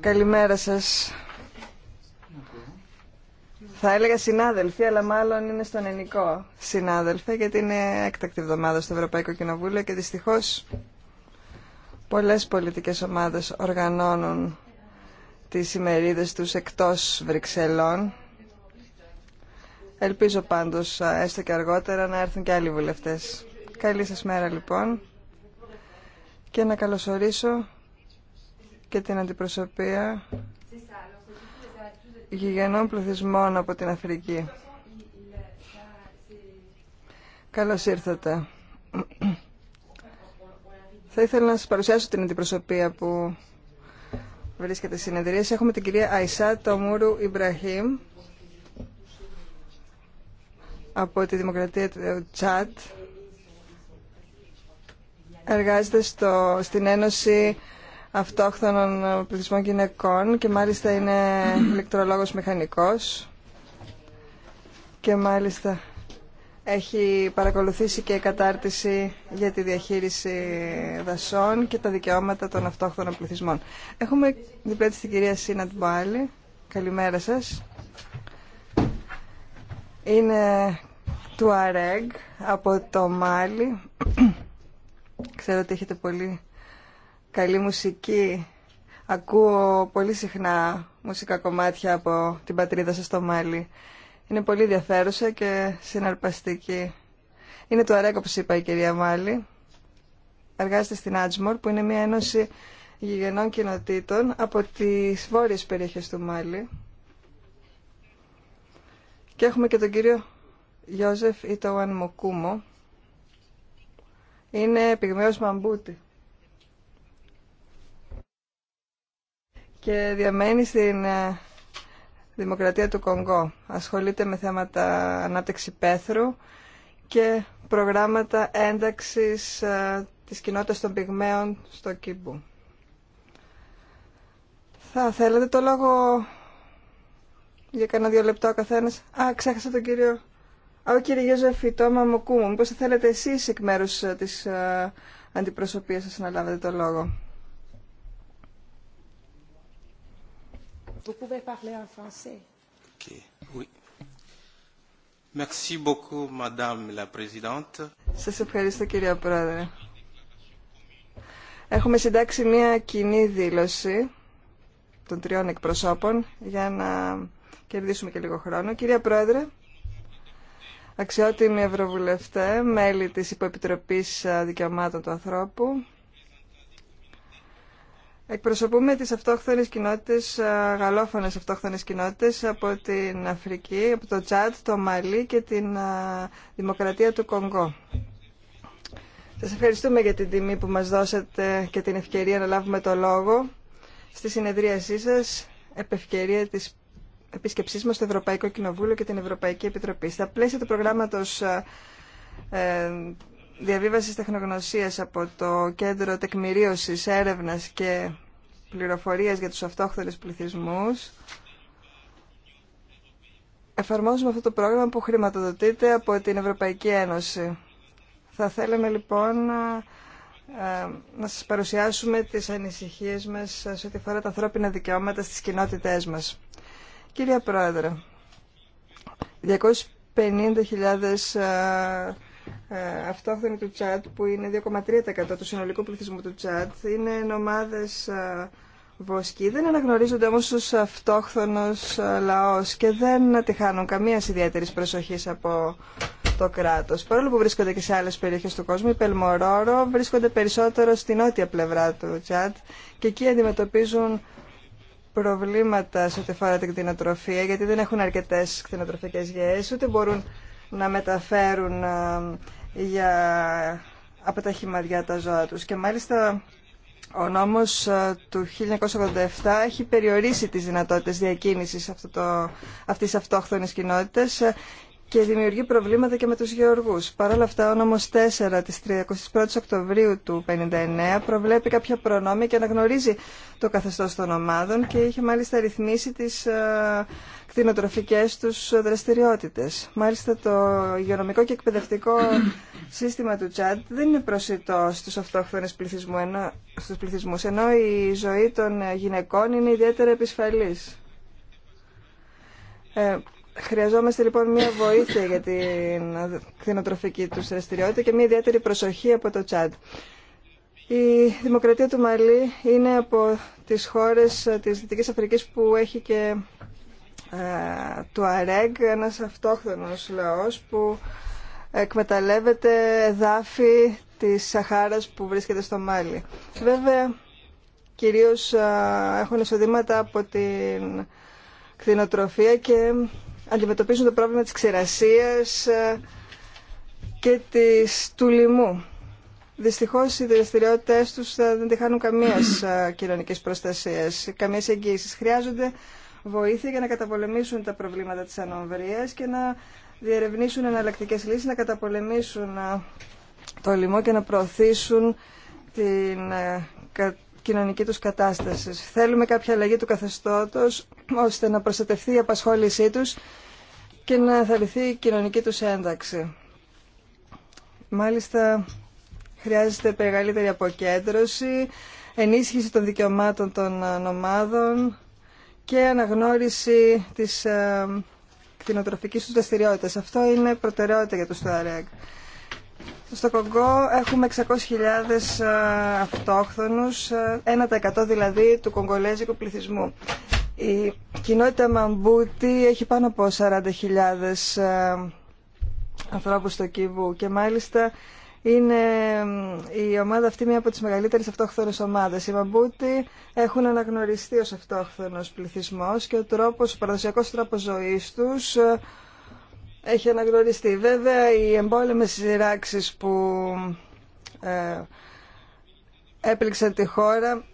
Καλημέρα σας. Θα έλεγα συνάδελφοι, αλλά μάλλον είναι στον ενικό συνάδελφε, γιατί είναι έκτακτη εβδομάδα στο Ευρωπαϊκό Κοινοβούλιο και δυστυχώς πολλές πολιτικές ομάδες οργανώνουν τις ημερίδες τους εκτός Βρυξελών. Ελπίζω πάντως, έστω και αργότερα, να έρθουν και άλλοι βουλευτές. Καλή σας μέρα λοιπόν και να καλωσορίσω και την αντιπροσωπεία γηγενών πληθυσμών από την Αφρική. Καλώς ήρθατε. Θα ήθελα να σας παρουσιάσω την αντιπροσωπεία που βρίσκεται συνεδρίε. Έχουμε την κυρία Αϊσά Τομούρου Ιμπραχήμ από τη Δημοκρατία του Τσάτ. Εργάζεται στο, στην Ένωση αυτόχθονων ε, πληθυσμών γυναικών και μάλιστα είναι ηλεκτρολόγος μηχανικός και μάλιστα έχει παρακολουθήσει και κατάρτιση για τη διαχείριση δασών και τα δικαιώματα των αυτόχθονων πληθυσμών. Έχουμε διπλέτη την κυρία Σίνα Τμπάλη. Καλημέρα σας. Είναι του ΑΡΕΓ από το Μάλι. Ξέρω ότι έχετε πολύ καλή μουσική. Ακούω πολύ συχνά μουσικά κομμάτια από την πατρίδα σας στο Μάλι. Είναι πολύ ενδιαφέρουσα και συναρπαστική. Είναι το αρέκο, που είπα η κυρία Μάλι. Εργάζεται στην Ατσμόρ, που είναι μια ένωση γηγενών κοινοτήτων από τις βόρειες περιοχές του Μάλι. Και έχουμε και τον κύριο Γιώζεφ Ιταουαν Μοκούμο. Είναι πυγμαίος Μαμπούτη. και διαμένει στην ε, Δημοκρατία του Κονγκό. Ασχολείται με θέματα ανάπτυξη πέθρου και προγράμματα ένταξης ε, της κοινότητας των πυγμαίων στο Κίμπου. Θα θέλετε το λόγο για κανένα δύο λεπτά ο καθένας. Α, ξέχασα τον κύριο... Α, ο κύριε Γιώζεφ μου Μήπως θα θέλετε εσείς εκ μέρους ε, της αντιπροσωπείας σας να λάβετε το λόγο. Vous ευχαριστώ, κύριε Πρόεδρε. Έχουμε συντάξει μία κοινή δήλωση των τριών εκπροσώπων για να κερδίσουμε και λίγο χρόνο. Κύριε Πρόεδρε, αξιότιμοι ευρωβουλευτέ, μέλη της Υποεπιτροπής Δικαιωμάτων του Ανθρώπου, Εκπροσωπούμε τις αυτόχθονες κοινότητες, γαλλόφωνες αυτόχθονες κοινότητες από την Αφρική, από το Τσάτ, το Μαλί και την Δημοκρατία του Κονγκό. Σας ευχαριστούμε για την τιμή που μας δώσατε και την ευκαιρία να λάβουμε το λόγο στη συνεδρίασή σας, επευκαιρία της επίσκεψής μας στο Ευρωπαϊκό Κοινοβούλιο και την Ευρωπαϊκή Επιτροπή. Στα πλαίσια του προγράμματος ε, Διαβίβαση τεχνογνωσία από το Κέντρο Τεκμηρίωσης Έρευνας και Πληροφορίας για τους Αυτόχθονες Πληθυσμούς εφαρμόζουμε αυτό το πρόγραμμα που χρηματοδοτείται από την Ευρωπαϊκή Ένωση. Θα θέλαμε λοιπόν να, ε, να σας παρουσιάσουμε τις ανησυχίες μας σε ό,τι αφορά τα ανθρώπινα δικαιώματα στις κοινότητές μας. Κυρία Πρόεδρε, 250.000 ε, αυτόχθονοι του Τσάτ, που είναι 2,3% του συνολικού πληθυσμού του Τσάτ, είναι νομάδες ε, βοσκοί. Δεν αναγνωρίζονται όμως ω αυτόχθονος ε, λαός και δεν τυχάνουν καμία ιδιαίτερη προσοχή από το κράτος. Παρόλο που βρίσκονται και σε άλλες περιοχέ του κόσμου, οι Πελμορόρο βρίσκονται περισσότερο στην νότια πλευρά του Τσάτ και εκεί αντιμετωπίζουν προβλήματα σε ό,τι αφορά την κτηνοτροφία, γιατί δεν έχουν αρκετέ κτηνοτροφικέ γέε, ούτε μπορούν να μεταφέρουν ε, για, από τα χυμαριά τα ζώα τους. Και μάλιστα ο νόμος ε, του 1987 έχει περιορίσει τις δυνατότητες διακίνησης αυτού το, αυτής αυτόχθονης κοινότητας ε, και δημιουργεί προβλήματα και με τους γεωργούς. Παρ' όλα αυτά, ο νόμος 4 της 31 Οκτωβρίου του 1959 προβλέπει κάποια προνόμια και αναγνωρίζει το καθεστώς των ομάδων και είχε μάλιστα ρυθμίσει τις κτηνοτροφικές τους δραστηριότητες. Μάλιστα το υγειονομικό και εκπαιδευτικό σύστημα του Τσάντ δεν είναι προσιτό στους αυτόχθονες πληθυσμού, ενώ, στους πληθυσμούς, ενώ η ζωή των γυναικών είναι ιδιαίτερα επισφαλής. Ε, χρειαζόμαστε λοιπόν μια βοήθεια για την κτηνοτροφική τους δραστηριότητα και μια ιδιαίτερη προσοχή από το Τσάντ. Η δημοκρατία του Μαλή είναι από τις χώρες της Δυτικής Αφρικής που έχει και ε, του ΑΡΕΓ, ένας αυτόχθονος λαός που εκμεταλλεύεται εδάφη της Σαχάρας που βρίσκεται στο Μάλι. Βέβαια, κυρίως ε, έχουν εισοδήματα από την κτηνοτροφία και αντιμετωπίζουν το πρόβλημα της ξηρασίας ε, και της, του λοιμού. Δυστυχώς οι δραστηριότητε τους δεν τη χάνουν καμίας κοινωνικής προστασίας, καμίας εγγύησης. Χρειάζονται βοήθεια για να καταπολεμήσουν τα προβλήματα της ανομβρίας και να διερευνήσουν εναλλακτικές λύσεις, να καταπολεμήσουν ε, το λοιμό και να προωθήσουν την ε, κοινωνική τους κατάσταση. Θέλουμε κάποια αλλαγή του καθεστώτος ώστε να προστατευτεί η απασχόλησή τους και να θαρρυνθεί η κοινωνική τους ένταξη. Μάλιστα, χρειάζεται μεγαλύτερη αποκέντρωση, ενίσχυση των δικαιωμάτων των ε, ομάδων, και αναγνώριση της ε, κτηνοτροφικής του δραστηριότητα. Αυτό είναι προτεραιότητα για το ΣΤΟΑΡΕΚ. Στο Κογκό έχουμε 600.000 ε, αυτόχθονους, 1% ε, δηλαδή του κογκολέζικου πληθυσμού. Η κοινότητα Μαμπούτη έχει πάνω από 40.000 ε, ανθρώπους στο Κίβου και μάλιστα είναι η ομάδα αυτή μία από τις μεγαλύτερες αυτόχθονες ομάδες. Οι Μαμπούτι έχουν αναγνωριστεί ως αυτόχθονος πληθυσμός και ο, τρόπος, ο παραδοσιακός τρόπος ζωής τους ε, έχει αναγνωριστεί. Βέβαια, οι εμπόλεμες σειράξεις που ε, έπληξαν τη χώρα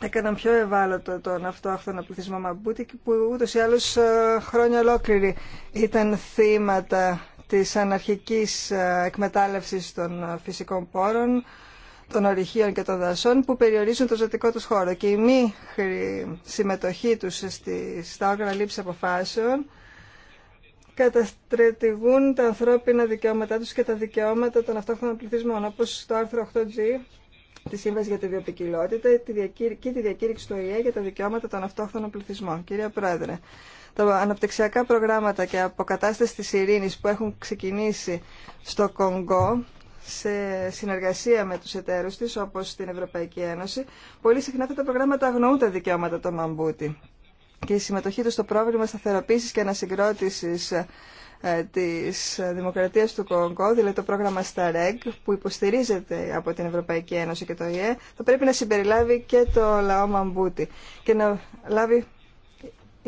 έκαναν πιο ευάλωτο τον αυτόχθονο πληθυσμό Μαμπούτη που ούτως ή άλλως ε, χρόνια ολόκληρη ήταν θύματα της αναρχικής ε, εκμετάλλευσης των ε, φυσικών πόρων, των ορυχείων και των δασών που περιορίζουν το ζωτικό τους χώρο και η μη συμμετοχή τους στα όργανα λήψη αποφάσεων καταστρατηγούν τα ανθρώπινα δικαιώματά τους και τα δικαιώματα των αυτόχθων πληθυσμών, όπως το άρθρο 8G τη Σύμβαση για τη Βιοπικιλότητα και τη διακήρυξη του ΟΗΕ για τα δικαιώματα των αυτόχθων πληθυσμών. Κύριε Πρόεδρε, τα αναπτυξιακά προγράμματα και αποκατάσταση της ειρήνης που έχουν ξεκινήσει στο Κονγκό σε συνεργασία με τους εταίρους της, όπως την Ευρωπαϊκή Ένωση, πολύ συχνά αυτά τα προγράμματα αγνοούν τα δικαιώματα των Μαμπούτη. Και η συμμετοχή του στο πρόβλημα σταθεροποίησης και ανασυγκρότησης ε, της Δημοκρατίας του Κονγκό, δηλαδή το πρόγραμμα ΣΤΑΡΕΓ, που υποστηρίζεται από την Ευρωπαϊκή Ένωση και το ΙΕ, θα πρέπει να συμπεριλάβει και το λαό Μαμπούτη και να λάβει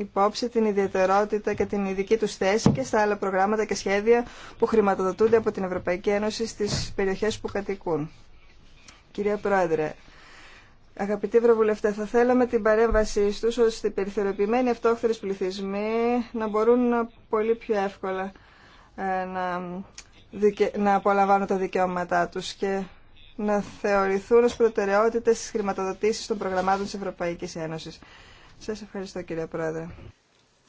υπόψη την ιδιαιτερότητα και την ειδική του θέση και στα άλλα προγράμματα και σχέδια που χρηματοδοτούνται από την Ευρωπαϊκή Ένωση στις περιοχές που κατοικούν. Κυρία Πρόεδρε, αγαπητοί Ευρωβουλευτέ, θα θέλαμε την παρέμβασή στους ώστε οι περιθωριοποιημένοι αυτόχθονες πληθυσμοί να μπορούν πολύ πιο εύκολα ε, να, να απολαμβάνουν τα δικαιώματά τους και να θεωρηθούν ως προτεραιότητες στις χρηματοδοτήσεις των προγραμμάτων της Ευρωπαϊκής Ένωσης. Σας ευχαριστώ κύριε Πρόεδρε.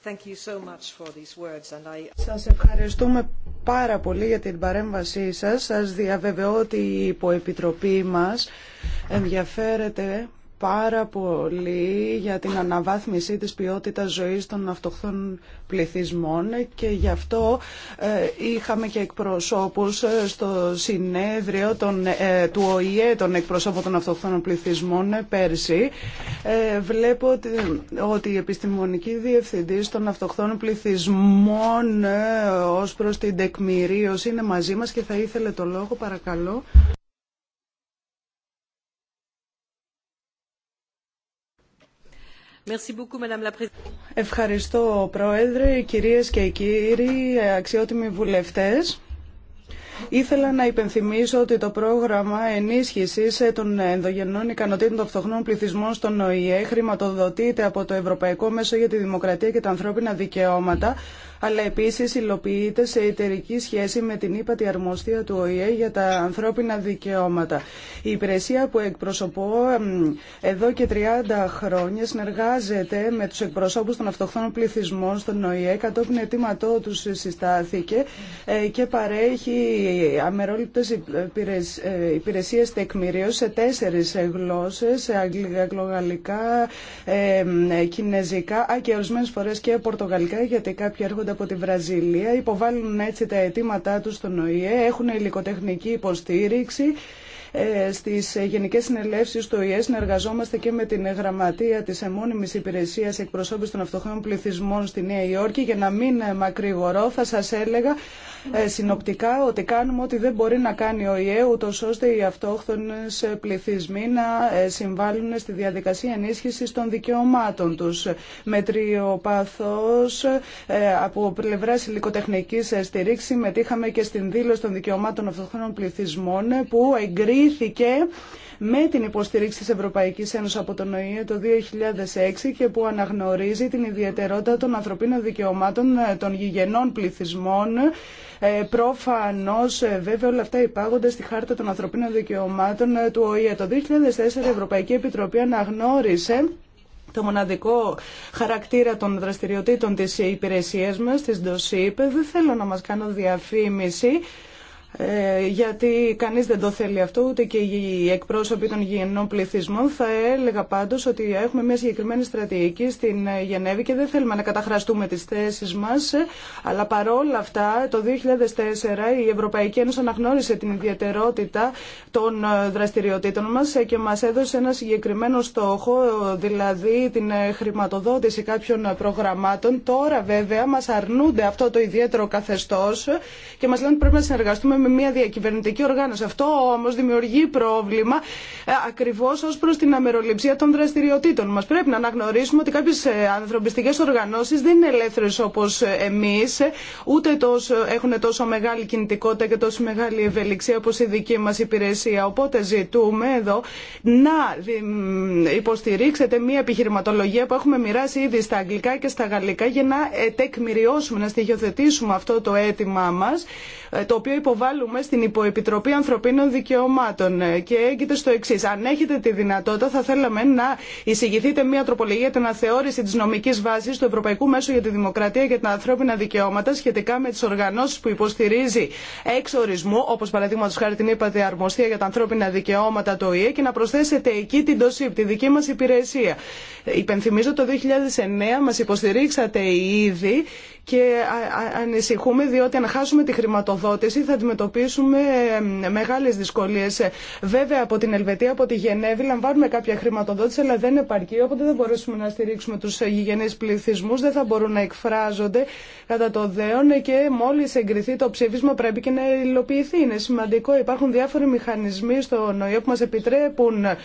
Thank you so much for these words and I... Σας ευχαριστούμε πάρα πολύ για την παρέμβασή σας. Σας διαβεβαιώ ότι η υποεπιτροπή μας ενδιαφέρεται πάρα πολύ για την αναβάθμιση της ποιότητας ζωής των αυτοχθών πληθυσμών και γι' αυτό ε, είχαμε και εκπροσώπους ε, στο συνέδριο ε, του ΟΗΕ των εκπροσώπων των αυτοχθών πληθυσμών πέρσι. βλέπω ότι, ότι η επιστημονική διευθυντής των αυτοχθών πληθυσμών ως προς την τεκμηρίωση είναι μαζί μας και θα ήθελε το λόγο παρακαλώ. Ευχαριστώ, Πρόεδρε, κυρίες και κύριοι, αξιότιμοι βουλευτές. Ήθελα να υπενθυμίσω ότι το πρόγραμμα ενίσχυση των ενδογενών ικανοτήτων των φτωχών πληθυσμών στον ΟΗΕ χρηματοδοτείται από το Ευρωπαϊκό Μέσο για τη Δημοκρατία και τα Ανθρώπινα Δικαιώματα αλλά επίσης υλοποιείται σε εταιρική σχέση με την ύπατη αρμοστία του ΟΗΕ για τα ανθρώπινα δικαιώματα. Η υπηρεσία που εκπροσωπώ εδώ και 30 χρόνια συνεργάζεται με τους εκπροσώπους των αυτοχθών πληθυσμών στον ΟΗΕ κατόπιν αιτήματό του συστάθηκε ε, και παρέχει αμερόληπτες ε, υπηρεσίες τεκμηρίως σε τέσσερις γλώσσες, σε κινέζικα και φορές και πορτογαλικά γιατί κάποιοι έρχονται από τη Βραζιλία, υποβάλλουν έτσι τα αιτήματά τους στον ΟΗΕ, έχουν υλικοτεχνική υποστήριξη ε, Στι γενικέ συνελεύσει του ΟΗΕ συνεργαζόμαστε και με την Γραμματεία τη Εμμόνιμης υπηρεσία εκπροσώπηση των Αυτοχών Πληθυσμών στη Νέα Υόρκη. Για να μην μακρηγορώ θα σα έλεγα ε, συνοπτικά ότι κάνουμε ό,τι δεν μπορεί να κάνει ο ΙΕ ούτω ώστε οι αυτόχθονε πληθυσμοί να ε, συμβάλλουν στη διαδικασία ενίσχυση των δικαιωμάτων του Με από πλευρά υλικοτεχνική στηρίξη, συμμετείχαμε και στην δήλωση των δικαιωμάτων αυτοχθόνων πληθυσμών που εγκρίνει ιδρύθηκε με την υποστήριξη της Ευρωπαϊκής Ένωσης από τον ΟΗΕ το 2006 και που αναγνωρίζει την ιδιαιτερότητα των ανθρωπίνων δικαιωμάτων ε, των γηγενών πληθυσμών. Ε, προφανώς ε, βέβαια όλα αυτά υπάγονται στη Χάρτα των Ανθρωπίνων Δικαιωμάτων ε, του ΟΗΕ. Το 2004 η Ευρωπαϊκή Επιτροπή αναγνώρισε το μοναδικό χαρακτήρα των δραστηριοτήτων της υπηρεσίας μας, της ΔΟΣΥΠ. Δεν θέλω να μας κάνω διαφήμιση. Ε, γιατί κανείς δεν το θέλει αυτό, ούτε και οι εκπρόσωποι των γεννών πληθυσμών. Θα έλεγα πάντως ότι έχουμε μια συγκεκριμένη στρατηγική στην Γενέβη και δεν θέλουμε να καταχραστούμε τις θέσεις μας, ε, αλλά παρόλα αυτά το 2004 η Ευρωπαϊκή Ένωση αναγνώρισε την ιδιαιτερότητα των ε, δραστηριοτήτων μας και μας έδωσε ένα συγκεκριμένο στόχο, δηλαδή την χρηματοδότηση κάποιων προγραμμάτων. Τώρα βέβαια μας αρνούνται αυτό το ιδιαίτερο καθεστώς και μας λένε ότι πρέπει να συνεργαστούμε με μια διακυβερνητική οργάνωση. Αυτό όμω δημιουργεί πρόβλημα ε, ακριβώ ω προ την αμεροληψία των δραστηριοτήτων Μα Πρέπει να αναγνωρίσουμε ότι κάποιε ανθρωπιστικέ οργανώσει δεν είναι ελεύθερε όπως ε, εμείς, ε, ούτε τόσο, έχουν τόσο μεγάλη κινητικότητα και τόσο μεγάλη ευελιξία όπω η δική μα υπηρεσία. Οπότε ζητούμε εδώ να υποστηρίξετε μια επιχειρηματολογία που έχουμε μοιράσει ήδη στα αγγλικά και στα γαλλικά για να τεκμηριώσουμε, να στοιχειοθετήσουμε αυτό το αίτημά μα, το οποίο υποβάλλει βάλουμε στην Υποεπιτροπή Ανθρωπίνων Δικαιωμάτων ε, και έγκυται στο εξή. Αν έχετε τη δυνατότητα, θα θέλαμε να εισηγηθείτε μια τροπολογία για την αθεώρηση τη νομική βάση του Ευρωπαϊκού Μέσου για τη Δημοκρατία και τα Ανθρώπινα Δικαιώματα σχετικά με τι οργανώσει που υποστηρίζει εξ ορισμού, όπω παραδείγματο χάρη την είπατε, αρμοστία για τα ανθρώπινα δικαιώματα το ΙΕ και να προσθέσετε εκεί την ΤΟΣΥΠ, τη δική μα υπηρεσία. Ε, υπενθυμίζω το 2009 μα υποστηρίξατε ήδη και ανησυχούμε διότι αν χάσουμε τη χρηματοδότηση θα αντιμετωπίσουμε μεγάλες δυσκολίες. Βέβαια από την Ελβετία, από τη Γενέβη λαμβάνουμε κάποια χρηματοδότηση αλλά δεν επαρκεί οπότε δεν μπορέσουμε να στηρίξουμε τους γηγενείς πληθυσμούς, δεν θα μπορούν να εκφράζονται κατά το δέον και μόλις εγκριθεί το ψήφισμα πρέπει και να υλοποιηθεί. Είναι σημαντικό, υπάρχουν διάφοροι μηχανισμοί στο ΝΟΙΟ που μας επιτρέπουν ε,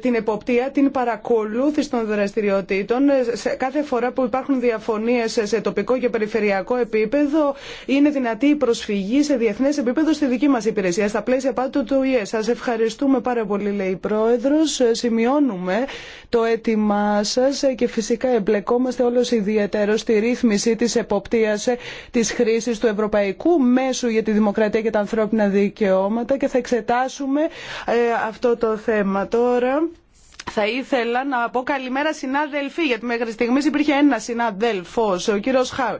την εποπτεία, την παρακολούθηση των δραστηριοτήτων. Ε, κάθε φορά που υπάρχουν διαφωνίες σε τοπικό και περιφερειακό επίπεδο είναι δυνατή η προσφυγή σε διεθνέ επίπεδο στη δική μα υπηρεσία, στα πλαίσια πάντου του ΟΗΕ. Σα ευχαριστούμε πάρα πολύ, λέει η Πρόεδρο. Σημειώνουμε το αίτημά σα και φυσικά εμπλεκόμαστε όλο ιδιαίτερο στη ρύθμιση τη εποπτεία τη χρήση του Ευρωπαϊκού Μέσου για τη Δημοκρατία και τα Ανθρώπινα Δικαιώματα και θα εξετάσουμε ε, αυτό το θέμα τώρα. Θα ήθελα να πω καλημέρα συνάδελφοι, γιατί μέχρι στιγμή υπήρχε ένα συνάδελφο. ο κύριο Χάου.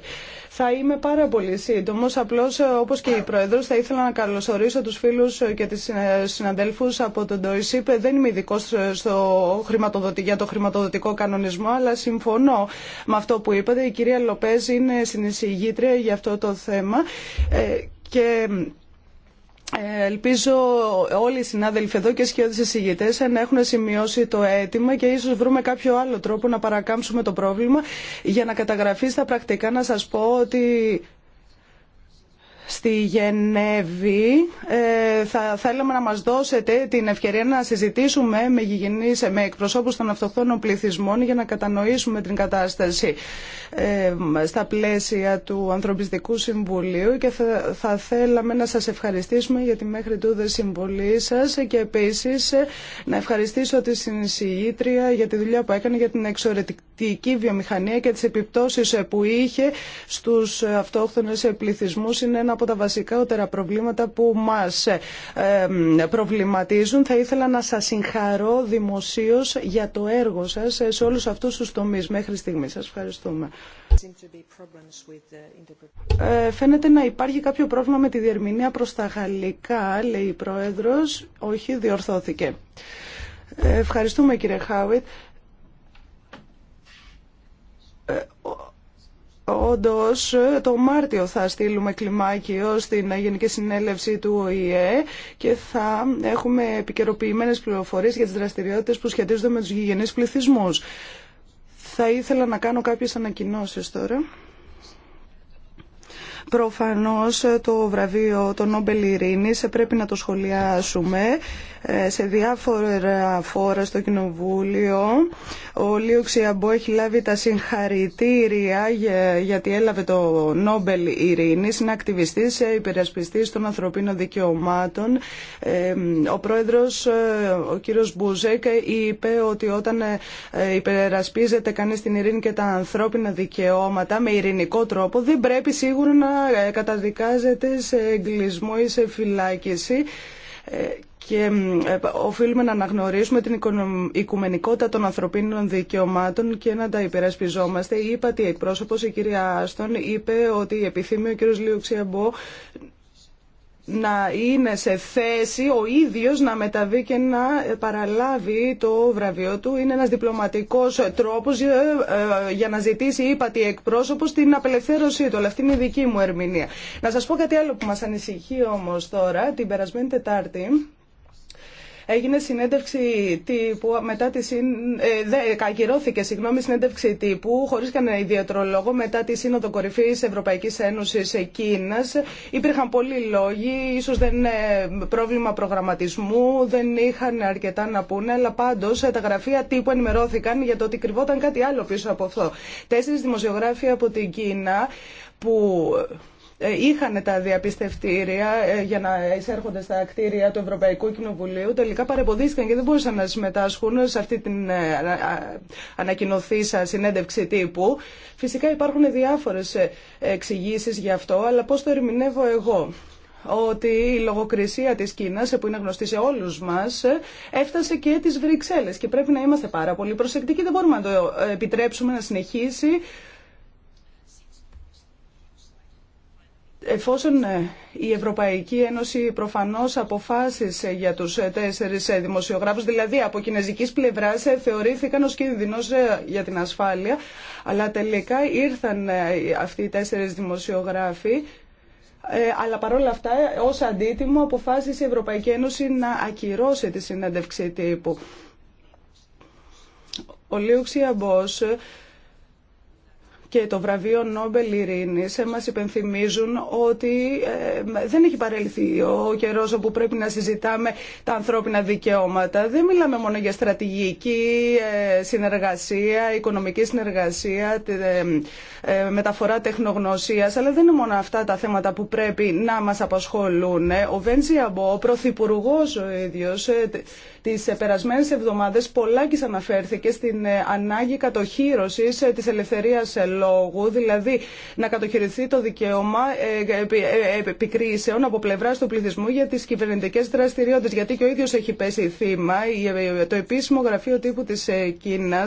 Θα είμαι πάρα πολύ σύντομο. Απλώ, ε, όπω και η Πρόεδρο, θα ήθελα να καλωσορίσω του φίλου ε, και τι ε, συναδέλφου από τον ΤΟΙΣΥΠ. Δεν είμαι ειδικό για το χρηματοδοτικό κανονισμό, αλλά συμφωνώ με αυτό που είπατε. Η κυρία Λοπέζ είναι συνεισηγήτρια για αυτό το θέμα. και Ελπίζω όλοι οι συνάδελφοι εδώ και σκιώδεις εισηγητές να έχουν σημειώσει το αίτημα και ίσως βρούμε κάποιο άλλο τρόπο να παρακάμψουμε το πρόβλημα για να καταγραφεί στα πρακτικά να σα πω ότι στη Γενέβη. Ε, θα θέλαμε να μας δώσετε την ευκαιρία να συζητήσουμε με γηγενείς, με εκπροσώπους των αυτοχθόνων πληθυσμών για να κατανοήσουμε την κατάσταση ε, στα πλαίσια του Ανθρωπιστικού Συμβουλίου και θα, θα θέλαμε να σας ευχαριστήσουμε για τη μέχρι τούδε συμβολή σας και επίσης ε, να ευχαριστήσω τη συνεισηγήτρια για τη δουλειά που έκανε για την εξορετική βιομηχανία και τις επιπτώσεις που είχε στους αυτόχθονες πληθυσμούς. Είναι ένα από τα βασικότερα προβλήματα που μας ε, προβληματίζουν. Θα ήθελα να σας συγχαρώ δημοσίως για το έργο σας ε, σε όλους αυτούς τους τομείς μέχρι στιγμή. Σας ευχαριστούμε. Ε, φαίνεται να υπάρχει κάποιο πρόβλημα με τη διερμηνία προς τα γαλλικά, λέει η Πρόεδρος. Όχι, διορθώθηκε. ευχαριστούμε κύριε Χάουιτ. Όντω, το Μάρτιο θα στείλουμε κλιμάκιο στην Γενική Συνέλευση του ΟΗΕ και θα έχουμε επικαιροποιημένε πληροφορίε για τι δραστηριότητε που σχετίζονται με του γηγενεί πληθυσμού. Θα ήθελα να κάνω κάποιε ανακοινώσει τώρα. Προφανώς το βραβείο των Νόμπελ Ειρήνης πρέπει να το σχολιάσουμε σε διάφορα φόρα στο Κοινοβούλιο. Ο Λίου Ξιαμπό έχει λάβει τα συγχαρητήρια γιατί έλαβε το Νόμπελ Ειρηνή, Είναι ακτιβιστή ε, υπερασπιστής των ανθρωπίνων δικαιωμάτων. Ε, ο πρόεδρος, ε, ο κύριο Μπουζέκ, είπε ότι όταν υπερασπίζεται κανείς την ειρήνη και τα ανθρώπινα δικαιώματα με ειρηνικό τρόπο δεν πρέπει σίγουρα να καταδικάζεται σε εγκλισμό ή σε φυλάκιση και ε, οφείλουμε να αναγνωρίσουμε την οικουμενικότητα των ανθρωπίνων δικαιωμάτων και να τα υπερασπιζόμαστε. Η ύπατη εκπρόσωπος, η κυρία Άστον, είπε ότι επιθυμεί ο κύριος Λιουξιαμπό να είναι σε θέση ο ίδιος να μεταβεί και να ε, παραλάβει το βραβείο του. Είναι ένας διπλωματικός τρόπος ε, για να ζητήσει ύπατη εκπρόσωπος την απελευθέρωσή του. Αλλά αυτή είναι η δική μου ερμηνεία. Να σας πω κάτι άλλο που μας ανησυχεί όμως τώρα. Την περασμένη Τετάρτη Έγινε συνέντευξη τύπου, μετά τη συν... ε, ακυρώθηκε συγγνώμη, συνέντευξη τύπου, χωρί κανένα ιδιαίτερο λόγο, μετά τη Σύνοδο Κορυφή Ευρωπαϊκή Ένωση Κίνα. Υπήρχαν πολλοί λόγοι, ίσω δεν είναι πρόβλημα προγραμματισμού, δεν είχαν αρκετά να πούνε, αλλά πάντω ε, τα γραφεία τύπου ενημερώθηκαν για το ότι κρυβόταν κάτι άλλο πίσω από αυτό. Τέσσερι δημοσιογράφοι από την Κίνα που είχαν τα διαπιστευτήρια ε, για να εισέρχονται στα κτίρια του Ευρωπαϊκού Κοινοβουλίου. Τελικά παρεμποδίστηκαν και δεν μπορούσαν να συμμετάσχουν σε αυτή την ε, ανακοινωθήσα συνέντευξη τύπου. Φυσικά υπάρχουν διάφορε εξηγήσει γι' αυτό, αλλά πώ το ερμηνεύω εγώ ότι η λογοκρισία της Κίνας, που είναι γνωστή σε όλους μας, ε, έφτασε και τις Βρυξέλλες και πρέπει να είμαστε πάρα πολύ προσεκτικοί. Δεν μπορούμε να το επιτρέψουμε να συνεχίσει Εφόσον ε, η Ευρωπαϊκή Ένωση προφανώς αποφάσισε για τους ε, τέσσερις ε, δημοσιογράφους, δηλαδή από κινέζικης πλευράς θεωρήθηκαν ως κίνδυνος για την ασφάλεια, αλλά τελικά ήρθαν αυτοί οι τέσσερις δημοσιογράφοι, αλλά παρόλα αυτά ως αντίτιμο αποφάσισε η Ευρωπαϊκή Ένωση να ακυρώσει τη συνέντευξη τύπου. Ο Λίουξ και το βραβείο Νόμπελ Ειρήνης μας υπενθυμίζουν ότι ε, δεν έχει παρέλθει ο καιρό όπου πρέπει να συζητάμε τα ανθρώπινα δικαιώματα. Δεν μιλάμε μόνο για στρατηγική ε, συνεργασία, οικονομική συνεργασία, ε, μεταφορά τεχνογνωσίας, αλλά δεν είναι μόνο αυτά τα θέματα που πρέπει να μας απασχολούν. Ο Βέντζι Αμπό, ο πρωθυπουργό ο τι τις περασμένες εβδομάδες πολλάκι αναφέρθηκε στην ανάγκη τη ελευθερία ελευθερίας λόγου, δηλαδή να κατοχυρηθεί το δικαίωμα ε, ε, ε, επικρίσεων από πλευρά του πληθυσμού για τι κυβερνητικέ δραστηριότητε. Γιατί και ο ίδιο έχει πέσει θύμα. Το επίσημο γραφείο τύπου τη Κίνα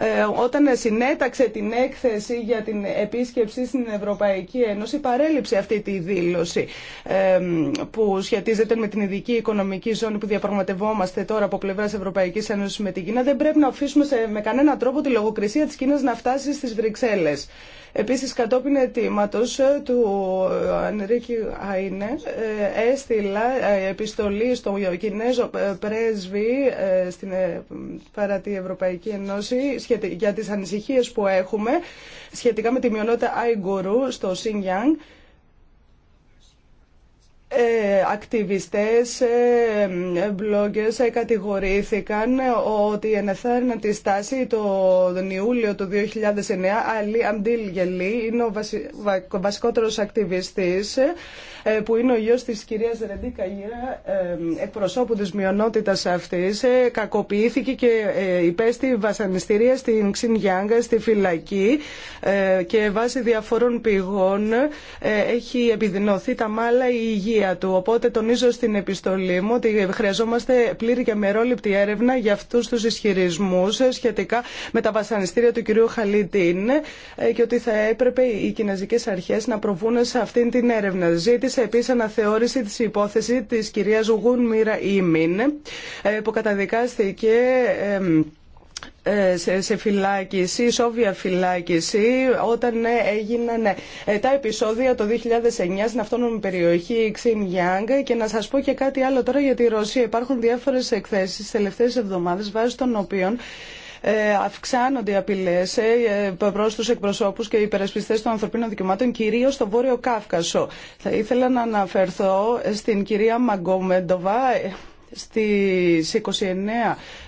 ε, όταν συνέταξε την έκθεση για την επίσκεψη στην Ευρωπαϊκή Ένωση παρέλειψε αυτή τη δήλωση που σχετίζεται με την ειδική οικονομική ζώνη που διαπραγματευόμαστε τώρα από πλευρά Ευρωπαϊκή Ένωση με την Κίνα. Δεν πρέπει να αφήσουμε σε, με κανέναν τρόπο τη λογοκρισία τη Κίνα να φτάσει στι Βρυξέλλε. Επίσης, κατόπιν αιτήματος ε, του ε, Ανρίκη Αϊνέ, ε, έστειλα επιστολή στον Κινέζο πρέσβη στην Παρατή Ευρωπαϊκή Ενώση για τις ανησυχίες που έχουμε σχετικά με τη μειονότητα Αϊγκουρού στο Σινγκιάνγκ ε, ακτιβιστές, ε, bloggers ε, κατηγορήθηκαν ότι ενεθάρρυναν τη στάση τον Ιούλιο του 2009 Αλή Αντίλ Γελή είναι ο βασι, βασικότερος ακτιβιστής ε, ε, που είναι ο γιος της κυρίας Καγίρα, Καγύρα ε, εκπροσώπου της μειονότητας αυτής, ε, κακοποιήθηκε και υπέστη βασανιστήρια στην Ξινγιάνγκα, στη φυλακή και βάσει διαφορών πηγών έχει επιδεινωθεί τα μάλα η υγεία του. Οπότε τονίζω στην επιστολή μου ότι χρειαζόμαστε πλήρη και μερόληπτη έρευνα για αυτούς τους ισχυρισμούς σχετικά με τα βασανιστήρια του κυρίου Χαλίτιν και ότι θα έπρεπε οι κινέζικες αρχές να προβούν σε αυτήν την έρευνα. Ζήτησε επίσης αναθεώρηση τη υπόθεση της κυρίας Γουν Μίρα Ιμίν ε, που καταδικάστηκε ε, σε φυλάκιση, σόβια φυλάκιση, όταν ε, έγιναν τα επεισόδια το 2009 στην αυτόνομη περιοχή Ξιν Γιάνγκ. Και να σας πω και κάτι άλλο τώρα για τη Ρωσία. Υπάρχουν διάφορες εκθέσει τις τελευταίες εβδομάδες βάσει των οποίων ε, αυξάνονται οι απειλέ ε, ε, προ του εκπροσώπου και υπερασπιστέ των ανθρωπίνων δικαιωμάτων, κυρίω στο Βόρειο Κάφκασο. Θα ήθελα να αναφερθώ στην κυρία Μαγκόμεντοβα, στις 29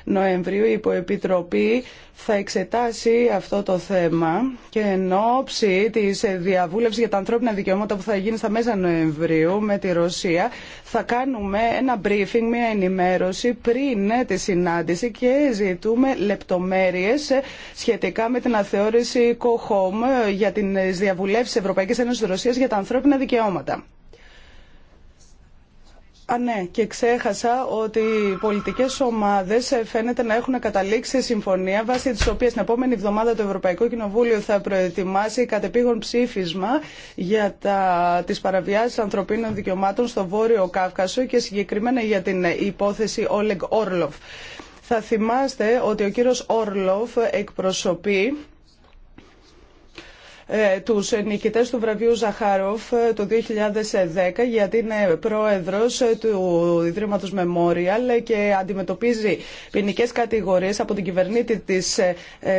Νοεμβρίου η Υποεπιτροπή θα εξετάσει αυτό το θέμα και εν ώψη της διαβούλευσης για τα ανθρώπινα δικαιώματα που θα γίνει στα μέσα Νοεμβρίου με τη Ρωσία θα κάνουμε ένα briefing, μια ενημέρωση πριν τη συνάντηση και ζητούμε λεπτομέρειες σχετικά με την αθεώρηση COHOM για τις διαβουλεύσεις Ευρωπαϊκής Ένωσης Ρωσίας για τα ανθρώπινα δικαιώματα. Α, ναι, και ξέχασα ότι οι πολιτικέ ομάδε ε, φαίνεται να έχουν καταλήξει σε συμφωνία βάσει τη οποία την επόμενη εβδομάδα το Ευρωπαϊκό Κοινοβούλιο θα προετοιμάσει κατεπήγον ψήφισμα για τι παραβιάσει ανθρωπίνων δικαιωμάτων στο Βόρειο Κάφκασο και συγκεκριμένα για την ε, υπόθεση Όλεγ Όρλοφ. Θα θυμάστε ότι ο κύριος Όρλοφ εκπροσωπεί ε, τους νικητές του βραβείου Ζαχάροφ ε, το 2010 γιατί είναι πρόεδρος ε, του Ιδρύματος Memorial και αντιμετωπίζει ποινικέ κατηγορίες από την κυβερνήτη της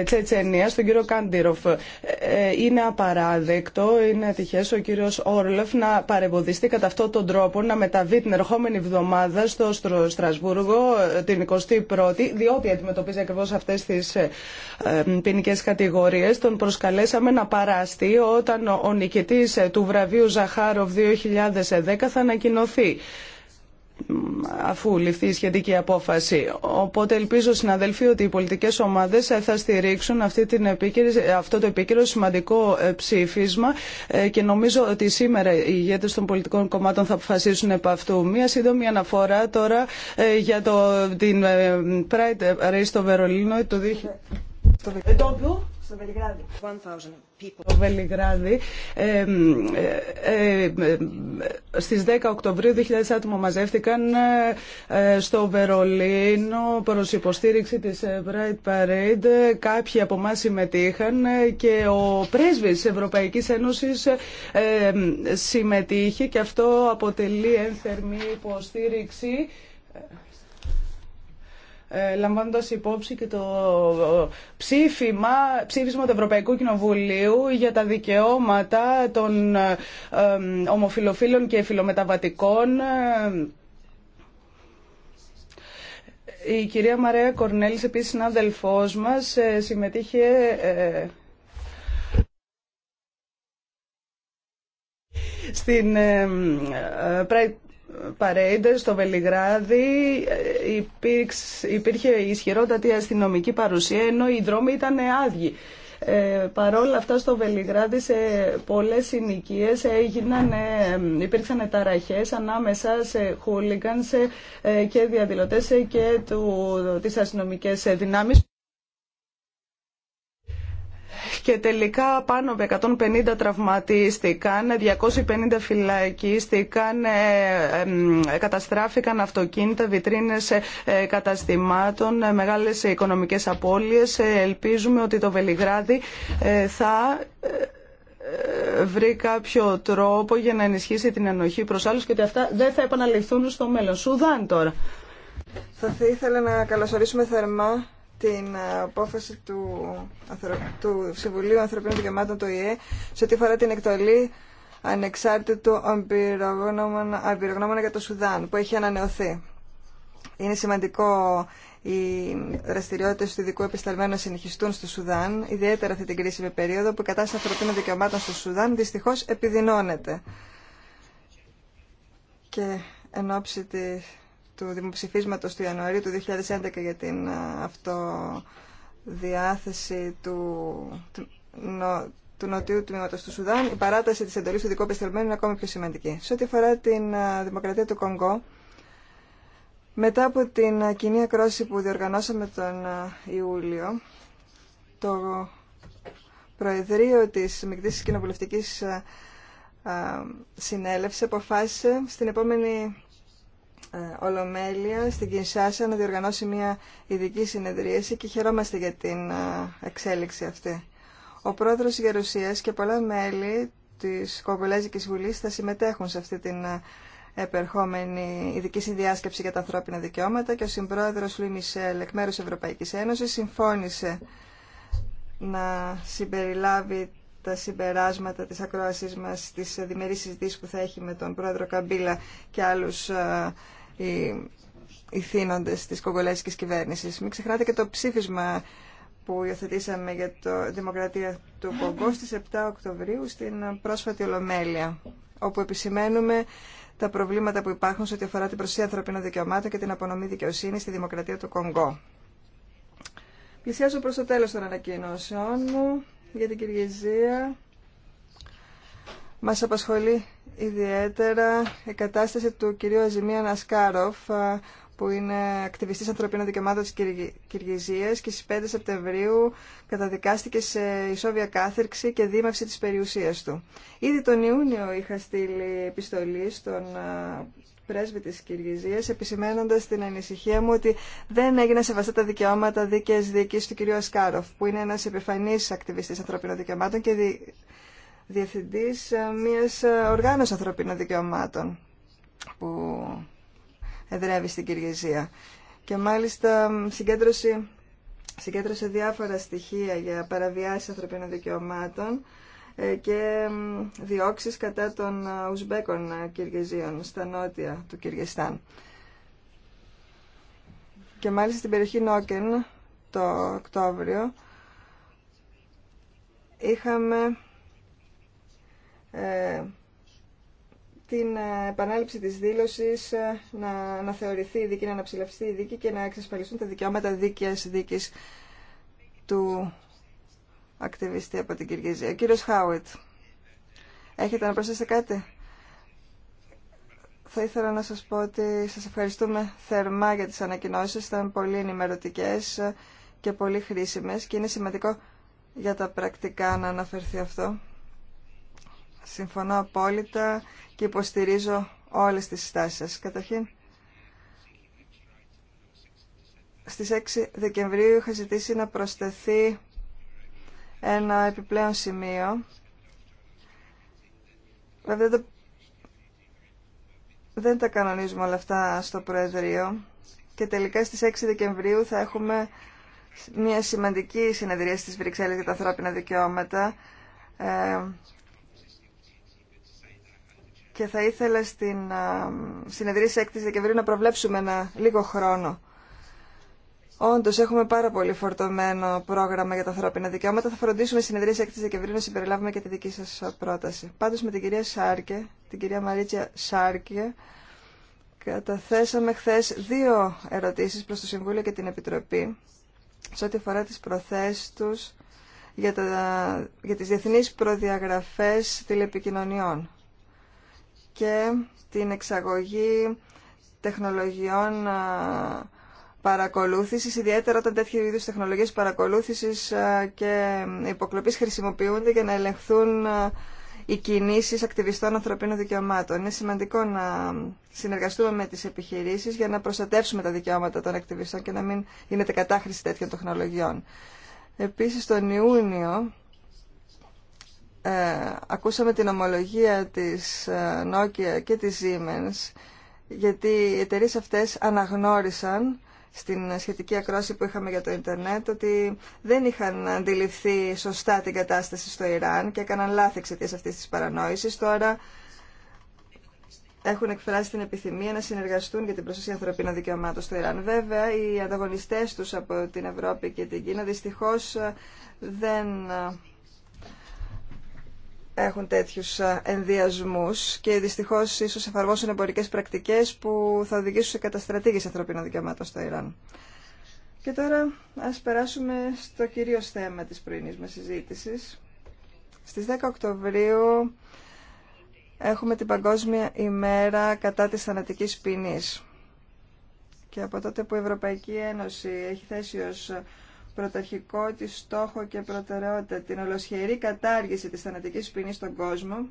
Τσετσενίας, τον κύριο Κάντιροφ. Είναι απαράδεκτο, είναι ατυχές ο κύριος Όρλεφ να παρεμποδιστεί κατά αυτόν τον τρόπο να μεταβεί την ερχόμενη εβδομάδα στο Στρασβούργο την 21η, διότι αντιμετωπίζει ακριβώς αυτές τις ποινικέ κατηγορίες. Τον προσκαλέσαμε να παρα όταν ο νικητής του βραβείου Ζαχάροβ 2010 θα ανακοινωθεί αφού ληφθεί η σχετική απόφαση. Οπότε ελπίζω συναδελφοί ότι οι πολιτικές ομάδες θα στηρίξουν αυτή την αυτό το επίκαιρο σημαντικό ε, ψήφισμα ε, και νομίζω ότι σήμερα οι ηγέτες των πολιτικών κομμάτων θα αποφασίσουν επ' αυτού. Μία σύντομη αναφορά τώρα ε, για το, την Pride Race στο Βερολίνο. Το... το στο Βελιγράδι. Ε, ε, ε, στις 10 Οκτωβρίου 2.000 άτομα μαζεύτηκαν στο Βερολίνο προς υποστήριξη της Bright Parade. Κάποιοι από εμά συμμετείχαν και ο πρέσβης Ευρωπαϊκής Ένωσης συμμετείχε και αυτό αποτελεί ενθερμή υποστήριξη ε, Λαμβάνοντα υπόψη και το ψήφιμα, ψήφισμα του Ευρωπαϊκού Κοινοβουλίου για τα δικαιώματα των ε, ε, ομοφιλοφίλων και φιλομεταβατικών η κυρία Μαρέα Κορνέλης, επίσης συνάδελφός μας, συμμετείχε στην Παρέιντες στο Βελιγράδι ε, υπήρχε ισχυρότατη αστυνομική παρουσία ενώ οι δρόμοι ήταν άδειοι. Ε, παρόλα αυτά στο Βελιγράδι σε πολλές συνοικίες έγιναν, ε, υπήρξαν ταραχές ανάμεσα σε χούλιγκαν ε, και διαδηλωτές ε, και του, τις αστυνομικές δυνάμεις και τελικά πάνω από 150 τραυματίστηκαν, 250 φυλακίστηκαν, ε, καταστράφηκαν αυτοκίνητα, βιτρίνες ε, ε, καταστημάτων, μεγάλες οικονομικές απώλειες. Ελπίζουμε ότι το Βελιγράδι θα βρει κάποιο τρόπο για να ενισχύσει την ενοχή προς άλλους και ότι αυτά δεν θα επαναληφθούν στο μέλλον. Σουδάν τώρα. Θα ήθελα να καλωσορίσουμε θερμά την ε, απόφαση του, του Συμβουλίου Ανθρωπίνων Δικαιωμάτων του ΙΕ σε ό,τι αφορά την εκτολή ανεξάρτητου αμπειρογνώμονα για το Σουδάν που έχει ανανεωθεί. Είναι σημαντικό οι δραστηριότητε του ειδικού επισταλμένου να συνεχιστούν στο Σουδάν, ιδιαίτερα αυτή την κρίσιμη περίοδο που η κατάσταση ανθρωπίνων δικαιωμάτων στο Σουδάν δυστυχώ επιδεινώνεται. Και εν ώψη του δημοψηφίσματος του Ιανουαρίου του 2011 για την αυτοδιάθεση του, του, του νοτιού τμήματος του Σουδάν, η παράταση της εντολής του δικού είναι ακόμη πιο σημαντική. Σε ό,τι αφορά την δημοκρατία του Κονγκό, μετά από την κοινή ακρόση που διοργανώσαμε τον Ιούλιο, το Προεδρείο της Μικτής Κοινοβουλευτικής Συνέλευση αποφάσισε στην επόμενη ε, Ολομέλεια στην Κινσάσα να διοργανώσει μια ειδική συνεδρίαση και χαιρόμαστε για την ε, εξέλιξη αυτή. Ο πρόεδρος Γερουσίας και πολλά μέλη της Κογκολέζικης Βουλής θα συμμετέχουν σε αυτή την ε, επερχόμενη ειδική συνδιάσκεψη για τα ανθρώπινα δικαιώματα και ο συμπρόεδρος Λουί Μισελ εκ μέρους Ευρωπαϊκής Ένωσης συμφώνησε να συμπεριλάβει τα συμπεράσματα της ακρόασής μας στις διμερείς συζητήσεις που θα έχει με τον πρόεδρο Καμπίλα και άλλους οι θύνοντες της κογκολέζικες κυβέρνησης. Μην ξεχνάτε και το ψήφισμα που υιοθετήσαμε για το Δημοκρατία του Κογκό στις 7 Οκτωβρίου στην πρόσφατη Ολομέλεια, όπου επισημαίνουμε τα προβλήματα που υπάρχουν σε ό,τι αφορά την προσοχή ανθρωπίνων δικαιωμάτων και την απονομή δικαιοσύνη στη Δημοκρατία του Κογκό. Πλησιάζω προς το τέλος των ανακοινώσεων μου για την Κυριαζία. Μας απασχολεί ιδιαίτερα η κατάσταση του κυρίου Αζημία Ασκάροφ που είναι ακτιβιστής ανθρωπίνων δικαιωμάτων της Κυργιζίας και στις 5 Σεπτεμβρίου καταδικάστηκε σε ισόβια κάθερξη και δίμευση της περιουσίας του. Ήδη τον Ιούνιο είχα στείλει επιστολή στον πρέσβη της Κυργιζίας επισημένοντας την ανησυχία μου ότι δεν έγιναν σεβαστά τα δικαιώματα δίκαιες δίκης του κυρίου Ασκάροφ που είναι ένας επιφανής ακτιβιστής ανθρωπίνων δικαιωμάτων και διευθυντής ε, μιας ε, οργάνωσης ανθρωπίνων δικαιωμάτων που εδρεύει στην κυργεζία. Και μάλιστα συγκέντρωσε, διάφορα στοιχεία για παραβιάσεις ανθρωπίνων δικαιωμάτων ε, και διώξεις κατά των Ουσμπέκων Κυργεζίων στα νότια του Κυργεστάν. Και μάλιστα στην περιοχή Νόκεν το Οκτώβριο είχαμε ε, την ε, επανάληψη της δήλωσης ε, να θεωρηθεί η δίκη, να αναψηλευστεί η δίκη και να εξασφαλιστούν τα δικαιώματα δίκαιας δίκης του ακτιβιστή από την Κυριαζία. Κύριο κύριος Χάουιτ, έχετε να προσθέσετε κάτι? Θα ήθελα να σας πω ότι σας ευχαριστούμε θερμά για τις ανακοινώσεις. Ήταν πολύ ενημερωτικές και πολύ χρήσιμες και είναι σημαντικό για τα πρακτικά να αναφερθεί αυτό συμφωνώ απόλυτα και υποστηρίζω όλες τις συστάσεις σας. Καταρχήν, στις 6 Δεκεμβρίου είχα ζητήσει να προσθεθεί ένα επιπλέον σημείο. Βέβαια δεν, δεν τα κανονίζουμε όλα αυτά στο Προεδρείο και τελικά στις 6 Δεκεμβρίου θα έχουμε μια σημαντική συνεδρία στις Βρυξέλλες για τα ανθρώπινα δικαιώματα ε, και θα ήθελα στην συνεδρίαση 6 Δεκεμβρίου να προβλέψουμε ένα λίγο χρόνο. Όντω έχουμε πάρα πολύ φορτωμένο πρόγραμμα για τα ανθρώπινα δικαιώματα. Θα φροντίσουμε συνεδρίαση 6 Δεκεμβρίου να συμπεριλάβουμε και τη δική σα πρόταση. Πάντω, με την κυρία Σάρκε, την κυρία Μαρίτσια Σάρκε, καταθέσαμε χθε δύο ερωτήσει προ το Συμβούλιο και την Επιτροπή σε ό,τι αφορά τι προθέσει του για, τα, για τις διεθνείς προδιαγραφές τηλεπικοινωνιών και την εξαγωγή τεχνολογιών παρακολούθησης, ιδιαίτερα όταν τέτοιου είδους τεχνολογίες παρακολούθησης και υποκλοπής χρησιμοποιούνται για να ελεγχθούν οι κινήσεις ακτιβιστών ανθρωπίνων δικαιωμάτων. Είναι σημαντικό να συνεργαστούμε με τις επιχειρήσεις για να προστατεύσουμε τα δικαιώματα των ακτιβιστών και να μην γίνεται κατάχρηση τέτοιων τεχνολογιών. Επίσης, τον Ιούνιο ε, ακούσαμε την ομολογία της ε, Nokia και της Siemens γιατί οι εταιρείε αυτές αναγνώρισαν στην σχετική ακρόση που είχαμε για το ίντερνετ ότι δεν είχαν αντιληφθεί σωστά την κατάσταση στο Ιράν και έκαναν λάθη εξαιτία αυτής της παρανόησης. Τώρα έχουν εκφράσει την επιθυμία να συνεργαστούν για την προστασία ανθρωπίνων δικαιωμάτων στο Ιράν. Βέβαια, οι ανταγωνιστές τους από την Ευρώπη και την Κίνα δυστυχώς ε, δεν έχουν τέτοιου ενδιασμούς και δυστυχώς ίσω εφαρμόσουν εμπορικέ πρακτικές που θα οδηγήσουν σε καταστρατήγηση ανθρωπίνων δικαιωμάτων στο Ιράν. Και τώρα ας περάσουμε στο κυρίως θέμα της πρωινή μα συζήτηση. Στις 10 Οκτωβρίου έχουμε την Παγκόσμια ημέρα κατά της θανατικής ποινή Και από τότε που η Ευρωπαϊκή Ένωση έχει θέσει πρωταρχικό τη στόχο και προτεραιότητα την ολοσχερή κατάργηση της θανατικής ποινής στον κόσμο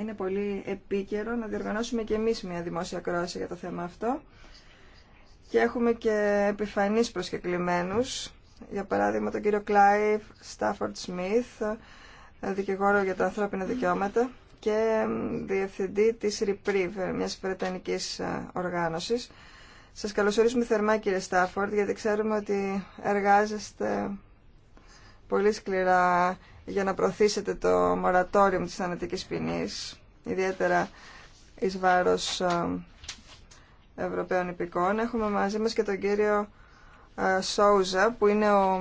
είναι πολύ επίκαιρο να διοργανώσουμε και εμείς μια δημόσια κρόαση για το θέμα αυτό και έχουμε και επιφανείς προσκεκλημένους για παράδειγμα τον κύριο Κλάιβ Στάφορτ Σμιθ δικηγόρο για τα ανθρώπινα δικαιώματα και διευθυντή της Reprieve, μιας Βρετανικής ε, οργάνωσης σας καλωσορίζουμε θερμά κύριε Στάφορντ γιατί ξέρουμε ότι εργάζεστε πολύ σκληρά για να προωθήσετε το μορατόριο της θανατικής ποινής, ιδιαίτερα εις βάρος ε, Ευρωπαίων Υπηκών. Έχουμε μαζί μας και τον κύριο ε, Σόουζα που είναι ο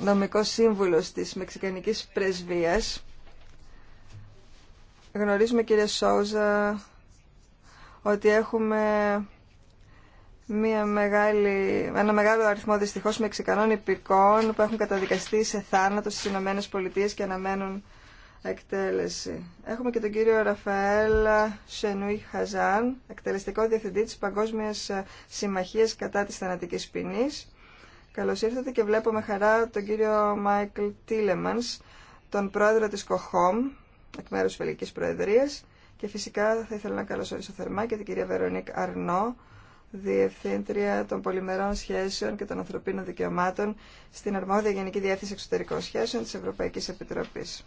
νομικός σύμβουλος της Μεξικανικής Πρεσβείας. Γνωρίζουμε κύριε Σόουζα ότι έχουμε μια μεγάλη, ένα μεγάλο αριθμό δυστυχώς μεξικανών υπηκών που έχουν καταδικαστεί σε θάνατο στις Ηνωμένες Πολιτείες και αναμένουν εκτέλεση. Έχουμε και τον κύριο Ραφαέλ Σενουί Χαζάν, εκτελεστικό διευθυντή της Παγκόσμιας Συμμαχίας κατά της θανατικής ποινής. Καλώς ήρθατε και βλέπω με χαρά τον κύριο Μάικλ Τίλεμανς, τον πρόεδρο της ΚΟΧΟΜ, εκ μέρους της Βελικής Προεδρίας. Και φυσικά θα ήθελα να καλωσορίσω θερμά και την κυρία Βερονίκ Αρνό, Διευθύντρια των Πολυμερών Σχέσεων και των Ανθρωπίνων Δικαιωμάτων στην Αρμόδια Γενική Διεύθυνση Εξωτερικών Σχέσεων της ευρωπαϊκή Επιτροπής.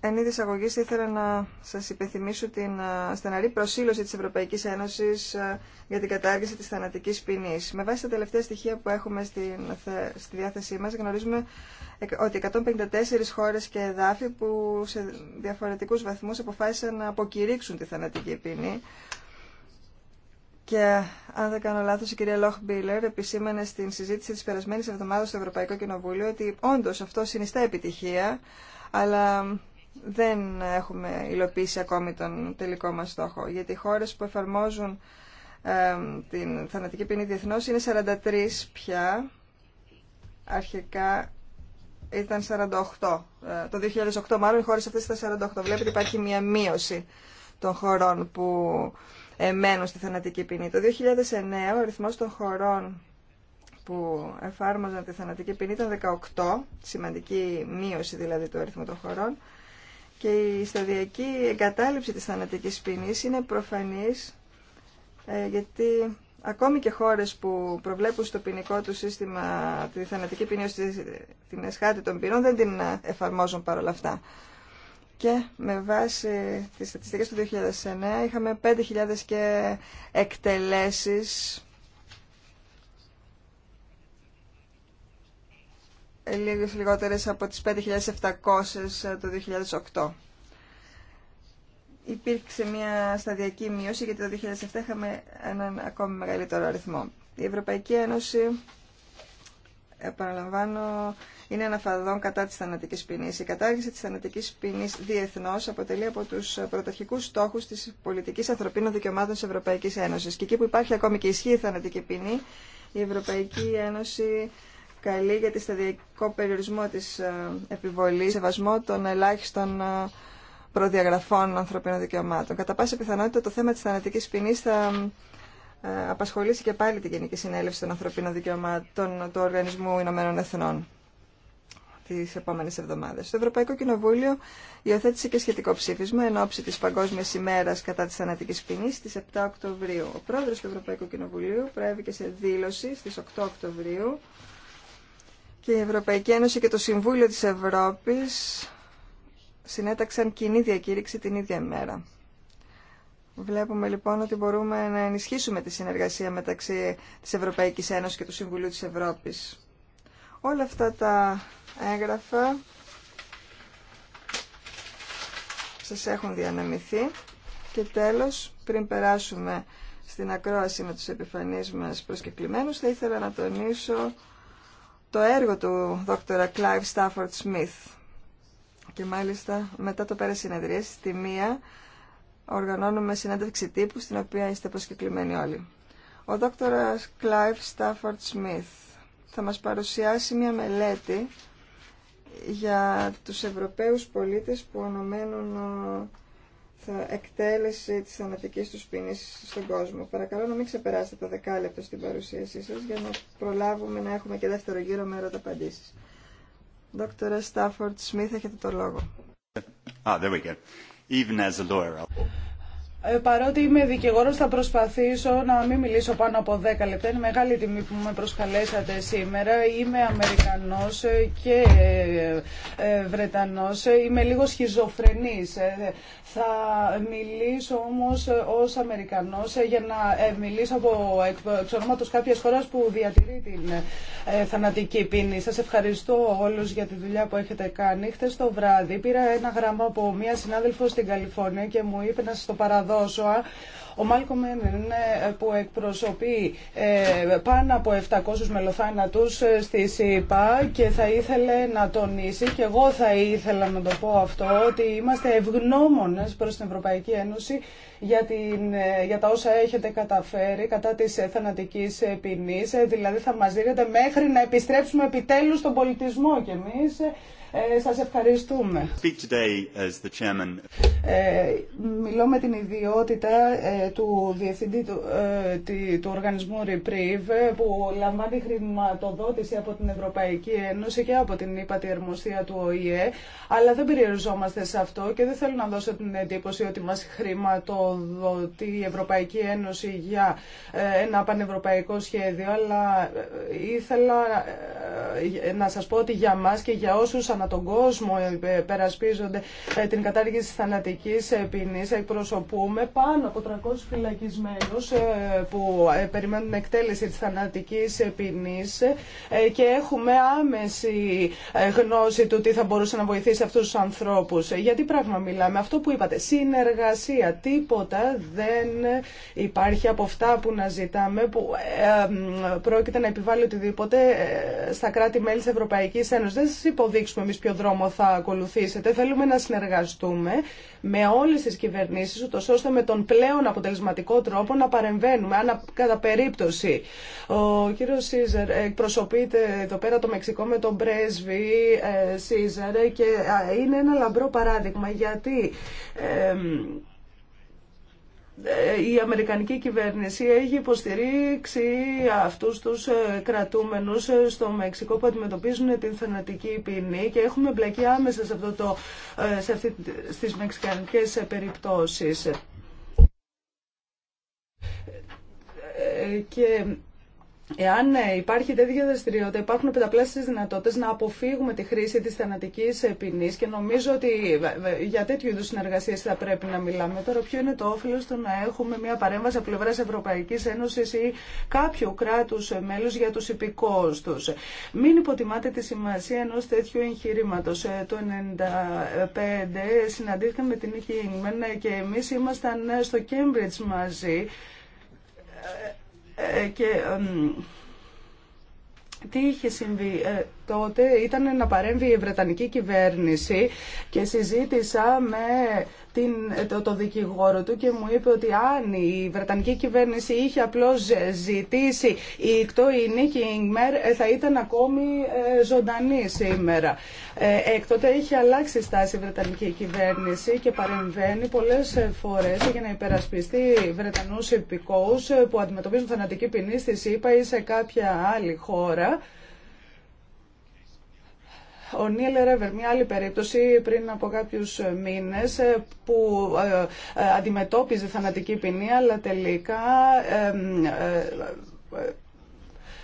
Εν είδη αγωγή, ήθελα να σα υπενθυμίσω την ε, στεναρή προσήλωση τη Ευρωπαϊκή Ένωση ε, για την κατάργηση τη θανατική ποινή. Με βάση τα τελευταία στοιχεία που έχουμε στη διάθεσή μα, γνωρίζουμε ότι 154 χώρε και εδάφη που σε διαφορετικού βαθμού αποφάσισαν να αποκηρύξουν τη θανατική ποινή. Και αν δεν κάνω λάθο, η κυρία Λόχ Μπίλερ επισήμανε στην συζήτηση τη περασμένη εβδομάδα στο Ευρωπαϊκό Κοινοβούλιο ότι όντω αυτό συνιστά επιτυχία, αλλά δεν έχουμε υλοποιήσει ακόμη τον τελικό μας στόχο, γιατί οι χώρες που εφαρμόζουν την θανατική ποινή διεθνώ είναι 43 πια, αρχικά ήταν 48. Ε, το 2008 μάλλον οι χώρες αυτές ήταν 48. Βλέπετε υπάρχει μια μείωση των χωρών που μένουν στη θανατική ποινή. Το 2009 ο αριθμός των χωρών που εφάρμοζαν τη θανατική ποινή ήταν 18, σημαντική μείωση δηλαδή του αριθμού των χωρών και η σταδιακή εγκατάλειψη της θανατικής ποινής είναι προφανής ε, γιατί ακόμη και χώρες που προβλέπουν στο ποινικό του σύστημα τη θανατική ποινή ως την εσχάτη των ποινών δεν την ε, εφαρμόζουν παρόλα αυτά. Και με βάση τις στατιστικές του 2009 είχαμε 5.000 και εκτελέσεις λίγες λιγότερες από τις 5.700 το 2008. Υπήρξε μια σταδιακή μείωση γιατί το 2007 είχαμε έναν ακόμη μεγαλύτερο αριθμό. Η Ευρωπαϊκή Ένωση, επαναλαμβάνω, είναι αναφαδόν κατά της θανατικής ποινής. Η κατάργηση της θανατικής ποινής διεθνώς αποτελεί από τους πρωταρχικούς στόχους τη πολιτικής ανθρωπίνων δικαιωμάτων της Ευρωπαϊκής Ένωσης. Και εκεί που υπάρχει ακόμη και ισχύει η θανατική ποινή, η Ευρωπαϊκή Ένωση καλή για τη σταδιακό περιορισμό της ε, επιβολής, σεβασμό των ελάχιστων ε, προδιαγραφών ανθρωπίνων δικαιωμάτων. Κατά πάσα πιθανότητα το θέμα της θανατικής ποινής θα ε, απασχολήσει και πάλι την Γενική Συνέλευση των Ανθρωπίνων Δικαιωμάτων του Οργανισμού Ηνωμένων Εθνών τι επόμενε εβδομάδε. Το Ευρωπαϊκό Κοινοβούλιο υιοθέτησε και σχετικό ψήφισμα εν ώψη τη Παγκόσμια ημέρα κατά τη θανατική ποινή στι 7 Οκτωβρίου. Ο πρόεδρο του Ευρωπαϊκού Κοινοβουλίου προέβηκε σε δήλωση στι 8 Οκτωβρίου και η Ευρωπαϊκή Ένωση και το Συμβούλιο της Ευρώπης συνέταξαν κοινή διακήρυξη την ίδια μέρα. Βλέπουμε λοιπόν ότι μπορούμε να ενισχύσουμε τη συνεργασία μεταξύ της Ευρωπαϊκής Ένωσης και του Συμβουλίου της Ευρώπης. Όλα αυτά τα έγγραφα σας έχουν διανεμηθεί και τέλος πριν περάσουμε στην ακρόαση με τους επιφανείς μας προσκεκλημένους θα ήθελα να τονίσω το έργο του δόκτωρα Clive Stafford Smith. Και μάλιστα μετά το πέρα συνεδρίες στη μία οργανώνουμε συνέντευξη τύπου στην οποία είστε προσκεκλημένοι όλοι. Ο δόκτωρας Clive Στάφορτ Σμιθ θα μας παρουσιάσει μια μελέτη για τους Ευρωπαίους πολίτες που ονομένουν εκτέλεση τη θανατικής του ποινή στον κόσμο. Παρακαλώ να μην ξεπεράσετε τα δεκάλεπτα στην παρουσίασή σας για να προλάβουμε να έχουμε και δεύτερο γύρο με απαντήσει. Δόκτωρα Στάφορτ Σμιθ, έχετε το λόγο. Ah, there we go. Even as a lawyer, ε, παρότι είμαι δικηγόρος θα προσπαθήσω να μην μιλήσω πάνω από 10 λεπτά. Είναι μεγάλη τιμή που με προσκαλέσατε σήμερα. Είμαι Αμερικανός και ε, ε, Βρετανός. Είμαι λίγο σχιζοφρενής. Θα μιλήσω όμως ως Αμερικανός για να μιλήσω από εξ ονόματος κάποιας χώρας που διατηρεί την θανατική πίνη. Σας ευχαριστώ όλους για τη δουλειά που έχετε κάνει. Χθες το βράδυ πήρα ένα γράμμα από μία συνάδελφο στην Καλιφόρνια και μου είπε να σας το παραδώσω ο Μάλκο Μένεν ε, που εκπροσωπεί ε, πάνω από 700 μελοθάνατους ε, στη ΣΥΠΑ και θα ήθελε να τονίσει και εγώ θα ήθελα να το πω αυτό ότι είμαστε ευγνώμονες προς την Ευρωπαϊκή Ένωση για, την, για τα όσα έχετε καταφέρει κατά της θανατικής ποινής δηλαδή θα μας δίνετε μέχρι να επιστρέψουμε επιτέλους στον πολιτισμό κι εμείς Σα ε, σας ευχαριστούμε. Ε, μιλώ με την ιδιότητα ε, του Διευθυντή του, Οργανισμού Reprieve που λαμβάνει χρηματοδότηση από την Ευρωπαϊκή Ένωση και από την ύπατη Ερμοσία του ΟΗΕ αλλά δεν περιοριζόμαστε σε αυτό και δεν θέλω να δώσω την εντύπωση ότι μας χρηματοδοτεί η Ευρωπαϊκή Ένωση για ένα πανευρωπαϊκό σχέδιο αλλά ήθελα να σας πω ότι για μας και για όσους ανά τον κόσμο ε, ε, περασπίζονται ε, την κατάργηση της θανατικής ποινής. Εκπροσωπούμε πάνω από 300 φυλακισμένους που περιμένουν εκτέλεση της θανατικής ποινής και έχουμε άμεση γνώση του τι θα μπορούσε να βοηθήσει αυτούς τους ανθρώπους. Γιατί πράγμα μιλάμε, αυτό που είπατε, συνεργασία, τίποτα δεν υπάρχει από αυτά που να ζητάμε που πρόκειται να επιβάλλει οτιδήποτε στα κράτη-μέλη της Ευρωπαϊκής Ένωσης. Δεν σας υποδείξουμε εμεί ποιο δρόμο θα ακολουθήσετε. Θέλουμε να συνεργαστούμε με όλες τις κυβερνήσει, ούτως ώστε με τον πλέον αποτελεσματικό τρόπο να παρεμβαίνουμε, αν κατά περίπτωση. Ο κύριο Σίζερ εκπροσωπείται εδώ πέρα το Μεξικό με τον πρέσβη ε, Σίζερ και είναι ένα λαμπρό παράδειγμα γιατί... Ε, η Αμερικανική κυβέρνηση έχει υποστηρίξει αυτούς τους ε, κρατούμενους ε, στο Μεξικό που αντιμετωπίζουν την θανατική ποινή και έχουμε μπλακεί άμεσα σε αυτό το, σε αυτή, στις μεξικανικές περιπτώσεις. Και Εάν ε, υπάρχει τέτοια δραστηριότητα, υπάρχουν πενταπλάσιε δυνατότητες να αποφύγουμε τη χρήση τη θανατική ποινή. και νομίζω ότι για τέτοιου είδου συνεργασίε θα πρέπει να μιλάμε. Τώρα ποιο είναι το όφελο στο να έχουμε μια παρέμβαση από πλευρά Ευρωπαϊκή Ένωση ή κάποιου κράτους μέλου για του υπηκόου του. Μην υποτιμάτε τη σημασία ενό τέτοιου εγχειρήματο. Ε, το 1995 συναντήθηκαμε με την Ίγμεν και εμεί ήμασταν στο Κέμπριτζ μαζί ε, ε, και τι είχε συμβεί ε, τότε, ήταν να παρέμβει η Βρετανική κυβέρνηση και συζήτησα με την, το, το δικηγόρο του και μου είπε ότι αν η Βρετανική κυβέρνηση είχε απλώς ζητήσει η Ικτό, η Νίκη ε, θα ήταν ακόμη ε, ζωντανή σήμερα. Ε, έχει είχε αλλάξει στάση η Βρετανική κυβέρνηση και παρεμβαίνει πολλές φορές για να υπερασπιστεί Βρετανούς υπηκόους που αντιμετωπίζουν θανατική ποινή στη ΣΥΠΑ ή σε κάποια άλλη χώρα. Ο Νίλ Ρέβερ, μια άλλη περίπτωση πριν από κάποιους μήνες ε, που ε, ε, αντιμετώπιζε θανατική ποινή, αλλά τελικά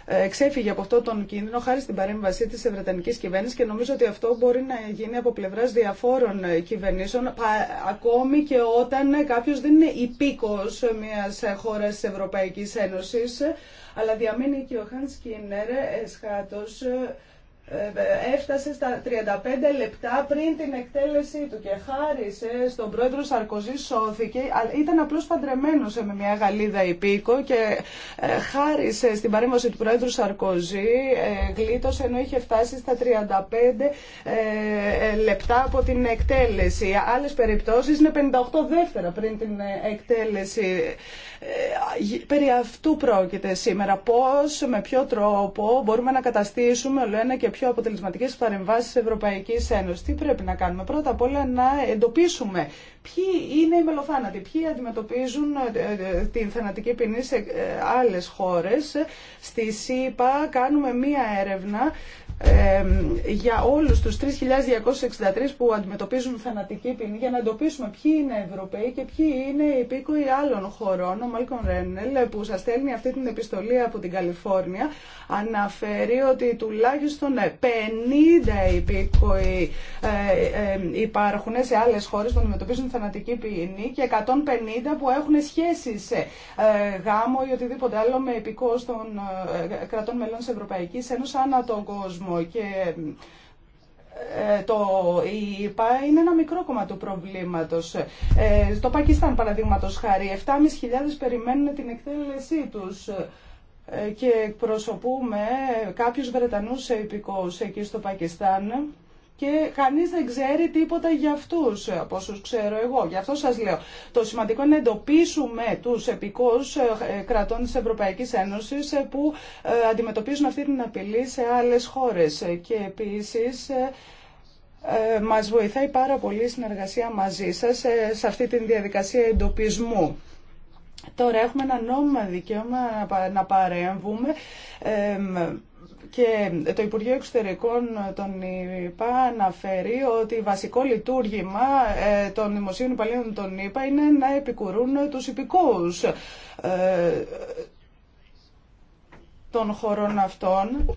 εξέφυγε από αυτό τον κίνδυνο χάρη στην παρέμβασή της βρετανική κυβέρνηση και νομίζω ότι αυτό μπορεί να γίνει από πλευράς διαφόρων κυβερνήσεων ακόμη και όταν κάποιος δεν είναι υπήκος μιας χώρας της Ευρωπαϊκής Ένωσης αλλά διαμείνει και ο Χαν Σκίνερ εσχάτως έφτασε στα 35 λεπτά πριν την εκτέλεσή του και χάρισε στον πρόεδρο Σαρκοζή σώθηκε, ήταν απλώς παντρεμένος με μια γαλίδα υπήκο και ε, χάρισε στην παρέμβαση του πρόεδρου Σαρκοζή, ε, γλίτωσε ενώ είχε φτάσει στα 35 ε, λεπτά από την εκτέλεση. Άλλες περιπτώσεις είναι 58 δεύτερα πριν την εκτέλεση. Περί αυτού πρόκειται σήμερα. Πώς, με ποιο τρόπο μπορούμε να καταστήσουμε όλο και πιο αποτελεσματικέ παρεμβάσει τη Ευρωπαϊκή Ένωση. Τι πρέπει να κάνουμε, πρώτα απ' όλα να εντοπίσουμε ποιοι είναι οι μελοθάνατοι, ποιοι αντιμετωπίζουν ε, ε, την θανατική ποινή σε ε, άλλε χώρε. Στη ΣΥΠΑ κάνουμε μία έρευνα για όλους τους 3.263 που αντιμετωπίζουν θανατική ποινή για να εντοπίσουμε ποιοι είναι Ευρωπαίοι και ποιοι είναι οι υπήκοοι άλλων χωρών. Ο Μάλκον Ρένελ που σας στέλνει αυτή την επιστολή από την Καλιφόρνια αναφέρει ότι τουλάχιστον 50 υπήκοοι ε, ε, υπάρχουν σε άλλες χώρες που αντιμετωπίζουν θανατική ποινή και 150 που έχουν σχέσεις ε, γάμο ή οτιδήποτε άλλο με υπηκό των κρατών μελών της Ευρωπαϊκής Ένωσης ανά τον κόσμο και ε, το ΙΠΑ είναι ένα μικρό κομμάτι του προβλήματος. Ε, στο Πακιστάν, παραδείγματος χάρη, 7.500 περιμένουν την εκτέλεσή τους ε, και εκπροσωπούμε κάποιους Βρετανούς επικούς εκεί στο Πακιστάν και κανείς δεν ξέρει τίποτα για αυτούς, από όσους ξέρω εγώ. Γι' αυτό σας λέω, το σημαντικό είναι να εντοπίσουμε τους επικούς ε, κρατών της Ευρωπαϊκής Ένωσης ε, που ε, αντιμετωπίζουν αυτή την απειλή σε άλλες χώρες. Και επίσης μας βοηθάει πάρα πολύ η συνεργασία μαζί σας σε αυτή τη διαδικασία εντοπισμού. Τώρα έχουμε ένα νόμιμα δικαίωμα να παρέμβουμε και το Υπουργείο Εξωτερικών των ΗΠΑ αναφέρει ότι βασικό λειτουργήμα ε, των δημοσίων υπαλλήλων των ΗΠΑ είναι να επικουρούν τους υπηκούς ε, των χωρών αυτών.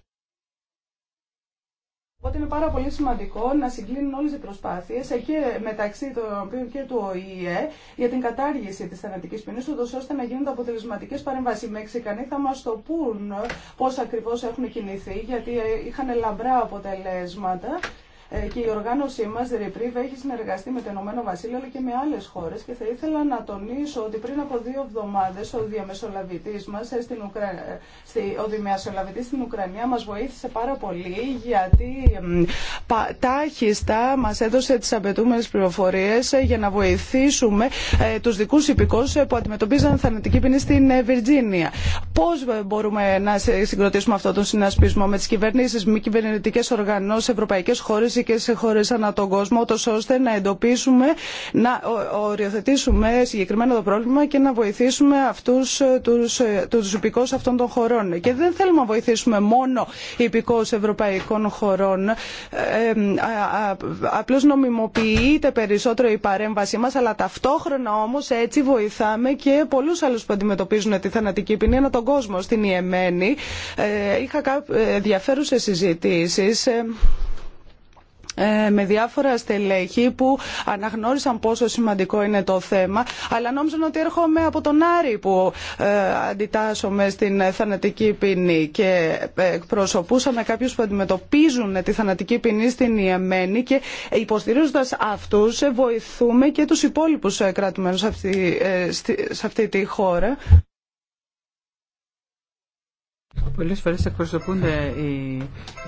Οπότε είναι πάρα πολύ σημαντικό να συγκλίνουν όλε οι προσπάθειε ε, και μεταξύ των οποίων και του ΟΗΕ για την κατάργηση τη θανατική Ποινή, ούτως ώστε να γίνονται αποτελεσματικέ παρεμβάσει. Οι Μεξικανοί θα μα το πούν πώ ακριβώ έχουν κινηθεί, γιατί ε, είχαν λαμπρά αποτελέσματα. Ε, και η οργάνωσή μα, ΡΕΠΡΙΒ, έχει συνεργαστεί με το Ηνωμένο Βασίλειο αλλά και με άλλε χώρε. και θα ήθελα να τονίσω ότι πριν από δύο εβδομάδε ο διαμεσολαβητή μα, ε, στην ε, ο διαμεσολαβητή στην Ουκρανία μα βοήθησε πάρα πολύ γιατί τάχιστα μα έδωσε τι απαιτούμενε πληροφορίε για να βοηθήσουμε του δικού υπηκούς που αντιμετωπίζαν θανατική ποινή στην Βιρτζίνια. Πώ μπορούμε να συγκροτήσουμε αυτό τον συνασπισμό με τι κυβερνήσει, μη κυβερνητικέ οργανώσει, Ευρωπαϊκέ χώρε και σε χώρε ανά τον κόσμο, ώστε να εντοπίσουμε, να οριοθετήσουμε συγκεκριμένα το πρόβλημα και να βοηθήσουμε αυτού ε, του ε, υπηκόου αυτών των χωρών. Και δεν θέλουμε να βοηθήσουμε μόνο υπηκόου ευρωπαϊκών χωρών. Ε, Απλώ νομιμοποιείται περισσότερο η παρέμβασή μα, αλλά ταυτόχρονα όμω έτσι βοηθάμε και πολλού άλλου που αντιμετωπίζουν τη θανατική ποινή ανά τον κόσμο. Στην Ιεμένη είχα ενδιαφέρουσε συζητήσει. Ε, με διάφορα στελέχη που αναγνώρισαν πόσο σημαντικό είναι το θέμα, αλλά νόμιζαν ότι έρχομαι από τον Άρη που ε, αντιτάσσομαι στην θανατική ποινή και εκπροσωπούσαμε κάποιους που αντιμετωπίζουν τη θανατική ποινή στην Ιεμένη και υποστηρίζοντας αυτούς ε, βοηθούμε και τους υπόλοιπους κρατουμένους σε αυτή, σε αυτή τη χώρα. Πολλέ φορέ εκπροσωπούνται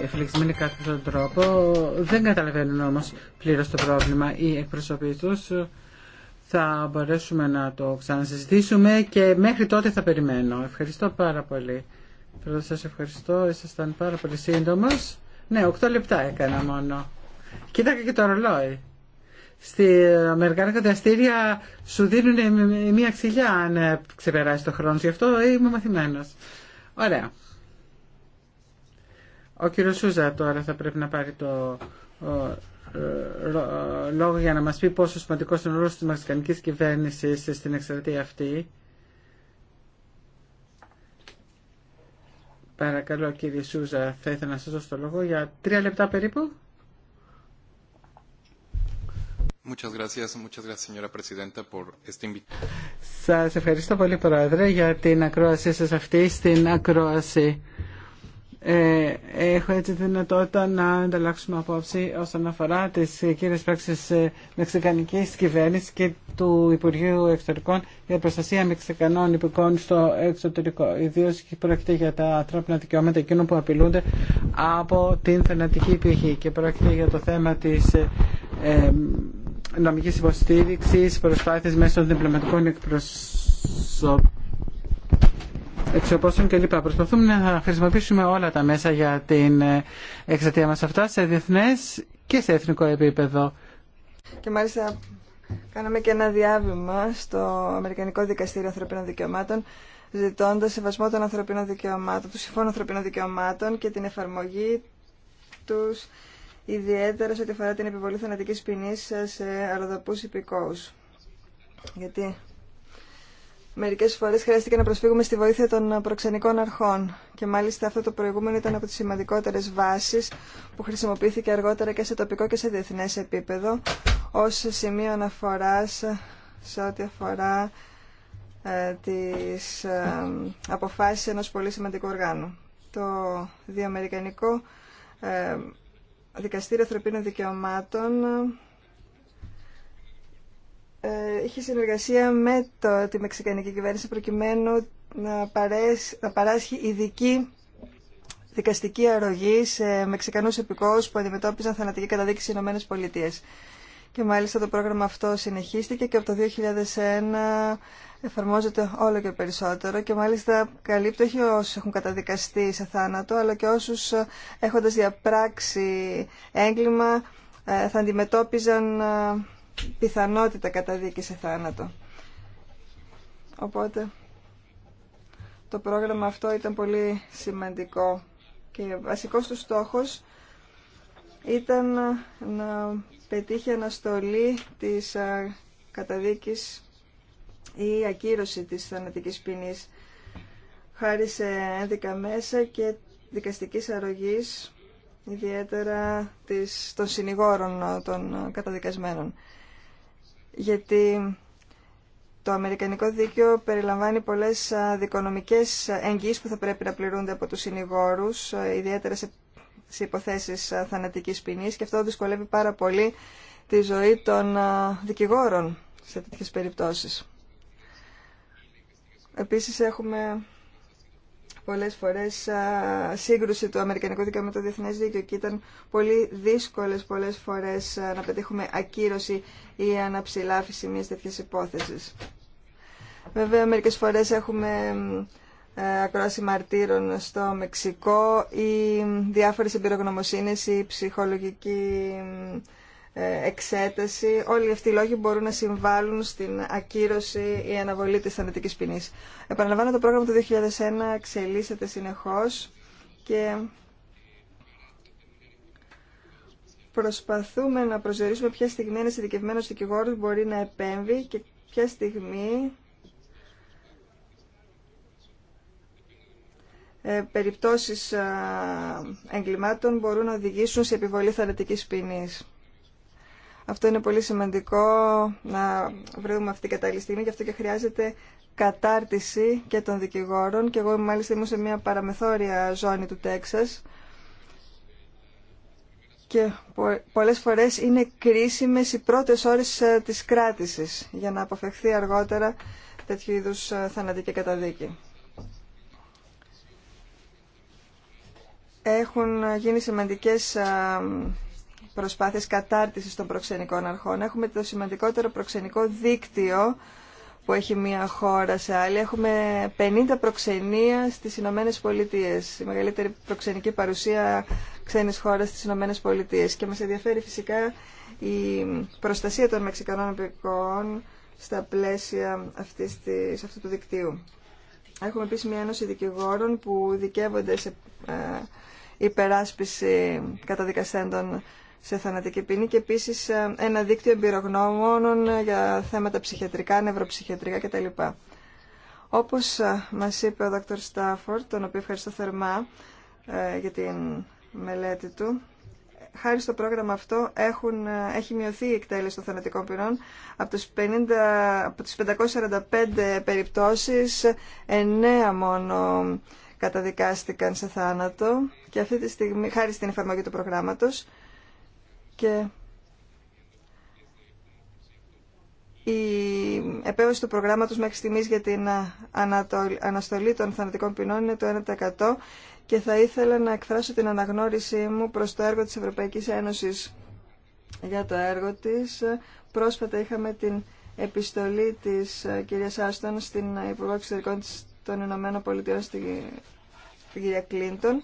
οι φυλακισμένοι κατά αυτόν τον τρόπο. Δεν καταλαβαίνουν όμω πλήρω το πρόβλημα. η εκπροσωποί του θα μπορέσουμε να το ξανασυζητήσουμε και μέχρι τότε θα περιμένω. Ευχαριστώ πάρα πολύ. Πρώτα σα ευχαριστώ, ήσασταν πάρα πολύ σύντομο. Ναι, 8 λεπτά έκανα μόνο. Κοίταξε και το ρολόι. Στη Αμερικάνικα διαστήρια σου δίνουν μία ξυλιά αν ξεπεράσει το χρόνο. Γι' αυτό είμαι μαθημένο. Ωραία. Ο κύριος Σούζα τώρα θα πρέπει να πάρει το ε, λόγο για να μας πει πόσο σημαντικό είναι ο ρόλος της μαξικανικής κυβέρνησης στην εξαρτή αυτή. Παρακαλώ κύριε Σούζα, θα ήθελα να σας δώσω το λόγο για τρία λεπτά περίπου. Σας ευχαριστώ πολύ Πρόεδρε για την ακρόασή σας αυτή στην ακρόαση. Ε, έχω έτσι δυνατότητα να ανταλλάξουμε απόψη όσον αφορά τις κύριες πράξεις ε, μεξικανικής κυβέρνηση και του Υπουργείου Εξωτερικών για προστασία μεξικανών υπηκών στο εξωτερικό. Ιδίως πρόκειται για τα ανθρώπινα δικαιώματα εκείνων που απειλούνται από την θενατική πηγή και πρόκειται για το θέμα της ε, ε, νομικής υποστήριξης, προσπάθειες μέσω των διπλωματικών εκπροσω... και κλπ. Προσπαθούμε να χρησιμοποιήσουμε όλα τα μέσα για την ε, εξατία μας αυτά σε διεθνές και σε εθνικό επίπεδο. Και μάλιστα κάναμε και ένα διάβημα στο Αμερικανικό Δικαστήριο Ανθρωπίνων Δικαιωμάτων ζητώντα σεβασμό των ανθρωπίνων δικαιωμάτων, του συμφώνου ανθρωπίνων δικαιωμάτων και την εφαρμογή τους ιδιαίτερα σε ό,τι αφορά την επιβολή θανατικής ποινής σε αλλοδαπούς υπηκόους. Γιατί μερικές φορές χρειάστηκε να προσφύγουμε στη βοήθεια των προξενικών αρχών και μάλιστα αυτό το προηγούμενο ήταν από τις σημαντικότερες βάσεις που χρησιμοποιήθηκε αργότερα και σε τοπικό και σε διεθνές επίπεδο ως σημείο αναφορά σε ό,τι αφορά ε, τις ε, αποφάσεις ενός πολύ σημαντικού οργάνου. Το διαμερικανικό ε, Δικαστήριο Ανθρωπίνων Δικαιωμάτων ε, είχε συνεργασία με το, τη Μεξικανική κυβέρνηση προκειμένου να, παρέσ, να παράσχει ειδική δικαστική αρρωγή σε Μεξικανούς επικόους που αντιμετώπιζαν θανατική καταδίκηση στις Ηνωμένες Πολιτείες. Και μάλιστα το πρόγραμμα αυτό συνεχίστηκε και από το 2001 εφαρμόζεται όλο και περισσότερο και μάλιστα καλύπτει όχι όσους έχουν καταδικαστεί σε θάνατο αλλά και όσους ε, έχοντας διαπράξει έγκλημα ε, θα αντιμετώπιζαν ε, πιθανότητα καταδίκη σε θάνατο. Οπότε το πρόγραμμα αυτό ήταν πολύ σημαντικό και βασικός του στόχος ήταν να πετύχει αναστολή της καταδίκης η ακύρωση της θανατικής ποινής χάρη σε ένδικα μέσα και δικαστικής αρρωγής, ιδιαίτερα της, των συνηγόρων των καταδικασμένων. Γιατί το Αμερικανικό Δίκαιο περιλαμβάνει πολλές δικονομικές εγγύσεις που θα πρέπει να πληρούνται από τους συνηγόρους, ιδιαίτερα σε, σε υποθέσεις θανατικής ποινής και αυτό δυσκολεύει πάρα πολύ τη ζωή των δικηγόρων σε τέτοιες περιπτώσεις. Επίσης έχουμε πολλές φορές σύγκρουση του Αμερικανικού Δικαίου με το Διεθνές Δίκαιο και ήταν πολύ δύσκολες πολλές φορές να πετύχουμε ακύρωση ή αναψηλάφιση μιας τέτοιας υπόθεσης. Βέβαια μερικές φορές έχουμε ακρόαση μαρτύρων στο Μεξικό ή διάφορες εμπειρογνωμοσύνες ή ψυχολογική ε, εξέταση, όλοι αυτοί οι λόγοι μπορούν να συμβάλλουν στην ακύρωση ή αναβολή της θανατικής ποινής. Επαναλαμβάνω, το πρόγραμμα του 2001 εξελίσσεται συνεχώς και προσπαθούμε να προσδιορίσουμε ποια στιγμή ένας ειδικευμένος δικηγόρος μπορεί να επέμβει και ποια στιγμή ε, περιπτώσεις ε, εγκλημάτων μπορούν να οδηγήσουν σε επιβολή θανατικής ποινής. Αυτό είναι πολύ σημαντικό να βρούμε αυτή την κατάλληλη στιγμή και αυτό και χρειάζεται κατάρτιση και των δικηγόρων και εγώ μάλιστα ήμουν σε μια παραμεθόρια ζώνη του Τέξας και πολλές φορές είναι κρίσιμες οι πρώτες ώρες ε, της κράτησης για να αποφευχθεί αργότερα τέτοιου είδους ε, θανατική καταδίκη. Έχουν γίνει σημαντικές ε, προσπάθειες κατάρτισης των προξενικών αρχών. Έχουμε το σημαντικότερο προξενικό δίκτυο που έχει μία χώρα σε άλλη. Έχουμε 50 προξενία στις Ηνωμένε Πολιτείες. Η μεγαλύτερη προξενική παρουσία ξένης χώρας στις Ηνωμένε Πολιτείες. Και μας ενδιαφέρει φυσικά η προστασία των Μεξικανών επικών στα πλαίσια αυτής αυτού του δικτύου. Έχουμε επίση μια ένωση δικηγόρων που δικεύονται σε ε, υπεράσπιση καταδικασέντων σε θανατική ποινή και επίση ε, ένα δίκτυο εμπειρογνώμων ε, για θέματα ψυχιατρικά, νευροψυχιατρικά κτλ. Όπως ε, μας είπε ο Δ. Στάφορτ, τον οποίο ευχαριστώ θερμά για την μελέτη του, χάρη στο πρόγραμμα αυτό έχουν, έχει μειωθεί η εκτέλεση των θανατικών ποινών από τις, από τις 545 περιπτώσεις 9 μόνο καταδικάστηκαν σε θάνατο και αυτή τη στιγμή, χάρη στην εφαρμογή του προγράμματος και η επέμβαση του προγράμματος μέχρι στιγμής για την αναστολή των θανατικών ποινών είναι το 1% και θα ήθελα να εκφράσω την αναγνώρισή μου προς το έργο της Ευρωπαϊκής Ένωσης για το έργο της. Πρόσφατα είχαμε την επιστολή της ε, κυρίας Άστον στην Υπουργό Εξωτερικών των Ηνωμένων Πολιτειών στην κυρία Κλίντον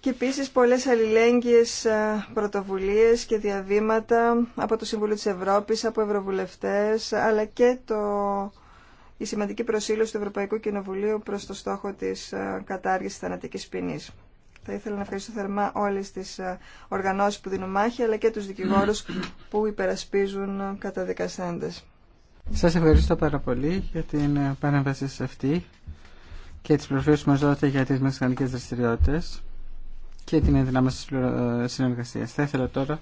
και επίσης πολλές αλληλέγγυες ε, πρωτοβουλίες και διαβήματα από το Συμβούλιο της Ευρώπης, από ευρωβουλευτές, αλλά και το... η σημαντική προσήλωση του Ευρωπαϊκού Κοινοβουλίου προς το στόχο της ε, κατάργησης θανατικής ποινής. Θα ήθελα να ευχαριστώ θερμά όλες τις ε, οργανώσεις που δίνουν μάχη, αλλά και τους δικηγόρους που υπερασπίζουν καταδικασέντες. Σας ευχαριστώ πάρα πολύ για την παρέμβαση σε αυτή και τις προφήσεις που μας δώσετε για τις μεσχανικές δραστηριότητες και την ενδυνάμωση της ε, συνεργασίας. Θα ήθελα τώρα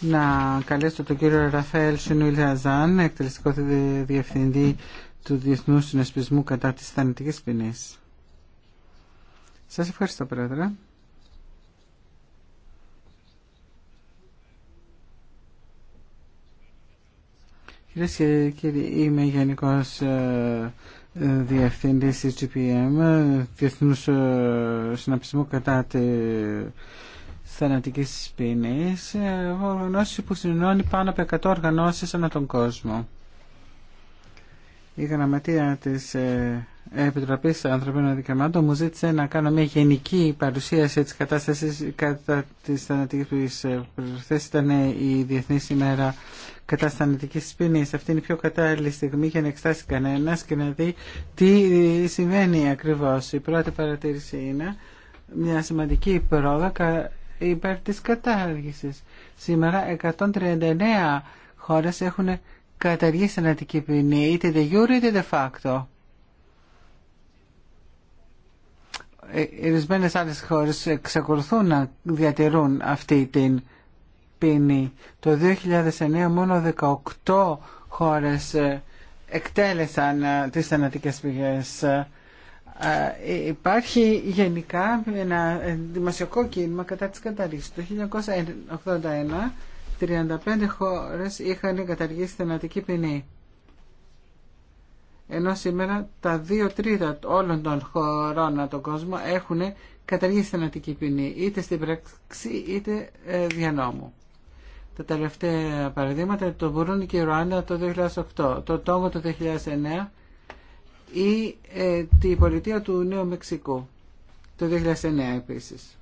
να καλέσω τον κύριο Ραφαέλ Σινουιλιαζάν, εκτελεστικό διευθυντή του Διεθνού Συνασπισμού κατά της θανητικής ποινής. Σας ευχαριστώ, Πρόεδρε. Κυρίε και κύριοι, είμαι γενικός ε, διευθύντης της GPM, ε, διεθνούς ε, συναπισμού κατά τη θανατικής ποινής, ε, οργανώσεις που συνενώνει πάνω από 100 οργανώσεις ανά τον κόσμο. Η γραμματεία της Επιτροπής Ανθρωπίνων Δικαιωμάτων μου ζήτησε να κάνω μια γενική παρουσίαση της κατάστασης κατά της θανατικής ποινής. Προχθές ήταν η Διεθνή Σημέρα κατά ποινή. Αυτή είναι η πιο κατάλληλη στιγμή για να εξτάσει κανένας και να δει τι συμβαίνει ακριβώς. Η πρώτη παρατήρηση είναι μια σημαντική πρόοδο υπέρ τη κατάργηση. Σήμερα 139 χώρε έχουν καταργήσει θανατική ποινή, είτε de jure είτε de facto. Οι ε, ορισμένε άλλες χώρε εξακολουθούν να διατηρούν αυτή την ποινή. Το 2009 μόνο 18 χώρες ε, εκτέλεσαν ε, τις θανατικές πηγές. Ε, υπάρχει γενικά ένα δημοσιακό κίνημα κατά της καταρρύξης. Το 1981 35 χώρες είχαν καταργήσει θανατική ποινή. Ενώ σήμερα τα δύο τρίτα όλων των χωρών από τον κόσμο έχουν καταργήσει θανατική ποινή, είτε στην πράξη είτε ε, δια τα τελευταία παραδείγματα το μπορούν και η Ρουάντα το 2008, το Τόγκο το 2009 ή ε, τη πολιτεία του Νέου Μεξικού το 2009 επίσης.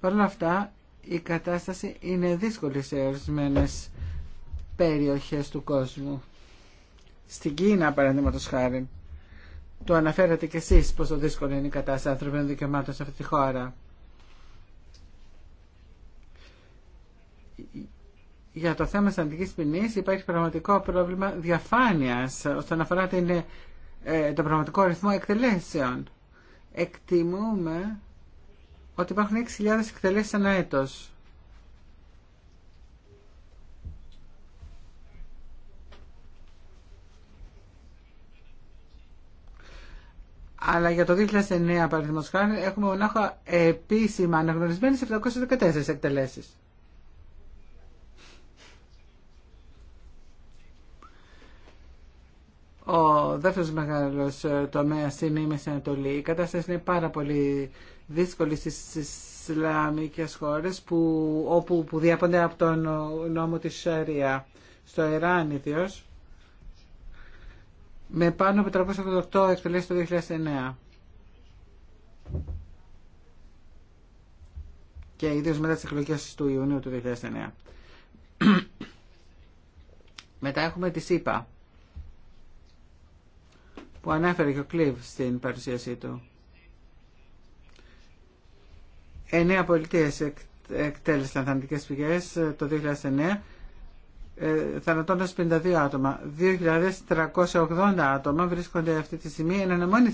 Παρ' όλα αυτά η κατάσταση είναι δύσκολη σε ορισμένε περιοχές του κόσμου. Στην Κίνα παραδείγματο χάρη. Το αναφέρατε κι εσείς πόσο δύσκολη είναι η κατάσταση ανθρωπίνων δικαιωμάτων σε αυτή τη χώρα για το θέμα της αντικής ποινής υπάρχει πραγματικό πρόβλημα διαφάνειας όσον αφορά την, ε, το πραγματικό ρυθμό εκτελέσεων. Εκτιμούμε ότι υπάρχουν 6.000 εκτελέσεις ανά έτος. Αλλά για το 2009, παραδείγματο χάρη, έχουμε μονάχα επίσημα αναγνωρισμένε 714 εκτελέσεις. Ο δεύτερο μεγάλος ε, τομέας είναι η Ανατολή. Η κατάσταση είναι πάρα πολύ δύσκολη στι Ισλαμικές χώρε που, όπου, που διάπονται από τον νόμο τη Σαρία. Στο Ιράν ιδίω. με πάνω από 388 εκτελέσει το 2009. Και ιδίω μετά τι εκλογέ του Ιουνίου του 2009. μετά έχουμε τη ΣΥΠΑ που ανέφερε και ο Κλίβ στην παρουσίασή του. Εννέα πολιτείες εκτέλεσαν θανατικέ πηγές ε, το 2009, ε, θανατώντας 52 άτομα. 2.380 άτομα βρίσκονται αυτή τη στιγμή εν αναμόνη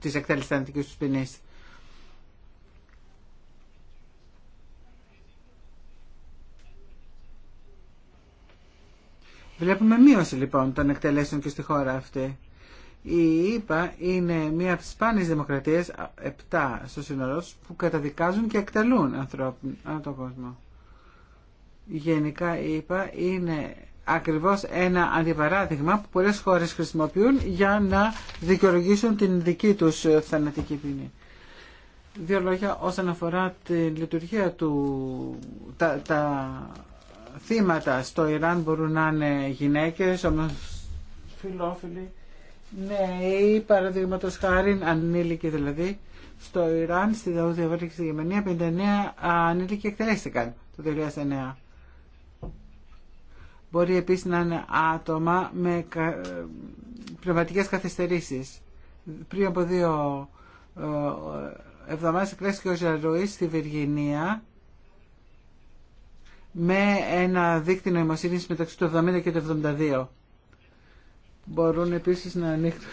της εκτέλεσης θανατική του Βλέπουμε μείωση λοιπόν των εκτελέσεων και στη χώρα αυτή. Η ΕΠΑ είναι μία από τις σπάνιες δημοκρατίες, 7 στο σύνολό που καταδικάζουν και εκτελούν ανθρώπου ανά τον κόσμο. Γενικά η είναι ακριβώς ένα αντιπαράδειγμα που πολλές χώρες χρησιμοποιούν για να δικαιολογήσουν την δική τους ε, θανατική ποινή. Δύο λόγια όσον αφορά τη λειτουργία του... Τα, τα θύματα στο Ιράν μπορούν να είναι γυναίκες, όμως φιλόφιλοι νέοι, παραδείγματο χάρη ανήλικοι δηλαδή, στο Ιράν, στη Δαούδια Βόρεια στη Γερμανία, 59 ανήλικοι εκτελέστηκαν το 2009. Μπορεί επίσης να είναι άτομα με ε, πνευματικές καθυστερήσεις. Πριν από δύο ε, εβδομάδες εκτελέστηκε ο Ζαρουής στη Βιργινία με ένα δίκτυο νοημοσύνης μεταξύ του 70 και του 72 μπορούν επίσης να ανοίξουν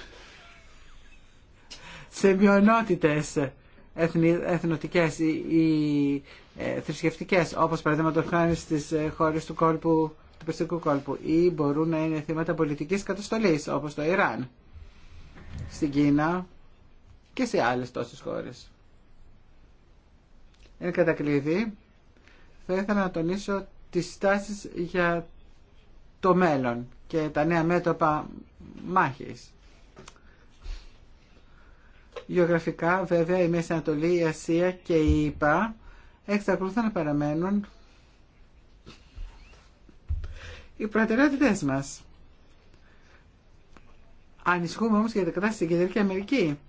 σε μειονότητες εθνοτικέ, ή, ή όπω ε, θρησκευτικές, όπως παραδείγματο χάρη στις ε, χώρες του κόλπου του Περσικού κόλπου ή μπορούν να είναι θύματα πολιτικής καταστολής όπως το Ιράν στην Κίνα και σε άλλες τόσες χώρες. Εν κατακλείδη θα ήθελα να τονίσω τις στάσεις για το μέλλον και τα νέα μέτωπα μάχης. Γεωγραφικά βέβαια η Μέση Ανατολή, η Ασία και η ΙΠΑ εξακολουθούν να παραμένουν οι προτεραιότητε μας. Ανησυχούμε όμως για την κατάσταση στην Κεντρική Αμερική,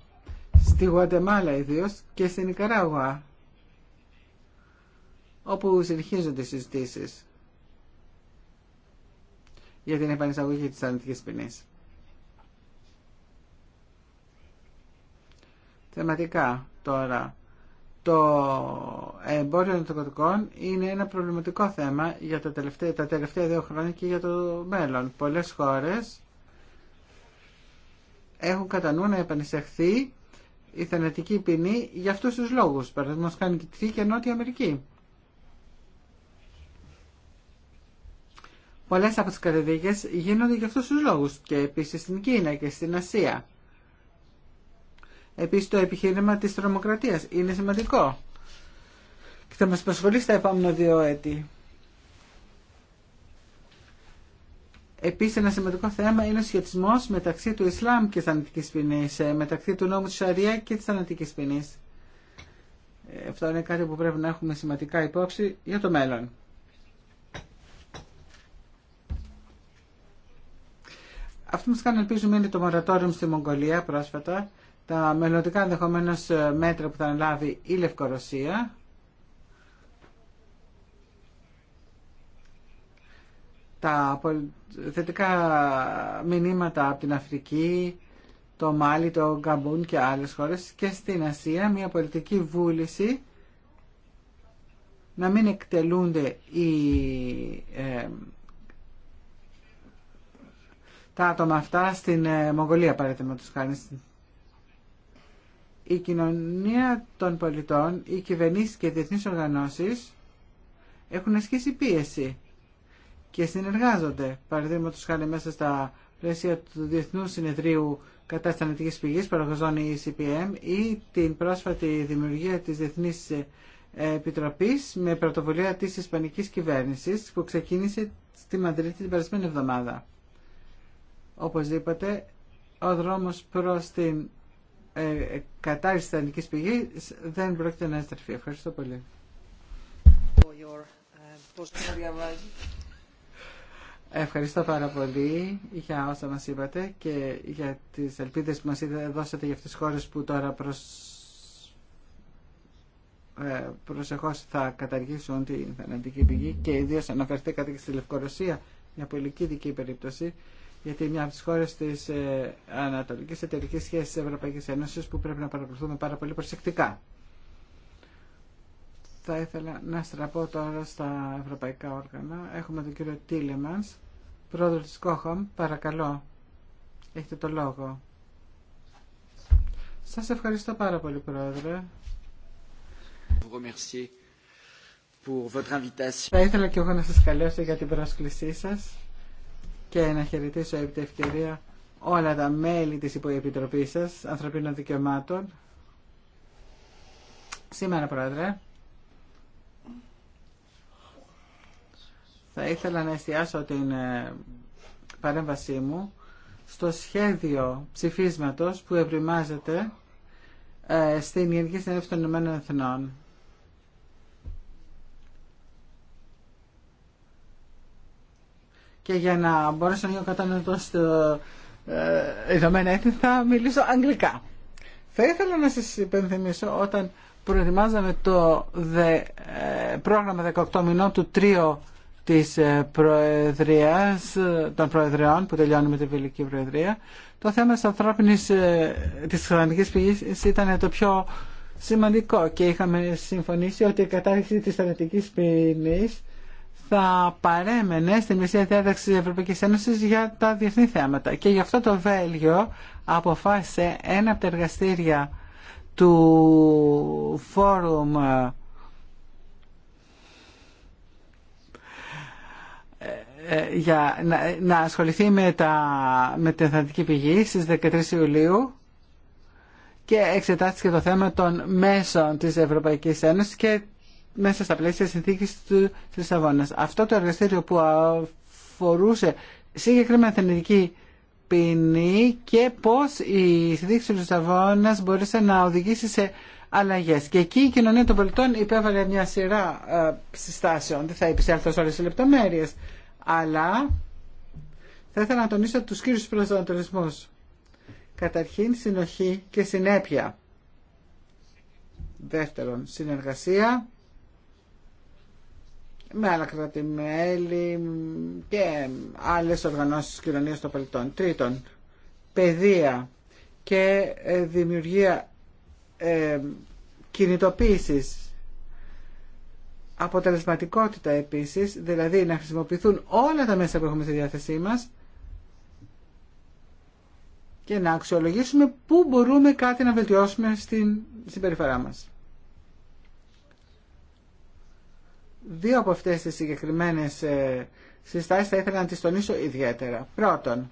στη Γουατεμάλα ιδίω και στην Ικαράγουα, όπου συνεχίζονται οι συζητήσεις για την επανεισαγωγή της αρνητικής ποινής. Θεματικά τώρα. Το εμπόριο ναρκωτικών είναι ένα προβληματικό θέμα για τα τελευταία, τα δύο χρόνια και για το μέλλον. Πολλές χώρες έχουν κατά νου να επανεισαχθεί η θανατική ποινή για αυτούς τους λόγους. Παραδείγματος κάνει και τη Νότια Αμερική. Πολλές από τις καταδίκες γίνονται για αυτούς τους λόγους και επίσης στην Κίνα και στην Ασία. Επίσης το επιχείρημα της τρομοκρατίας είναι σημαντικό και θα μας απασχολεί στα επόμενα δύο έτη. Επίσης ένα σημαντικό θέμα είναι ο σχετισμός μεταξύ του Ισλάμ και της Ανατικής ποινής, ε, μεταξύ του νόμου της Σαρία και της Ανατικής ποινής. Ε, αυτό είναι κάτι που πρέπει να έχουμε σημαντικά υπόψη για το μέλλον. Αυτό που μας κάνει ελπίζουμε είναι το μορατόριο στη Μογγολία πρόσφατα, τα μελλοντικά ενδεχομένω ε, μέτρα που θα αναλάβει η Λευκορωσία. Τα θετικά μηνύματα από την Αφρική, το Μάλι, το Γκαμπούν και άλλες χώρες και στην Ασία μια πολιτική βούληση να μην εκτελούνται οι ε, τα άτομα αυτά στην ε, Μογγολία παραδείγματο χάρη. Η κοινωνία των πολιτών, οι κυβερνήσει και οι διεθνείς οργανώσεις έχουν ασκήσει πίεση και συνεργάζονται παραδείγματο χάρη μέσα στα πλαίσια του Διεθνού Συνεδρίου κατά θανατικής πηγής παραγωγών ECPM ή την πρόσφατη δημιουργία της Διεθνής ε, Επιτροπής με πρωτοβουλία της Ισπανικής Κυβέρνησης που ξεκίνησε στη Μαδρίτη την περασμένη εβδομάδα. Οπωσδήποτε, ο δρόμος προς την ε, κατάρριση της ελληνικής πηγής δεν πρόκειται να εστρεφεί. Ευχαριστώ πολύ. Ε, Ευχαριστώ πάρα πολύ για όσα μας είπατε και για τις ελπίδες που μας δώσατε για αυτές τις χώρες που τώρα προς... Ε, προσεχώς θα καταργήσουν την θανατική πηγή και ιδίως αναφερθήκατε και στη Λευκορωσία, μια πολύ περίπτωση γιατί μια από τι χώρε τη ε, ανατολική εταιρική σχέση τη Ευρωπαϊκή Ένωση που πρέπει να παρακολουθούμε πάρα πολύ προσεκτικά. Θα ήθελα να στραπώ τώρα στα ευρωπαϊκά όργανα. Έχουμε τον κύριο Τίλεμαν, πρόεδρο τη ΚΟΧΟΜ. Παρακαλώ, έχετε το λόγο. Σας ευχαριστώ πάρα πολύ, Πρόεδρε. Θα ήθελα και εγώ να σας καλέσω για την πρόσκλησή σας και να χαιρετήσω επί τη ευκαιρία όλα τα μέλη της Υποεπιτροπής σας Ανθρωπίνων Δικαιωμάτων. Σήμερα, Πρόεδρε, θα ήθελα να εστιάσω την ε, παρέμβασή μου στο σχέδιο ψηφίσματος που ευρημάζεται ε, στην Γενική Συνέλευση των Ηνωμένων Εθνών και για να μπορέσω να είμαι κατανοητό στο ε, Ηνωμένα Έθνη θα μιλήσω αγγλικά. Θα ήθελα να σας υπενθυμίσω όταν προετοιμάζαμε το δε, ε, πρόγραμμα 18 μηνών του τρίου της ε, Προεδρίας, ε, των Προεδρεών που τελειώνουμε τη Βελική Προεδρία, το θέμα της ανθρώπινης, της χρονικής πηγής ήταν το πιο σημαντικό και είχαμε συμφωνήσει ότι η κατάρριξη της θανατικής ποινής θα παρέμενε στη μεσαία διάταξη της Ευρωπαϊκής Ένωσης για τα διεθνή θέματα. Και γι' αυτό το Βέλγιο αποφάσισε ένα από τα εργαστήρια του Φόρουμ ε, ε, για να, ασχοληθεί με, τα, με την Αθλαντική Πηγή στις 13 Ιουλίου και εξετάστηκε το θέμα των μέσων της Ευρωπαϊκής Ένωσης και μέσα στα πλαίσια συνθήκης του Λισαβόνα. Αυτό το εργαστήριο που αφορούσε συγκεκριμένα την ειδική ποινή και πώς η συνθήκη του Λισαβόνα μπορούσε να οδηγήσει σε αλλαγές. Και εκεί η κοινωνία των πολιτών υπέβαλε μια σειρά ε, συστάσεων. Δεν θα επισέλθω σε όλες τις λεπτομέρειες, αλλά θα ήθελα να τονίσω τους κύριους προσανατολισμούς. Καταρχήν συνοχή και συνέπεια. Δεύτερον, συνεργασία με άλλα κράτη-μέλη και άλλες οργανώσεις της κοινωνίας των πολιτών. Τρίτον, παιδεία και ε, δημιουργία ε, κινητοποίησης αποτελεσματικότητα επίσης, δηλαδή να χρησιμοποιηθούν όλα τα μέσα που έχουμε στη διάθεσή μας και να αξιολογήσουμε πού μπορούμε κάτι να βελτιώσουμε στην συμπεριφορά μας. Δύο από αυτές τις συγκεκριμένες ε, συστάσεις θα ήθελα να τις τονίσω ιδιαίτερα. Πρώτον,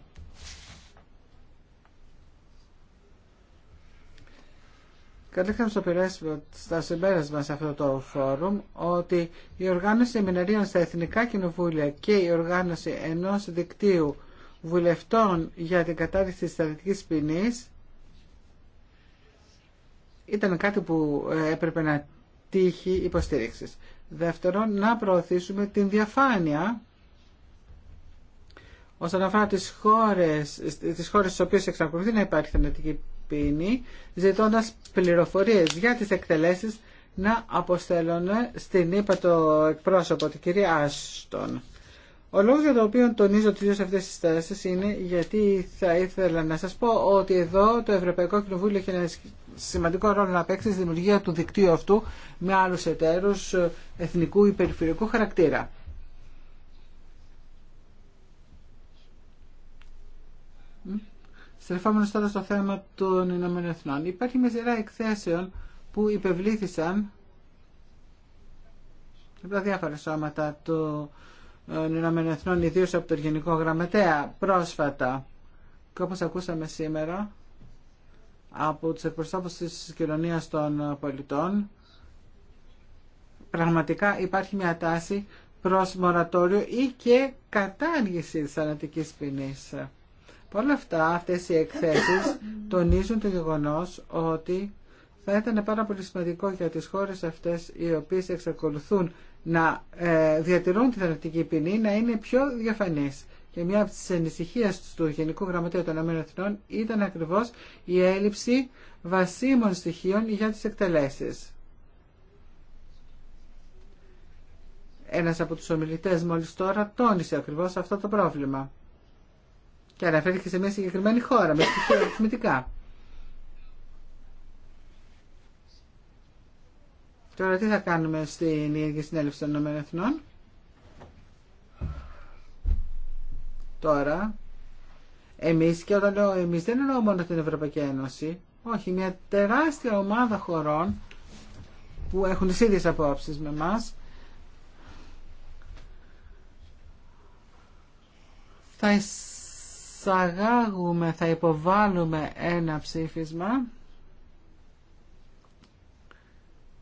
Κατήχαμε στο στα συμπέρασμα σε αυτό το φόρουμ ότι η οργάνωση σεμιναρίων στα Εθνικά Κοινοβούλια και η οργάνωση ενός δικτύου βουλευτών για την κατάρριξη της στρατηγικής ποινής ήταν κάτι που ε, έπρεπε να τύχει υποστήριξης. Δεύτερον, να προωθήσουμε την διαφάνεια όσον αφορά τις χώρες, τις χώρες στις οποίες εξακολουθεί να υπάρχει θενατική πίνη ζητώντας πληροφορίες για τις εκτελέσεις να αποστέλουν στην ΕΠΑ το εκπρόσωπο, την κυρία Άστον. Ο λόγος για τον οποίο τονίζω τελείως αυτές τις τάσεις είναι γιατί θα ήθελα να σας πω ότι εδώ το Ευρωπαϊκό Κοινοβούλιο έχει ένα σημαντικό ρόλο να παίξει στη δημιουργία του δικτύου αυτού με άλλους εταίρους ε, εθνικού ή περιφερειακού χαρακτήρα. Στρεφόμενος τώρα στο θέμα των Ηνωμένων Εθνών. Υπάρχει μια σειρά εκθέσεων που υπευλήθησαν από τα διάφορα σώματα των ε, Ηνωμένων Εθνών, ιδίως από το Γενικό Γραμματέα, πρόσφατα. Και όπως ακούσαμε σήμερα, από τους εκπροσώπους της κοινωνίας των πολιτών πραγματικά υπάρχει μια τάση προς μορατόριο ή και κατάργηση της θανατικής ποινής. Όλα αυτά, αυτές οι εκθέσεις τονίζουν το γεγονός ότι θα ήταν πάρα πολύ σημαντικό για τις χώρες αυτές οι οποίες εξακολουθούν να ε, διατηρούν τη θανατική ποινή να είναι πιο διαφανείς και μια από τις ανησυχίε του Γενικού Γραμματέα των ΗΠΑ ήταν ακριβώς η έλλειψη βασίμων στοιχείων για τις εκτελέσεις. Ένας από τους ομιλητές μόλις τώρα τόνισε ακριβώς αυτό το πρόβλημα. Και αναφέρθηκε σε μια συγκεκριμένη χώρα με στοιχεία αριθμητικά. Τώρα τι θα κάνουμε στην ίδια Συνέλευση των Ηνωμένων τώρα εμείς και όταν λέω εμείς δεν εννοώ μόνο την Ευρωπαϊκή Ένωση όχι μια τεράστια ομάδα χωρών που έχουν τις ίδιες απόψεις με μας θα εισαγάγουμε, θα υποβάλουμε ένα ψήφισμα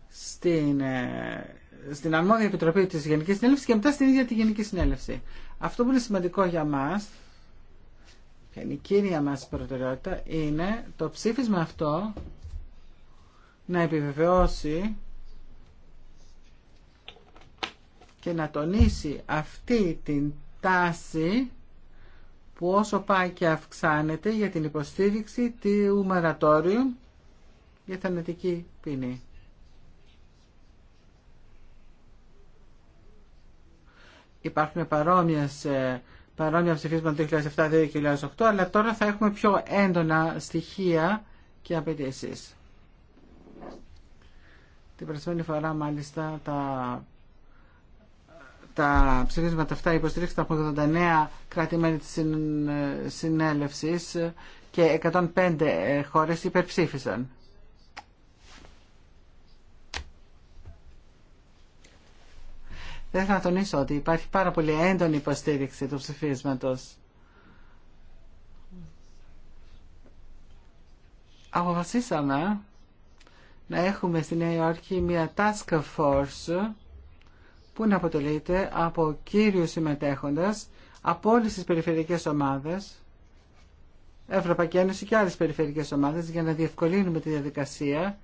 στην, ε, στην αρμόδια επιτροπή της Γενικής Συνέλευσης και μετά στην ίδια τη Γενική Συνέλευση. Αυτό που είναι σημαντικό για μας, και είναι η κύρια μας προτεραιότητα, είναι το ψήφισμα αυτό να επιβεβαιώσει και να τονίσει αυτή την τάση που όσο πάει και αυξάνεται για την υποστήριξη του μαρατόριου για θανατική ποινή. υπάρχουν παρόμοιες, ε, παρόμοια ψηφίσματα το 2007-2008, αλλά τώρα θα έχουμε πιο έντονα στοιχεία και απαιτήσει. Την περασμένη φορά μάλιστα τα, τα ψηφίσματα αυτά υποστηρίξαν από 89 κράτη-μέλη της ε, συνέλευσης και 105 ε, χώρες υπερψήφισαν. δεν Θα τονίσω ότι υπάρχει πάρα πολύ έντονη υποστήριξη του ψηφίσματος. Αποφασίσαμε να έχουμε στη Νέα Υόρκη μια task force που να αποτελείται από κύριους συμμετέχοντα από όλες τις περιφερειακές ομάδες Ευρωπαϊκή Ένωση και άλλες περιφερειακές ομάδες για να διευκολύνουμε τη διαδικασία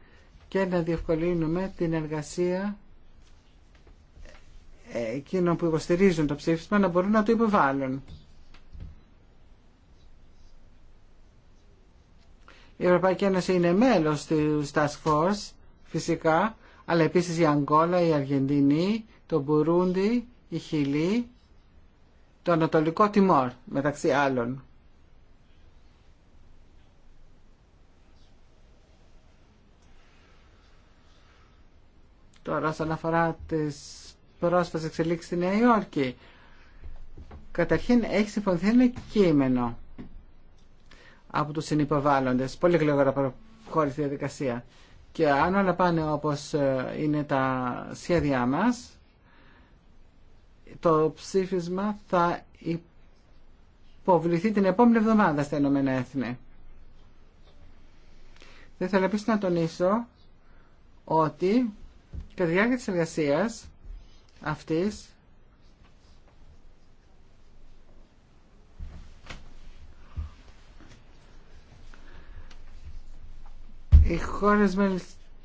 και να διευκολύνουμε την εργασία εκείνων που υποστηρίζουν το ψήφισμα να μπορούν να το υποβάλουν. Η Ευρωπαϊκή Ένωση είναι μέλος του Task Force φυσικά, αλλά επίσης η Αγγόλα, η Αργεντινή, το Μπουρούντι, η Χιλή, το Ανατολικό Τιμόρ μεταξύ άλλων. Τώρα, όσον αφορά τις πρόσφατες εξελίξεις στη Νέα Υόρκη. Καταρχήν έχει συμφωνηθεί ένα κείμενο από τους συνυποβάλλοντες. Πολύ γλυκόρα προχώρησε η διαδικασία. Και αν όλα πάνε όπως ε, είναι τα σχέδιά μας, το ψήφισμα θα υποβληθεί την επόμενη εβδομάδα στα Ηνωμένα Έθνη. Δεν θέλω επίσης να τονίσω ότι κατά τη διάρκεια της εργασίας αυτές οι χώρες μέλη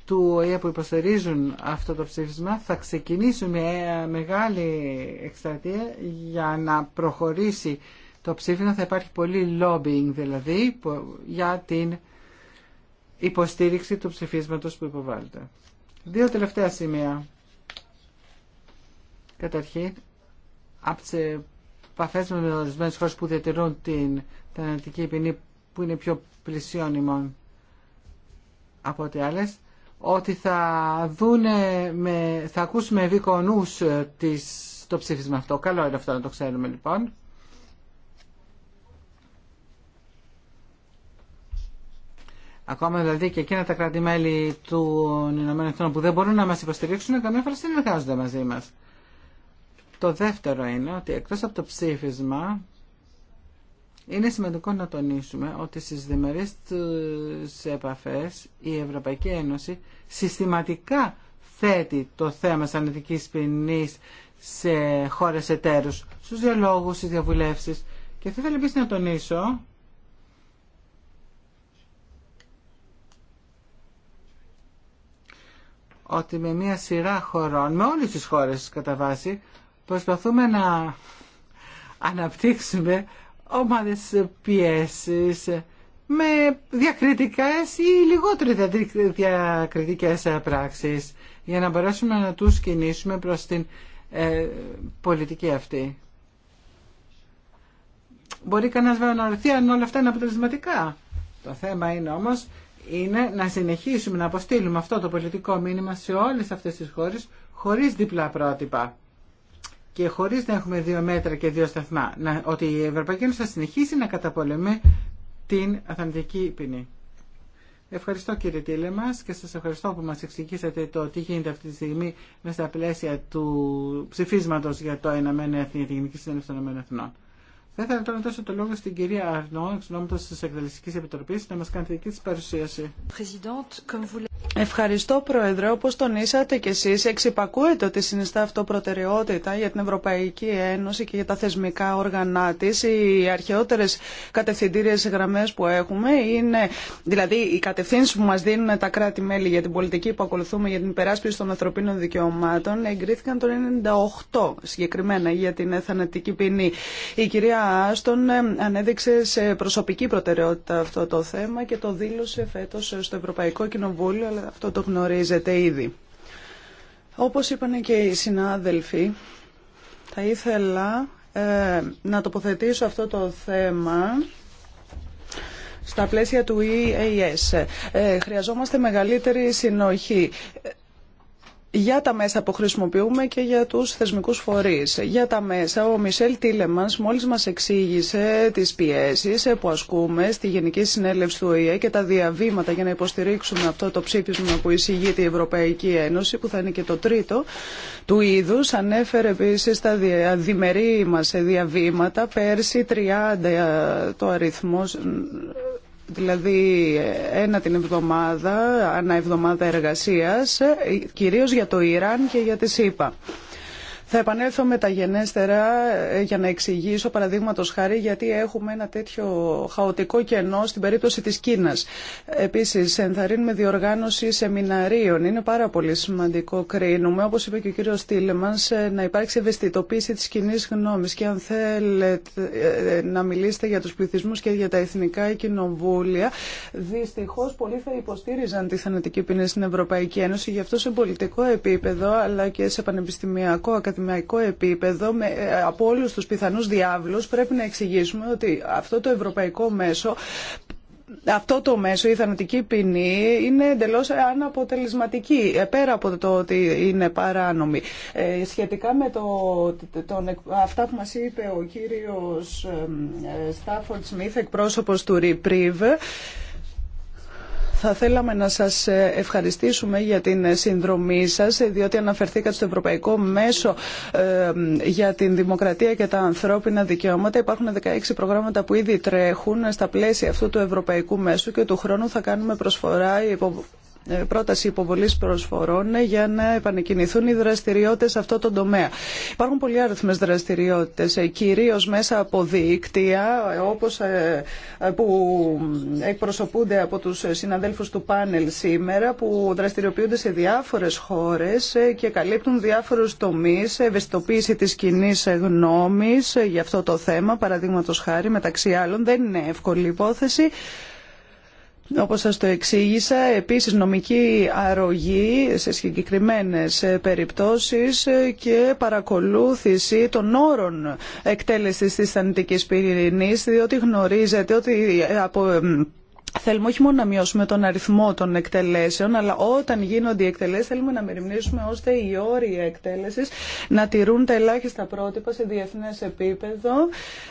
του ΟΗΕ που υποστηρίζουν αυτό το ψήφισμα θα ξεκινήσουν με μεγάλη εκστρατεία για να προχωρήσει το ψήφισμα. Θα υπάρχει πολύ lobbying δηλαδή για την υποστήριξη του ψηφίσματος που υποβάλλεται. Δύο τελευταία σημεία. Καταρχήν, από τι επαφέ με ορισμένε χώρε που διατηρούν την θανατική ποινή που είναι πιο πλησίων ημών από ό,τι άλλε, ότι θα, δούνε με, θα ακούσουμε βίκο ε, το ψήφισμα αυτό. Καλό είναι αυτό να το ξέρουμε λοιπόν. Ακόμα δηλαδή και εκείνα τα κράτη-μέλη του ΗΠΑ που δεν μπορούν να μας υποστηρίξουν, καμιά φορά συνεργάζονται μαζί μας. Το δεύτερο είναι ότι εκτός από το ψήφισμα είναι σημαντικό να τονίσουμε ότι στις διμερείς επαφές η Ευρωπαϊκή Ένωση συστηματικά θέτει το θέμα σαν ειδικής ποινής σε χώρες εταίρους, στους διαλόγους, στις διαβουλεύσεις. Και θα ήθελα επίσης να τονίσω ότι με μια σειρά χωρών, με όλες τις χώρες κατά βάση, προσπαθούμε να αναπτύξουμε ομάδες πιέσεις με διακριτικές ή λιγότερο διακριτικές πράξεις για να μπορέσουμε να τους κινήσουμε προς την ε, πολιτική αυτή. Μπορεί κανένας βέβαια να ρωτήσει αν όλα αυτά είναι αποτελεσματικά. Το θέμα είναι όμως είναι να συνεχίσουμε να αποστείλουμε αυτό το πολιτικό μήνυμα σε όλες αυτές τις χώρες χωρίς διπλά πρότυπα και χωρίς να έχουμε δύο μέτρα και δύο σταθμά, ότι η Ευρωπαϊκή Ένωση θα συνεχίσει να καταπολεμεί την αθαντική ποινή. Ευχαριστώ κύριε Τίλεμα και σας ευχαριστώ που μας εξηγήσατε το τι γίνεται αυτή τη στιγμή μέσα στα πλαίσια του ψηφίσματος για το Ενωμένο Εθνική Συνέλευση των Εθνών. Θα ήθελα τώρα να δώσω το λόγο στην κυρία Αρνό, εξ ονόματο τη Εκτελεστική Επιτροπή, να μα κάνει τη δική τη παρουσίαση. Ευχαριστώ, Πρόεδρε. Όπω τονίσατε κι εσεί, εξυπακούεται ότι συνιστά αυτό προτεραιότητα για την Ευρωπαϊκή Ένωση και για τα θεσμικά όργανά τη. Οι αρχαιότερε κατευθυντήριε γραμμέ που έχουμε είναι, δηλαδή, οι κατευθύνσει που μα δίνουν τα κράτη-μέλη για την πολιτική που ακολουθούμε για την υπεράσπιση των ανθρωπίνων δικαιωμάτων εγκρίθηκαν το 1998 συγκεκριμένα για την θανατική ποινή. Η κυρία Άστον ε, ανέδειξε σε προσωπική προτεραιότητα αυτό το θέμα και το δήλωσε φέτος στο Ευρωπαϊκό Κοινοβούλιο, αλλά αυτό το γνωρίζετε ήδη. Όπως είπαν και οι συνάδελφοι, θα ήθελα ε, να τοποθετήσω αυτό το θέμα στα πλαίσια του EAS. Ε, χρειαζόμαστε μεγαλύτερη συνοχή για τα μέσα που χρησιμοποιούμε και για τους θεσμικούς φορείς. Για τα μέσα, ο Μισελ Τίλεμανς μόλις μας εξήγησε τις πιέσεις που ασκούμε στη Γενική Συνέλευση του ΟΗΕ και τα διαβήματα για να υποστηρίξουμε αυτό το ψήφισμα που εισηγείται η Ευρωπαϊκή Ένωση, που θα είναι και το τρίτο του είδους. Ανέφερε επίση τα διμερεί μας διαβήματα. Πέρσι 30 το αριθμό δηλαδή ένα την εβδομάδα, ανά εβδομάδα εργασίας, κυρίως για το Ιράν και για τη ΣΥΠΑ. Θα επανέλθω μεταγενέστερα ε, για να εξηγήσω παραδείγματο χάρη γιατί έχουμε ένα τέτοιο χαοτικό κενό στην περίπτωση τη Κίνα. Επίση, ενθαρρύνουμε διοργάνωση σεμιναρίων. Είναι πάρα πολύ σημαντικό, κρίνουμε, όπω είπε και ο κύριο Τίλεμαν, ε, να υπάρξει ευαισθητοποίηση τη κοινή γνώμη. Και αν θέλετε ε, να μιλήσετε για του πληθυσμού και για τα εθνικά κοινοβούλια, δυστυχώ πολλοί θα υποστήριζαν τη θανατική ποινή στην Ευρωπαϊκή Ένωση. Γι' αυτό σε πολιτικό επίπεδο αλλά και σε πανεπιστημιακό, ακαδημαϊκό επίπεδο, με, ε, από όλους τους πιθανούς διάβλους, πρέπει να εξηγήσουμε ότι αυτό το ευρωπαϊκό μέσο αυτό το μέσο, η θανατική ποινή, είναι εντελώ αναποτελεσματική, ε, πέρα από το ότι είναι παράνομη. Ε, σχετικά με το, αυτά που μας είπε ο κύριος ε, Σμιθ, εκπρόσωπος του Reprieve, θα θέλαμε να σας ευχαριστήσουμε για την συνδρομή σας, διότι αναφερθήκατε στο Ευρωπαϊκό Μέσο ε, για την Δημοκρατία και τα Ανθρώπινα Δικαιώματα. Υπάρχουν 16 προγράμματα που ήδη τρέχουν στα πλαίσια αυτού του Ευρωπαϊκού Μέσου και του χρόνου θα κάνουμε προσφορά πρόταση υποβολής προσφορών για να επανεκκινηθούν οι δραστηριότητες σε αυτό το τομέα. Υπάρχουν πολλοί άριθμες δραστηριότητες, ε, κυρίως μέσα από δίκτυα, ε, όπως ε, που εκπροσωπούνται από τους συναδέλφους του πάνελ σήμερα, που δραστηριοποιούνται σε διάφορες χώρες και καλύπτουν διάφορους τομείς, ευαισθητοποίηση της κοινή γνώμης για αυτό το θέμα, παραδείγματο χάρη μεταξύ άλλων. Δεν είναι εύκολη υπόθεση. Όπως σας το εξήγησα, επίσης νομική αρρωγή σε συγκεκριμένες περιπτώσεις και παρακολούθηση των όρων εκτέλεσης της θανητικής πυρηνής, διότι γνωρίζετε ότι από Θέλουμε όχι μόνο να μειώσουμε τον αριθμό των εκτελέσεων, αλλά όταν γίνονται οι εκτελέσει θέλουμε να μεριμνήσουμε ώστε οι όροι εκτέλεση να τηρούν τα ελάχιστα πρότυπα σε διεθνέ επίπεδο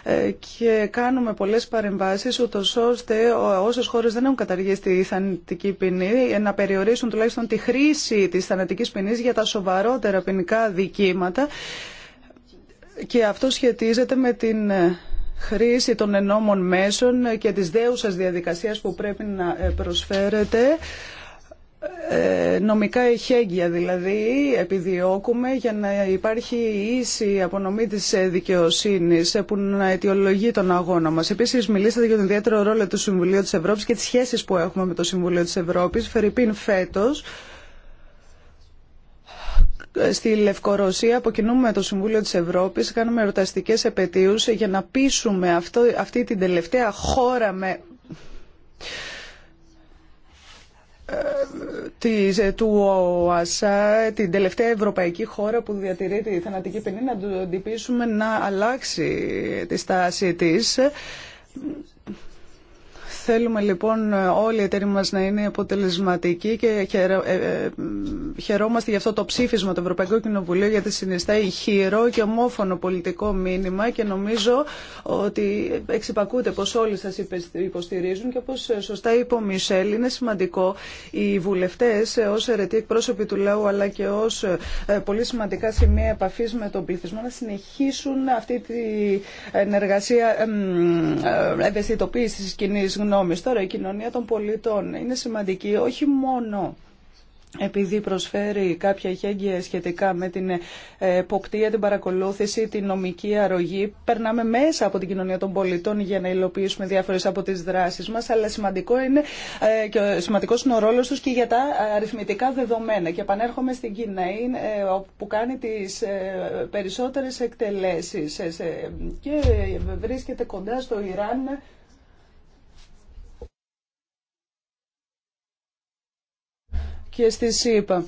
ε, και κάνουμε πολλέ παρεμβάσει ούτω ώστε όσε χώρε δεν έχουν καταργήσει τη θανατική ποινή ε, να περιορίσουν τουλάχιστον τη χρήση τη θανατική ποινή για τα σοβαρότερα ποινικά δικήματα και αυτό σχετίζεται με την ε, χρήση των ενόμων μέσων και της δέουσας διαδικασίας που πρέπει να ε, προσφέρεται ε, νομικά εχέγγυα, δηλαδή επιδιώκουμε για να υπάρχει ίση απονομή της ε, δικαιοσύνης που να αιτιολογεί τον αγώνα μας. Επίσης μιλήσατε για τον ιδιαίτερο ρόλο του Συμβουλίου της Ευρώπης και τις σχέσεις που έχουμε με το Συμβουλίο της Ευρώπης. Φερρυπίν φέτος στη Λευκορωσία από με το Συμβούλιο της Ευρώπης κάνουμε ερωταστικές επαιτίους για να πείσουμε αυτό, αυτή την τελευταία χώρα με ε, ε, του ΟΑΣΑ, την τελευταία ευρωπαϊκή χώρα που διατηρεί τη θανατική ποινή, να του εντυπίσουμε να αλλάξει τη στάση της. Θέλουμε λοιπόν όλοι οι εταίροι μας να είναι αποτελεσματικοί και ε, ε, χαιρόμαστε για αυτό το ψήφισμα του Ευρωπαϊκού Κοινοβουλίου γιατί συνιστά χειρό και ομόφωνο πολιτικό μήνυμα και νομίζω ότι εξυπακούτε πως όλοι σας υποστηρίζουν και όπως ε, σωστά είπε ο Μισελ είναι σημαντικό οι βουλευτές ως αιρετοί εκπρόσωποι του λαού αλλά και ως πολύ σημαντικά σημεία επαφής με τον πληθυσμό να συνεχίσουν αυτή την εργασία ευαισθητοποίησης τη κοινή γνώμη Τώρα η κοινωνία των πολιτών είναι σημαντική όχι μόνο επειδή προσφέρει κάποια χέγγια σχετικά με την εποπτεία, την παρακολούθηση, την νομική αρρωγή. Περνάμε μέσα από την κοινωνία των πολιτών για να υλοποιήσουμε διάφορες από τις δράσεις μας, αλλά σημαντικό είναι, ε, και σημαντικός είναι ο ρόλος τους και για τα αριθμητικά δεδομένα. Και επανέρχομαι στην Κίνα, ε, που κάνει τι ε, περισσότερε εκτελέσει και βρίσκεται κοντά στο Ιράν και στη ΣΥΠΑ.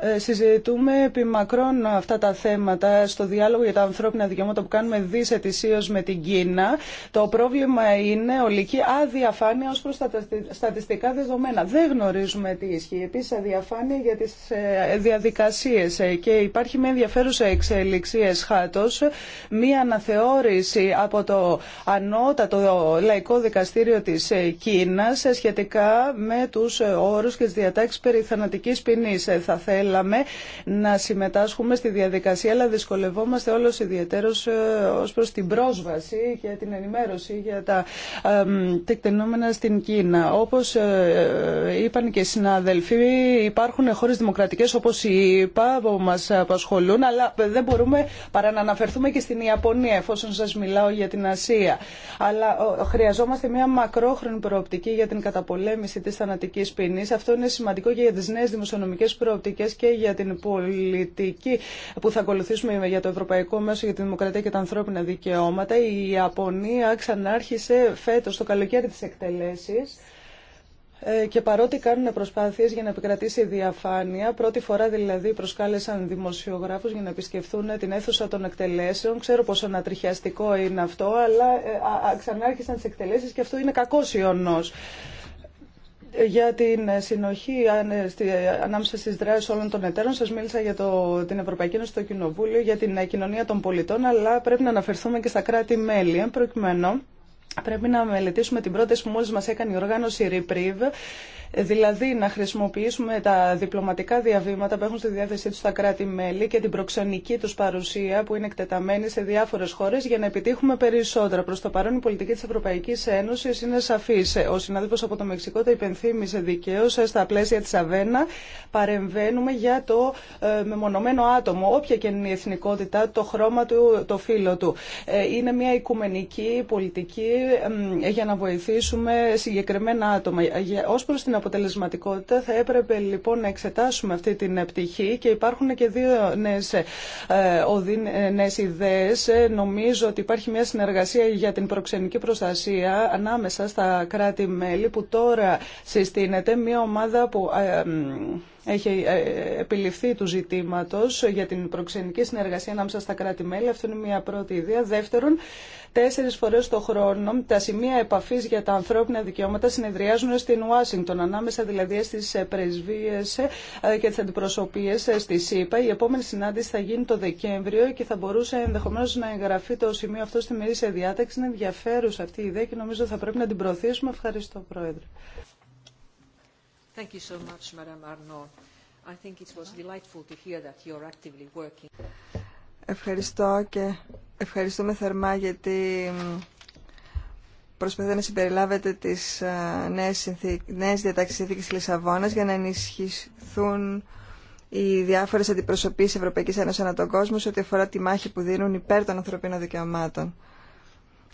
Ε, συζητούμε επί μακρόν αυτά τα θέματα στο διάλογο για τα ανθρώπινα δικαιώματα που κάνουμε δισετησίως με την Κίνα. Το πρόβλημα είναι ολική αδιαφάνεια ως προς τα στατιστικά δεδομένα. Δεν γνωρίζουμε τι ισχύει. Επίσης αδιαφάνεια για τις ε, διαδικασίες ε, και υπάρχει μια ενδιαφέρουσα εξέλιξη εσχάτως, μια αναθεώρηση από το ανώτατο λαϊκό δικαστήριο της Κίνας σχετικά με τους όρους και τις διατάξεις περί θανατικής ποινής. Θα θέλαμε να συμμετάσχουμε στη διαδικασία, αλλά δυσκολευόμαστε όλο ιδιαίτερω ε, ω προ την πρόσβαση και την ενημέρωση για τα τεκτενόμενα στην Κίνα. Όπω ε, είπαν και οι συνάδελφοι, υπάρχουν χώρε δημοκρατικέ όπω η ΕΠΑ που μας απασχολούν, αλλά δεν μπορούμε παρά να αναφερθούμε και στην Ιαπωνία, εφόσον σα μιλάω για την Ασία. Αλλά χρειαζόμαστε μια μακρόχρονη προοπτική για την καταπολέμηση τη θανατική ποινή. Αυτό είναι σημαντικό και για τι νέε δημοσιονομικέ προοπτικέ και για την πολιτική που θα ακολουθήσουμε για το Ευρωπαϊκό Μέσο για τη Δημοκρατία και τα Ανθρώπινα Δικαιώματα. Η Ιαπωνία ξανάρχισε φέτος το καλοκαίρι της εκτελέσεις ε, και παρότι κάνουν προσπάθειες για να επικρατήσει η διαφάνεια, πρώτη φορά δηλαδή προσκάλεσαν δημοσιογράφους για να επισκεφθούν την αίθουσα των εκτελέσεων. Ξέρω πόσο ανατριχιαστικό είναι αυτό, αλλά ε, ξανάρχισαν τις εκτελέσεις και αυτό είναι κακός ιονός για την συνοχή ανάμεσα στις δράσεις όλων των εταίρων. Σας μίλησα για το, την Ευρωπαϊκή Ένωση, το Κοινοβούλιο, για την κοινωνία των πολιτών, αλλά πρέπει να αναφερθούμε και στα κράτη-μέλη. Εν προκειμένου, πρέπει να μελετήσουμε την πρόταση που μόλις μας έκανε η οργάνωση Reprieve, Δηλαδή να χρησιμοποιήσουμε τα διπλωματικά διαβήματα που έχουν στη διάθεσή τους τα κράτη-μέλη και την προξενική τους παρουσία που είναι εκτεταμένη σε διάφορες χώρες για να επιτύχουμε περισσότερα. Προς το παρόν η πολιτική της Ευρωπαϊκής Ένωσης είναι σαφής. Ο συνάδελφος από το Μεξικό το υπενθύμησε δικαίως στα πλαίσια της Αβένα. Παρεμβαίνουμε για το ε, μεμονωμένο άτομο, όποια και είναι η εθνικότητα, το χρώμα του, το φύλλο του. Ε, είναι μια οικουμενική πολιτική για να βοηθήσουμε συγκεκριμένα άτομα. Ως προς την αποτελεσματικότητα. Θα έπρεπε λοιπόν να εξετάσουμε αυτή την πτυχή και υπάρχουν και δύο νέες, ε, νέες ιδέες. Ε, νομίζω ότι υπάρχει μια συνεργασία για την προξενική προστασία ανάμεσα στα κράτη-μέλη που τώρα συστήνεται μια ομάδα που ε, έχει ε, επιληφθεί του ζητήματο για την προξενική συνεργασία ανάμεσα στα κράτη-μέλη. Αυτό είναι μια πρώτη ιδέα. Δεύτερον, τέσσερι φορέ το χρόνο τα σημεία επαφή για τα ανθρώπινα δικαιώματα συνεδριάζουν στην Ουάσιγκτον, ανάμεσα δηλαδή στι ε, πρεσβείες ε, και τι αντιπροσωπείε στη ΣΥΠΑ. Η επόμενη συνάντηση θα γίνει το Δεκέμβριο και θα μπορούσε ενδεχομένω να εγγραφεί το σημείο αυτό στη μερίσια διάταξη. Είναι ενδιαφέρουσα αυτή η ιδέα και νομίζω θα πρέπει να την προωθήσουμε. Ευχαριστώ, Πρόεδρε. Thank you so much, Madame Arnaud. I think it was delightful to hear that you're actively working. Ευχαριστώ και ευχαριστούμε θερμά γιατί προσπαθείτε να συμπεριλάβετε τις ε, νέες, συνθήκ, νέες διατάξεις συνθήκης Λισαβόνας για να ενισχυθούν οι διάφορε αντιπροσωπείς Ευρωπαϊκής Ένωση ανά τον κόσμο σε ό,τι αφορά τη μάχη που δίνουν υπέρ των ανθρωπίνων δικαιωμάτων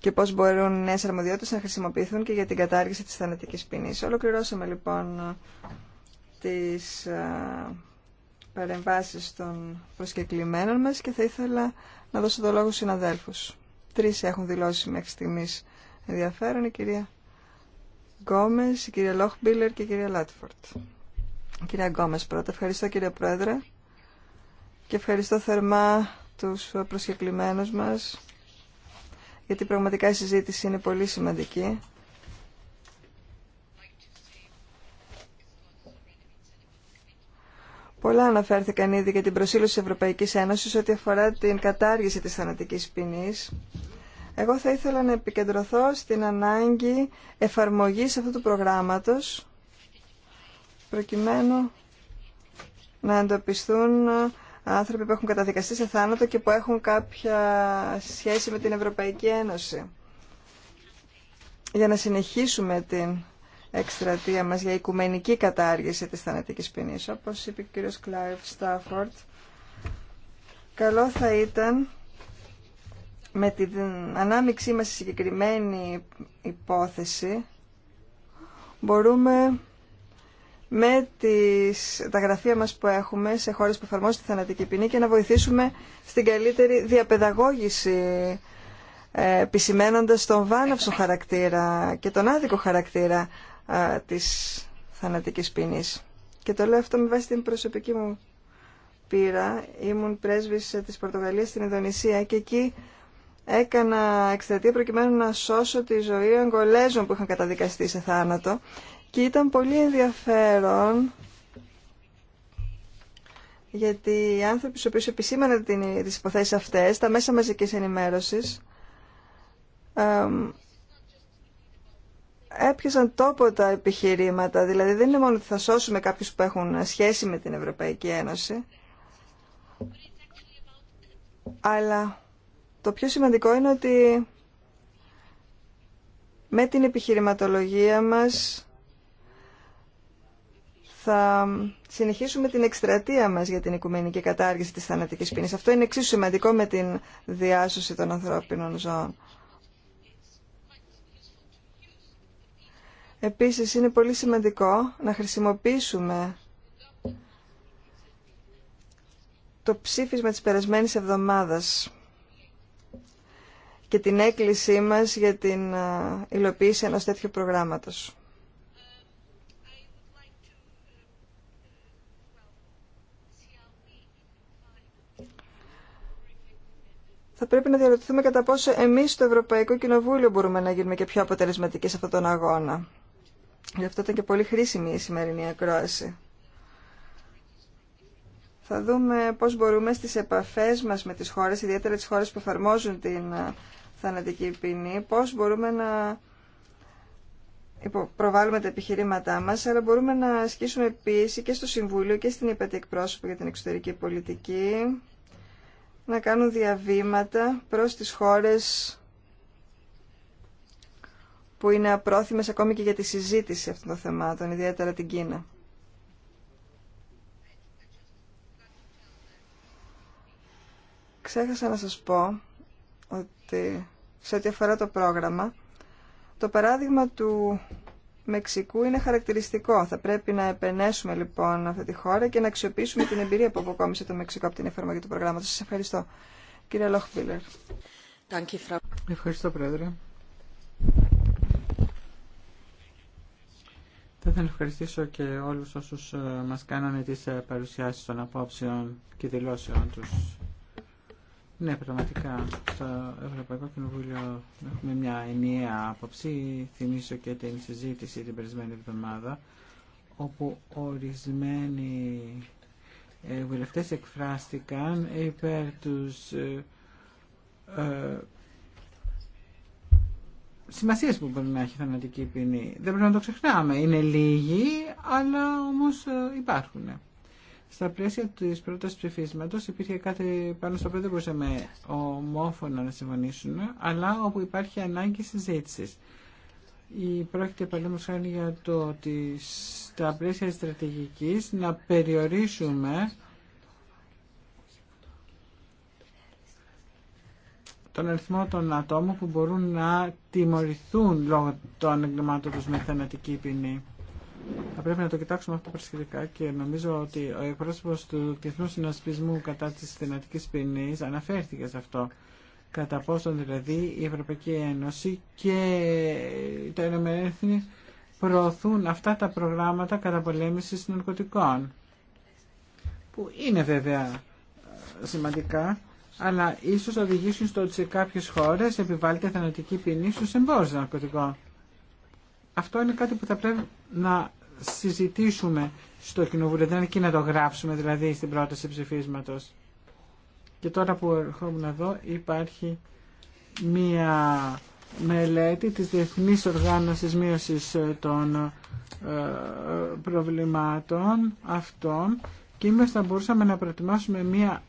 και πώς μπορούν νέες αρμοδιότητες να χρησιμοποιηθούν και για την κατάργηση της θανατικής ποινής. Ολοκληρώσαμε λοιπόν τις ε, παρεμβάσεις των προσκεκλημένων μας και θα ήθελα να δώσω το λόγο στους συναδέλφους. Τρεις έχουν δηλώσει μέχρι στιγμής ενδιαφέρον, η κυρία Γκόμες, η κυρία Λόχμπίλερ και η κυρία Λάτφορτ. κυρία Γκόμες πρώτα. Ευχαριστώ κύριε Πρόεδρε και ευχαριστώ θερμά τους προσκεκλημένους μας γιατί πραγματικά η συζήτηση είναι πολύ σημαντική. Πολλά αναφέρθηκαν ήδη για την προσήλωση της Ευρωπαϊκής Ένωσης ό,τι αφορά την κατάργηση της θανατικής ποινής. Εγώ θα ήθελα να επικεντρωθώ στην ανάγκη εφαρμογής αυτού του προγράμματος προκειμένου να εντοπιστούν άνθρωποι που έχουν καταδικαστεί σε θάνατο και που έχουν κάποια σχέση με την Ευρωπαϊκή Ένωση. Για να συνεχίσουμε την εκστρατεία μας για οικουμενική κατάργηση της θανατικής ποινής, όπως είπε ο κ. Κλάιβ Στάφορντ, καλό θα ήταν με την ανάμειξή μας στη συγκεκριμένη υπόθεση μπορούμε με τις, τα γραφεία μας που έχουμε σε χώρες που εφαρμόζουν τη θανατική ποινή και να βοηθήσουμε στην καλύτερη διαπαιδαγώγηση ε, επισημένοντας τον βάναυσο χαρακτήρα και τον άδικο χαρακτήρα ε, της θανατικής ποινής. Και το λέω αυτό με βάση την προσωπική μου πείρα. Ήμουν πρέσβης της Πορτογαλίας στην Ινδονησία και εκεί έκανα εκστρατεία προκειμένου να σώσω τη ζωή εγκολέζων που είχαν καταδικαστεί σε θάνατο και ήταν πολύ ενδιαφέρον γιατί οι άνθρωποι στους οποίους επισήμαναν τις υποθέσεις αυτές, τα μέσα μαζικής ενημέρωσης, έπιασαν τόπο τα επιχειρήματα. Δηλαδή δεν είναι μόνο ότι θα σώσουμε κάποιους που έχουν σχέση με την Ευρωπαϊκή Ένωση, αλλά το πιο σημαντικό είναι ότι με την επιχειρηματολογία μας θα συνεχίσουμε την εκστρατεία μας για την οικουμενική κατάργηση της θανατικής ποινής. Αυτό είναι εξίσου σημαντικό με την διάσωση των ανθρώπινων ζώων. Επίσης είναι πολύ σημαντικό να χρησιμοποιήσουμε το ψήφισμα της περασμένης εβδομάδας και την έκκλησή μας για την ε, υλοποίηση ενός τέτοιου προγράμματος. θα πρέπει να διαρωτηθούμε κατά πόσο εμείς στο Ευρωπαϊκό Κοινοβούλιο μπορούμε να γίνουμε και πιο αποτελεσματικοί σε αυτόν τον αγώνα. Γι' αυτό ήταν και πολύ χρήσιμη η σημερινή ακρόαση. Θα δούμε πώς μπορούμε στις επαφές μας με τις χώρες, ιδιαίτερα τις χώρες που εφαρμόζουν την ε, θανατική ποινή, πώς μπορούμε να προβάλλουμε τα επιχειρήματά μας, αλλά μπορούμε να ασκήσουμε πίεση και στο Συμβούλιο και στην υπατή εκπρόσωπο για την εξωτερική πολιτική, να κάνουν διαβήματα προς τις χώρες που είναι απρόθυμες ακόμη και για τη συζήτηση αυτών των θεμάτων, ιδιαίτερα την Κίνα. Ξέχασα να σας πω ότι σε ό,τι αφορά το πρόγραμμα, το παράδειγμα του Μεξικού είναι χαρακτηριστικό. Θα πρέπει να επενέσουμε λοιπόν αυτή τη χώρα και να αξιοποιήσουμε την εμπειρία που αποκόμισε το Μεξικό από την εφαρμογή του προγράμματος. Σας ευχαριστώ. Κύριε Λόχμπιλερ. Ευχαριστώ, Πρόεδρε. Θα ήθελα να ευχαριστήσω και όλους όσους ε, μας κάνανε τις ε, παρουσιάσεις των απόψεων και δηλώσεων τους. Ναι, πραγματικά στο Ευρωπαϊκό Κοινοβούλιο έχουμε μια ενιαία άποψη. Θυμίσω και την συζήτηση την περισμένη εβδομάδα, όπου ορισμένοι ε, βουλευτέ εκφράστηκαν υπέρ τους ε, ε σημασίες που μπορεί να έχει θανατική ποινή. Δεν πρέπει να το ξεχνάμε. Είναι λίγοι, αλλά όμως ε, υπάρχουν. Στα πλαίσια τη πρώτη ψηφίσματο υπήρχε κάτι πάνω στο οποίο δεν μπορούσαμε ομόφωνα να συμφωνήσουμε, αλλά όπου υπάρχει ανάγκη συζήτηση. Η πρόκειται παραδείγματο χάρη για το ότι στα πλαίσια τη στρατηγική να περιορίσουμε τον αριθμό των ατόμων που μπορούν να τιμωρηθούν λόγω των εγκλημάτων τους με θανατική ποινή. Θα πρέπει να το κοιτάξουμε αυτό προσεκτικά και νομίζω ότι ο εκπρόσωπο του Διεθνού Συνασπισμού κατά τη θενατική ποινή αναφέρθηκε σε αυτό. Κατά πόσο δηλαδή η Ευρωπαϊκή Ένωση και τα Ηνωμένα Έθνη προωθούν αυτά τα προγράμματα καταπολέμησης ναρκωτικών που είναι βέβαια ε, σημαντικά αλλά ίσως οδηγήσουν στο ότι σε κάποιες χώρες επιβάλλεται θενατική ποινή στους εμπόρους ναρκωτικών. Αυτό είναι κάτι που θα πρέπει να συζητήσουμε στο Κοινοβούλιο, δεν είναι εκεί να το γράψουμε δηλαδή στην πρόταση ψηφίσματο. Και τώρα που ερχόμουν εδώ υπάρχει μία μελέτη της Διεθνής Οργάνωσης Μείωσης ε, των ε, Προβλημάτων αυτών και εμείς θα μπορούσαμε να προετοιμάσουμε μία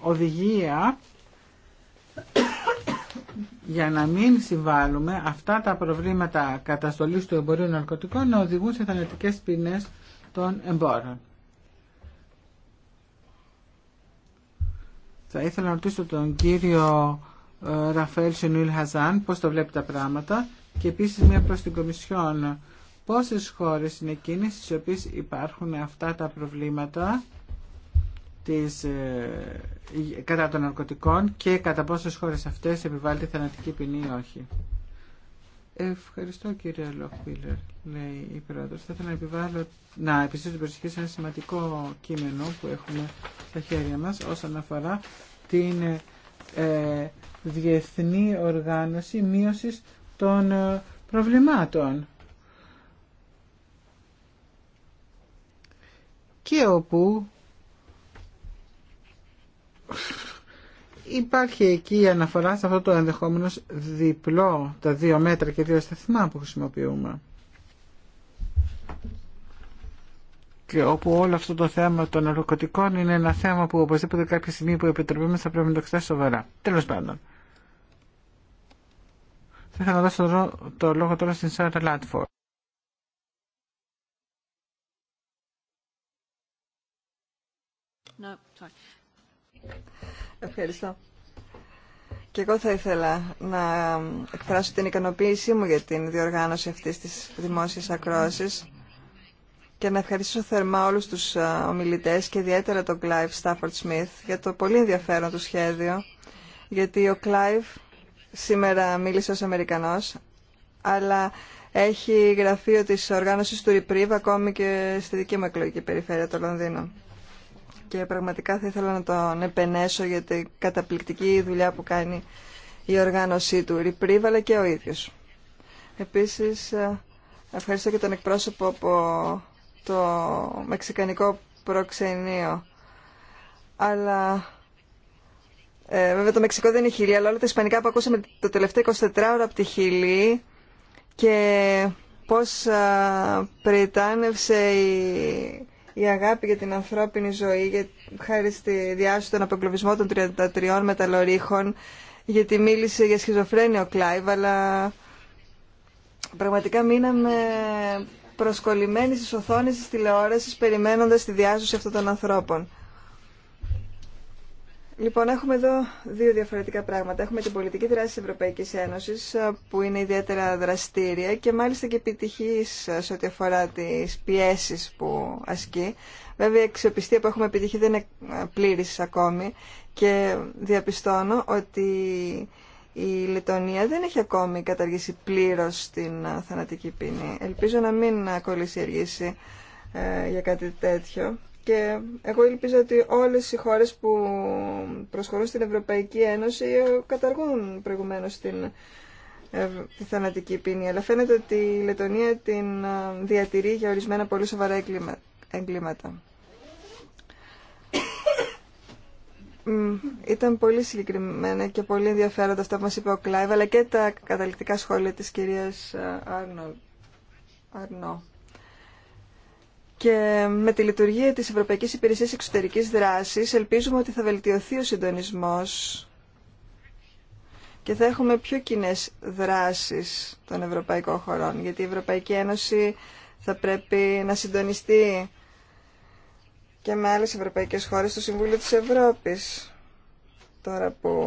οδηγία για να μην συμβάλλουμε αυτά τα προβλήματα καταστολής του εμπορίου ναρκωτικών να οδηγούν σε θανατικές ποινές των εμπόρων. Θα ήθελα να ρωτήσω τον κύριο ε, Ραφέλ Σενουίλ Χαζάν πώς το βλέπει τα πράγματα και επίσης μια προς την Κομισιόν πόσες χώρες είναι εκείνες στις οποίες υπάρχουν αυτά τα προβλήματα της, ε, ε, κατά των ναρκωτικών και κατά πόσες χώρες αυτές επιβάλλεται θανατική ποινή ή όχι. Ευχαριστώ κύριε Λοχπίλερ, λέει η πρόεδρος. Θα ήθελα να επιβάλλω, να επιστήσω την προσοχή σε ένα σημαντικό κείμενο που έχουμε στα χέρια μας όσον αφορά την ε, ε διεθνή οργάνωση μείωσης των προβλημάτων. Και όπου Υπάρχει εκεί η αναφορά σε αυτό το ενδεχόμενο διπλό, τα δύο μέτρα και δύο σταθμά που χρησιμοποιούμε. Και όπου όλο αυτό το θέμα των ναρκωτικών είναι ένα θέμα που οπωσδήποτε κάποια στιγμή που επιτροπούμε θα πρέπει να το εξετάσει σοβαρά. Τέλο πάντων. Θα ήθελα να δώσω το λόγο τώρα στην Σάρα Λάτφορ. Ευχαριστώ. Και εγώ θα ήθελα να εκφράσω την ικανοποίησή μου για την διοργάνωση αυτής της δημόσιας ακρόασης και να ευχαριστήσω θερμά όλους τους ομιλητές και ιδιαίτερα τον Κλάιβ Στάφορτ Σμιθ για το πολύ ενδιαφέρον του σχέδιο γιατί ο Κλάιβ σήμερα μίλησε ως Αμερικανός αλλά έχει γραφείο της οργάνωσης του Reprieve ακόμη και στη δική μου εκλογική περιφέρεια το Λονδίνο και πραγματικά θα ήθελα να τον επενέσω για την καταπληκτική δουλειά που κάνει η οργάνωσή του, ρίπριβαλε και ο ίδιος. Επίσης, ε, ευχαριστώ και τον εκπρόσωπο από το Μεξικανικό Προξενείο. Αλλά ε, βέβαια το Μεξικό δεν είναι χιλή, αλλά όλα τα ισπανικά που ακούσαμε το τελευταίο 24 ώρα από τη χιλή και πώς α, ε, πριτάνευσε η η αγάπη για την ανθρώπινη ζωή, για, χάρη στη διάσωση των αποκλωβισμών των 33 μεταλλορίχων, γιατί μίλησε για σχιζοφρένεια ο Κλάιβ, αλλά πραγματικά μείναμε προσκολλημένοι στις οθόνες της τηλεόρασης περιμένοντας τη διάσωση αυτών των ανθρώπων. Λοιπόν, έχουμε εδώ δύο διαφορετικά πράγματα. Έχουμε την πολιτική δράση της Ευρωπαϊκής Ένωσης, που είναι ιδιαίτερα δραστήρια και μάλιστα και επιτυχής σε ό,τι αφορά τις πιέσεις που ασκεί. Βέβαια, η αξιοπιστία που έχουμε επιτυχεί δεν είναι πλήρης ακόμη και διαπιστώνω ότι η Λετωνία δεν έχει ακόμη καταργήσει πλήρως την θανατική ποινή. Ελπίζω να μην κολλήσει η ε, για κάτι τέτοιο και εγώ ελπίζω ότι όλες οι χώρες που προσχωρούν στην Ευρωπαϊκή Ένωση καταργούν προηγουμένως ε, τη θανατική ποινή. Αλλά φαίνεται ότι η Λετωνία την ε, διατηρεί για ορισμένα πολύ σοβαρά εγκλήματα. Ήταν πολύ συγκεκριμένα και πολύ ενδιαφέροντα αυτά που μας είπε ο Κλάιβ, αλλά και τα καταληκτικά σχόλια της κυρίας ε, Άρνο. Και με τη λειτουργία της Ευρωπαϊκής Υπηρεσίας Εξωτερικής Δράσης ελπίζουμε ότι θα βελτιωθεί ο συντονισμός και θα έχουμε πιο κοινέ δράσεις των ευρωπαϊκών χωρών, γιατί η Ευρωπαϊκή Ένωση θα πρέπει να συντονιστεί και με άλλες ευρωπαϊκές χώρες στο Συμβούλιο της Ευρώπης, τώρα που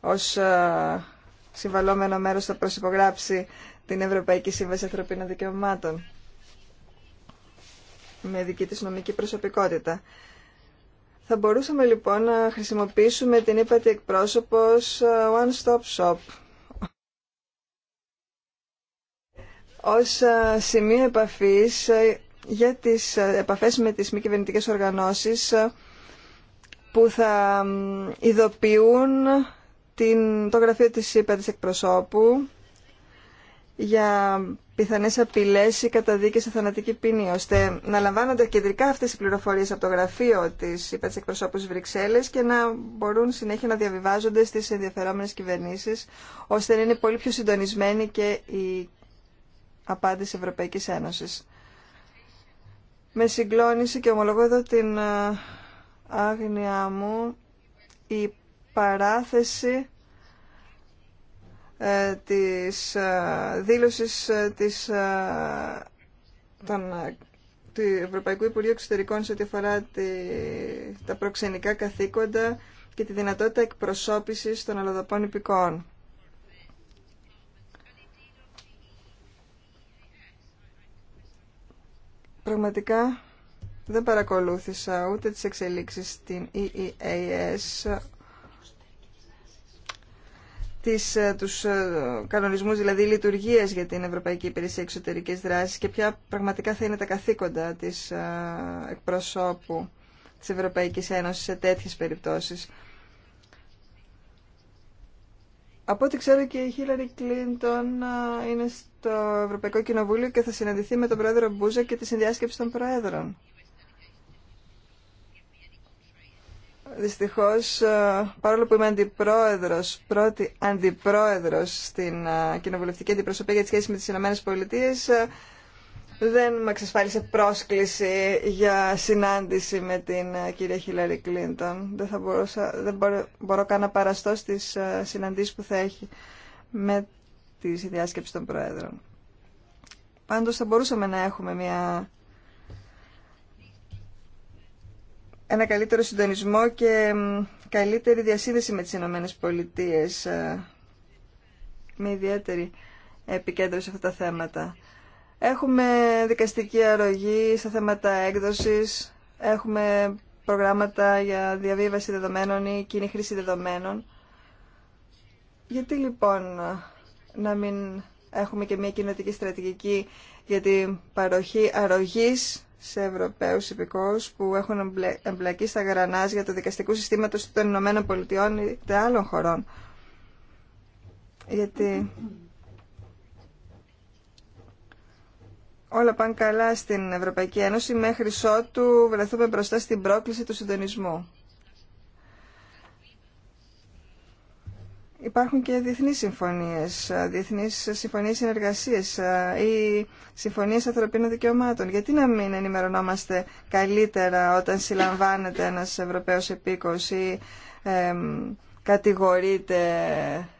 ως ε, συμβαλόμενο μέρος θα προσυπογράψει την Ευρωπαϊκή Σύμβαση Ανθρωπίνων Δικαιωμάτων με δική της νομική προσωπικότητα. Θα μπορούσαμε λοιπόν να χρησιμοποιήσουμε την ύπατη εκπρόσωπος ε, One Stop Shop ως ε, σημείο επαφής ε, για τις επαφές με τις μη κυβερνητικέ οργανώσεις που θα ειδοποιούν την, το γραφείο της ΥΠΑ της εκπροσώπου για πιθανές απειλέ ή καταδίκες σε θανατική ποινή, ώστε να λαμβάνονται κεντρικά αυτές οι πληροφορίε από το γραφείο της ΥΠΑ της εκπροσώπου Βρυξέλλες και να μπορούν συνέχεια να διαβιβάζονται στις ενδιαφερόμενες κυβερνήσει, ώστε να είναι πολύ πιο συντονισμένη και η απάντηση Ευρωπαϊκής Ένωσης. Με συγκλώνηση και ομολογώ εδώ την ε, άγνοιά μου η παράθεση ε, της ε, δήλωσης ε, της, του Ευρωπαϊκού Υπουργείου Εξωτερικών σε ό,τι αφορά τα προξενικά καθήκοντα και τη δυνατότητα εκπροσώπησης των αλλοδαπών υπηκών. Πραγματικά δεν παρακολούθησα ούτε τις εξελίξεις στην EEAS, του ε, τους ε, κανονισμούς, δηλαδή λειτουργίες για την Ευρωπαϊκή Υπηρεσία Εξωτερική Δράσης και ποια πραγματικά θα είναι τα καθήκοντα της ε, εκπροσώπου της Ευρωπαϊκής Ένωσης σε τέτοιες περιπτώσεις. Από ό,τι ξέρω και η Χίλαρη Κλίντον είναι στο Ευρωπαϊκό Κοινοβούλιο και θα συναντηθεί με τον πρόεδρο Μπούζα και τη συνδιάσκεψη των πρόεδρων. δυστυχώς ε, παρόλο που είμαι αντιπρόεδρος, πρώτη αντιπρόεδρος στην ε, κοινοβουλευτική αντιπροσωπή για τις σχέσεις με τις Ηνωμένες Πολιτείες ε, δεν με εξασφάλισε πρόσκληση για συνάντηση με την κυρία Χίλαρη Κλίντον. Δεν, θα δεν μπορώ, μπορώ καν να παραστώ στις συναντήσεις που θα έχει με τη διάσκεψη των Προέδρων. Πάντως θα μπορούσαμε να έχουμε μια ένα καλύτερο συντονισμό και καλύτερη διασύνδεση με τις Ηνωμένες Πολιτείες ε, με ιδιαίτερη επικέντρωση σε αυτά τα θέματα. Έχουμε δικαστική αρρωγή στα θέματα έκδοσης, έχουμε προγράμματα για διαβίβαση δεδομένων ή κοινή χρήση δεδομένων. Γιατί λοιπόν ε, να μην έχουμε και μια κοινωτική στρατηγική για την παροχή αρρωγής σε Ευρωπαίου υπηκόου που έχουν εμπλακεί στα γρανάζια του δικαστικού συστήματο των Ηνωμένων Πολιτειών ή άλλων χωρών. Γιατί όλα πάνε καλά στην Ευρωπαϊκή Ένωση μέχρι ότου βρεθούμε μπροστά στην πρόκληση του συντονισμού. Υπάρχουν και διεθνείς συμφωνίες, ε, διεθνείς συμφωνίες συνεργασίες ε, ή συμφωνίες ανθρωπίνων δικαιωμάτων. Γιατί να μην ενημερωνόμαστε καλύτερα όταν συλλαμβάνεται ένας Ευρωπαίος επίκος ή ε, κατηγορείται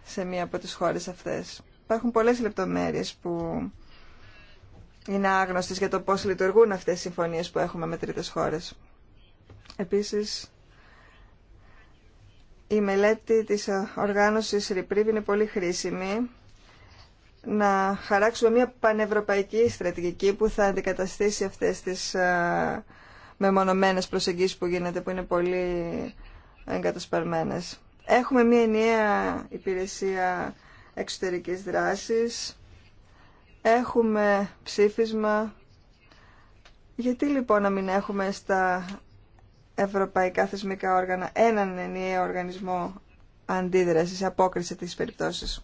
σε μία από τις χώρες αυτές. Υπάρχουν πολλές λεπτομέρειες που είναι άγνωστες για το πώς λειτουργούν αυτές οι συμφωνίες που έχουμε με τρίτες χώρες. Επίσης, η μελέτη της ε, οργάνωσης Reprieve είναι πολύ χρήσιμη να χαράξουμε μια πανευρωπαϊκή στρατηγική που θα αντικαταστήσει αυτές τις ε, μεμονωμένες προσεγγίσεις που γίνεται, που είναι πολύ εγκατασπαρμένες. Έχουμε μια ενιαία υπηρεσία εξωτερικής δράσης, έχουμε ψήφισμα. Γιατί λοιπόν να μην έχουμε στα ευρωπαϊκά θεσμικά όργανα έναν ενιαίο οργανισμό αντίδρασης, απόκριση της περιπτώσεις.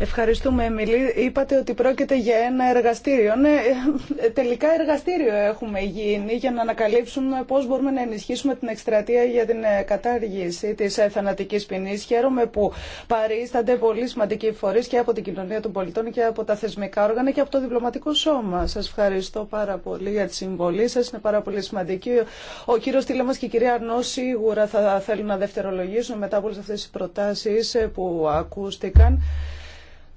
Ευχαριστούμε, Εμιλή. Είπατε ότι πρόκειται για ένα εργαστήριο. Ναι, τελικά εργαστήριο έχουμε γίνει για να ανακαλύψουμε πώ μπορούμε να ενισχύσουμε την εκστρατεία για την ε, κατάργηση της ε, θανατική ποινή. Χαίρομαι που παρίστανται πολύ σημαντικοί φορείς και από την κοινωνία των πολιτών και από τα θεσμικά όργανα και από το διπλωματικό σώμα. Σα ευχαριστώ πάρα πολύ για τη συμβολή σα Είναι πάρα πολύ σημαντική. Ο κύριος Τίλεμας και η κυρία Αρνό σίγουρα θα θέλουν να δευτερολογήσουν μετά από όλε αυτέ τις ε, που ακούστηκαν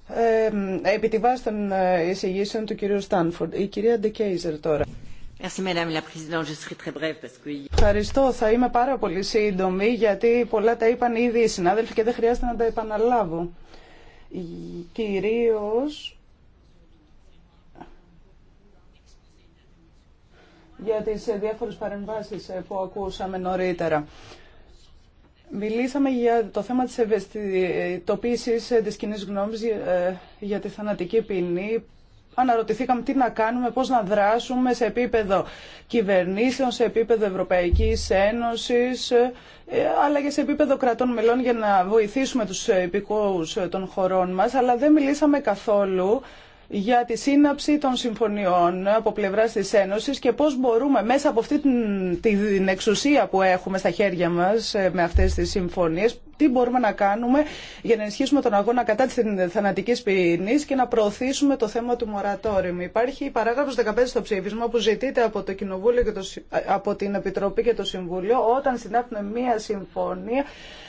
ε, επί τη βάση των ε, εισηγήσεων του κυρίου Στάνφορντ. Η κυρία Ντεκέιζερ τώρα. Ευχαριστώ. Θα είμαι πάρα πολύ σύντομη γιατί πολλά τα είπαν ήδη οι συνάδελφοι και δεν χρειάζεται να τα επαναλάβω. Κυρίως για τις ε, διάφορες παρεμβάσεις ε, που ακούσαμε νωρίτερα. Μιλήσαμε για το θέμα της ευαισθητοποίησης ε, της κοινή γνώμης ε, για τη θανατική ποινή. Αναρωτηθήκαμε τι να κάνουμε, πώς να δράσουμε σε επίπεδο κυβερνήσεων, σε επίπεδο Ευρωπαϊκής Ένωσης, ε, αλλά και σε επίπεδο κρατών μελών για να βοηθήσουμε τους επικούς των χωρών μας. Αλλά δεν μιλήσαμε καθόλου για τη σύναψη των συμφωνιών από πλευρά τη Ένωση και πώς μπορούμε μέσα από αυτή την εξουσία που έχουμε στα χέρια μας ε, με αυτές τις συμφωνίες, τι μπορούμε να κάνουμε για να ενισχύσουμε τον αγώνα κατά της θανατικής ποινή και να προωθήσουμε το θέμα του μορατόριου. Υπάρχει η παράγραφος 15 στο ψήφισμα που ζητείται από, το Κοινοβούλιο και το, ε, από την Επιτροπή και το Συμβούλιο όταν συνάπτουμε μία συμφωνία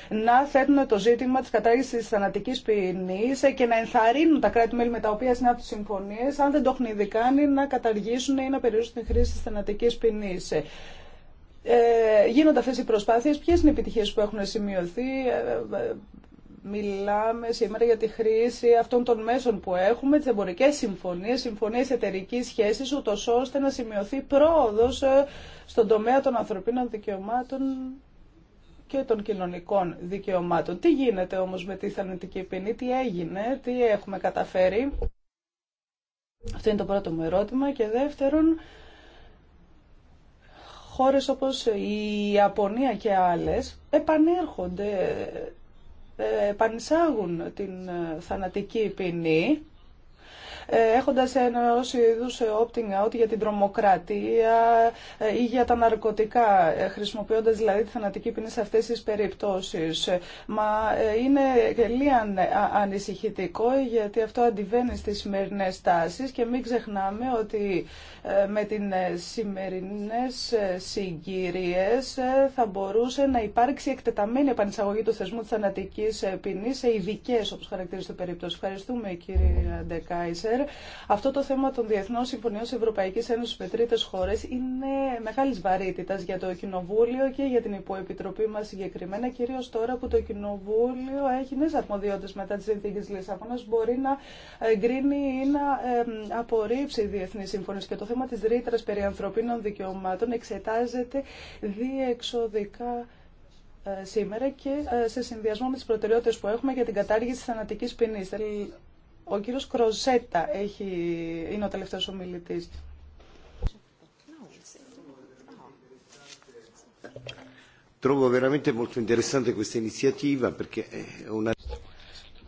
να θέτουν το ζήτημα τη κατάργηση τη θενατική ποινή και να ενθαρρύνουν τα κράτη-μέλη με τα οποία συνάπτουν συμφωνίε, αν δεν το έχουν ήδη κάνει, να καταργήσουν ή να περιορίσουν τη χρήση τη θανατική ποινή. Ε, γίνονται αυτές οι προσπάθειε ποιε είναι οι επιτυχίε που έχουν σημειωθεί, ε, ε, μιλάμε σήμερα για τη χρήση αυτών των μέσων που έχουμε, τις εμπορικές συμφωνίες, συμφωνίες εταιρικής σχέσης, ούτως ώστε να σημειωθεί πρόοδος ε, στον τομέα των ανθρωπίνων δικαιωμάτων και των κοινωνικών δικαιωμάτων. Τι γίνεται όμως με τη θανατική ποινή, τι έγινε, τι έχουμε καταφέρει. Αυτό είναι το πρώτο μου ερώτημα. Και δεύτερον, χώρες όπως η Ιαπωνία και άλλες επανέρχονται, ε, επανισάγουν την ε, θανατική ποινή ε, έχοντας ένα όσο είδους ε, opting out για την τρομοκρατία ε, ή για τα ναρκωτικά, χρησιμοποιώντας δηλαδή τη θανατική ποινή σε αυτές τις περιπτώσεις. Μα είναι αν, ανησυχητικό γιατί αυτό αντιβαίνει στις σημερινές τάσεις και μην ξεχνάμε ότι με την σημερινές συγκυρίες θα μπορούσε να υπάρξει εκτεταμένη επανεισαγωγή του θεσμού της θανατικής ποινή, σε ειδικέ όπως χαρακτηρίζεται περίπτωση. Ευχαριστούμε κύριε Ντεκάισε αυτό το θέμα των Διεθνών Συμφωνιών Ευρωπαϊκή Ένωση με τρίτε χώρε είναι μεγάλη βαρύτητα για το Κοινοβούλιο και για την υποεπιτροπή μα συγκεκριμένα, κυρίω τώρα που το Κοινοβούλιο έχει νέε αρμοδιότητε μετά τι συνθήκε Λισαβόνα, μπορεί να εγκρίνει ή να απορρίψει διεθνεί συμφωνίε. Και το θέμα τη ρήτρα περί ανθρωπίνων δικαιωμάτων εξετάζεται διεξοδικά ε, σήμερα και ε, σε συνδυασμό με τις προτεραιότητες που έχουμε για την κατάργηση θανατικής Ποινή. Ο κύριος Κροζέτα έχει, είναι ο τελευταίος ομιλητής.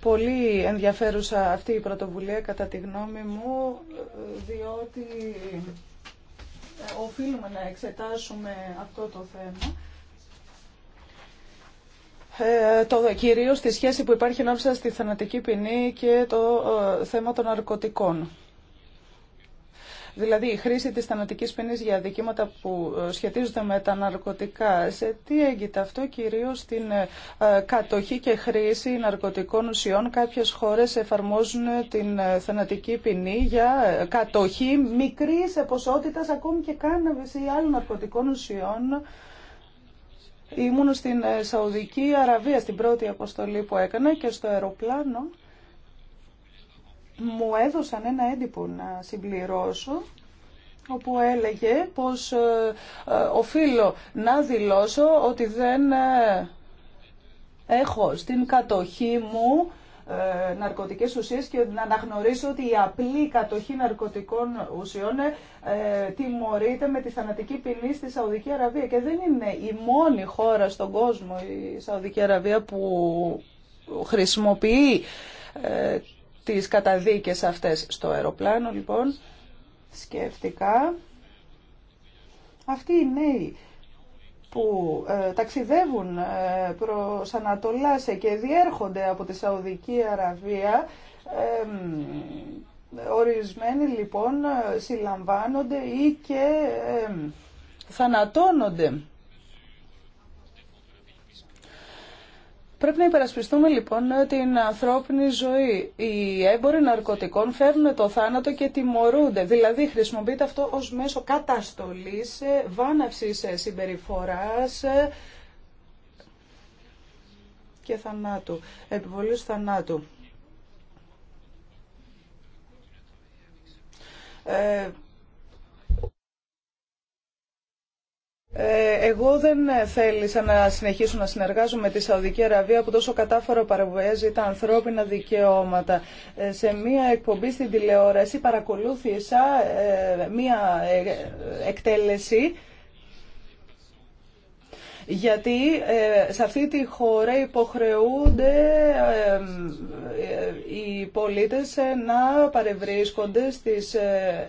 Πολύ ενδιαφέρουσα αυτή η πρωτοβουλία κατά τη γνώμη μου, διότι ε, οφείλουμε να εξετάσουμε αυτό το θέμα. Ε, το, κυρίως τη σχέση που υπάρχει ανάμεσα στη θανατική ποινή και το ε, θέμα των ναρκωτικών. Δηλαδή η χρήση της θανατικής ποινής για αδικήματα που ε, σχετίζονται με τα ναρκωτικά. Σε τι έγκυται αυτό κυρίως στην κατοχή και χρήση ναρκωτικών ουσιών. Κάποιες χώρες εφαρμόζουν την θανατική ποινή για κατοχή μικρής ποσότητας ακόμη και κάναβης ή άλλων ναρκωτικών ουσιών Ήμουν στην ε, Σαουδική Αραβία στην πρώτη αποστολή που έκανα και στο αεροπλάνο μου έδωσαν ένα έντυπο να συμπληρώσω όπου έλεγε πως ε, ε, οφείλω να δηλώσω ότι δεν έχω στην κατοχή μου ε, ναρκωτικές ουσίες και να αναγνωρίσω ότι η απλή κατοχή ναρκωτικών ουσιών ε, τιμωρείται με τη θανατική ποινή στη Σαουδική Αραβία και δεν είναι η μόνη χώρα στον κόσμο η Σαουδική Αραβία που χρησιμοποιεί ε, τις καταδίκες αυτές στο αεροπλάνο λοιπόν σκέφτηκα αυτοί οι νέοι που ε, ταξιδεύουν ε, προς και διέρχονται από τη Σαουδική Αραβία. Ε, ορισμένοι λοιπόν ε, συλλαμβάνονται ή και θανατώνονται. Πρέπει να υπερασπιστούμε λοιπόν την ανθρώπινη ζωή. Οι έμποροι ναρκωτικών φέρνουν το θάνατο και τιμωρούνται. Δηλαδή χρησιμοποιείται αυτό ως μέσο καταστολής, ε, βάναυσης ε, συμπεριφοράς ε, και θανάτου, επιβολής θανάτου. Ε, Ε, εγώ δεν θέλησα να συνεχίσω να συνεργάζομαι με τη Σαουδική Αραβία που τόσο κατάφορο παραβιάζει τα ανθρώπινα δικαιώματα. Ε, σε μία εκπομπή στην τηλεόραση παρακολούθησα ε, μία εκτέλεση γιατί ε, σε αυτή τη χώρα υποχρεούνται ε, οι πολίτες ε, να παρευρίσκονται στις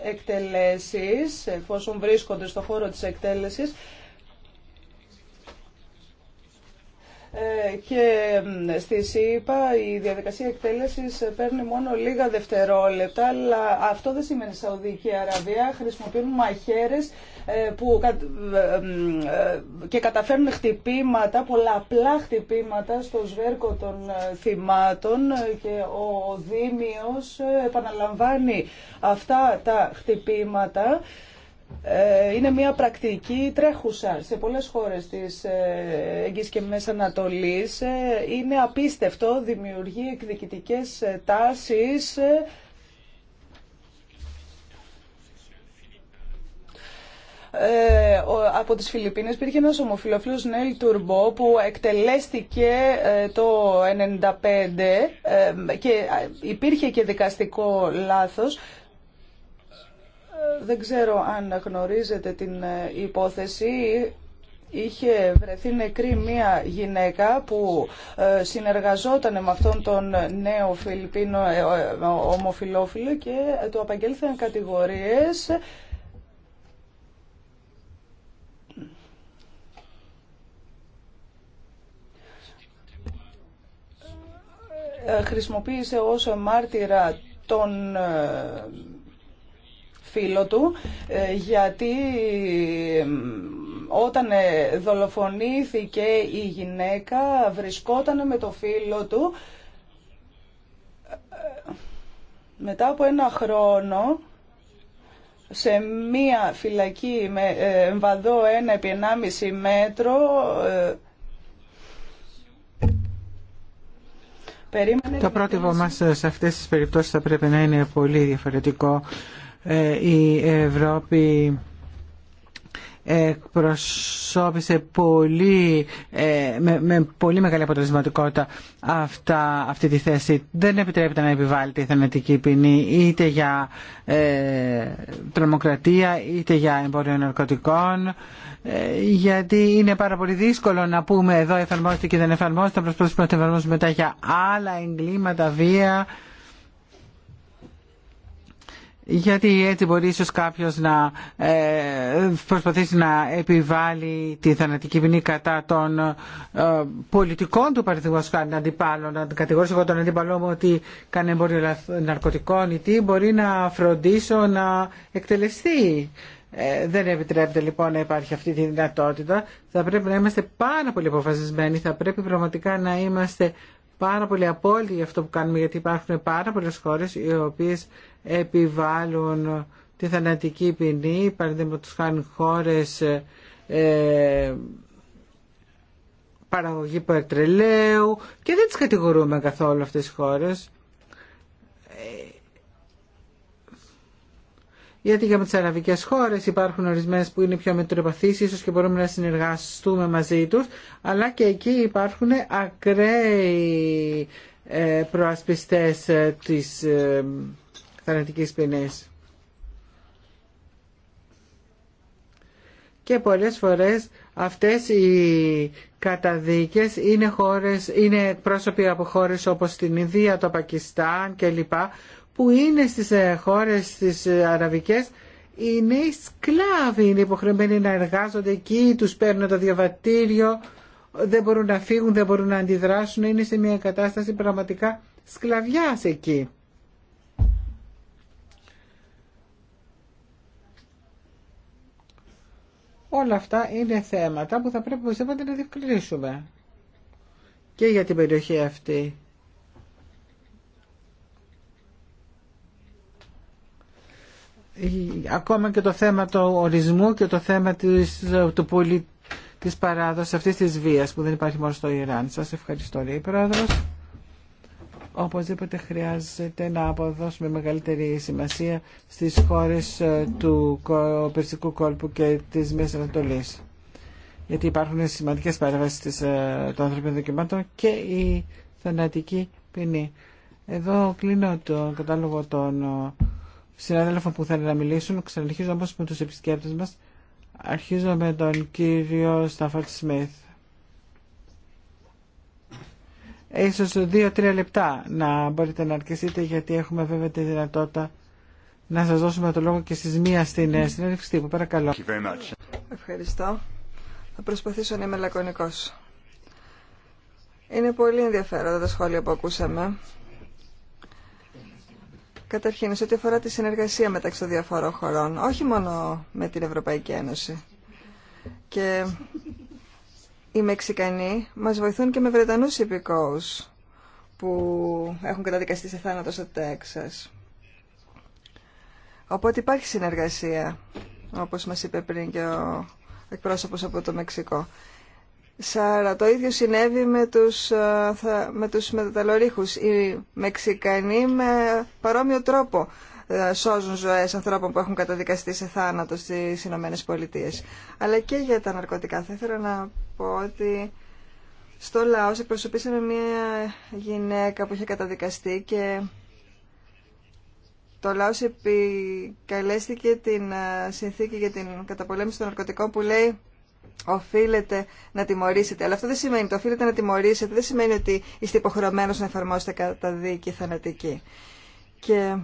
εκτελέσεις, εφόσον βρίσκονται στο χώρο της εκτέλεσης, Ε, και στη ΣΥΠΑ η διαδικασία εκτέλεσης παίρνει μόνο λίγα δευτερόλεπτα, αλλά αυτό δεν σημαίνει Σαουδική Αραβία. Χρησιμοποιούν μαχαίρες ε, που, ε, και καταφέρνουν χτυπήματα, πολλαπλά χτυπήματα στο σβέρκο των θυμάτων και ο Δήμιος επαναλαμβάνει αυτά τα χτυπήματα ε, είναι μια πρακτική τρέχουσα σε πολλές χώρες της Εγγύης και Μέσα Ανατολής. Ε, είναι απίστευτο, δημιουργεί εκδικητικές ε, τάσεις. από τις Φιλιππίνες υπήρχε ένας ομοφιλόφιλος Νέλ Τουρμπό που εκτελέστηκε το 1995 και υπήρχε και δικαστικό λάθος δεν ξέρω αν γνωρίζετε την υπόθεση. Είχε βρεθεί νεκρή μία γυναίκα που συνεργαζόταν με αυτόν τον νέο Φιλιππίνο ομοφιλόφιλο και του απαγγέλθηκαν κατηγορίες χρησιμοποίησε ως μάρτυρα τον φίλο του ε, γιατί όταν ε, δολοφονήθηκε η γυναίκα βρισκόταν με το φίλο του ε, μετά από ένα χρόνο σε μία φυλακή με βαδό ένα επί 1,5 μέτρο Περίμενε... Το πρότυπο μας σε αυτές τις περιπτώσεις θα πρέπει να είναι πολύ διαφορετικό ε, η Ευρώπη εκπροσώπησε πολύ, ε, με, με, πολύ μεγάλη αποτελεσματικότητα αυτά, αυτή τη θέση. Δεν επιτρέπεται να επιβάλλεται η θανατική ποινή είτε για ε, τρομοκρατία είτε για εμπόριο ναρκωτικών ε, γιατί είναι πάρα πολύ δύσκολο να πούμε εδώ εφαρμόζεται και δεν εφαρμόζεται, προσπαθούμε να το εφαρμόσουμε μετά για άλλα εγκλήματα βία γιατί έτσι μπορεί ίσως κάποιος να ε, προσπαθήσει να επιβάλλει τη θανατική ποινή κατά των ε, πολιτικών του παραδείγματος χάρη αντιπάλων, να κατηγορήσω εγώ τον αντίπαλό μου ότι κάνει εμπόριο ναρκωτικών ή τι, μπορεί να φροντίσω να εκτελεστεί. Ε, δεν επιτρέπεται λοιπόν να υπάρχει αυτή τη δυνατότητα. Θα πρέπει να είμαστε πάρα πολύ αποφασισμένοι, θα πρέπει πραγματικά να είμαστε πάρα πολύ απόλυτοι για αυτό που κάνουμε, γιατί υπάρχουν πάρα πολλές χώρες οι οποίες επιβάλλουν τη θανατική ποινή, παραδείγματος χάνουν χώρες ε, παραγωγή πετρελαίου και δεν τις κατηγορούμε καθόλου αυτές τις χώρες. Ε, γιατί για με τις αραβικές χώρες υπάρχουν ορισμένες που είναι πιο μετροπαθείς, ίσως και μπορούμε να συνεργαστούμε μαζί τους, αλλά και εκεί υπάρχουν ακραίοι ε, προασπιστές ε, της θανατικής ποινής. Και πολλές φορές αυτές οι καταδίκες είναι, χώρες, είναι πρόσωποι από χώρες όπως την Ινδία, το Πακιστάν κλπ. που είναι στις ε, χώρες τις ε, αραβικές είναι σκλάβοι είναι υποχρεωμένοι να εργάζονται εκεί, τους παίρνουν το διαβατήριο, δεν μπορούν να φύγουν, δεν μπορούν να αντιδράσουν, είναι σε μια κατάσταση πραγματικά σκλαβιάς εκεί. Όλα αυτά είναι θέματα που θα πρέπει οπωσδήποτε να διευκρινίσουμε και για την περιοχή αυτή. Ακόμα και το θέμα του ορισμού και το θέμα της, του πολι... της παράδοσης αυτής της βίας που δεν υπάρχει μόνο στο Ιράν. Σας ευχαριστώ, λέει η Πρόεδρος. Οπωσδήποτε χρειάζεται να αποδώσουμε μεγαλύτερη σημασία στις χώρες ε, του Περσικού κόλπου και της Μέσης Ανατολής. Γιατί υπάρχουν σημαντικές παρέμβασεις ε, των ανθρωπίνων δικαιωμάτων και η θανατική ποινή. Εδώ κλείνω τον κατάλογο των ε, συναδέλφων που θέλουν να μιλήσουν. Ξαναρχίζω όμως με τους επισκέπτες μας. Αρχίζω με τον κύριο Σταφάρτ Σμιθ ισως δυο δύο-τρία λεπτά να μπορείτε να αρκεστείτε γιατί έχουμε βέβαια τη δυνατότητα να σας δώσουμε το λόγο και στις μία στην ε, συνέντευξη τύπου. Παρακαλώ. Ευχαριστώ. Θα προσπαθήσω να είμαι λακωνικός. Είναι πολύ ενδιαφέροντα τα σχόλια που ακούσαμε. Καταρχήν, σε ό,τι αφορά τη συνεργασία μεταξύ των διαφόρων χωρών, όχι μόνο με την Ευρωπαϊκή Ένωση. Και οι Μεξικανοί μας βοηθούν και με Βρετανούς υπηκόους που έχουν καταδικαστεί σε θάνατο στο Τέξας. Οπότε υπάρχει συνεργασία, όπως μας είπε πριν και ο εκπρόσωπος από το Μεξικό. Σάρα, το ίδιο συνέβη με τους, ε, με τους Οι Μεξικανοί με παρόμοιο τρόπο ε, σώζουν ζωέ ανθρώπων που έχουν καταδικαστεί σε θάνατο στις Ηνωμένε Πολιτείε. Αλλά και για τα ναρκωτικά. Θα ήθελα να πω ότι στο Λαός εκπροσωπήσαμε μια γυναίκα που είχε καταδικαστεί και το λαό επικαλέστηκε την ε, συνθήκη για την καταπολέμηση των ναρκωτικών που λέει οφείλετε να τιμωρήσετε. Αλλά αυτό δεν σημαίνει, ότι οφείλετε να τιμωρήσετε, δεν σημαίνει ότι είστε υποχρεωμένο να εφαρμόσετε κατά δίκη θανατική. Και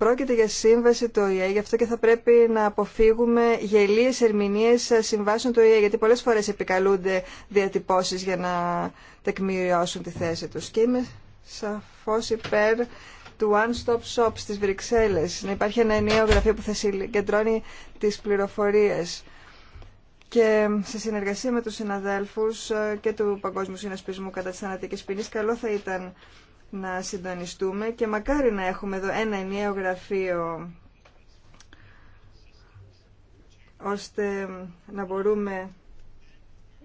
Πρόκειται για σύμβαση του ΟΗΕ, γι' αυτό και θα πρέπει να αποφύγουμε γελίες ερμηνείες συμβάσεων του ΟΗΕ, γιατί πολλές φορές επικαλούνται διατυπώσεις για να τεκμηριώσουν τη θέση τους. Και είμαι σαφώς υπέρ του One Stop Shop στις Βρυξέλλες, να υπάρχει ένα ενιαίο γραφείο που θα συγκεντρώνει τις πληροφορίες. Και σε συνεργασία με τους συναδέλφους και του Παγκόσμιου Συνασπισμού κατά της θανατικής ποινής, καλό θα ήταν να συντονιστούμε και μακάρι να έχουμε εδώ ένα ενιαίο γραφείο ώστε να μπορούμε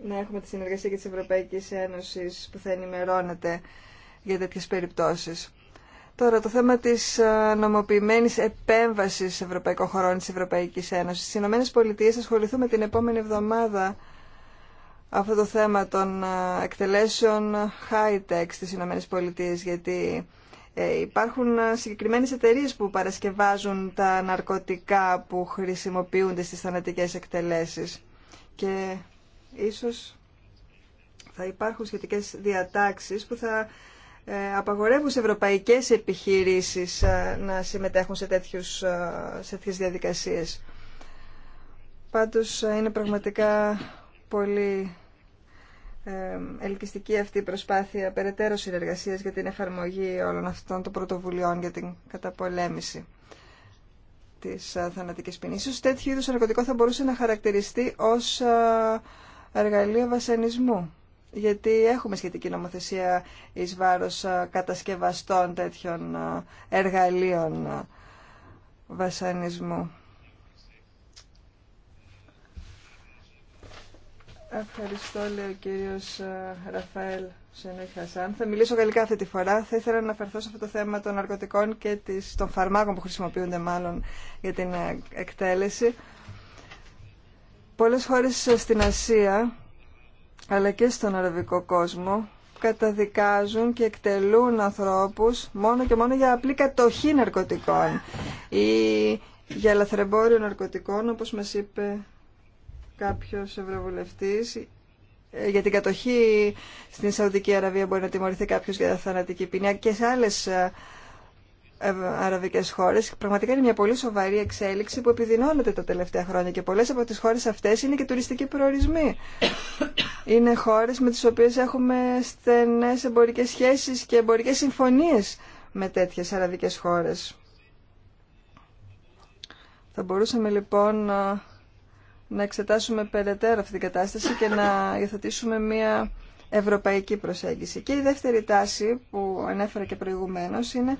να έχουμε τη συνεργασία και της Ευρωπαϊκής Ένωσης που θα ενημερώνεται για τέτοιες περιπτώσεις. Τώρα το θέμα της ε, νομοποιημένης επέμβασης ευρωπαϊκών χωρών της Ευρωπαϊκής Ένωσης. Στις Ηνωμένες Πολιτείες ασχοληθούμε την επόμενη εβδομάδα αυτό το θέμα των ε, εκτελέσεων high-tech στις Ηνωμένες Πολιτείες, γιατί ε, υπάρχουν ε, συγκεκριμένες εταιρείες που παρασκευάζουν τα ναρκωτικά που χρησιμοποιούνται στις θανατικές εκτελέσεις. Και ίσως θα υπάρχουν σχετικές διατάξεις που θα απαγορεύουν σε ευρωπαϊκές επιχειρήσεις να συμμετέχουν σε, τέτοιους, σε τέτοιες διαδικασίες. Πάντως είναι πραγματικά πολύ ελκυστική αυτή η προσπάθεια περαιτέρω συνεργασίας για την εφαρμογή όλων αυτών των πρωτοβουλειών για την καταπολέμηση της ε, θανατικής ποινής. Ίσως τέτοιου είδους ναρκωτικό θα μπορούσε να χαρακτηριστεί ως ε, εργαλείο βασανισμού γιατί έχουμε σχετική νομοθεσία εις βάρος ε, κατασκευαστών τέτοιων εργαλείων βασανισμού. Ευχαριστώ, λέει ο κύριος ε, Ραφαέλ Σενέχασαν. Θα μιλήσω γαλλικά αυτή τη φορά. Θα ήθελα να αναφερθώ σε αυτό το θέμα των ναρκωτικών και των φαρμάκων που χρησιμοποιούνται μάλλον για την ε, εκτέλεση. Πολλές χώρε στην Ασία, αλλά και στον αραβικό κόσμο, καταδικάζουν και εκτελούν ανθρώπους μόνο και μόνο για απλή κατοχή ναρκωτικών ή για λαθρεμπόριο ναρκωτικών, όπω μα είπε κάποιος ευρωβουλευτής ε, για την κατοχή στην Σαουδική Αραβία μπορεί να τιμωρηθεί κάποιος για θανατική ποινιά και σε άλλες ε, αραβικές χώρες. Πραγματικά είναι μια πολύ σοβαρή εξέλιξη που επιδεινώνεται τα τελευταία χρόνια και πολλές από τις χώρες αυτές είναι και τουριστικοί προορισμοί. Είναι χώρες με τις οποίες έχουμε στενές εμπορικές σχέσεις και εμπορικές συμφωνίες με τέτοιες αραβικές χώρες. Θα μπορούσαμε λοιπόν ε, να εξετάσουμε περαιτέρω αυτή την κατάσταση και να υιοθετήσουμε μια ευρωπαϊκή προσέγγιση. Και η δεύτερη τάση που ανέφερα και προηγουμένως είναι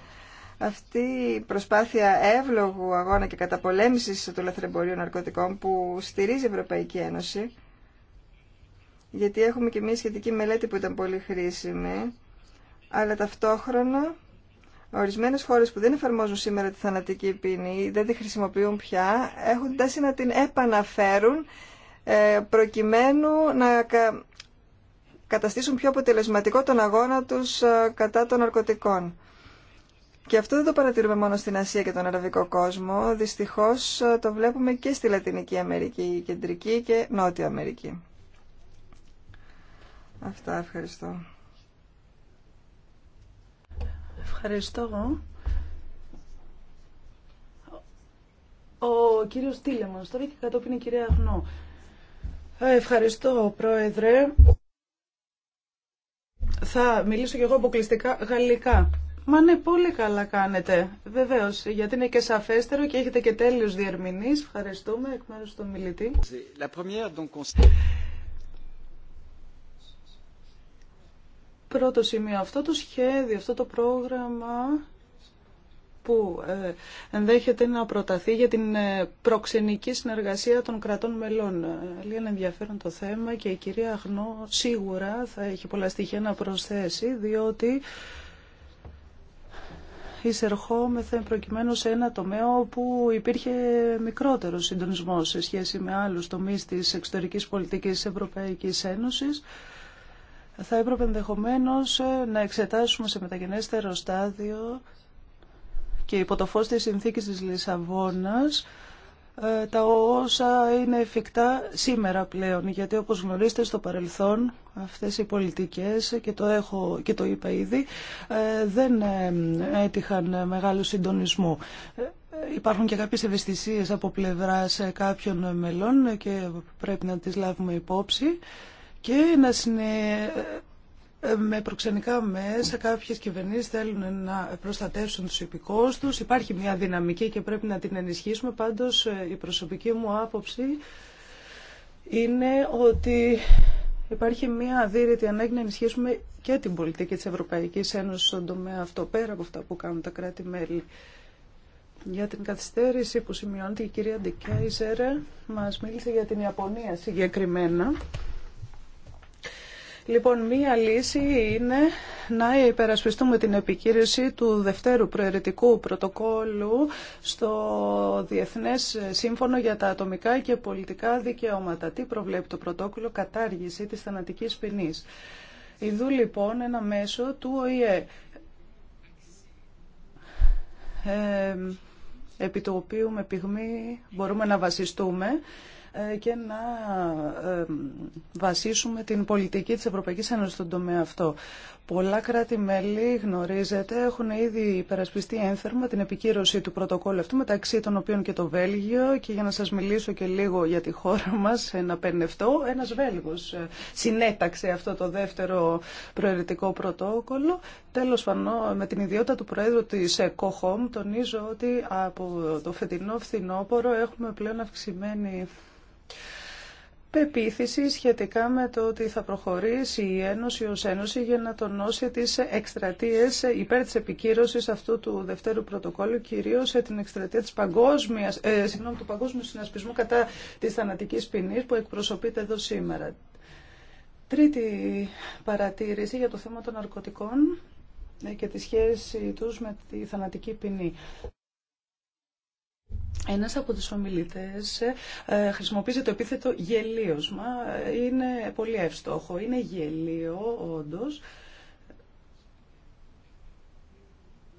αυτή η προσπάθεια εύλογου αγώνα και καταπολέμησης του λαθρεμπορίου ναρκωτικών που στηρίζει η Ευρωπαϊκή Ένωση γιατί έχουμε και μια σχετική μελέτη που ήταν πολύ χρήσιμη αλλά ταυτόχρονα Ορισμένες χώρε που δεν εφαρμόζουν σήμερα τη θανατική ποινή δεν τη χρησιμοποιούν πια έχουν τάση να την επαναφέρουν ε, προκειμένου να καταστήσουν πιο αποτελεσματικό τον αγώνα τους ε, κατά των ναρκωτικών. Και αυτό δεν το παρατηρούμε μόνο στην Ασία και τον Αραβικό κόσμο. Δυστυχώς ε, το βλέπουμε και στη Λατινική Αμερική, Κεντρική και Νότια Αμερική. Αυτά, ευχαριστώ. Ευχαριστώ. Ο κύριος Τίλεμος, τώρα και κατόπιν η κυρία Αγνώ. Ε, ευχαριστώ, Πρόεδρε. Θα μιλήσω κι εγώ αποκλειστικά γαλλικά. Μα ναι, πολύ καλά κάνετε. Βεβαίω, γιατί είναι και σαφέστερο και έχετε και τέλειου διερμηνεί. Ευχαριστούμε εκ μέρου του μιλητή. Πρώτο σημείο, αυτό το σχέδιο, αυτό το πρόγραμμα που ε, ενδέχεται να προταθεί για την ε, προξενική συνεργασία των κρατών μελών. Ε, λίγα είναι ενδιαφέρον το θέμα και η κυρία Αχνό σίγουρα θα έχει πολλά στοιχεία να προσθέσει, διότι εισερχόμεθα προκειμένου σε ένα τομέα όπου υπήρχε μικρότερο συντονισμό σε σχέση με άλλους τομείς της εξωτερικής πολιτικής Ευρωπαϊκής Ένωσης θα έπρεπε ενδεχομένω ε, να εξετάσουμε σε μεταγενέστερο στάδιο και υπό το φως της συνθήκης της Λισαβόνας ε, τα όσα είναι εφικτά σήμερα πλέον. Γιατί όπως γνωρίζετε στο παρελθόν αυτές οι πολιτικές, και το, έχω, και το είπα ήδη, ε, δεν έτυχαν μεγάλου συντονισμού. Υπάρχουν και κάποιες ευαισθησίες από πλευράς κάποιων μελών και πρέπει να τις λάβουμε υπόψη και να συνε... Ε, με προξενικά μέσα κάποιες κυβερνήσεις θέλουν να προστατεύσουν τους υπηκόους τους. Υπάρχει μια δυναμική και πρέπει να την ενισχύσουμε. Πάντως ε, η προσωπική μου άποψη είναι ότι υπάρχει μια αδύρυτη ανάγκη να ενισχύσουμε και την πολιτική της Ευρωπαϊκής Ένωσης στον τομέα αυτό, πέρα από αυτά που κάνουν τα κράτη-μέλη. Για την καθυστέρηση που σημειώνεται η κυρία Ντικέιζερ μας μίλησε για την Ιαπωνία συγκεκριμένα. Λοιπόν, μία λύση είναι να υπερασπιστούμε την επικύρωση του δευτέρου προαιρετικού πρωτοκόλου στο Διεθνές Σύμφωνο για τα Ατομικά και Πολιτικά Δικαιώματα. Τι προβλέπει το πρωτόκολλο κατάργηση της θανατικής ποινής. Ιδού λοιπόν ένα μέσο του ΟΗΕ. Ε, επί του οποίου με πυγμή μπορούμε να βασιστούμε ε, και να ε, βασίσουμε την πολιτική της Ευρωπαϊκής Ένωσης στον τομέα αυτό. Πολλά κράτη-μέλη, γνωρίζετε, έχουν ήδη υπερασπιστεί ένθερμα την επικύρωση του πρωτοκόλλου αυτού, μεταξύ των οποίων και το Βέλγιο. Και για να σας μιλήσω και λίγο για τη χώρα μας, ένα πενευτό, ένας Βέλγος ε, συνέταξε αυτό το δεύτερο προαιρετικό πρωτόκολλο. Τέλος φανώ με την ιδιότητα του Προέδρου της ΕΚΟΧΟΜ, τονίζω ότι από το φετινό φθινόπωρο έχουμε πλέον αυξημένη πεποίθηση σχετικά με το ότι θα προχωρήσει η Ένωση ως Ένωση για να τονώσει τις εκστρατείες υπέρ της επικύρωσης αυτού του δευτέρου πρωτοκόλλου, κυρίως την εκστρατεία της παγκόσμιας, ε, του Παγκόσμιου Συνασπισμού κατά της θανατικής ποινής που εκπροσωπείται εδώ σήμερα. Τρίτη παρατήρηση για το θέμα των ναρκωτικών ε, και τη σχέση τους με τη θανατική ποινή ένας από τους ομιλητές ε, χρησιμοποίησε το επίθετο γελίος. Μα είναι πολύ εύστοχο. Είναι γελίο, όντως.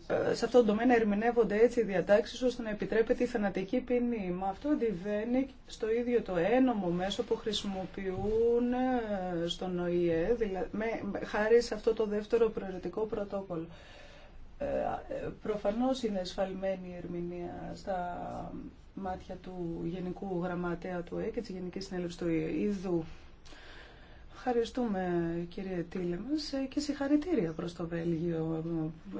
Ε, σε αυτό το τομέα ερμηνεύονται έτσι οι διατάξεις ώστε να επιτρέπεται η θανατική ποινή. Μα αυτό αντιβαίνει στο ίδιο το ένομο μέσο που χρησιμοποιούν ε, στον ΟΗΕ, δηλαδή, με, χάρη σε αυτό το δεύτερο προαιρετικό πρωτόκολλο. Ε, ε, προφανώς είναι εσφαλμένη η ερμηνεία στα μάτια του Γενικού Γραμματέα του και της Γενικής Συνέλευσης του ΙΔΟΥ. Ευχαριστούμε κύριε Τίλε ε, και συγχαρητήρια προς το Βέλγιο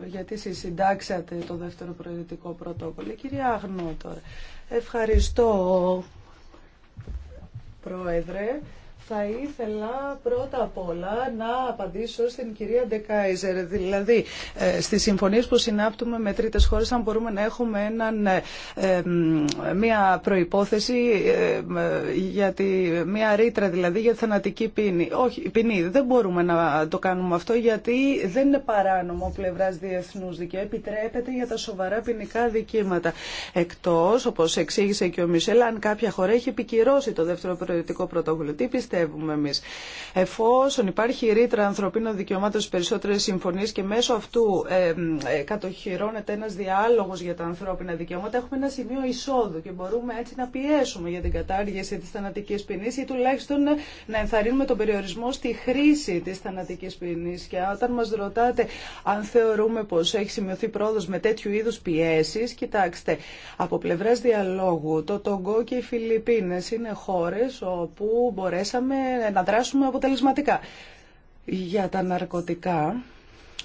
γιατί συντάξατε το δεύτερο προεδρικό πρωτόκολλο. Κυρία Άγνο, Ευχαριστώ Πρόεδρε. Θα ήθελα πρώτα απ' όλα να απαντήσω στην κυρία Ντεκάιζερ. Δηλαδή, ε, στις συμφωνίες που συνάπτουμε με τρίτες χώρες, αν μπορούμε να έχουμε ε, μια προϋπόθεση, για τη, μια ρήτρα δηλαδή για τη θανατική ποινή. Όχι, ποινή. Δεν μπορούμε να το κάνουμε αυτό γιατί δεν είναι παράνομο πλευρά διεθνού δικαίου. Επιτρέπεται για τα σοβαρά ποινικά δικήματα. Εκτό, όπω εξήγησε και ο Μισελ, αν κάποια χώρα έχει επικυρώσει το δεύτερο προαιρετικό πρωτόκολλο πιστεύουμε Εφόσον υπάρχει ρήτρα ανθρωπίνων δικαιωμάτων στι περισσότερε συμφωνίε και μέσω αυτού ε, ε κατοχυρώνεται ένα διάλογο για τα ανθρώπινα δικαιώματα, έχουμε ένα σημείο εισόδου και μπορούμε έτσι να πιέσουμε για την κατάργηση τη θανατική ποινή ή τουλάχιστον ε, να ενθαρρύνουμε τον περιορισμό στη χρήση τη θανατική ποινή. Και όταν μα ρωτάτε αν θεωρούμε πω έχει σημειωθεί πρόοδο με τέτοιου είδου πιέσει, κοιτάξτε, από πλευρά διαλόγου το Τογκό και οι Φιλιππίνε είναι χώρε όπου μπορέσαμε να δράσουμε αποτελεσματικά. Για τα ναρκωτικά,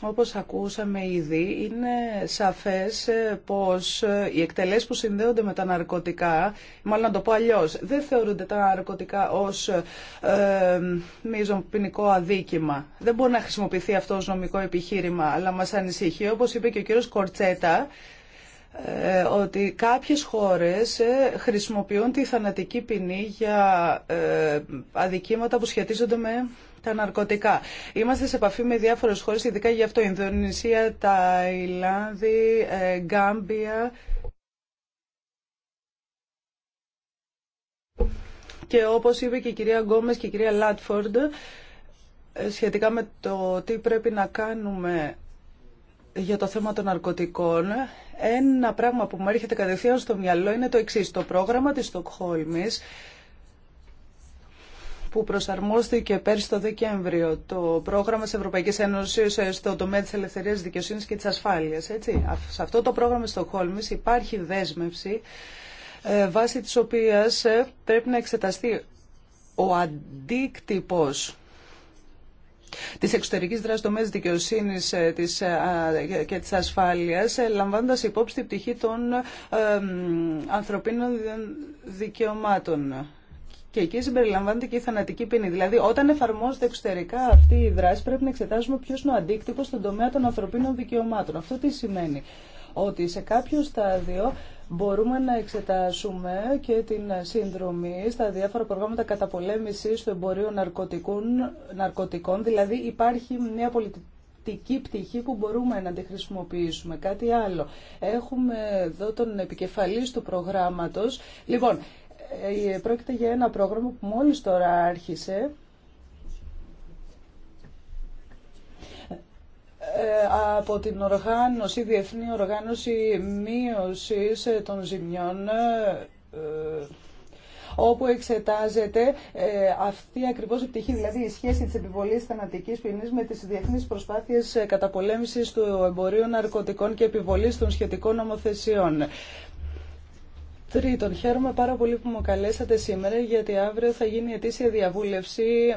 όπως ακούσαμε ήδη, είναι σαφές ε, πως ε, οι εκτελέσεις που συνδέονται με τα ναρκωτικά, μάλλον να το πω αλλιώς, δεν θεωρούνται τα ναρκωτικά ως ε, ποινικό αδίκημα. Δεν μπορεί να χρησιμοποιηθεί αυτό ως νομικό επιχείρημα, αλλά μας ανησυχεί, όπως είπε και ο κύριος Κορτσέτα, ε, ότι κάποιες χώρες ε, χρησιμοποιούν τη θανατική ποινή για ε, αδικήματα που σχετίζονται με τα ναρκωτικά. Είμαστε σε επαφή με διάφορες χώρες, ειδικά για αυτό Ινδονησία, Ταϊλάνδη, Γκάμπια και όπως είπε και η κυρία Γκόμες και η κυρία Λάτφορντ σχετικά με το τι πρέπει να κάνουμε για το θέμα των ναρκωτικών, ένα πράγμα που μου έρχεται κατευθείαν στο μυαλό είναι το εξής. Το πρόγραμμα της Στοκχόλμης που προσαρμόστηκε πέρσι το Δεκέμβριο το πρόγραμμα της Ευρωπαϊκής Ένωσης ε, στο τομέα της ελευθερίας δικαιοσύνης και της ασφάλειας. Έτσι. Σε αυτό το πρόγραμμα της Στοκχόλμης υπάρχει δέσμευση ε, βάσει της οποίας ε, πρέπει να εξεταστεί ο αντίκτυπος Τη εξωτερική δράση τομέα δικαιοσύνης ε, ε, και της ασφάλειας, ε, λαμβάνοντας υπόψη την πτυχή των ανθρωπίνων δικαιωμάτων. Και εκεί συμπεριλαμβάνεται και η θανατική ποινή. Δηλαδή, όταν εφαρμόζεται εξωτερικά αυτή η δράση, πρέπει να εξετάζουμε ποιο είναι ο αντίκτυπο στον τομέα των ανθρωπίνων δικαιωμάτων. Αυτό τι σημαίνει ότι σε κάποιο στάδιο μπορούμε να εξετάσουμε και την συνδρομή στα διάφορα προγράμματα καταπολέμησης του εμπορίου ναρκωτικών, ναρκωτικών. Δηλαδή υπάρχει μια πολιτική πτυχή που μπορούμε να τη χρησιμοποιήσουμε. Κάτι άλλο. Έχουμε εδώ τον επικεφαλής του προγράμματος. Λοιπόν, ε, πρόκειται για ένα πρόγραμμα που μόλις τώρα άρχισε Ε, από την οργάνωση, διεθνή οργάνωση μείωσης ε, των ζημιών ε, όπου εξετάζεται αυτή ακριβώς η πτυχή, δηλαδή η σχέση της επιβολής θανατικής ποινής με τις διεθνείς προσπάθειες καταπολέμησης του εμπορίου ναρκωτικών και επιβολής των σχετικών νομοθεσιών. Τρίτον, χαίρομαι πάρα πολύ που μου καλέσατε σήμερα, γιατί αύριο θα γίνει ετήσια διαβούλευση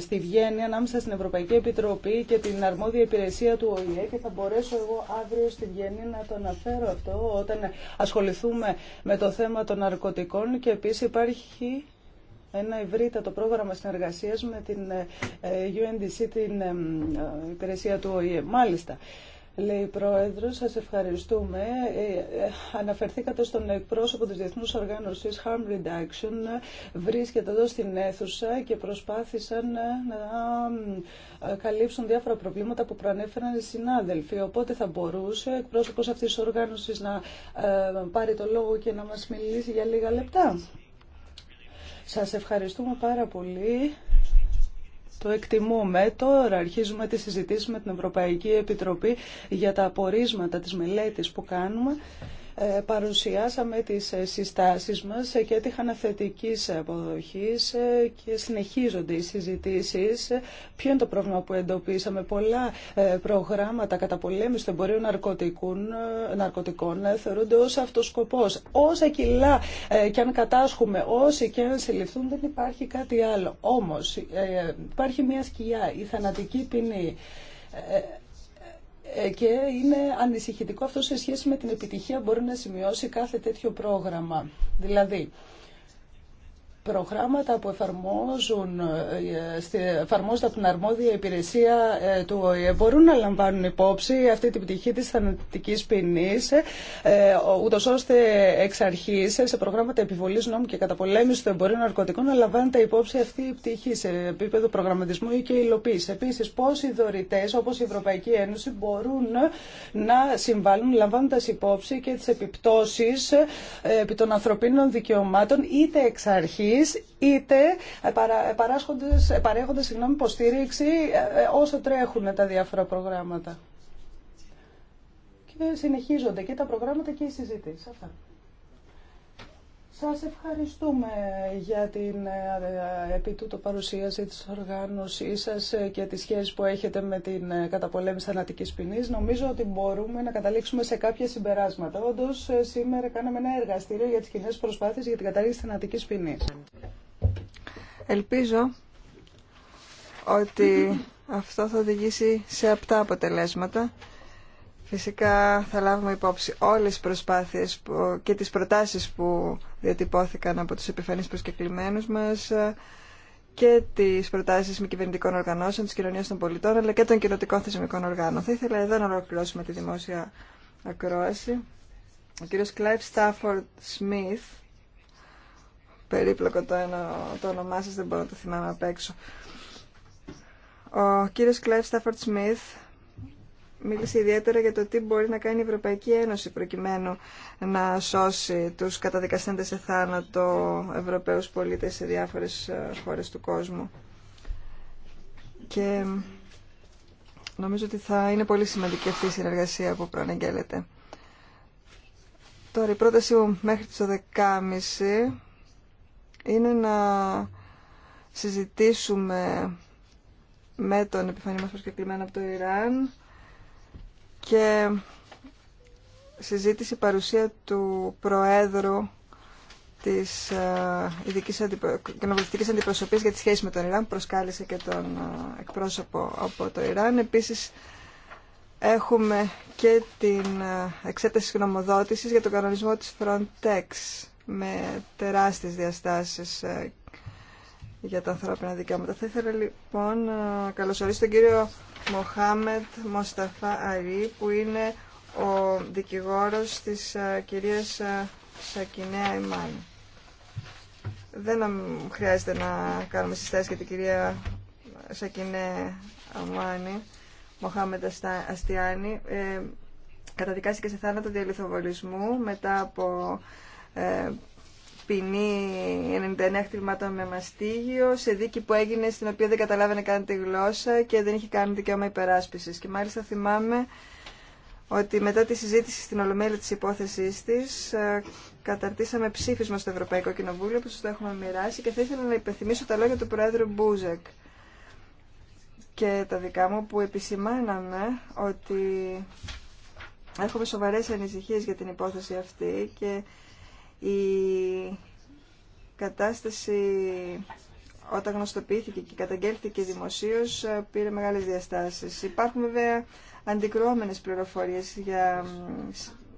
στη Βιέννη ανάμεσα στην Ευρωπαϊκή Επιτροπή και την αρμόδια υπηρεσία του ΟΗΕ και θα μπορέσω εγώ αύριο στη Βιέννη να το αναφέρω αυτό όταν ασχοληθούμε με το θέμα των ναρκωτικών και επίσης υπάρχει ένα ευρύτατο πρόγραμμα συνεργασίας με την ε, ε, UNDC, την ε, υπηρεσία του ΟΗΕ. Μάλιστα λέει η Πρόεδρο. Σας ευχαριστούμε. Ε, ε, αναφερθήκατε στον εκπρόσωπο της Διεθνούς Οργάνωσης Harm Reduction. Βρίσκεται εδώ στην αίθουσα και προσπάθησαν ε, να καλύψουν διάφορα προβλήματα που προανέφεραν οι συνάδελφοι. Οπότε θα μπορούσε ο εκπρόσωπο αυτής τη οργάνωσης να πάρει το λόγο και να μας μιλήσει για λίγα λεπτά. Σας ευχαριστούμε πάρα πολύ. Το εκτιμούμε. Τώρα αρχίζουμε τη συζητήσεις με την Ευρωπαϊκή Επιτροπή για τα απορίσματα της μελέτης που κάνουμε. Ε, παρουσιάσαμε τις ε, συστάσεις μας ε, και έτυχαν θετικής αποδοχής και συνεχίζονται οι συζητήσεις. Ποιο είναι το πρόβλημα που εντοπίσαμε. Πολλά προγράμματα κατά πολέμηση των εμπορίων ναρκωτικών θεωρούνται ως αυτός σκοπός. Όσα κιλά και αν κατάσχουμε, όσοι και αν συλληφθούν δεν υπάρχει κάτι άλλο. Όμως υπάρχει μια σκιά, η θανατική ποινή ε, και είναι ανησυχητικό αυτό σε σχέση με την επιτυχία μπορεί να σημειώσει κάθε τέτοιο πρόγραμμα. Δηλαδή, προγράμματα που εφαρμόζουν, ε, εφαρμόζονται από την αρμόδια υπηρεσία ε, του ΟΗΕ μπορούν να λαμβάνουν υπόψη αυτή την πτυχή της θανατικής ποινής, ε, ούτως ώστε εξ αρχής σε προγράμματα επιβολής νόμου και καταπολέμησης των εμπορίου ναρκωτικών να λαμβάνεται υπόψη αυτή η πτυχή σε επίπεδο προγραμματισμού ή και υλοποίηση. Επίσης, πώς οι δωρητές όπως η Ευρωπαϊκή Ένωση μπορούν να συμβάλλουν λαμβάνοντας υπόψη και τις επιπτώσεις επί των ανθρωπίνων δικαιωμάτων είτε εξ είτε παρέχοντας συγγνώμη, υποστήριξη ε, ε, όσο τρέχουν τα διάφορα προγράμματα. Και συνεχίζονται και τα προγράμματα και οι συζήτησεις. Αυτά. Σας ευχαριστούμε για την ε, επί τούτο παρουσίαση της οργάνωσής σας ε, και τις σχέσεις που έχετε με την ε, καταπολέμηση θανατικής ποινής. Νομίζω ότι μπορούμε να καταλήξουμε σε κάποια συμπεράσματα. Όντως, σήμερα κάναμε ένα εργαστήριο για τις κοινέ προσπάθειες για την της θανατικής ποινής. Ελπίζω ότι αυτό θα οδηγήσει σε αυτά αποτελέσματα Φυσικά θα λάβουμε υπόψη όλες τις προσπάθειες και τις προτάσεις που διατυπώθηκαν από τους επιφανείς προσκεκλημένους μας και τις προτάσεις με κυβερνητικών οργανώσεων, της κοινωνίας των πολιτών αλλά και των κοινοτικών θεσμικών οργάνων. Θα ήθελα εδώ να ολοκληρώσουμε τη δημόσια ακρόαση. Ο κύριος Κλάιβ Στάφορντ Σμιθ, περίπλοκο το, ένα, το όνομά σας, δεν μπορώ να το θυμάμαι απ' έξω. Ο κύριος Κλάιβ Στάφορντ Σμιθ μίλησε ιδιαίτερα για το τι μπορεί να κάνει η Ευρωπαϊκή Ένωση προκειμένου να σώσει τους καταδικαστέντες σε θάνατο Ευρωπαίους πολίτες σε διάφορες ε, χώρες του κόσμου. Και ε, νομίζω ότι θα είναι πολύ σημαντική αυτή η συνεργασία που προαναγγέλλεται. Τώρα η πρόταση μου μέχρι τις 12.30 είναι να συζητήσουμε με τον επιφανή μας προσκεκλημένο από το Ιράν και συζήτηση παρουσία του Προέδρου της ε, ειδικής αντιπρο... κοινοβουλευτικής αντιπροσωπής για τη σχέση με τον Ιράν προσκάλεσε και τον ε, εκπρόσωπο από το Ιράν. Επίσης έχουμε και την ε, εξέταση γνωμοδότησης για τον κανονισμό της Frontex με τεράστιες διαστάσεις για τα ανθρώπινα δικαιώματα. Θα ήθελα λοιπόν να καλωσορίσω τον κύριο Μοχάμετ Μοσταφά Αρή που είναι ο δικηγόρος της κυρίας Σακινέα Εμάν. Δεν χρειάζεται να κάνουμε συστάσεις για την κυρία Σακινέ Αμάνη, Μοχάμετ Αστιάνη. Ε, καταδικάστηκε σε θάνατο διαλυθοβολισμού μετά από ε, ποινή 99 χτυπημάτων με μαστίγιο σε δίκη που έγινε στην οποία δεν καταλάβαινε καν τη γλώσσα και δεν είχε κάνει δικαίωμα υπεράσπισης. Και μάλιστα θυμάμαι ότι μετά τη συζήτηση στην Ολομέλη της υπόθεσής της ε, καταρτήσαμε ψήφισμα στο Ευρωπαϊκό Κοινοβούλιο που σας το έχουμε μοιράσει και θα ήθελα να υπενθυμίσω τα λόγια του Πρόεδρου Μπούζεκ και τα δικά μου που επισημάναμε ότι έχουμε σοβαρές ανησυχίες για την υπόθεση αυτή και η κατάσταση όταν γνωστοποιήθηκε και καταγγέλθηκε δημοσίως ε, πήρε μεγάλες διαστάσεις. Υπάρχουν βέβαια αντικρουόμενες πληροφορίες για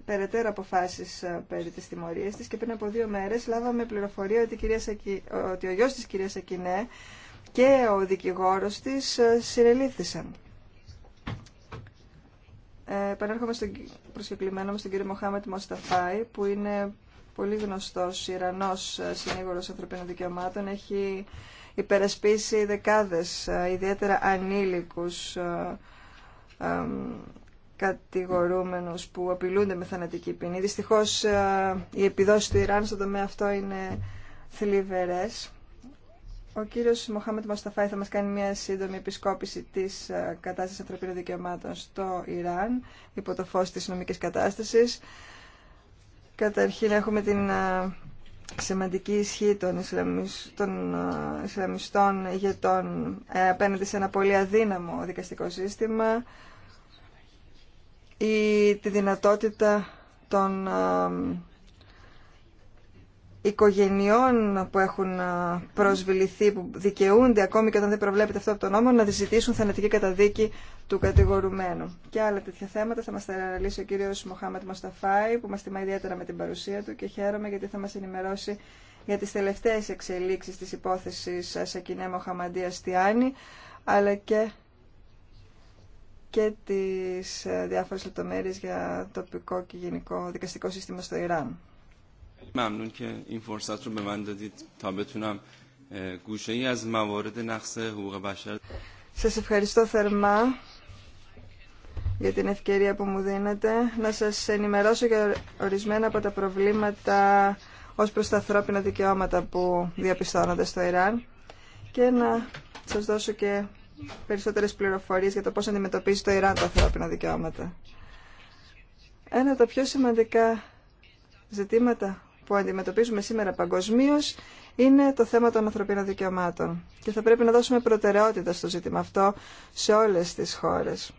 περαιτέρω αποφάσεις ε, περί της τιμωρίας της και πριν από δύο μέρες λάβαμε πληροφορία ότι, κυρία ο γιος της κυρία Σακινέ και ο δικηγόρος της ε, συνελήφθησαν. Ε, επανέρχομαι στον προσκεκλημένο μας τον κύριο Μοχάμετ Μοσταφάη που είναι πολύ γνωστός Ιρανός ε, συνήγορος ανθρωπίνων δικαιωμάτων, έχει υπερασπίσει δεκάδες, ε, ιδιαίτερα ανήλικους ε, κατηγορούμενους που απειλούνται με θανατική ποινή. Δυστυχώς η επιδόση του Ιράν στον τομέα αυτό είναι θλιβερές. Ο κύριος Μοχάμετ Μασταφάη θα μας κάνει μια σύντομη επισκόπηση της κατάστασης ανθρωπίνων δικαιωμάτων στο Ιράν υπό το φως της νομικής κατάστασης. Καταρχήν έχουμε την σημαντική ισχύ των, των Ισλαμιστών ηγετών ε, απέναντι σε ένα πολύ αδύναμο δικαστικό σύστημα ή τη δυνατότητα των οικογενειών που έχουν προσβληθεί, που δικαιούνται ακόμη και όταν δεν προβλέπεται αυτό από τον νόμο, να ζητήσουν θανατική καταδίκη του κατηγορουμένου. Και άλλα τέτοια θέματα θα μας τα αναλύσει ο κύριος Μοχάμετ Μοσταφάη, που μας τιμά ιδιαίτερα με την παρουσία του και χαίρομαι γιατί θα μας ενημερώσει για τις τελευταίες εξελίξεις της υπόθεσης Σακινέ Μοχαμαντία Στιάνη, αλλά και και τις ε, διάφορες λεπτομέρειες για τοπικό και γενικό δικαστικό σύστημα στο Ιράν. ممنون e, Σας ευχαριστώ θερμά για την ευκαιρία που μου δίνετε να σας ενημερώσω για ορισμένα από τα προβλήματα ως προς τα ανθρώπινα δικαιώματα που διαπιστώνονται στο Ιράν και να σας δώσω και περισσότερες πληροφορίες για το πώς αντιμετωπίζει το Ιράν τα ανθρώπινα δικαιώματα. Ένα από τα πιο σημαντικά ζητήματα που αντιμετωπίζουμε σήμερα παγκοσμίω είναι το θέμα των ανθρωπίνων δικαιωμάτων. Και θα πρέπει να δώσουμε προτεραιότητα στο ζήτημα αυτό σε όλες τις χώρες.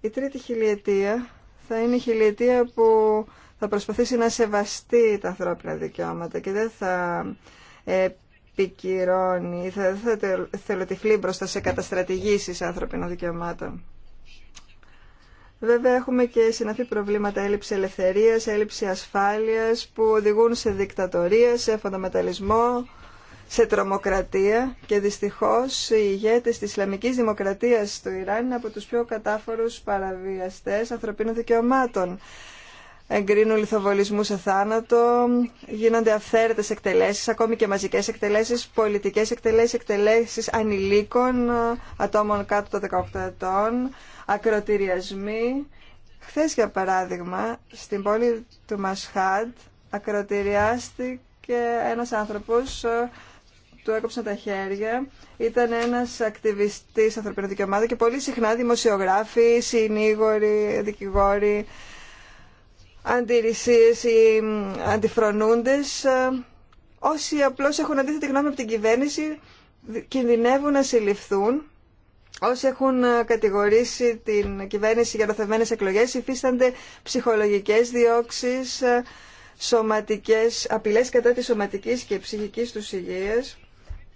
Η τρίτη χιλιετία θα είναι η χιλιετία που θα προσπαθήσει να σεβαστεί τα ανθρώπινα δικαιώματα και δεν θα επικυρώνει, θα, θα θελοτυφλεί μπροστά σε καταστρατηγήσεις ανθρωπίνων δικαιωμάτων. Βέβαια έχουμε και συναφή προβλήματα έλλειψη ελευθερίας, έλλειψη ασφάλειας που οδηγούν σε δικτατορία, σε φονταμεταλισμό, σε τρομοκρατία και δυστυχώς οι ηγέτες της Ισλαμικής Δημοκρατίας του Ιράν είναι από τους πιο κατάφορους παραβιαστές ανθρωπίνων δικαιωμάτων εγκρίνουν λιθοβολισμού σε θάνατο, γίνονται αυθαίρετες εκτελέσεις, ακόμη και μαζικές εκτελέσεις, πολιτικές εκτελέσεις, εκτελέσεις ανηλίκων, ατόμων κάτω των 18 ετών, ακροτηριασμοί. χθε, για παράδειγμα, στην πόλη του Μασχάτ ακροτηριάστηκε ένας άνθρωπος ε, του έκοψαν τα χέρια. Ήταν ένα ακτιβιστή ανθρωπίνων δικαιωμάτων και πολύ συχνά δημοσιογράφοι, συνήγοροι, δικηγόροι αντιρρησίες ή αντιφρονούντες, ε, όσοι απλώς έχουν αντίθετη γνώμη από την κυβέρνηση κινδυνεύουν να συλληφθούν. Όσοι έχουν ε, κατηγορήσει την κυβέρνηση για νοθευμένες εκλογές υφίστανται ψυχολογικές διώξεις, ε, σωματικές, απειλές κατά της σωματικής και ψυχικής τους υγείας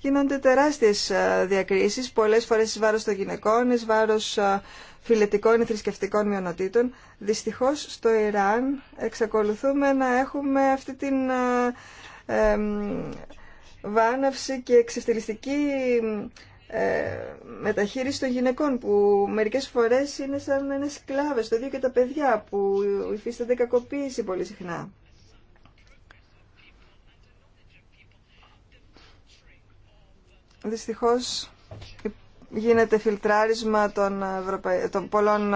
γίνονται τεράστιες ε, διακρίσεις, πολλές φορές εις βάρος των γυναικών, εις βάρος ε, φιλετικών ή θρησκευτικών μειονοτήτων. Δυστυχώς στο Ιράν εξακολουθούμε να έχουμε αυτή την ε, βάναυση και ε, μεταχείριση των γυναικών που μερικές φορές είναι σαν να είναι σκλάβες, το ίδιο και τα παιδιά που υφίστανται κακοποίηση πολύ συχνά. Δυστυχώς γίνεται φιλτράρισμα των, πολλών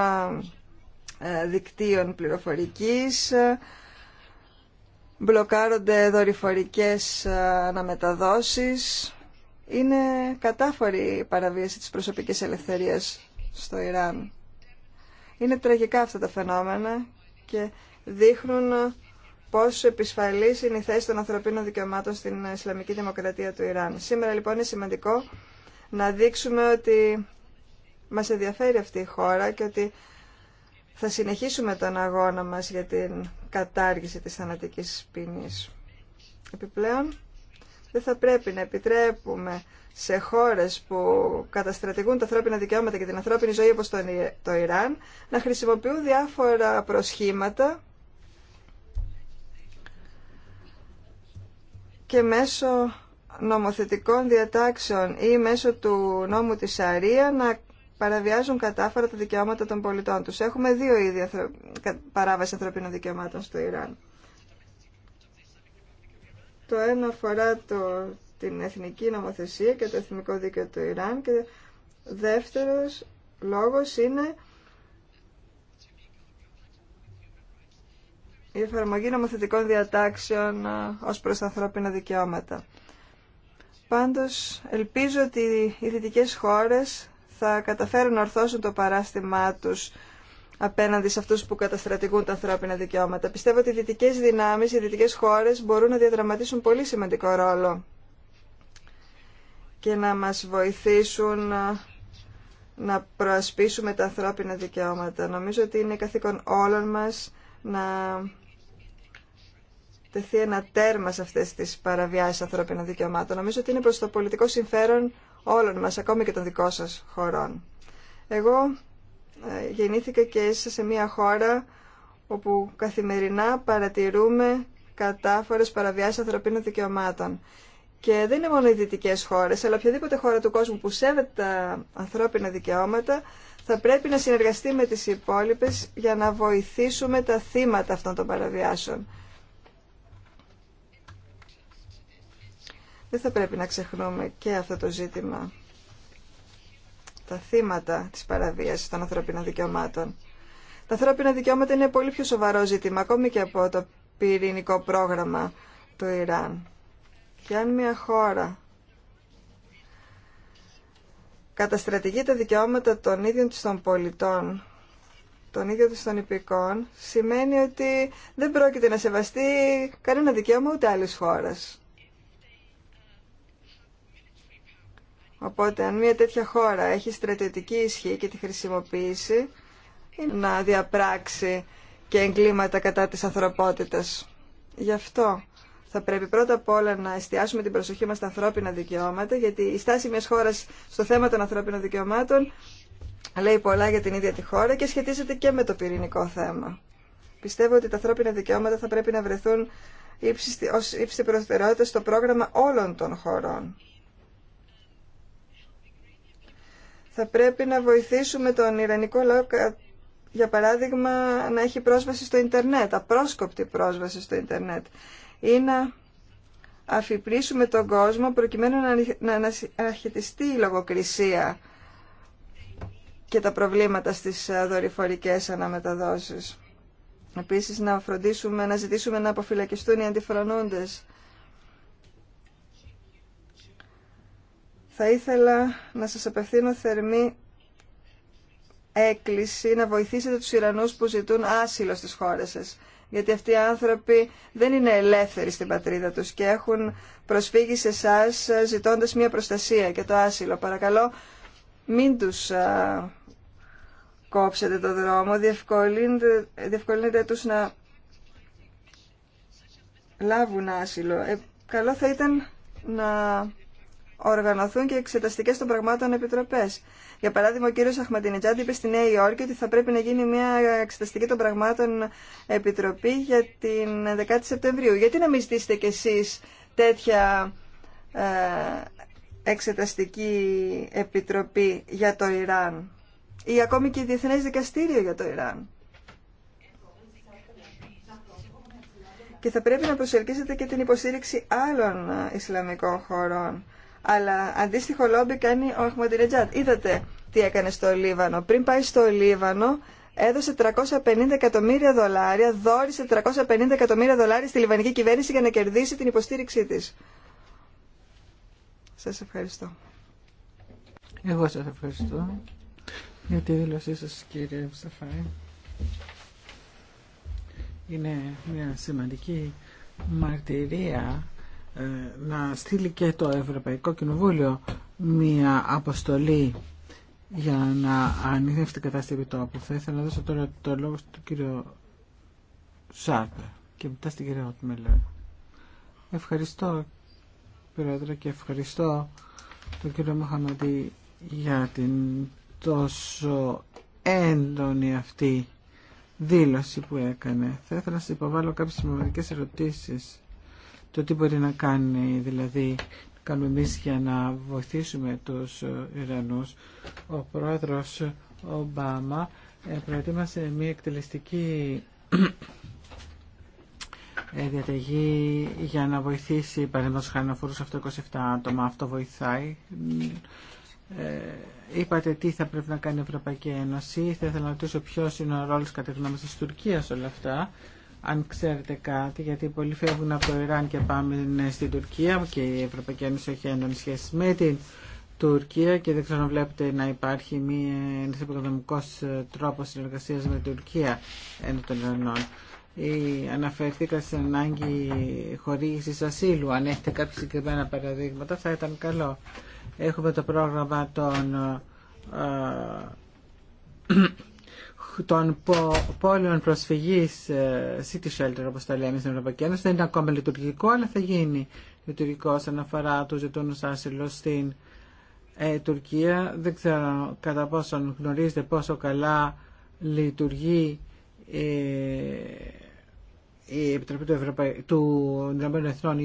ε, δικτύων πληροφορικής, μπλοκάρονται δορυφορικές ε, αναμεταδόσεις. Είναι κατάφορη η παραβίαση της προσωπικής ελευθερίας στο Ιράν. Είναι τραγικά αυτά τα φαινόμενα και δείχνουν πόσο επισφαλής είναι η θέση των ανθρωπίνων δικαιωμάτων στην Ισλαμική Δημοκρατία του Ιράν. Σήμερα λοιπόν είναι σημαντικό να δείξουμε ότι μας ενδιαφέρει αυτή η χώρα και ότι θα συνεχίσουμε τον αγώνα μας για την κατάργηση της θανατικής ποινής. Επιπλέον, δεν θα πρέπει να επιτρέπουμε σε χώρες που καταστρατηγούν τα ανθρώπινα δικαιώματα και την ανθρώπινη ζωή όπως το Ιράν να χρησιμοποιούν διάφορα προσχήματα και μέσω νομοθετικών διατάξεων ή μέσω του νόμου της Σαρία να παραβιάζουν κατάφορα τα δικαιώματα των πολιτών τους. Έχουμε δύο είδη παράβαση ανθρωπίνων δικαιωμάτων στο Ιράν. Το ένα αφορά το, την εθνική νομοθεσία και το εθνικό δίκαιο του Ιράν και δεύτερος λόγος είναι η εφαρμογή νομοθετικών διατάξεων ε, ως προς τα ανθρώπινα δικαιώματα. Πάντως, ελπίζω ότι οι δυτικές χώρες θα καταφέρουν να ορθώσουν το παράστημά τους απέναντι σε αυτούς που καταστρατηγούν τα ανθρώπινα δικαιώματα. Πιστεύω ότι οι δυτικές δυνάμεις, οι δυτικές χώρες μπορούν να διαδραματίσουν πολύ σημαντικό ρόλο και να μας βοηθήσουν ε, να προασπίσουμε τα ανθρώπινα δικαιώματα. Νομίζω ότι είναι καθήκον όλων μας να τεθεί ένα τέρμα σε αυτές τις παραβιάσεις ανθρώπινων δικαιωμάτων. Νομίζω ότι είναι προς το πολιτικό συμφέρον όλων μας, ακόμη και των δικών σας χωρών. Εγώ ε, γεννήθηκα και έζησα σε μια χώρα όπου καθημερινά παρατηρούμε κατάφορες παραβιάσεις ανθρωπίνων δικαιωμάτων. Και δεν είναι μόνο οι δυτικέ χώρε, αλλά οποιαδήποτε χώρα του κόσμου που σέβεται τα ανθρώπινα δικαιώματα θα πρέπει να συνεργαστεί με τι υπόλοιπε για να βοηθήσουμε τα θύματα αυτών των παραβιάσεων. Δεν θα πρέπει να ξεχνούμε και αυτό το ζήτημα. Τα θύματα της παραβίασης των ανθρωπίνων δικαιωμάτων. Τα ανθρώπινα δικαιώματα είναι πολύ πιο σοβαρό ζήτημα, ακόμη και από το πυρηνικό πρόγραμμα του Ιράν. Και αν μια χώρα καταστρατηγεί τα δικαιώματα των ίδιων της των πολιτών, των ίδιων της των υπηκών, σημαίνει ότι δεν πρόκειται να σεβαστεί κανένα δικαίωμα ούτε άλλης χώρας. Οπότε αν μια τέτοια χώρα έχει στρατιωτική ισχύ και τη χρησιμοποιήσει να διαπράξει και εγκλήματα κατά της ανθρωπότητας. Γι' αυτό θα πρέπει πρώτα απ' όλα να εστιάσουμε την προσοχή μας στα ανθρώπινα δικαιώματα, γιατί η στάση μιας χώρας στο θέμα των ανθρώπινων δικαιωμάτων λέει πολλά για την ίδια τη χώρα και σχετίζεται και με το πυρηνικό θέμα. Πιστεύω ότι τα ανθρώπινα δικαιώματα θα πρέπει να βρεθούν ως ύψη προτεραιότητα στο πρόγραμμα όλων των χωρών. θα πρέπει να βοηθήσουμε τον Ιρανικό λαό, για παράδειγμα, να έχει πρόσβαση στο Ιντερνετ, απρόσκοπτη πρόσβαση στο Ιντερνετ, ή να αφυπνίσουμε τον κόσμο προκειμένου να αναχαιτιστεί η λογοκρισία και τα προβλήματα στις ε, δορυφορικές αναμεταδόσεις. Επίσης, να φροντίσουμε, να ζητήσουμε να αποφυλακιστούν οι αντιφρονούντες Θα ήθελα να σας απευθύνω θερμή έκκληση να βοηθήσετε τους Ιρανούς που ζητούν άσυλο στις χώρες σας. Γιατί αυτοί οι άνθρωποι δεν είναι ελεύθεροι στην πατρίδα τους και έχουν προσφύγει σε εσά ζητώντας μια προστασία και το άσυλο. Παρακαλώ μην τους κόψετε το δρόμο, διευκολύνετε, διευκολύνετε τους να λάβουν άσυλο. Ε, καλό θα ήταν να οργανωθούν και εξεταστικέ των πραγμάτων επιτροπέ. Για παράδειγμα, ο κύριο Αχματινιτζάντ είπε στη Νέα Υόρκη ότι θα πρέπει να γίνει μια εξεταστική των πραγμάτων επιτροπή για την 10η Σεπτεμβρίου. Γιατί να μην ζητήσετε κι εσεί τέτοια ε, εξεταστική επιτροπή για το Ιράν ή ακόμη και διεθνέ δικαστήριο για το Ιράν. Και θα πρέπει να προσελκύσετε και την υποστήριξη άλλων ε, Ισλαμικών χωρών αλλά αντίστοιχο λόμπι κάνει ο Αχμαντινετζάτ. Είδατε τι έκανε στο Λίβανο. Πριν πάει στο Λίβανο, έδωσε 350 εκατομμύρια δολάρια, δόρισε 350 εκατομμύρια δολάρια στη λιβανική κυβέρνηση για να κερδίσει την υποστήριξή της. Σας ευχαριστώ. Εγώ σας ευχαριστώ για τη δήλωσή σας κύριε Ψαφάη. Είναι μια σημαντική μαρτυρία ε, να στείλει και το Ευρωπαϊκό Κοινοβούλιο μία αποστολή για να αυτή την κατάσταση τόπου. Θα ήθελα να δώσω τώρα το λόγο στον κύριο Σάρπ και μετά στην κυρία Οτμελέ. Ευχαριστώ, Πρόεδρε, και ευχαριστώ τον κύριο Μαχαμαντή για την τόσο έντονη αυτή δήλωση που έκανε. Θα ήθελα να σας υποβάλω κάποιες σημαντικές ερωτήσεις το τι μπορεί να κάνει δηλαδή κάνουμε εμείς για να βοηθήσουμε τους ε, Ιρανούς. Ο πρόεδρος Ομπάμα ε, προετοίμασε μια εκτελεστική ε, διαταγή για να βοηθήσει παραδείγματος χάρη να φορούσε αυτό 27 άτομα. Αυτό βοηθάει. Ε, είπατε τι θα πρέπει να κάνει η Ευρωπαϊκή Ένωση. Θα ήθελα να ρωτήσω ποιο είναι ο ρόλο κατά γνώμη τη Τουρκία όλα αυτά αν ξέρετε κάτι, γιατί πολλοί φεύγουν από το Ιράν και πάμε στην Τουρκία και η Ευρωπαϊκή Ένωση έχει έντονη σχέση με την Τουρκία και δεν ξέρω αν βλέπετε να υπάρχει μία, ένας τρόπο ε, τρόπος συνεργασίας με την Τουρκία ενώ των Ιρανών. Ή αναφέρθηκα στην ανάγκη χορήγησης ασύλου. Αν έχετε κάποια συγκεκριμένα παραδείγματα θα ήταν καλό. Έχουμε το πρόγραμμα των ε, των πόλεων προσφυγή ε, city shelter όπως τα λέμε στην Ευρωπαϊκή Ένωση δεν είναι ακόμα λειτουργικό αλλά θα γίνει λειτουργικό όσον αφορά του ζητούν άσυλο στην ε, Τουρκία. Δεν ξέρω κατά πόσον γνωρίζετε πόσο καλά λειτουργεί ε, η Επιτροπή του, Ευρωπαϊ... Εθνών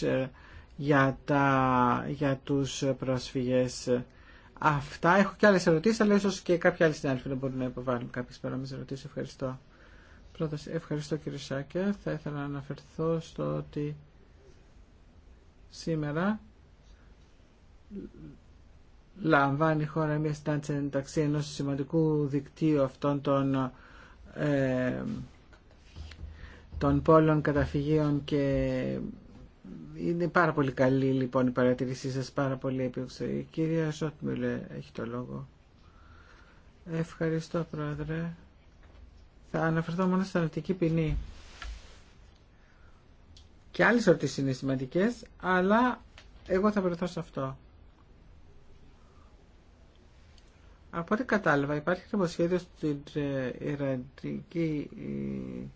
ε, για, τα... για τους πρόσφυγες Αυτά. Έχω και άλλε ερωτήσει, αλλά ίσω και κάποιοι άλλοι συνάδελφοι να μπορούν να υποβάλουν κάποιε παρόμοιε ερωτήσει. Ευχαριστώ. Πρώτα, ευχαριστώ κύριε Σάκερ. Θα ήθελα να αναφερθώ στο ότι σήμερα λαμβάνει η χώρα μια στάντσα ενταξία ενό σημαντικού δικτύου αυτών των, ε, των πόλων καταφυγίων και είναι πάρα πολύ καλή λοιπόν η παρατηρήσή σας, πάρα πολύ επίοξη. Η κυρία Σότμιλε έχει το λόγο. Ευχαριστώ πρόεδρε. Θα αναφερθώ μόνο στην αρνητική ποινή. Και άλλες ερωτήσεις είναι σημαντικές, αλλά εγώ θα βρεθώ σε αυτό. Από ό,τι κατάλαβα υπάρχει νομοσχέδιο στην ε, Ιραντική ε,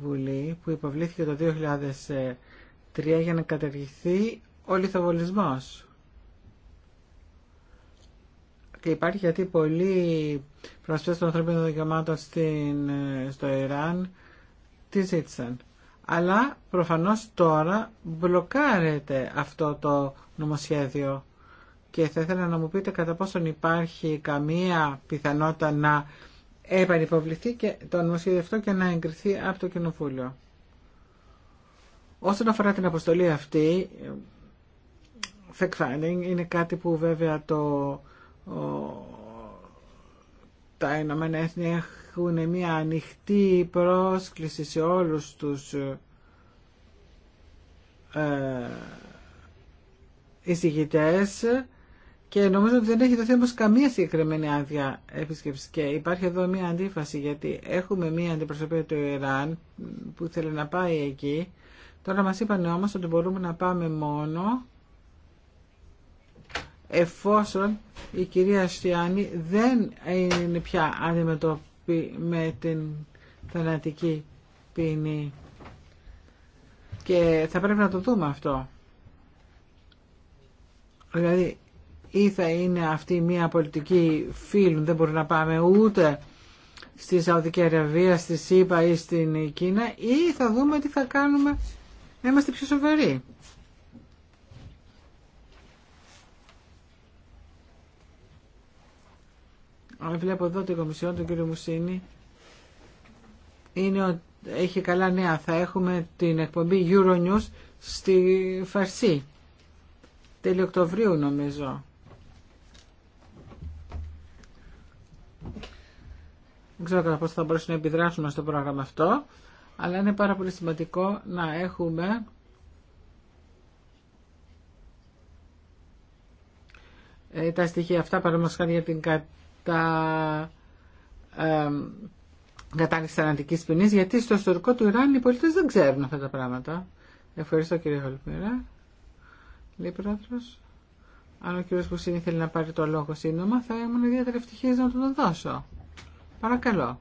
Βουλή που υποβλήθηκε το 2000 Τρία, για να καταργηθεί ο λιθοβολισμός. Και υπάρχει γιατί πολλοί προσπέσεις των ανθρώπινων δικαιωμάτων στο Ιράν τη ζήτησαν. Αλλά προφανώς τώρα μπλοκάρεται αυτό το νομοσχέδιο και θα ήθελα να μου πείτε κατά πόσον υπάρχει καμία πιθανότητα να επανυποβληθεί και το νομοσχέδιο αυτό και να εγκριθεί από το Κοινοβούλιο. Όσον αφορά την αποστολή αυτή, είναι κάτι που βέβαια το, τα Ηνωμένα Έθνη έχουν μια ανοιχτή πρόσκληση σε όλους τους ε, εισηγητές και νομίζω ότι δεν έχει το θέμα καμία συγκεκριμένη άδεια επίσκεψη και υπάρχει εδώ μια αντίφαση γιατί έχουμε μια αντιπροσωπεία του Ιράν που θέλει να πάει εκεί Τώρα μας είπαν όμως ότι μπορούμε να πάμε μόνο εφόσον η κυρία Στιάνη δεν είναι πια αντιμετωπή με την θανατική ποινή. Και θα πρέπει να το δούμε αυτό. Δηλαδή, ή θα είναι αυτή μια πολιτική φίλου, δεν μπορούμε να πάμε ούτε στη Σαουδική Αραβία, στη ΣΥΠΑ ή στην Κίνα, ή θα δούμε τι θα κάνουμε να είμαστε πιο σοβαροί. Βλέπω εδώ την Κομισιόν, του κύριο Μουσίνη. Είναι ότι έχει καλά νέα. Θα έχουμε την εκπομπή Euronews στη Φαρσή. Τέλειο Οκτωβρίου νομίζω. Δεν ξέρω κατά πώς θα μπορέσουν να επιδράσουμε στο πρόγραμμα αυτό αλλά είναι πάρα πολύ σημαντικό να έχουμε ε, τα στοιχεία αυτά παραδείγματος για την κατά, ε, κατάληξη ποινής γιατί στο ιστορικό του Ιράν οι πολίτες δεν ξέρουν αυτά τα πράγματα. Ευχαριστώ κύριε Χολμήρα. Λέει πρόεδρος. Αν ο κύριος Κουσίνη θέλει να πάρει το λόγο σύντομα θα ήμουν ιδιαίτερα ευτυχής να του το δώσω. Παρακαλώ.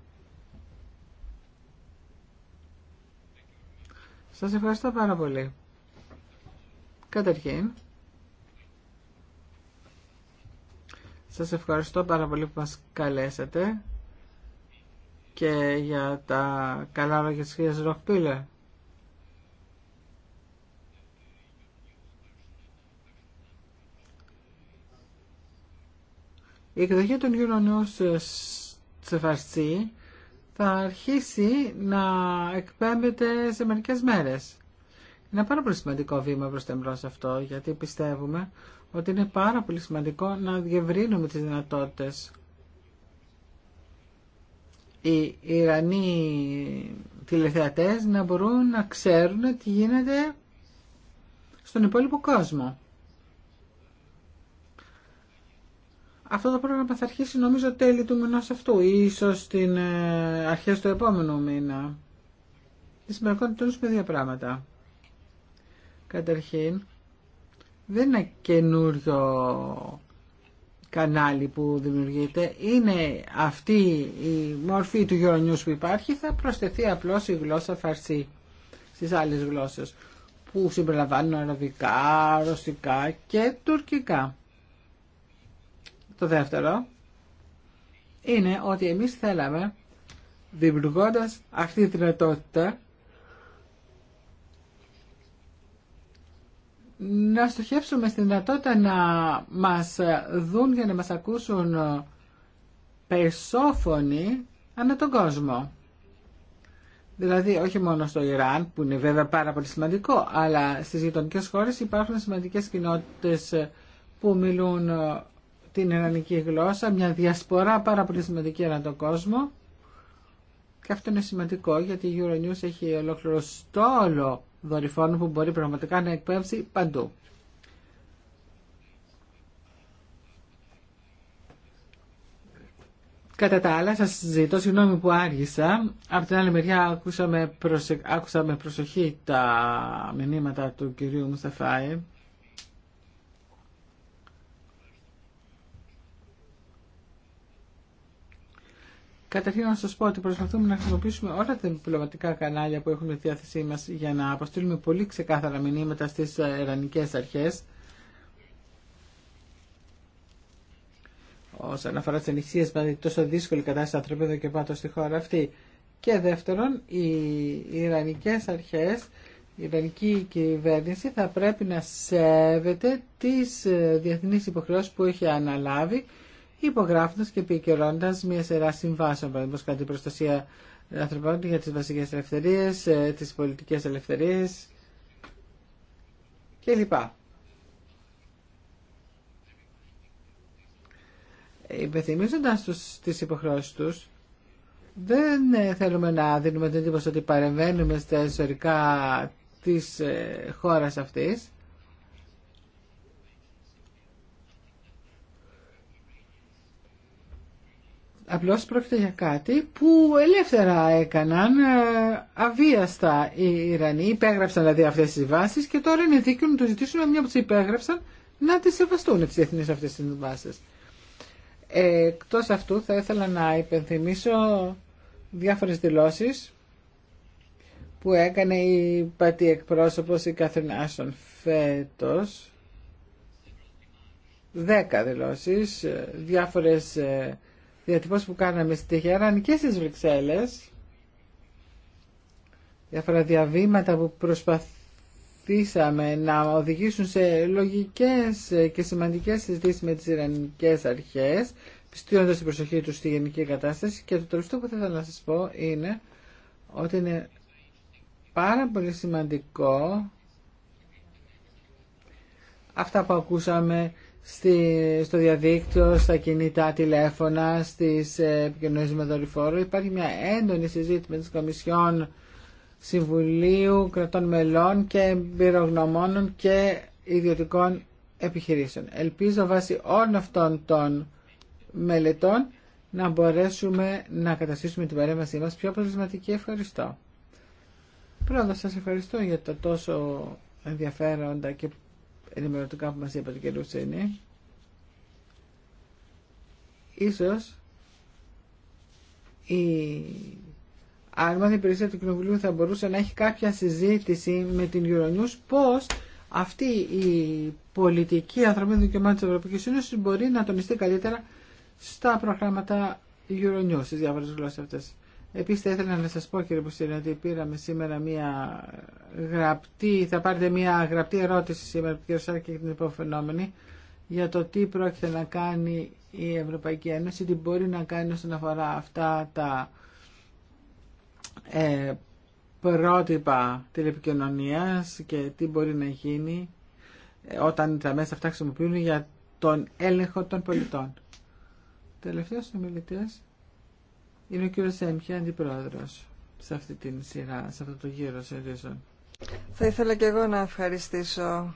Σας ευχαριστώ πάρα πολύ. Καταρχήν, σας ευχαριστώ πάρα πολύ που μας καλέσατε και για τα καλά λόγια της κυρίας Ροχπίλε. Η εκδοχή των Euronews σε φαρσί θα αρχίσει να εκπέμπεται σε μερικές μέρες. Είναι πάρα πολύ σημαντικό βήμα προς τα εμπρός αυτό, γιατί πιστεύουμε ότι είναι πάρα πολύ σημαντικό να διευρύνουμε τις δυνατότητες. Οι Ιρανοί τηλεθεατές να μπορούν να ξέρουν τι γίνεται στον υπόλοιπο κόσμο. Αυτό το πρόγραμμα θα αρχίσει νομίζω τέλη του μηνός αυτού ή ίσως στην ε, αρχές του επόμενου μήνα. Και συμπεριλαμβάνονται δύο πράγματα. Καταρχήν, δεν είναι καινούριο κανάλι που δημιουργείται. Είναι αυτή η μορφή του γεωρονιούς που υπάρχει. Θα προσθεθεί απλώς η γλώσσα φαρση στις άλλες γλώσσες που συμπεριλαμβάνουν αραβικά, ρωσικά και τουρκικά. Το δεύτερο είναι ότι εμείς θέλαμε, δημιουργώντα αυτή τη δυνατότητα, να στοχεύσουμε στην δυνατότητα να μας δουν για να μας ακούσουν περισσόφωνοι ανά τον κόσμο. Δηλαδή όχι μόνο στο Ιράν που είναι βέβαια πάρα πολύ σημαντικό αλλά στις γειτονικέ χώρες υπάρχουν σημαντικές κοινότητες που μιλούν την ελληνική γλώσσα, μια διασπορά πάρα πολύ σημαντική ανά τον κόσμο. Και αυτό είναι σημαντικό γιατί η Euronews έχει ολόκληρο στόλο δορυφών που μπορεί πραγματικά να εκπέμψει παντού. Κατά τα άλλα, σας ζητώ συγγνώμη που άργησα. Από την άλλη μεριά άκουσα με, προσοχή τα μηνύματα του κυρίου Μουσταφάη. Καταρχήν να σα πω ότι προσπαθούμε να χρησιμοποιήσουμε όλα τα διπλωματικά κανάλια που έχουμε στη διάθεσή μα για να αποστείλουμε πολύ ξεκάθαρα μηνύματα στι ιρανικές αρχέ. όσον αφορά τι ανησυχίε με δηλαδή, τόσο δύσκολη κατάσταση εδώ και πάνω στη χώρα αυτή. Και δεύτερον, οι Ιρανικές αρχέ, η Ιρανική κυβέρνηση θα πρέπει να σέβεται τι διεθνεί υποχρεώσει που έχει αναλάβει υπογράφοντα και επικαιρώνοντα μια σειρά συμβάσεων, παραδείγματο κατά την προστασία ανθρωπών για τι βασικέ ελευθερίε, ε, τι πολιτικέ ελευθερίε κλπ. Υπενθυμίζοντα τι υποχρεώσει του, δεν ε, θέλουμε να δίνουμε την εντύπωση ότι παρεμβαίνουμε στα εσωτερικά της ε, χώρας αυτής Απλώς πρόκειται για κάτι που ελεύθερα έκαναν ε, αβίαστα οι Ιρανοί, υπέγραψαν δηλαδή αυτές τις βάσεις και τώρα είναι δίκαιο να το ζητήσουν μια που τις υπέγραψαν να τις σεβαστούν τις διεθνείς αυτές τις βάσεις. Ε, εκτός αυτού θα ήθελα να υπενθυμίσω διάφορες δηλώσεις που έκανε η πατή εκπρόσωπος η Καθρινάσον, φέτος. Δέκα δηλώσεις, ε, διάφορες ε, διατυπώσει που κάναμε στη Τεχεράνη και στις Βρυξέλλες, διάφορα διαβήματα που προσπαθήσαμε να οδηγήσουν σε λογικές και σημαντικές συζητήσεις με τις Ιρανικές αρχές, πιστεύοντας την προσοχή τους στη γενική κατάσταση και το τελευταίο που θέλω να σας πω είναι ότι είναι πάρα πολύ σημαντικό αυτά που ακούσαμε στο διαδίκτυο, στα κινητά τηλέφωνα, στις ε, επικοινωνίες με δορυφόρο. Υπάρχει μια έντονη συζήτηση με τις Κομισιόν Συμβουλίου Κρατών Μελών και εμπειρογνωμόνων και ιδιωτικών επιχειρήσεων. Ελπίζω βάσει όλων αυτών των μελετών να μπορέσουμε να καταστήσουμε την παρέμβασή μας πιο αποτελεσματική. Ευχαριστώ. Πρώτα σας ευχαριστώ για τα τόσο ενδιαφέροντα και ενημερωτικά που μας είπατε και Λουσίνη ίσως η άρμαδη υπηρεσία του Κοινοβουλίου θα μπορούσε να έχει κάποια συζήτηση με την Euronews πώς αυτή η πολιτική ανθρωπίνων δικαιωμάτων της Ευρωπαϊκής Ένωσης μπορεί να τονιστεί καλύτερα στα προγράμματα Euronews, στις διάφορες γλώσσες αυτές. Επίσης θα ήθελα να σας πω κύριε Πουσίλη, ότι πήραμε σήμερα μία γραπτή, θα πάρετε μία γραπτή ερώτηση σήμερα από κύριο Σάρκη και την υποφαινόμενη για το τι πρόκειται να κάνει η Ευρωπαϊκή Ένωση, τι μπορεί να κάνει όσον αφορά αυτά τα ε, πρότυπα τηλεπικοινωνίας και τι μπορεί να γίνει ε, όταν τα μέσα αυτά χρησιμοποιούν για τον έλεγχο των πολιτών. Τελευταίος ομιλητής είναι ο κύριο Σέμχια, αντιπρόεδρο σε αυτή την σειρά, σε αυτό το γύρο συνεδρίσεων. Θα ήθελα και εγώ να ευχαριστήσω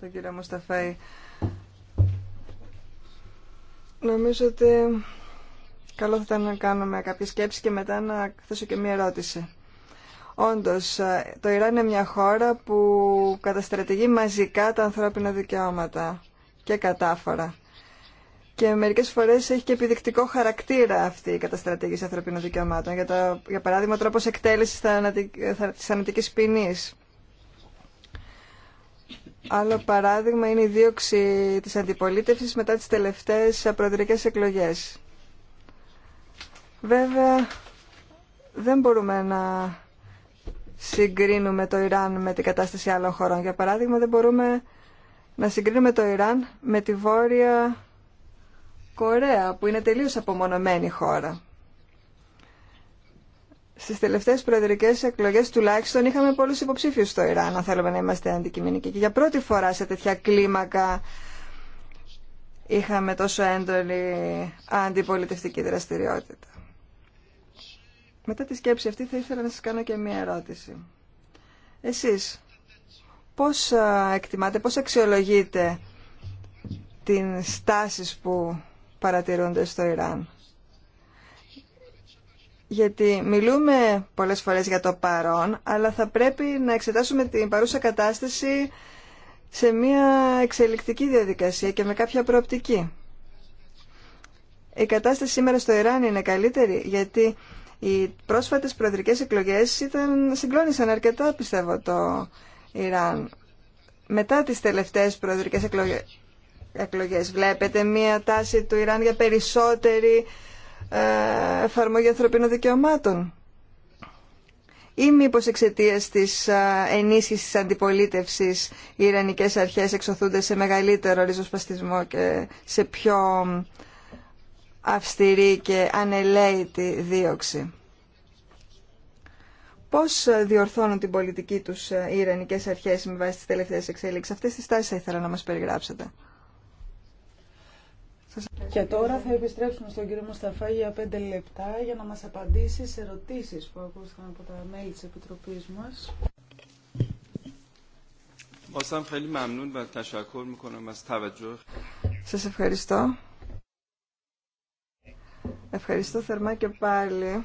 τον κύριο Μουσταφέη. Νομίζω ότι καλό θα ήταν να κάνουμε κάποια σκέψη και μετά να θέσω και μία ερώτηση. Όντως, το Ιράν είναι μια χώρα που καταστρατηγεί μαζικά τα ανθρώπινα δικαιώματα και κατάφορα και μερικέ φορέ έχει και επιδεικτικό χαρακτήρα αυτή η καταστρατήγηση ανθρωπίνων δικαιωμάτων. Για, το, για παράδειγμα, τρόπος εκτέλεσης τη θανατική ποινή. Άλλο παράδειγμα είναι η δίωξη της αντιπολίτευσης μετά τις τελευταίες προεδρικές εκλογές. Βέβαια, δεν μπορούμε να συγκρίνουμε το Ιράν με την κατάσταση άλλων χωρών. Για παράδειγμα, δεν μπορούμε να συγκρίνουμε το Ιράν με τη Βόρεια Κορέα, που είναι τελείως απομονωμένη χώρα. Στις τελευταίες προεδρικές εκλογές τουλάχιστον είχαμε πολλούς υποψήφιους στο Ιράν, αν θέλουμε να είμαστε αντικειμενικοί. Και για πρώτη φορά σε τέτοια κλίμακα είχαμε τόσο έντονη αντιπολιτευτική δραστηριότητα. Μετά τη σκέψη αυτή θα ήθελα να σας κάνω και μία ερώτηση. Εσείς πώς εκτιμάτε, πώς αξιολογείτε την στάση που παρατηρούνται στο Ιράν. Γιατί μιλούμε πολλές φορές για το παρόν, αλλά θα πρέπει να εξετάσουμε την παρούσα κατάσταση σε μια εξελικτική διαδικασία και με κάποια προοπτική. Η κατάσταση σήμερα στο Ιράν είναι καλύτερη, γιατί οι πρόσφατες προεδρικές εκλογές ήταν, συγκλώνησαν αρκετά, πιστεύω, το Ιράν. Μετά τις τελευταίες προεδρικές εκλογές, εκλογές. Βλέπετε μία τάση του Ιράν για περισσότερη ε, εφαρμογή ανθρωπίνων δικαιωμάτων. Ή μήπω εξαιτία τη ε, ενίσχυση τη αντιπολίτευση οι Ιρανικέ αρχέ εξωθούνται σε μεγαλύτερο ριζοσπαστισμό και σε πιο αυστηρή και ανελαίτη δίωξη. Πώς ε, διορθώνουν την πολιτική τους οι ιρανικέ αρχές με βάση τι τελευταίε εξέλιξεις. αυτέ τι τάσει θα ήθελα να μα περιγράψετε. Και τώρα θα επιστρέψουμε στον κύριο Μουσταφά για πέντε λεπτά για να μας απαντήσει σε ερωτήσεις που ακούστηκαν από τα μέλη της Επιτροπής μας. Σας ευχαριστώ. Ευχαριστώ θερμά και πάλι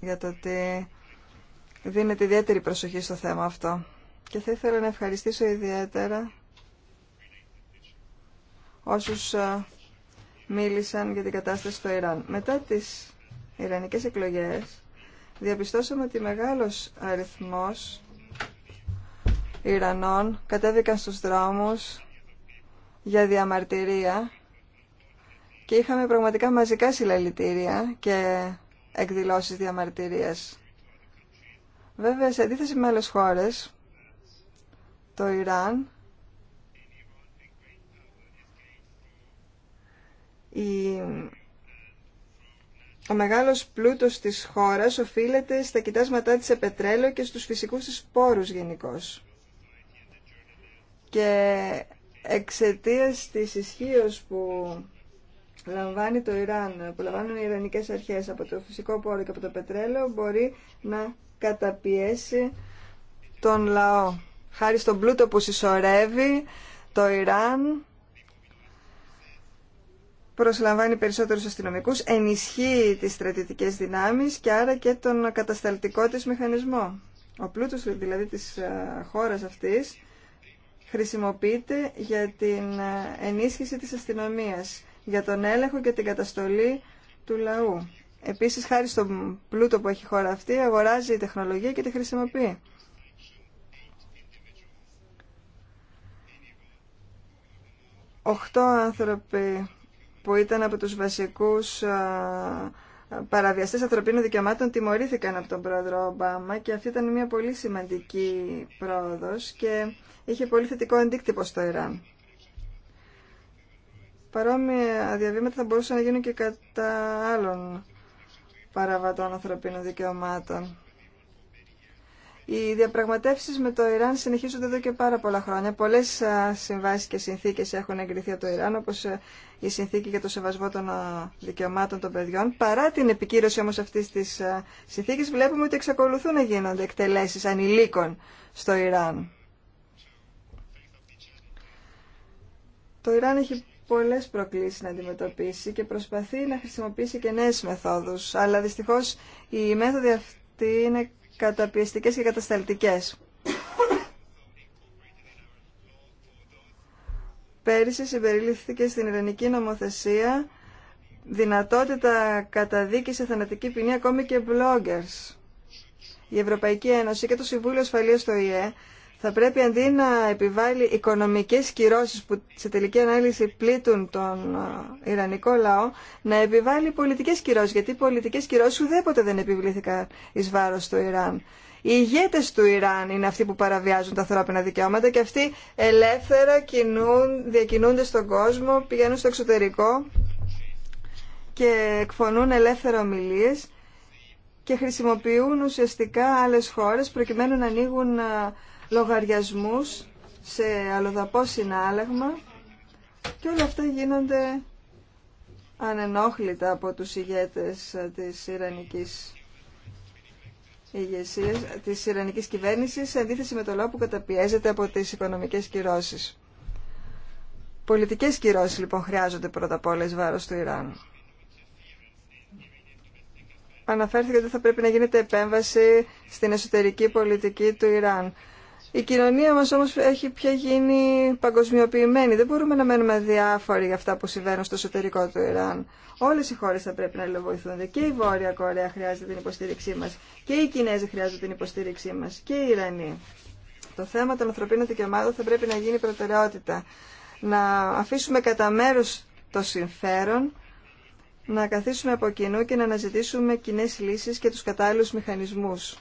για το ότι δίνετε ιδιαίτερη προσοχή στο θέμα αυτό. Και θα ήθελα να ευχαριστήσω ιδιαίτερα όσους ε, μίλησαν για την κατάσταση στο Ιράν. Μετά τις Ιρανικές εκλογές διαπιστώσαμε ότι μεγάλος αριθμός Ιρανών κατέβηκαν στους δρόμους για διαμαρτυρία και είχαμε πραγματικά μαζικά συλλαλητήρια και εκδηλώσεις διαμαρτυρίας. Βέβαια, σε αντίθεση με άλλες χώρες, το Ιράν Η... Ο μεγάλος πλούτος της χώρας οφείλεται στα κοιτάσματά της σε πετρέλαιο και στους φυσικούς της πόρους γενικώ. Και εξαιτία της ισχύω που λαμβάνει το Ιράν, που λαμβάνουν οι Ιρανικές αρχές από το φυσικό πόρο και από το πετρέλαιο, μπορεί να καταπιέσει τον λαό. Χάρη στον πλούτο που συσσωρεύει, το Ιράν προσλαμβάνει περισσότερους αστυνομικούς, ενισχύει τις στρατιωτικές δυνάμεις και άρα και τον κατασταλτικό της μηχανισμό. Ο πλούτος δηλαδή της ε, χώρας αυτής χρησιμοποιείται για την ε, ενίσχυση της αστυνομίας, για τον έλεγχο και την καταστολή του λαού. Επίσης, χάρη στον πλούτο που έχει η χώρα αυτή, αγοράζει η τεχνολογία και τη χρησιμοποιεί. Οχτώ άνθρωποι που ήταν από τους βασικούς παραβιαστές ανθρωπίνων δικαιωμάτων τιμωρήθηκαν από τον πρόεδρο Ομπάμα και αυτή ήταν μια πολύ σημαντική πρόοδος και είχε πολύ θετικό αντίκτυπο στο Ιράν. Παρόμοια διαβήματα θα μπορούσαν να γίνουν και κατά άλλων παραβατών ανθρωπίνων δικαιωμάτων. Οι διαπραγματεύσει με το Ιράν συνεχίζονται εδώ και πάρα πολλά χρόνια. Πολλέ συμβάσει και συνθήκε έχουν εγκριθεί από το Ιράν, όπω η συνθήκη για το σεβασμό των δικαιωμάτων των παιδιών. Παρά την επικύρωση όμω αυτή τη συνθήκη, βλέπουμε ότι εξακολουθούν να γίνονται εκτελέσει ανηλίκων στο Ιράν. Το Ιράν έχει πολλέ προκλήσει να αντιμετωπίσει και προσπαθεί να χρησιμοποιήσει και νέε μεθόδου. Αλλά δυστυχώ η μέθοδοι αυτή είναι καταπιεστικές και κατασταλτικές. Πέρυσι συμπεριλήφθηκε στην ειρηνική νομοθεσία δυνατότητα καταδίκηση σε θανατική ποινή ακόμη και bloggers. Η Ευρωπαϊκή Ένωση και το Συμβούλιο Ασφαλείας στο ΙΕ θα πρέπει αντί να επιβάλλει οικονομικές κυρώσεις που σε τελική ανάλυση πλήττουν τον ε, Ιρανικό λαό, να επιβάλλει πολιτικές κυρώσεις, γιατί οι πολιτικές κυρώσεις ουδέποτε δεν επιβλήθηκαν εις βάρος του Ιράν. Οι ηγέτες του Ιράν είναι αυτοί που παραβιάζουν τα ανθρώπινα δικαιώματα και αυτοί ελεύθερα κινούν, διακινούνται στον κόσμο, πηγαίνουν στο εξωτερικό και εκφωνούν ελεύθερα ομιλίες και χρησιμοποιούν ουσιαστικά άλλες χώρες προκειμένου να ανοίγουν ε, λογαριασμούς σε αλλοδαπό συνάλλαγμα και όλα αυτά γίνονται ανενόχλητα από τους ηγέτες της Ιρανικής ηγεσίας, της Ιρανικής κυβέρνησης σε αντίθεση με το λαό που καταπιέζεται από τις οικονομικές κυρώσεις. Πολιτικές κυρώσεις λοιπόν χρειάζονται πρώτα απ' όλες βάρος του Ιράν. Αναφέρθηκε ότι θα πρέπει να γίνεται επέμβαση στην εσωτερική πολιτική του Ιράν. Η κοινωνία μας όμως έχει πια γίνει παγκοσμιοποιημένη. Δεν μπορούμε να μένουμε αδιάφοροι για αυτά που συμβαίνουν στο εσωτερικό του Ιράν. Όλες οι χώρες θα πρέπει να ελευθερωθούνται. Και η Βόρεια Κορέα χρειάζεται την υποστήριξή μας. Και οι Κινέζοι χρειάζονται την υποστήριξή μας. Και οι Ιρανοί. Το θέμα των ανθρωπίνων δικαιωμάτων θα πρέπει να γίνει προτεραιότητα. Να αφήσουμε κατά μέρο το συμφέρον, να καθίσουμε από κοινού και να αναζητήσουμε κοινέ λύσεις και τους κατάλληλου μηχανισμούς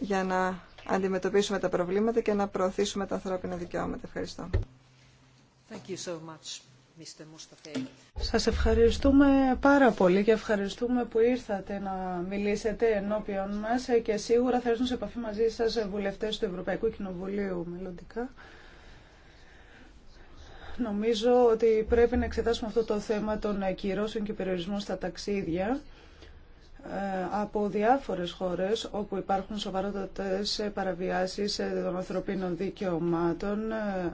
για να αντιμετωπίσουμε τα προβλήματα και να προωθήσουμε τα ανθρώπινα δικαιώματα. Ευχαριστώ. Thank you so much, Σας ευχαριστούμε πάρα πολύ και ευχαριστούμε που ήρθατε να μιλήσετε ενώπιον μας και σίγουρα θα έρθουν σε επαφή μαζί σας βουλευτές του Ευρωπαϊκού Κοινοβουλίου μελλοντικά. Νομίζω ότι πρέπει να εξετάσουμε αυτό το θέμα των κυρώσεων και περιορισμών στα ταξίδια. Ε, από διάφορες χώρες όπου υπάρχουν σοβαρότατες παραβιάσεις ε, των ανθρωπίνων δικαιωμάτων. Ε,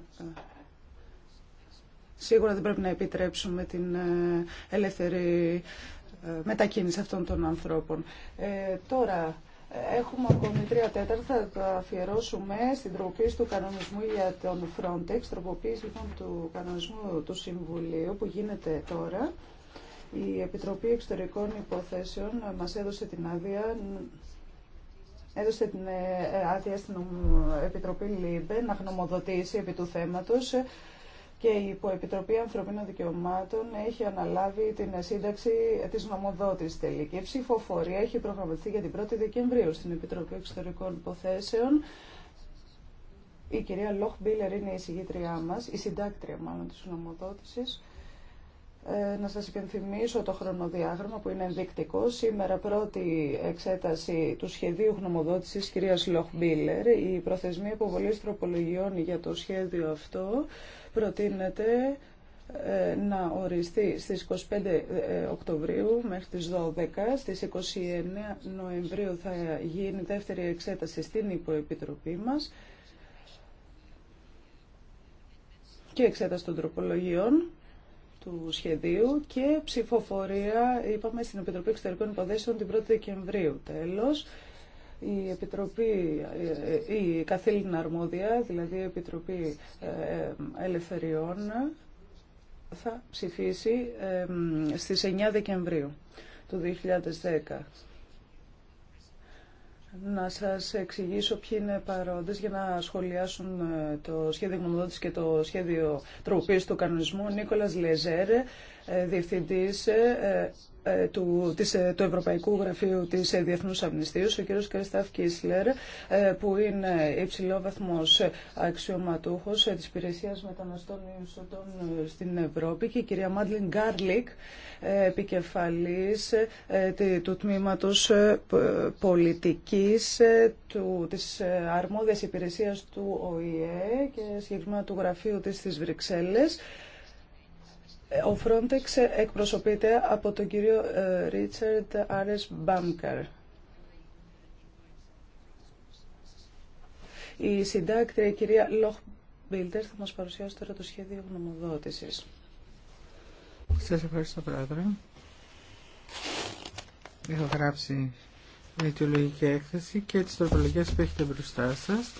σίγουρα δεν πρέπει να επιτρέψουμε την ελεύθερη μετακίνηση αυτών των ανθρώπων. τώρα, έχουμε ακόμη τρία τέταρτα, θα αφιερώσουμε στην τροποποίηση του κανονισμού για τον Frontex, τροποποίηση λοιπόν του κανονισμού του Συμβουλίου που γίνεται τώρα. Η Επιτροπή Εξωτερικών Υποθέσεων μας έδωσε την άδεια έδωσε την ε, άδεια στην Επιτροπή ΛΥΜΠΕ να γνωμοδοτήσει επί του θέματος και η Υποεπιτροπή Ανθρωπίνων Δικαιωμάτων έχει αναλάβει την σύνταξη της νομοδότης τελική. Η ψηφοφορία έχει προγραμματιστεί για την 1η Δεκεμβρίου στην Επιτροπή Εξωτερικών Υποθέσεων. Η κυρία Λόχ Μπίλερ είναι η συγγήτριά μας, η συντάκτρια μάλλον της νομοδότησης. Ε, να σας υπενθυμίσω το χρονοδιάγραμμα που είναι ενδεικτικό. Σήμερα πρώτη εξέταση του σχεδίου γνωμοδότησης κυρίας Λοχμπίλερ. Η προθεσμία υποβολή τροπολογιών για το σχέδιο αυτό προτείνεται ε, να οριστεί στις 25 ε, Οκτωβρίου μέχρι τις 12. Στις 29 Νοεμβρίου θα γίνει δεύτερη εξέταση στην υποεπιτροπή μας και εξέταση των τροπολογιών του σχεδίου και ψηφοφορία, είπαμε, στην Επιτροπή Εξωτερικών Υποδέσεων την 1η Δεκεμβρίου. Τέλος, η Επιτροπή, ε, ε, η καθήλυνα αρμόδια, δηλαδή η Επιτροπή ε, Ελευθεριών, θα ψηφίσει στις 9 Δεκεμβρίου του 2010 να σας εξηγήσω ποιοι είναι παρόντες για να σχολιάσουν ε, το σχέδιο γνωμοδότης και το σχέδιο τροποποίησης του κανονισμού. Νίκολας Λεζέρ, ε, Διευθυντής ε, ε, του, της, ε, του Ευρωπαϊκού Γραφείου της ε, Διεθνούς Αμνηστίας, ο κ. Κριστάφ Κίσλερ, που είναι βαθμός αξιωματούχος της υπηρεσίας μεταναστών στην Ευρώπη και η κυρία Μάντλιν Γκάρλικ, επικεφαλής του τμήματος πολιτικής του, της αρμόδιας υπηρεσίας του ΟΗΕ και συγκεκριμένα του γραφείου της στις Βρυξέλλες. Ε, ο Frontex εκπροσωπείται από τον κύριο Ρίτσαρντ Άρες Μπάμκαρ. Η συντάκτρια η κυρία Λόχ Μπίλτερ θα μας παρουσιάσει τώρα το σχέδιο γνωμοδότησης. Σας ευχαριστώ πρόεδρε. Έχω γράψει η αιτιολογική έκθεση και τις τροπολογίες που έχετε μπροστά σας.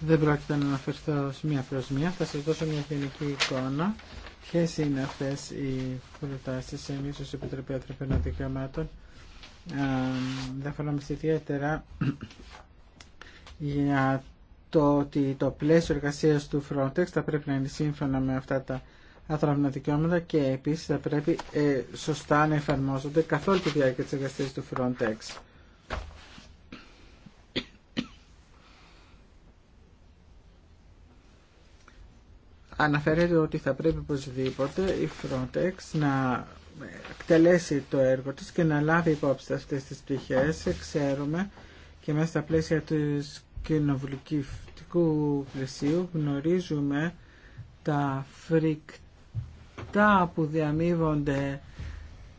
Δεν πρόκειται να αναφερθώ μία προς μία, θα σας δώσω μια γενική εικόνα Ποιε είναι αυτέ οι προτάσει εμεί ως Επιτροπή Ανθρωπινών Δικαιωμάτων διαφωνόμαστε ιδιαίτερα για το ότι το πλαίσιο εργασία του Frontex θα πρέπει να είναι σύμφωνα με αυτά τα ανθρώπινα δικαιώματα και επίση θα πρέπει ε, σωστά να εφαρμόζονται καθ' όλη τη διάρκεια τη εργασία του Frontex. αναφέρεται ότι θα πρέπει οπωσδήποτε η Frontex να εκτελέσει το έργο της και να λάβει υπόψη αυτές τις πτυχές. Ξέρουμε και μέσα στα πλαίσια του κοινοβουλικού πλαισίου γνωρίζουμε τα φρικτά που διαμείβονται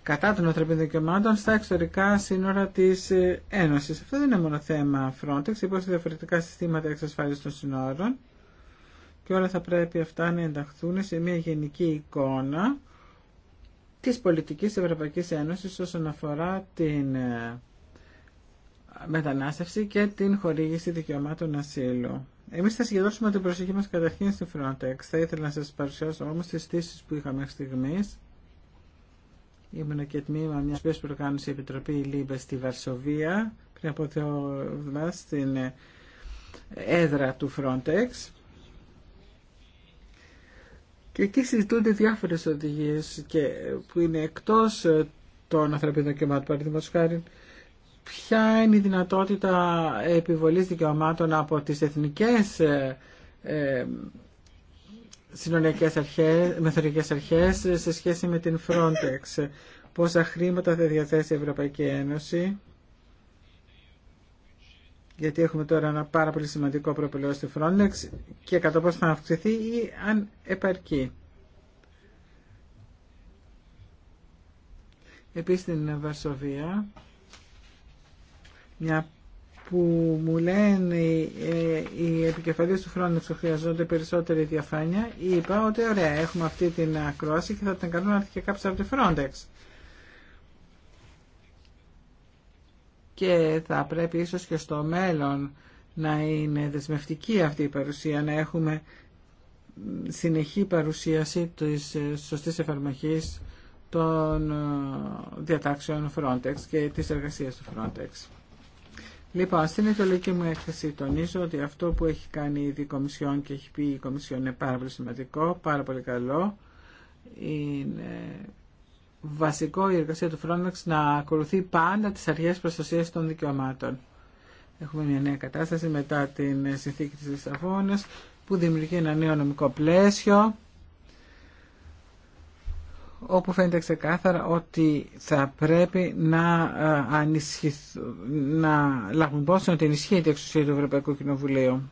κατά των ανθρωπίνων δικαιωμάτων στα εξωτερικά σύνορα της Ένωσης. Αυτό δεν είναι μόνο θέμα Frontex, υπάρχουν διαφορετικά συστήματα εξασφάλισης των σύνορων και όλα θα πρέπει αυτά να ενταχθούν σε μια γενική εικόνα της πολιτικής Ευρωπαϊκής Ένωσης όσον αφορά την ε, μετανάστευση και την χορήγηση δικαιωμάτων ασύλου. Εμείς θα συγκεντρώσουμε την προσοχή μας καταρχήν στην Frontex. Θα ήθελα να σας παρουσιάσω όμως τις στήσεις που είχαμε μέχρι στιγμής. Ήμουν και τμήμα μια που προκάνωσε η Επιτροπή Λίμπε στη Βαρσοβία πριν από δύο στην ε, έδρα του Frontex και εκεί συζητούνται διάφορε οδηγίε που είναι εκτός ε, των ανθρωπίνων δικαιωμάτων, παραδείγματο χάρη, ποια είναι η δυνατότητα επιβολή δικαιωμάτων από τι εθνικές ε, ε αρχές, αρχές σε σχέση με την Frontex. Πόσα χρήματα θα διαθέσει η Ευρωπαϊκή Ένωση γιατί έχουμε τώρα ένα πάρα πολύ σημαντικό προπελαιό στη Frontex και κατά πόσο θα αυξηθεί ή αν επαρκεί. Επίσης στην Βαρσοβία, μια που μου λένε ε, οι επικεφαλής του Frontex που χρειαζόνται περισσότερη διαφάνεια, είπα ότι ωραία, έχουμε αυτή την ακρόαση και θα την κάνουμε να έρθει και κάποιος από τη Frontex. και θα πρέπει ίσως και στο μέλλον να είναι δεσμευτική αυτή η παρουσία, να έχουμε συνεχή παρουσίαση της σωστής εφαρμογής των ε, διατάξεων Frontex και της εργασίας του Frontex. Λοιπόν, στην ιδεολογική μου έκθεση τονίζω ότι αυτό που έχει κάνει ήδη η Κομισιόν και έχει πει η Κομισιόν είναι πάρα πολύ σημαντικό, πάρα πολύ καλό βασικό η εργασία του Frontex να ακολουθεί πάντα τις αρχές προστασίας των δικαιωμάτων. Έχουμε μια νέα κατάσταση μετά την συνθήκη της Λισαβόνας που δημιουργεί ένα νέο νομικό πλαίσιο όπου φαίνεται ξεκάθαρα ότι θα πρέπει να, ε, ανισχυθ, να λάβουν πόσο ότι ενισχύεται η εξουσία του Ευρωπαϊκού Κοινοβουλίου.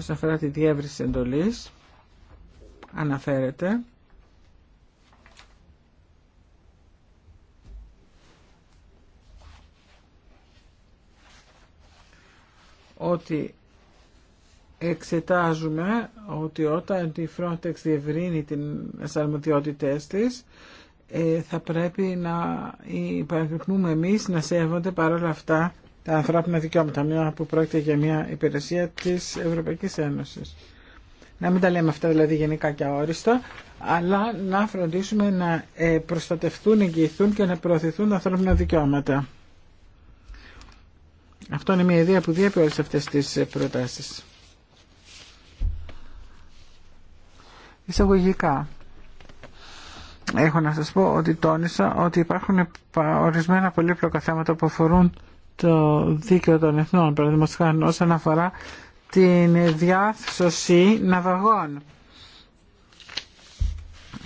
όσον αφορά τη διεύρυνση εντολής αναφέρεται ότι εξετάζουμε ότι όταν η Frontex διευρύνει την αρμοδιότητές τη, ε, θα πρέπει να παρακολουθούμε εμείς να σέβονται παρόλα αυτά τα ανθρώπινα δικαιώματα, μια που πρόκειται για μια υπηρεσία της Ευρωπαϊκής Ένωσης. Να μην τα λέμε αυτά δηλαδή γενικά και αόριστα, αλλά να φροντίσουμε να ε, προστατευτούν, εγγυηθούν και να προωθηθούν τα ανθρώπινα δικαιώματα. Αυτό είναι μια ιδέα που διέπει όλες αυτές τις ε, προτάσεις. Εισαγωγικά. Έχω να σας πω ότι τόνισα ότι υπάρχουν ορισμένα πολύπλοκα θέματα που αφορούν το δίκαιο των εθνών, παραδείγματος χάρη, όσον αφορά την διάθεση ναυαγών.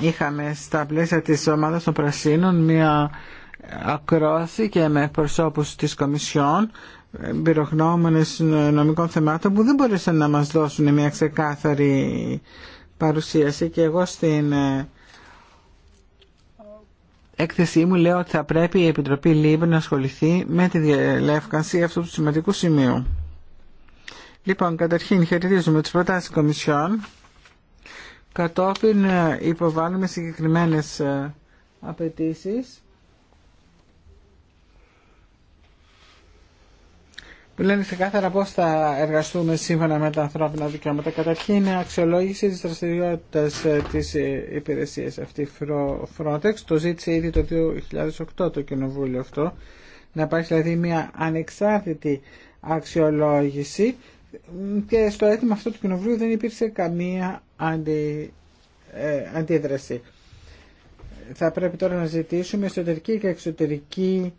Είχαμε στα πλαίσια της ομάδας των Πρασίνων μία ακρόαση και με προσώπους της Κομισιόν πυρογνώμονες νομικών θεμάτων που δεν μπορούσαν να μας δώσουν μια ξεκάθαρη παρουσίαση και εγώ στην ε, έκθεσή μου λέω ότι θα πρέπει η Επιτροπή ΛΥΜΠΕ να ασχοληθεί με τη διαλεύκανση αυτού του σημαντικού σημείου. Λοιπόν, καταρχήν χαιρετίζουμε τις προτάσεις Κομισιόν. Κατόπιν ε, υποβάλλουμε συγκεκριμένες ε, απαιτήσεις που λένε ξεκάθαρα πώς θα εργαστούμε σύμφωνα με τα ανθρώπινα δικαιώματα. Καταρχήν είναι αξιολόγηση της δραστηριότητα ε, της ε, υπηρεσία αυτή Frontex. Το ζήτησε ήδη το 2008 το κοινοβούλιο αυτό. Να υπάρχει δηλαδή μια ανεξάρτητη αξιολόγηση και στο αίτημα αυτό του κοινοβουλίου δεν υπήρξε καμία αντι... Ε, αντίδραση. Θα πρέπει τώρα να ζητήσουμε εσωτερική και εξωτερική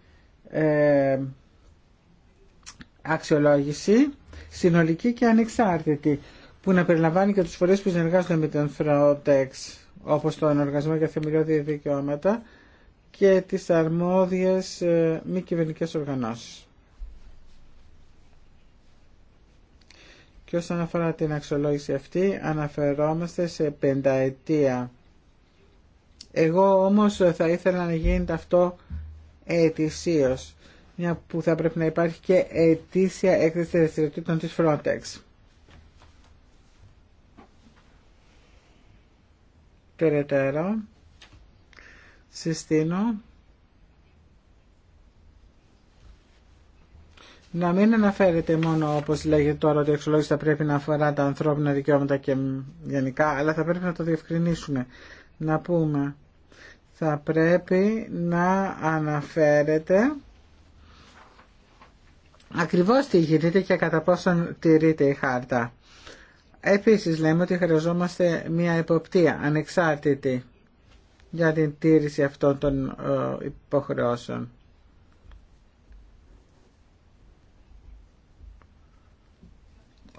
ε, αξιολόγηση συνολική και ανεξάρτητη που να περιλαμβάνει και τους φορείς που συνεργάζονται με τον Frontex όπως τον Οργανισμό για Θεμελιώδη Δικαιώματα και τις αρμόδιες ε, μη κυβερνικές οργανώσεις. Και όσον αφορά την αξιολόγηση αυτή αναφερόμαστε σε πενταετία. Εγώ όμως θα ήθελα να γίνεται αυτό ετησίως μια που θα πρέπει να υπάρχει και ετήσια έκθεση δραστηριοτήτων της Frontex. Περαιτέρω, συστήνω να μην αναφέρεται μόνο όπως λέγεται τώρα ότι η εξολόγηση θα πρέπει να αφορά τα ανθρώπινα δικαιώματα και γενικά, αλλά θα πρέπει να το διευκρινίσουμε. Να πούμε, θα πρέπει να αναφέρεται ακριβώς τι γίνεται και κατά πόσον τηρείται η χάρτα. Επίσης λέμε ότι χρειαζόμαστε μια εποπτεία ανεξάρτητη για την τήρηση αυτών των ε, υποχρεώσεων.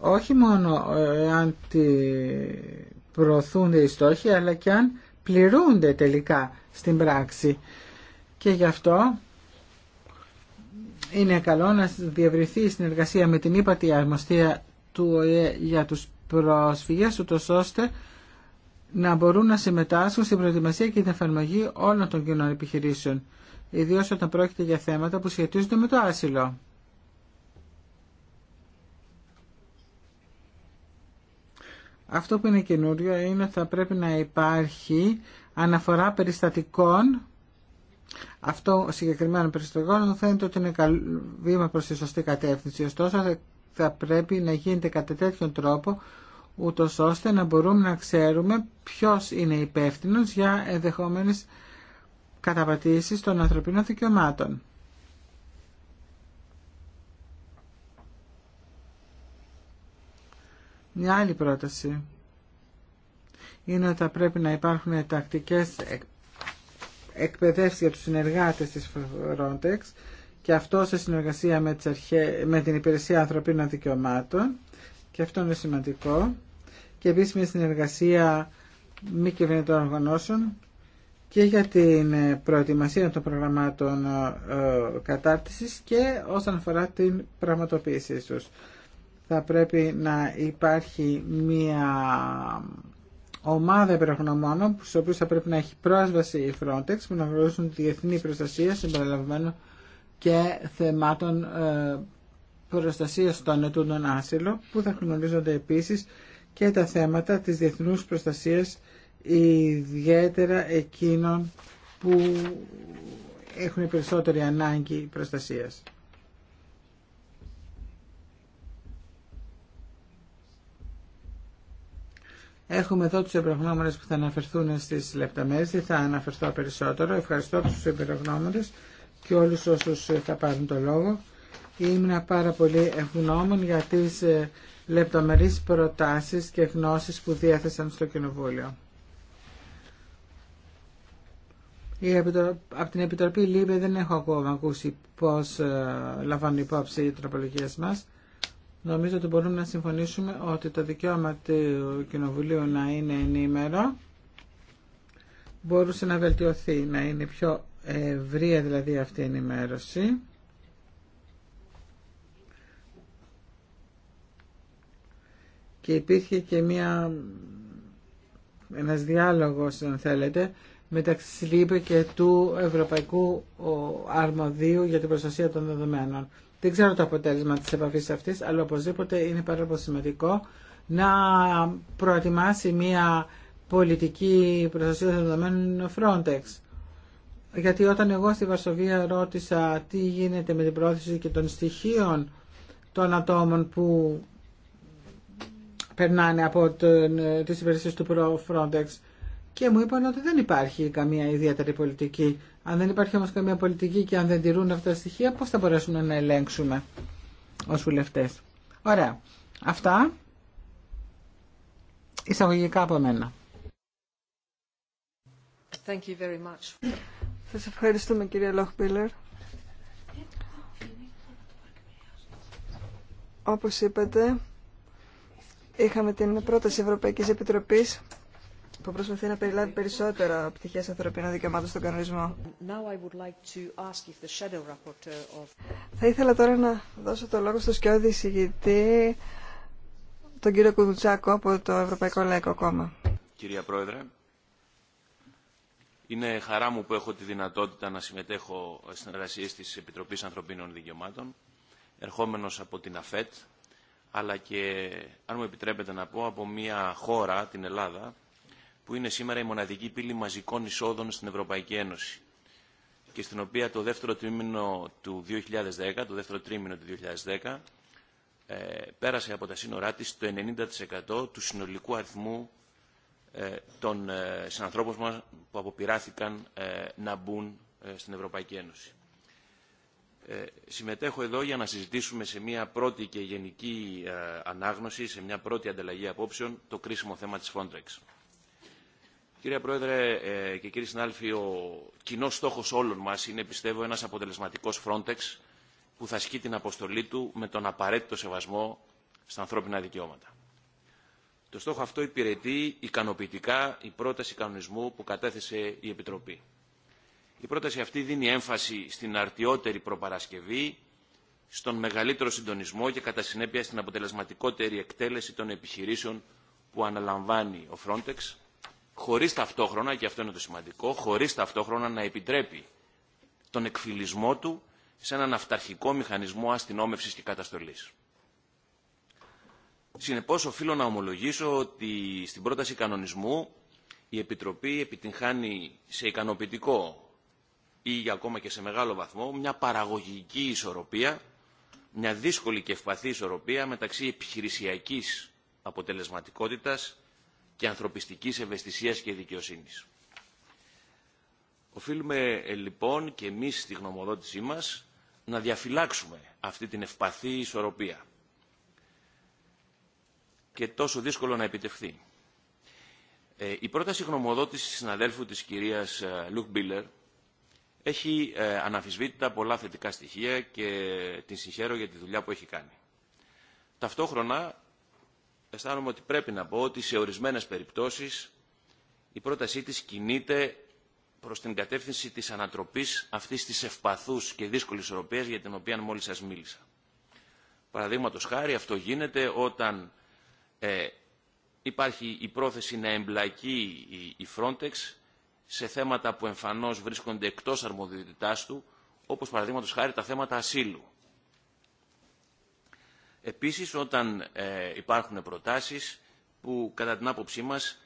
όχι μόνο αν ε, προωθούνται οι στόχοι αλλά και αν πληρούνται τελικά στην πράξη. Και γι' αυτό είναι καλό να διευρυνθεί η συνεργασία με την ύπατη αρμοστία του ΟΕ για τους πρόσφυγες, ούτως ώστε να μπορούν να συμμετάσχουν στην προετοιμασία και την εφαρμογή όλων των κοινών επιχειρήσεων, ιδίως όταν πρόκειται για θέματα που σχετίζονται με το άσυλο. Αυτό που είναι καινούριο είναι ότι θα πρέπει να υπάρχει αναφορά περιστατικών αυτό συγκεκριμένο περιστατικό φαίνεται ότι είναι βήμα προ τη σωστή κατεύθυνση. Ωστόσο θα πρέπει να γίνεται κατά τέτοιον τρόπο ούτω ώστε να μπορούμε να ξέρουμε ποιο είναι υπεύθυνο για ενδεχομένε καταπατήσεις των ανθρωπίνων δικαιωμάτων. Μια άλλη πρόταση είναι ότι θα πρέπει να υπάρχουν τακτικές εκπαιδεύσει για τους συνεργάτες της Frontex και αυτό σε συνεργασία με, με την Υπηρεσία Ανθρωπίνων Δικαιωμάτων και αυτό είναι σημαντικό και επίσης συνεργασία μη κυβερνητών οργανώσεων και για την ε, προετοιμασία των προγραμμάτων ε, ε, κατάρτισης και όσον αφορά την πραγματοποίησή τους. Θα πρέπει να υπάρχει μία ομάδα υπερογνωμόνων στους οποίους θα πρέπει να έχει πρόσβαση η Frontex που να γνωρίζουν τη διεθνή προστασία συμπεριλαμβανομένων και θεμάτων ε, προστασίας των ετούντων άσυλο που θα γνωρίζονται επίσης και τα θέματα της διεθνούς προστασίας ιδιαίτερα εκείνων που έχουν περισσότερη ανάγκη προστασίας. Έχουμε εδώ τους εμπειρογνώμονες που θα αναφερθούν στις λεπταμέρειες. θα αναφερθώ περισσότερο. Ευχαριστώ τους εμπειρογνώμονες και όλους όσους θα πάρουν το λόγο. Ήμουν πάρα πολύ ευγνώμων για τις ε, λεπτομερείς προτάσεις και γνώσεις που διέθεσαν στο Κοινοβούλιο. Από την Επιτροπή ΛΥΜΕ δεν έχω ακόμα ακούσει πώς ε, λαμβάνουν υπόψη οι τροπολογίες μας. Νομίζω ότι μπορούμε να συμφωνήσουμε ότι το δικαίωμα του Κοινοβουλίου να είναι ενήμερο μπορούσε να βελτιωθεί, να είναι πιο ευρία δηλαδή αυτή η ενημέρωση. Και υπήρχε και μια, ένας διάλογος, αν θέλετε, μεταξύ ΛΥΠΕ και του Ευρωπαϊκού Αρμοδίου για την Προστασία των Δεδομένων. Δεν ξέρω το αποτέλεσμα της επαφής αυτής, αλλά οπωσδήποτε είναι πάρα πολύ σημαντικό να προετοιμάσει μια πολιτική προστασία των δεδομένων Frontex. Γιατί όταν εγώ στη Βαρσοβία ρώτησα τι γίνεται με την πρόθεση και των στοιχείων των ατόμων που περνάνε από τις υπηρεσίες του Frontex, και μου είπαν ότι δεν υπάρχει καμία ιδιαίτερη πολιτική. Αν δεν υπάρχει όμως καμία πολιτική και αν δεν τηρούν αυτά τα στοιχεία, πώς θα μπορέσουμε να ελέγξουμε ως βουλευτέ. Ωραία. Αυτά εισαγωγικά από μένα. Thank Σας ευχαριστούμε κύριε Λόχμπίλερ. Όπως είπατε, είχαμε την πρόταση Ευρωπαϊκής Επιτροπής που προσπαθεί να περιλάβει περισσότερα πτυχέ ανθρωπίνων δικαιωμάτων στον κανονισμό. Θα ήθελα τώρα να δώσω το λόγο στο σκιώδη εισηγητή, τον κύριο Κουδουτσάκο από το Ευρωπαϊκό Λαϊκό Κόμμα. Κυρία Πρόεδρε, είναι χαρά μου που έχω τη δυνατότητα να συμμετέχω στην εργασία της Επιτροπής Ανθρωπίνων Δικαιωμάτων, ερχόμενο από την ΑΦΕΤ, αλλά και, αν μου επιτρέπετε να πω, από μια χώρα, την Ελλάδα, που είναι σήμερα η μοναδική πύλη μαζικών εισόδων στην Ευρωπαϊκή Ένωση και στην οποία το δεύτερο τρίμηνο του 2010, το δεύτερο τρίμηνο του 2010, ε, πέρασε από τα σύνορά της το 90% του συνολικού αριθμού ε, των ε, συνανθρώπων μας που αποπειράθηκαν να μπουν στην Ευρωπαϊκή Ένωση. Συμμετέχω εδώ για να συζητήσουμε σε μια πρώτη και γενική ανάγνωση, σε μια πρώτη ανταλλαγή απόψεων, το κρίσιμο θέμα της Frontex. Κύριε Πρόεδρε ε, και κύριοι συνάδελφοι, ο κοινός στόχος όλων μας είναι, πιστεύω, ένας αποτελεσματικός Frontex που θα ασκεί την αποστολή του με τον απαραίτητο σεβασμό στα ανθρώπινα δικαιώματα. Το στόχο αυτό υπηρετεί ικανοποιητικά η πρόταση κανονισμού που κατέθεσε η Επιτροπή. Η πρόταση αυτή δίνει έμφαση στην αρτιότερη προπαρασκευή, στον μεγαλύτερο συντονισμό και κατά συνέπεια στην αποτελεσματικότερη εκτέλεση των επιχειρήσεων που αναλαμβάνει ο Frontex, χωρίς ταυτόχρονα, και αυτό είναι το σημαντικό, χωρίς ταυτόχρονα να επιτρέπει τον εκφυλισμό του σε έναν αυταρχικό μηχανισμό αστυνόμευσης και καταστολής. Συνεπώς, οφείλω να ομολογήσω ότι στην πρόταση κανονισμού η Επιτροπή επιτυγχάνει σε ικανοποιητικό ή ακόμα και σε μεγάλο βαθμό μια παραγωγική ισορροπία, μια δύσκολη και ευπαθή ισορροπία μεταξύ επιχειρησιακής αποτελεσματικότητας και ανθρωπιστικής ευαισθησίας και δικαιοσύνης. Οφείλουμε ε, λοιπόν και εμείς στη γνωμοδότησή μας να διαφυλάξουμε αυτή την ευπαθή ισορροπία και τόσο δύσκολο να επιτευχθεί. Ε, η πρόταση γνωμοδότησης συναδέλφου της κυρίας ε, Λουκ Μπίλερ έχει αναφυσβήτητα πολλά θετικά στοιχεία και την συγχαίρω για τη δουλειά που έχει κάνει. Ταυτόχρονα αισθάνομαι ότι πρέπει να πω ότι σε ορισμένες περιπτώσεις η πρότασή της κινείται προς την κατεύθυνση της ανατροπής αυτής της ευπαθούς και δύσκολης ισορροπίας για την οποία μόλις σας μίλησα. Παραδείγματο χάρη αυτό γίνεται όταν ε, υπάρχει η πρόθεση να εμπλακεί η, Frontex σε θέματα που εμφανώς βρίσκονται εκτός αρμοδιότητάς του, όπως παραδείγματο χάρη τα θέματα ασύλου Επίσης, όταν ε, υπάρχουν προτάσεις που, κατά την άποψή μας,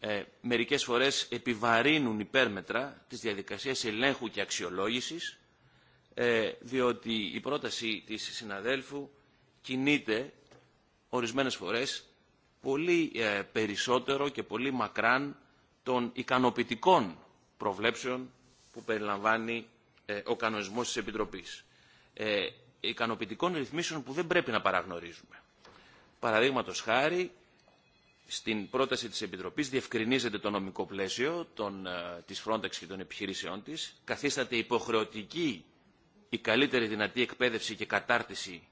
ε, μερικές φορές επιβαρύνουν υπέρμετρα τις διαδικασίες ελέγχου και αξιολόγησης, ε, διότι η πρόταση της συναδέλφου κινείται ορισμένες φορές πολύ περισσότερο και πολύ μακράν των ικανοποιητικών προβλέψεων που περιλαμβάνει ο κανονισμός της Επιτροπής ικανοποιητικών ρυθμίσεων που δεν πρέπει να παραγνωρίζουμε. Παραδείγματο χάρη, στην πρόταση της Επιτροπής διευκρινίζεται το νομικό πλαίσιο τη ε, της Frontex και των επιχειρήσεών της, καθίσταται υποχρεωτική η καλύτερη δυνατή εκπαίδευση και κατάρτιση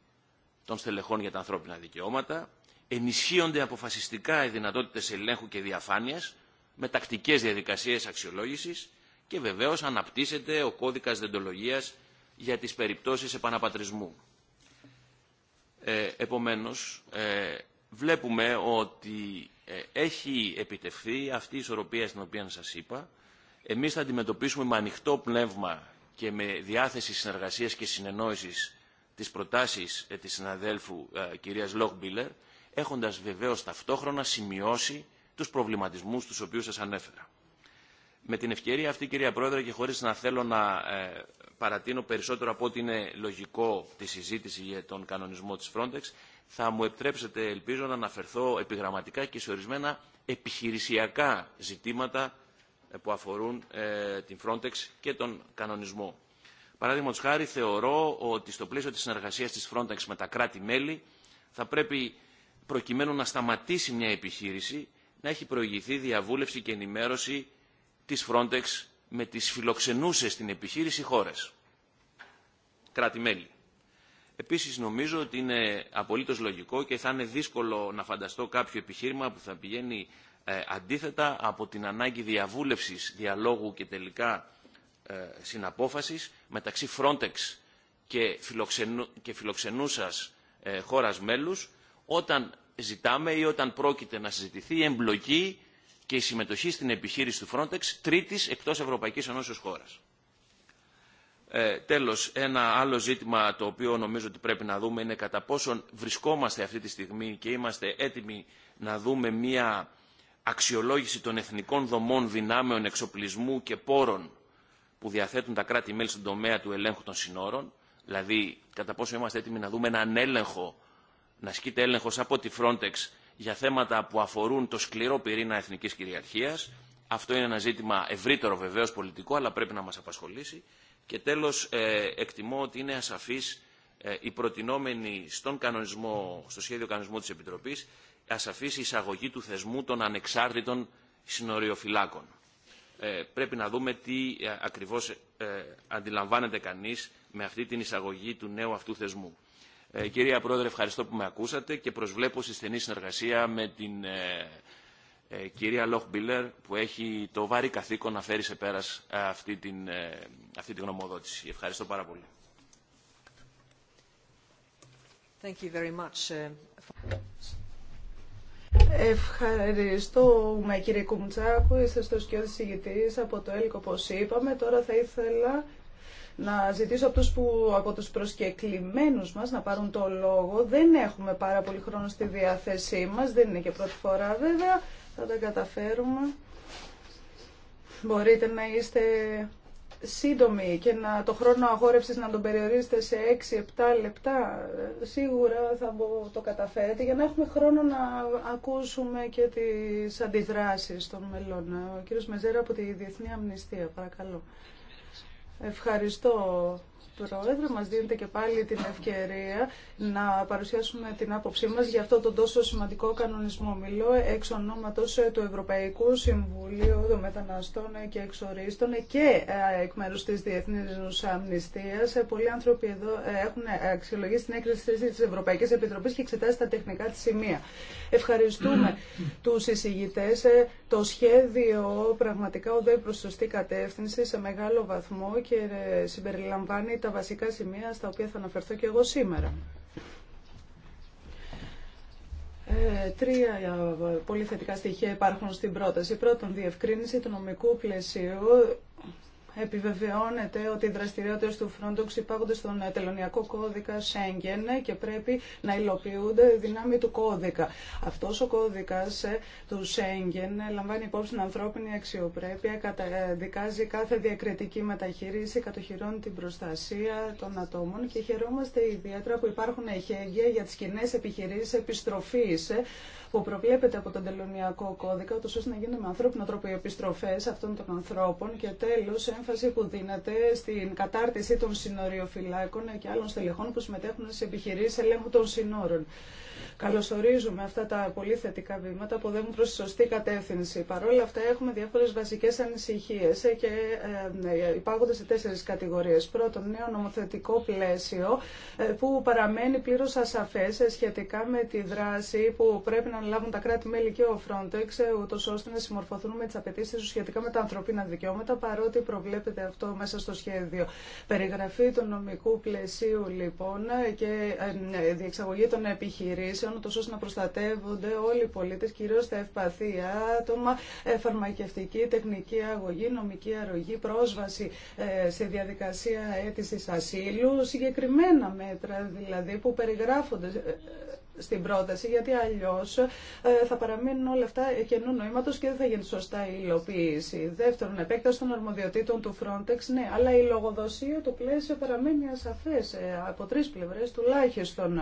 των στελεχών για τα ανθρώπινα δικαιώματα, ενισχύονται αποφασιστικά οι δυνατότητες ελέγχου και διαφάνειας με τακτικές διαδικασίες αξιολόγησης και βεβαίως αναπτύσσεται ο κώδικας δεντολογία για τις περιπτώσεις επαναπατρισμού. Ε, επομένως, ε, βλέπουμε ότι ε, έχει επιτευχθεί αυτή η ισορροπία στην οποία σας είπα. Εμείς θα αντιμετωπίσουμε με ανοιχτό πνεύμα και με διάθεση συνεργασίας και συνεννόησης τις προτάσεις ε, της συναδέλφου κυρίας Λόγμπιλερ, έχοντας βεβαίως ταυτόχρονα σημειώσει τους προβληματισμούς τους οποίους σας ανέφερα. Με την ευκαιρία αυτή, κυρία Πρόεδρε, και χωρίς να θέλω να ε, παρατείνω περισσότερο από ό,τι είναι λογικό τη συζήτηση για τον κανονισμό της Frontex, θα μου επιτρέψετε, ελπίζω, να αναφερθώ επιγραμματικά και σε ορισμένα επιχειρησιακά ζητήματα ε, που αφορούν ε, την Frontex και τον κανονισμό. Παράδειγμα του χάρη, θεωρώ ότι στο πλαίσιο της συνεργασίας της Frontex με τα κράτη-μέλη θα πρέπει προκειμένου να σταματήσει μια επιχείρηση να έχει προηγηθεί διαβούλευση και ενημέρωση της Frontex με τις φιλοξενούσες στην επιχείρηση χώρες. Κράτη-μέλη. Επίσης νομίζω ότι είναι απολύτως λογικό και θα είναι δύσκολο να φανταστώ κάποιο επιχείρημα που θα πηγαίνει ε, αντίθετα από την ανάγκη διαβούλευσης, διαλόγου και τελικά ε, συναπόφασης μεταξύ Frontex και, φιλοξενού, και φιλοξενούσας ε, χώρας μέλους όταν ζητάμε ή όταν πρόκειται να συζητηθεί η εμπλοκή και η συμμετοχή στην επιχείρηση του Frontex τρίτης εκτός Ευρωπαϊκής Ενώσεως χώρας. Ε, τέλος, ένα άλλο ζήτημα το οποίο νομίζω ότι πρέπει να δούμε είναι κατά πόσον βρισκόμαστε αυτή τη στιγμή και είμαστε έτοιμοι να δούμε μια αξιολόγηση των εθνικών δομών δυνάμεων εξοπλισμού και πόρων που διαθέτουν τα κράτη-μέλη στον τομέα του ελέγχου των συνόρων, δηλαδή κατά πόσο είμαστε έτοιμοι να δούμε έναν έλεγχο, να ασκείται έλεγχος από τη Frontex για θέματα που αφορούν το σκληρό πυρήνα εθνικής κυριαρχίας. Αυτό είναι ένα ζήτημα ευρύτερο βεβαίως πολιτικό, αλλά πρέπει να μας απασχολήσει. Και τέλος, ε, εκτιμώ ότι είναι ασαφής ε, η προτινόμενη στον κανονισμό, στο σχέδιο κανονισμού της Επιτροπής ασαφής η εισαγωγή του θεσμού των ανεξάρτητων συνοριοφυλάκων. Ε, πρέπει να δούμε τι ακριβώς αντιλαμβάνεται κανείς με αυτή την εισαγωγή του νέου αυτού θεσμού. Ε, κυρία Πρόεδρε, ευχαριστώ που με ακούσατε και προσβλέπω στη στενή συνεργασία με την ε, ε, κυρία Λόχ Μπίλερ που έχει το βαρύ καθήκον να φέρει σε πέρας αυτή την, αυτή την γνωμοδότηση. Ευχαριστώ πάρα πολύ. Thank you very much. Ευχαριστούμε κύριε Κουμτσάκου, είστε στο σκιώδη ηγητής από το έλικο όπως είπαμε. Τώρα θα ήθελα να ζητήσω από τους, που, από τους προσκεκλημένους μας να πάρουν το λόγο. Δεν έχουμε πάρα πολύ χρόνο στη διάθεσή μας, δεν είναι και πρώτη φορά βέβαια, θα τα καταφέρουμε. Μπορείτε να είστε σύντομοι και να το χρόνο αγόρευσης να τον περιορίσετε σε 6-7 λεπτά, σίγουρα θα το καταφέρετε για να έχουμε χρόνο να ακούσουμε και τις αντιδράσεις των μελών. Ο κύριος Μεζέρα από τη Διεθνή Αμνηστία, παρακαλώ. Ευχαριστώ Πρόεδρε, μας δίνετε και πάλι την ευκαιρία να παρουσιάσουμε την άποψή μας για αυτό τον τόσο σημαντικό κανονισμό. Μιλώ εξ ονόματος ε, του Ευρωπαϊκού Συμβουλίου Μεταναστών και Εξορίστων και ε, εκ μέρους της Διεθνής Αμνηστίας. Ε, πολλοί άνθρωποι εδώ έχουν αξιολογήσει την έκθεση της Ευρωπαϊκής Επιτροπής και εξετάσει τα τεχνικά της σημεία. Ευχαριστούμε τους εισηγητές. Το σχέδιο πραγματικά οδεύει προς σωστή κατεύθυνση σε μεγάλο βαθμό και συμπεριλαμβάνει τα τα βασικά σημεία στα οποία θα αναφερθώ και εγώ σήμερα. Ε, τρία ε, πολύ θετικά στοιχεία υπάρχουν στην πρόταση. Πρώτον, διευκρίνηση του νομικού πλαισίου επιβεβαιώνεται ότι οι δραστηριότητες του Frontex υπάρχονται στον ε, τελωνιακό κώδικα Schengen και πρέπει να υλοποιούνται δυνάμει του κώδικα. Αυτός ο κώδικας ε, του Schengen ε, λαμβάνει υπόψη την ανθρώπινη αξιοπρέπεια, δικάζει κάθε διακριτική μεταχείριση, κατοχυρώνει την προστασία των ατόμων και χαιρόμαστε ιδιαίτερα που υπάρχουν εχέγγυα για τις κοινέ επιχειρήσεις επιστροφής που προβλέπεται από τον τελωνιακό κώδικα, ούτως ώστε να γίνουν με ανθρώπινο τρόπο οι επιστροφέ αυτών των ανθρώπων και τέλο έμφαση που δίνεται στην κατάρτιση των συνοριοφυλάκων και άλλων στελεχών που συμμετέχουν σε επιχειρήσει ελέγχου των συνόρων. Καλωσορίζουμε αυτά τα πολύ θετικά βήματα που δέχουν προ τη σωστή κατεύθυνση. Παρ' όλα αυτά έχουμε διάφορε βασικέ ανησυχίε και ε, ε, υπάρχονται σε τέσσερι κατηγορίε. Πρώτον, νέο νομοθετικό πλαίσιο ε, που παραμένει πλήρω ασαφέ σχετικά με τη δράση που πρέπει να να λάβουν τα κράτη-μέλη και ο Frontex, ούτω ώστε να συμμορφωθούν με τι απαιτήσει του σχετικά με τα ανθρωπίνα δικαιώματα, παρότι προβλέπεται αυτό μέσα στο σχέδιο. Περιγραφή του νομικού πλαισίου, λοιπόν, και ε, διεξαγωγή των επιχειρήσεων, ούτω ώστε να προστατεύονται όλοι οι πολίτε, κυρίω τα ευπαθή άτομα, ε, φαρμακευτική, τεχνική αγωγή, νομική αρρωγή, πρόσβαση ε, σε διαδικασία αίτηση ασύλου, συγκεκριμένα μέτρα δηλαδή που περιγράφονται στην πρόταση, γιατί αλλιώς ε, θα παραμείνουν όλα αυτά καινού νόηματο και δεν θα γίνει σωστά η υλοποίηση. Δεύτερον, επέκταση των αρμοδιοτήτων του Frontex, ναι, αλλά η λογοδοσία, το πλαίσιο παραμένει ασαφές, ε, από τρεις πλευρές τουλάχιστον.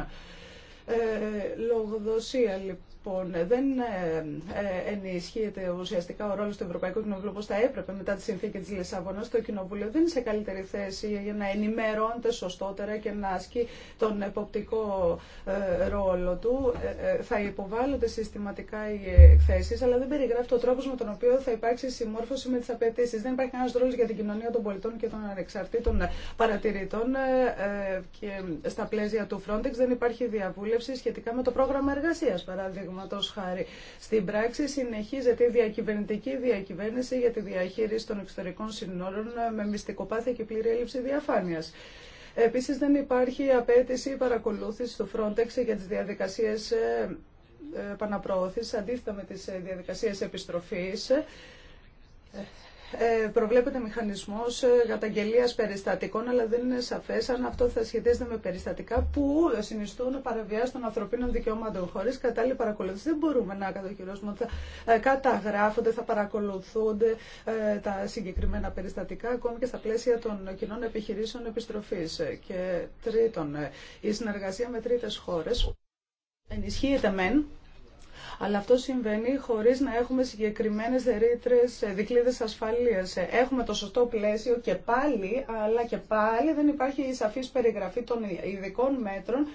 Ε, λογοδοσία, λοιπόν λοιπόν δεν ε, ε, ενισχύεται ουσιαστικά ο ρόλο του Ευρωπαϊκού Κοινοβουλίου όπω θα έπρεπε μετά τη συνθήκη τη Λισαβόνα, το Κοινοβούλιο δεν είναι σε καλύτερη θέση για να ενημερώνεται σωστότερα και να ασκεί τον εποπτικό ε, ρόλο του. Θα υποβάλλονται συστηματικά οι εκθέσει, αλλά δεν περιγράφει ο τρόπο με τον οποίο θα υπάρξει συμμόρφωση με τι απαιτήσει. Δεν υπάρχει κανένα ρόλο για την κοινωνία των πολιτών και των ανεξαρτήτων παρατηρητών και στα πλαίσια του Frontex δεν υπάρχει διαβούλευση σχετικά με το πρόγραμμα εργασία, παράδειγμα παραδείγματο χάρη. Στην πράξη συνεχίζεται η διακυβερνητική διακυβέρνηση για τη διαχείριση των εξωτερικών συνόρων ε, με μυστικοπάθεια και πλήρη έλλειψη διαφάνεια. Επίση, δεν υπάρχει απέτηση παρακολούθηση του Frontex για τι διαδικασίε ε, επαναπροώθηση, αντίθετα με τι ε, διαδικασίε επιστροφή. Ε, προβλέπεται μηχανισμό ε, καταγγελία περιστατικών, αλλά δεν είναι σαφές αν αυτό θα σχετίζεται με περιστατικά που συνιστούν παραβιάσει των ανθρωπίνων δικαιωμάτων χωρί. κατάλληλη παρακολούθηση. Δεν μπορούμε να κατοχυρώσουμε ότι θα ε, καταγράφονται, θα παρακολουθούνται τα συγκεκριμένα περιστατικά, ακόμη και στα πλαίσια των κοινών επιχειρήσεων επιστροφή Και τρίτον, η συνεργασία με τρίτε χώρε. ενισχύεται μεν, αλλά αυτό συμβαίνει χωρί να έχουμε συγκεκριμένε ρήτρε, δικλείδε ασφαλεία. Ε, έχουμε το σωστό πλαίσιο και πάλι, αλλά και πάλι δεν υπάρχει η σαφή περιγραφή των ειδικών μέτρων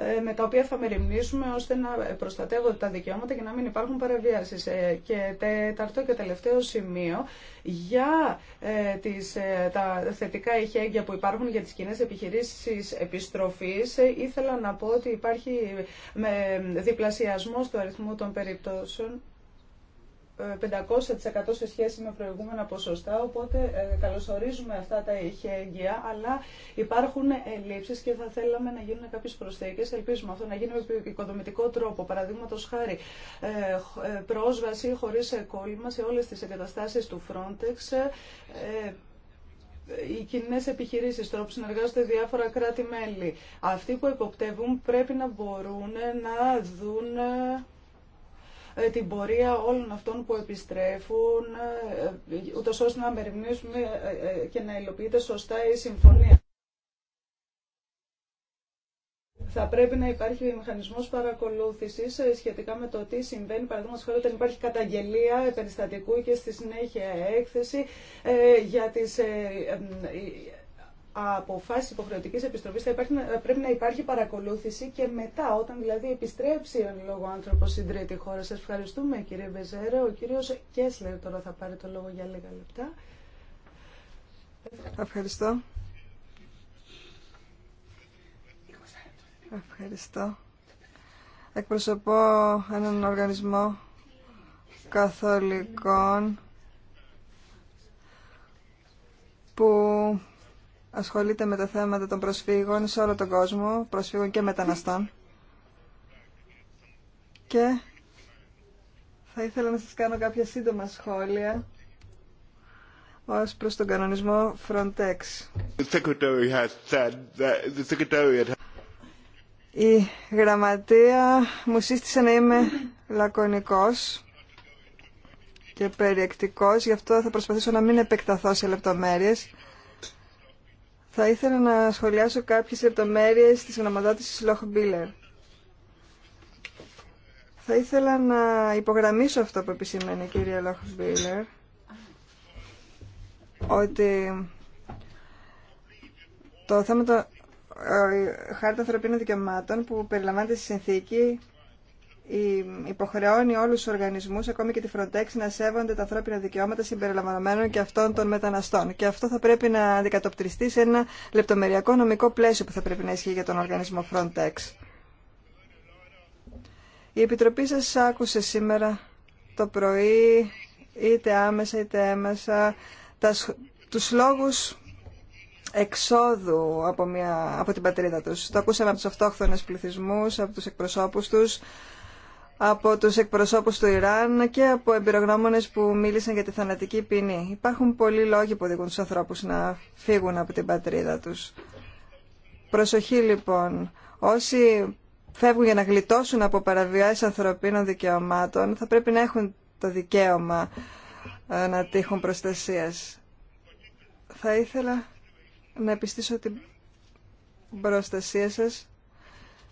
ε, με τα οποία θα μεριμνήσουμε ώστε να προστατεύονται τα δικαιώματα και να μην υπάρχουν παραβιάσεις. Ε, και τέταρτο και τελευταίο σημείο για ε, τις, τα θετικά ηχέγγια που υπάρχουν για τις κοινέ επιχειρήσεις επιστροφής ήθελα να πω ότι υπάρχει διπλασιασμός του αριθμού των περιπτώσεων 500% σε σχέση με προηγούμενα ποσοστά, οπότε ε, καλωσορίζουμε αυτά τα ηχέγγυα, αλλά υπάρχουν ελλείψεις και θα θέλαμε να γίνουν κάποιες προσθήκες. Ελπίζουμε αυτό να γίνει με οικοδομητικό τρόπο, παραδείγματο χάρη ε, ε, πρόσβαση χωρίς κόλλημα σε όλες τις εγκαταστάσεις του Frontex, οι κοινέ επιχειρήσει, τώρα που συνεργάζονται διάφορα κράτη-μέλη, αυτοί που εποπτεύουν πρέπει να μπορούν να δουν ε, την πορεία όλων αυτών που επιστρέφουν, ε, ούτω ώστε να μεριμνήσουμε ε, και να υλοποιείται σωστά η συμφωνία. Θα πρέπει να υπάρχει μηχανισμό παρακολούθηση σχετικά με το τι συμβαίνει, παραδείγματο χάρη, όταν υπάρχει καταγγελία περιστατικού και στη συνέχεια έκθεση για τι Αποφάσει υποχρεωτικής επιστροφής θα πρέπει να υπάρχει παρακολούθηση και μετά, όταν δηλαδή επιστρέψει ο λόγω άνθρωπος στην τρίτη χώρα. Σας ευχαριστούμε κύριε Μπεζέρε. Ο κύριος Κέσλερ τώρα θα πάρει το λόγο για λίγα λεπτά. Ευχαριστώ. Ευχαριστώ. Εκπροσωπώ έναν οργανισμό καθολικών που ασχολείται με τα θέματα των προσφύγων σε όλο τον κόσμο, προσφύγων και μεταναστών. Και θα ήθελα να σας κάνω κάποια σύντομα σχόλια ως προς τον κανονισμό Frontex. Η γραμματεία μου σύστησε να είμαι λακωνικός και περιεκτικός, γι' αυτό θα προσπαθήσω να μην επεκταθώ σε λεπτομέρειες. Θα ήθελα να σχολιάσω κάποιες λεπτομέρειες της γνωμοδότησης Λόχ Μπίλερ. Θα ήθελα να υπογραμμίσω αυτό που επισημαίνει η κυρία Λόχ Μπίλερ, ότι το θέμα των ε, χάρτα ανθρωπίνων δικαιωμάτων που περιλαμβάνεται στη συνθήκη υποχρεώνει όλους τους οργανισμούς, ακόμη και τη Frontex, να σέβονται τα ανθρώπινα δικαιώματα συμπεριλαμβανομένων και αυτών των μεταναστών. Και αυτό θα πρέπει να αντικατοπτριστεί σε ένα λεπτομεριακό νομικό πλαίσιο που θα πρέπει να ισχύει για τον οργανισμό Frontex. Η Επιτροπή σας άκουσε σήμερα το πρωί, είτε άμεσα είτε έμεσα, τα, τους λόγους εξόδου από, μια, από την πατρίδα τους. Το ακούσαμε από τους αυτόχθονες πληθυσμούς, από τους εκπροσώπους τους, από τους εκπροσώπους του Ιράν και από εμπειρογνώμονες που μίλησαν για τη θανατική ποινή. Υπάρχουν πολλοί λόγοι που οδηγούν τους ανθρώπους να φύγουν από την πατρίδα τους. Προσοχή λοιπόν. Όσοι φεύγουν για να γλιτώσουν από παραβιάσεις ανθρωπίνων δικαιωμάτων θα πρέπει να έχουν το δικαίωμα ε, να τύχουν προστασίας. Θα ήθελα να επιστήσω την προστασία σας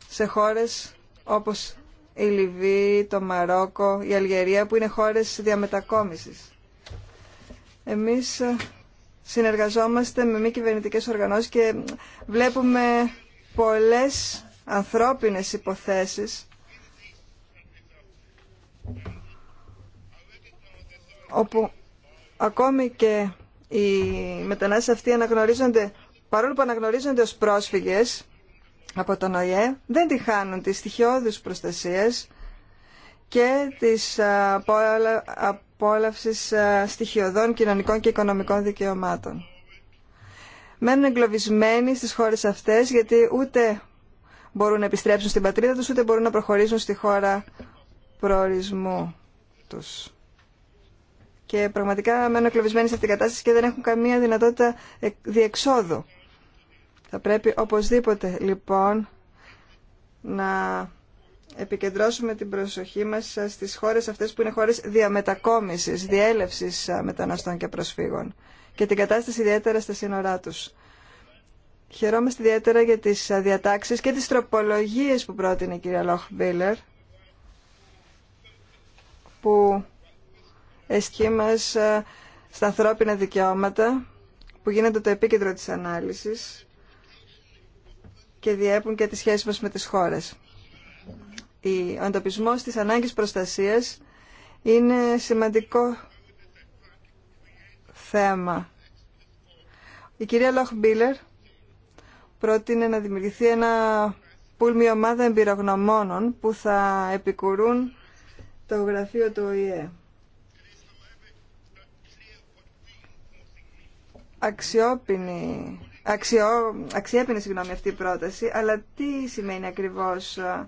σε χώρες όπως η Λιβύη, το Μαρόκο, η Αλγερία που είναι χώρες διαμετακόμισης. Εμείς ε, συνεργαζόμαστε με μη κυβερνητικέ οργανώσεις και βλέπουμε πολλές ανθρώπινες υποθέσεις όπου ακόμη και οι μετανάστες αυτοί αναγνωρίζονται παρόλο που αναγνωρίζονται ως πρόσφυγες από τον ΟΗΕ δεν τη χάνουν τις στοιχειώδεις προστασίες και της ε, απόλαυσης ε, στοιχειωδών κοινωνικών και οικονομικών δικαιωμάτων. Μένουν εγκλωβισμένοι στις χώρες αυτές γιατί ούτε μπορούν να επιστρέψουν στην πατρίδα τους ούτε μπορούν να προχωρήσουν στη χώρα προορισμού τους. Και πραγματικά μένουν εγκλωβισμένοι σε αυτήν την κατάσταση και δεν έχουν καμία δυνατότητα διεξόδου. Θα πρέπει οπωσδήποτε λοιπόν να επικεντρώσουμε την προσοχή μας στις χώρες αυτές που είναι χώρες διαμετακόμισης, διέλευσης μεταναστών και προσφύγων και την κατάσταση ιδιαίτερα στα σύνορά τους. Χαιρόμαστε ιδιαίτερα για τις διατάξεις και τις τροπολογίες που πρότεινε η κυρία Λόχ Μπίλερ που εσχεί ε, στα ανθρώπινα δικαιώματα που γίνεται το επίκεντρο της ανάλυσης και διέπουν και τις σχέσεις μας με τις χώρες. Ο εντοπισμός της ανάγκης προστασίας είναι σημαντικό θέμα. Η κυρία Λόχ Μπίλερ πρότεινε να δημιουργηθεί ένα πουλμι ομάδα εμπειρογνωμόνων που θα επικουρούν το γραφείο του ΟΗΕ. Αξιόπινη αξιό, αξιέπαινε συγγνώμη αυτή η πρόταση, αλλά τι σημαίνει ακριβώς ε,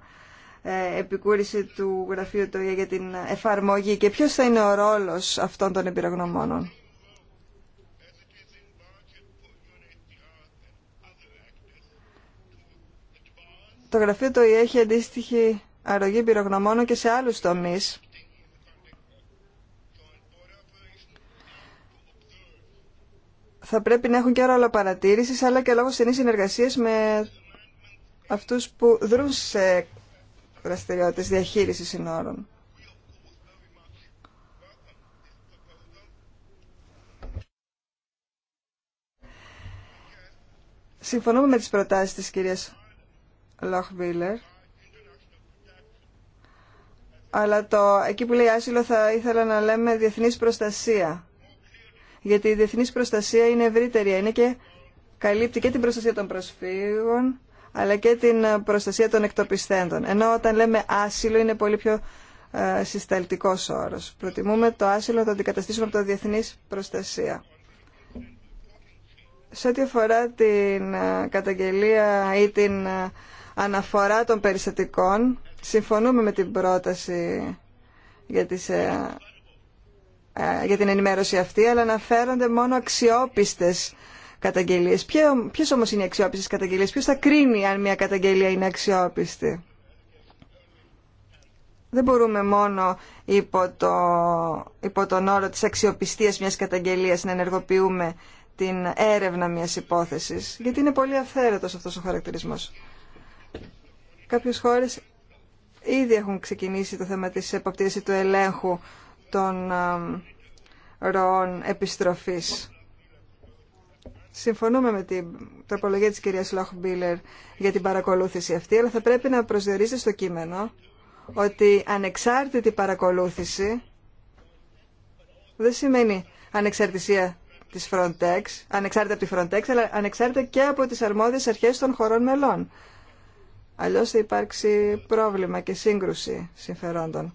ε, επικούρηση του γραφείου του ΙΕ για την εφαρμογή και ποιος θα είναι ο ρόλος αυτών των εμπειρογνωμόνων. Το γραφείο του ΙΕ έχει αντίστοιχη αρρωγή εμπειρογνωμόνων και σε άλλους τομείς θα πρέπει να έχουν και ρόλο παρατήρησης αλλά και λόγω στενή συνεργασία με αυτούς που δρούν σε δραστηριότητες διαχείρισης συνόρων. Συμφωνούμε με τις προτάσεις της κυρίας Λόχβιλερ, Αλλά το, εκεί που λέει άσυλο θα ήθελα να λέμε διεθνής προστασία γιατί η διεθνής προστασία είναι ευρύτερη, είναι και καλύπτει και την προστασία των προσφύγων, αλλά και την ε, προστασία των εκτοπιστέντων. Ενώ όταν λέμε άσυλο είναι πολύ πιο ε, συσταλτικός όρος. Προτιμούμε το άσυλο να το αντικαταστήσουμε από το διεθνής προστασία. Σε ό,τι αφορά την ε, καταγγελία ή την ε, αναφορά των περιστατικών, συμφωνούμε με την πρόταση για τις ε, για την ενημέρωση αυτή, αλλά αναφέρονται μόνο αξιόπιστες καταγγελίες. Ποιε όμως είναι οι αξιόπιστες καταγγελίε, ποιο θα κρίνει αν μια καταγγελία είναι αξιόπιστη. Δεν μπορούμε μόνο υπό, το, υπό τον όρο της αξιοπιστίας μιας καταγγελίας να ενεργοποιούμε την έρευνα μιας υπόθεσης, γιατί είναι πολύ αυθαίρετος αυτός ο χαρακτηρισμός. Κάποιες χώρες ήδη έχουν ξεκινήσει το θέμα της εποπτείας του ελέγχου των ροών επιστροφής. Συμφωνούμε με την τροπολογία της κυρίας Λόχμπίλερ για την παρακολούθηση αυτή, αλλά θα πρέπει να προσδιορίσετε στο κείμενο ότι ανεξάρτητη παρακολούθηση δεν σημαίνει ανεξαρτησία της Frontex, ανεξάρτητα από τη Frontex, αλλά ανεξάρτητα και από τις αρμόδιες αρχές των χωρών μελών. Αλλιώς θα υπάρξει πρόβλημα και σύγκρουση συμφερόντων.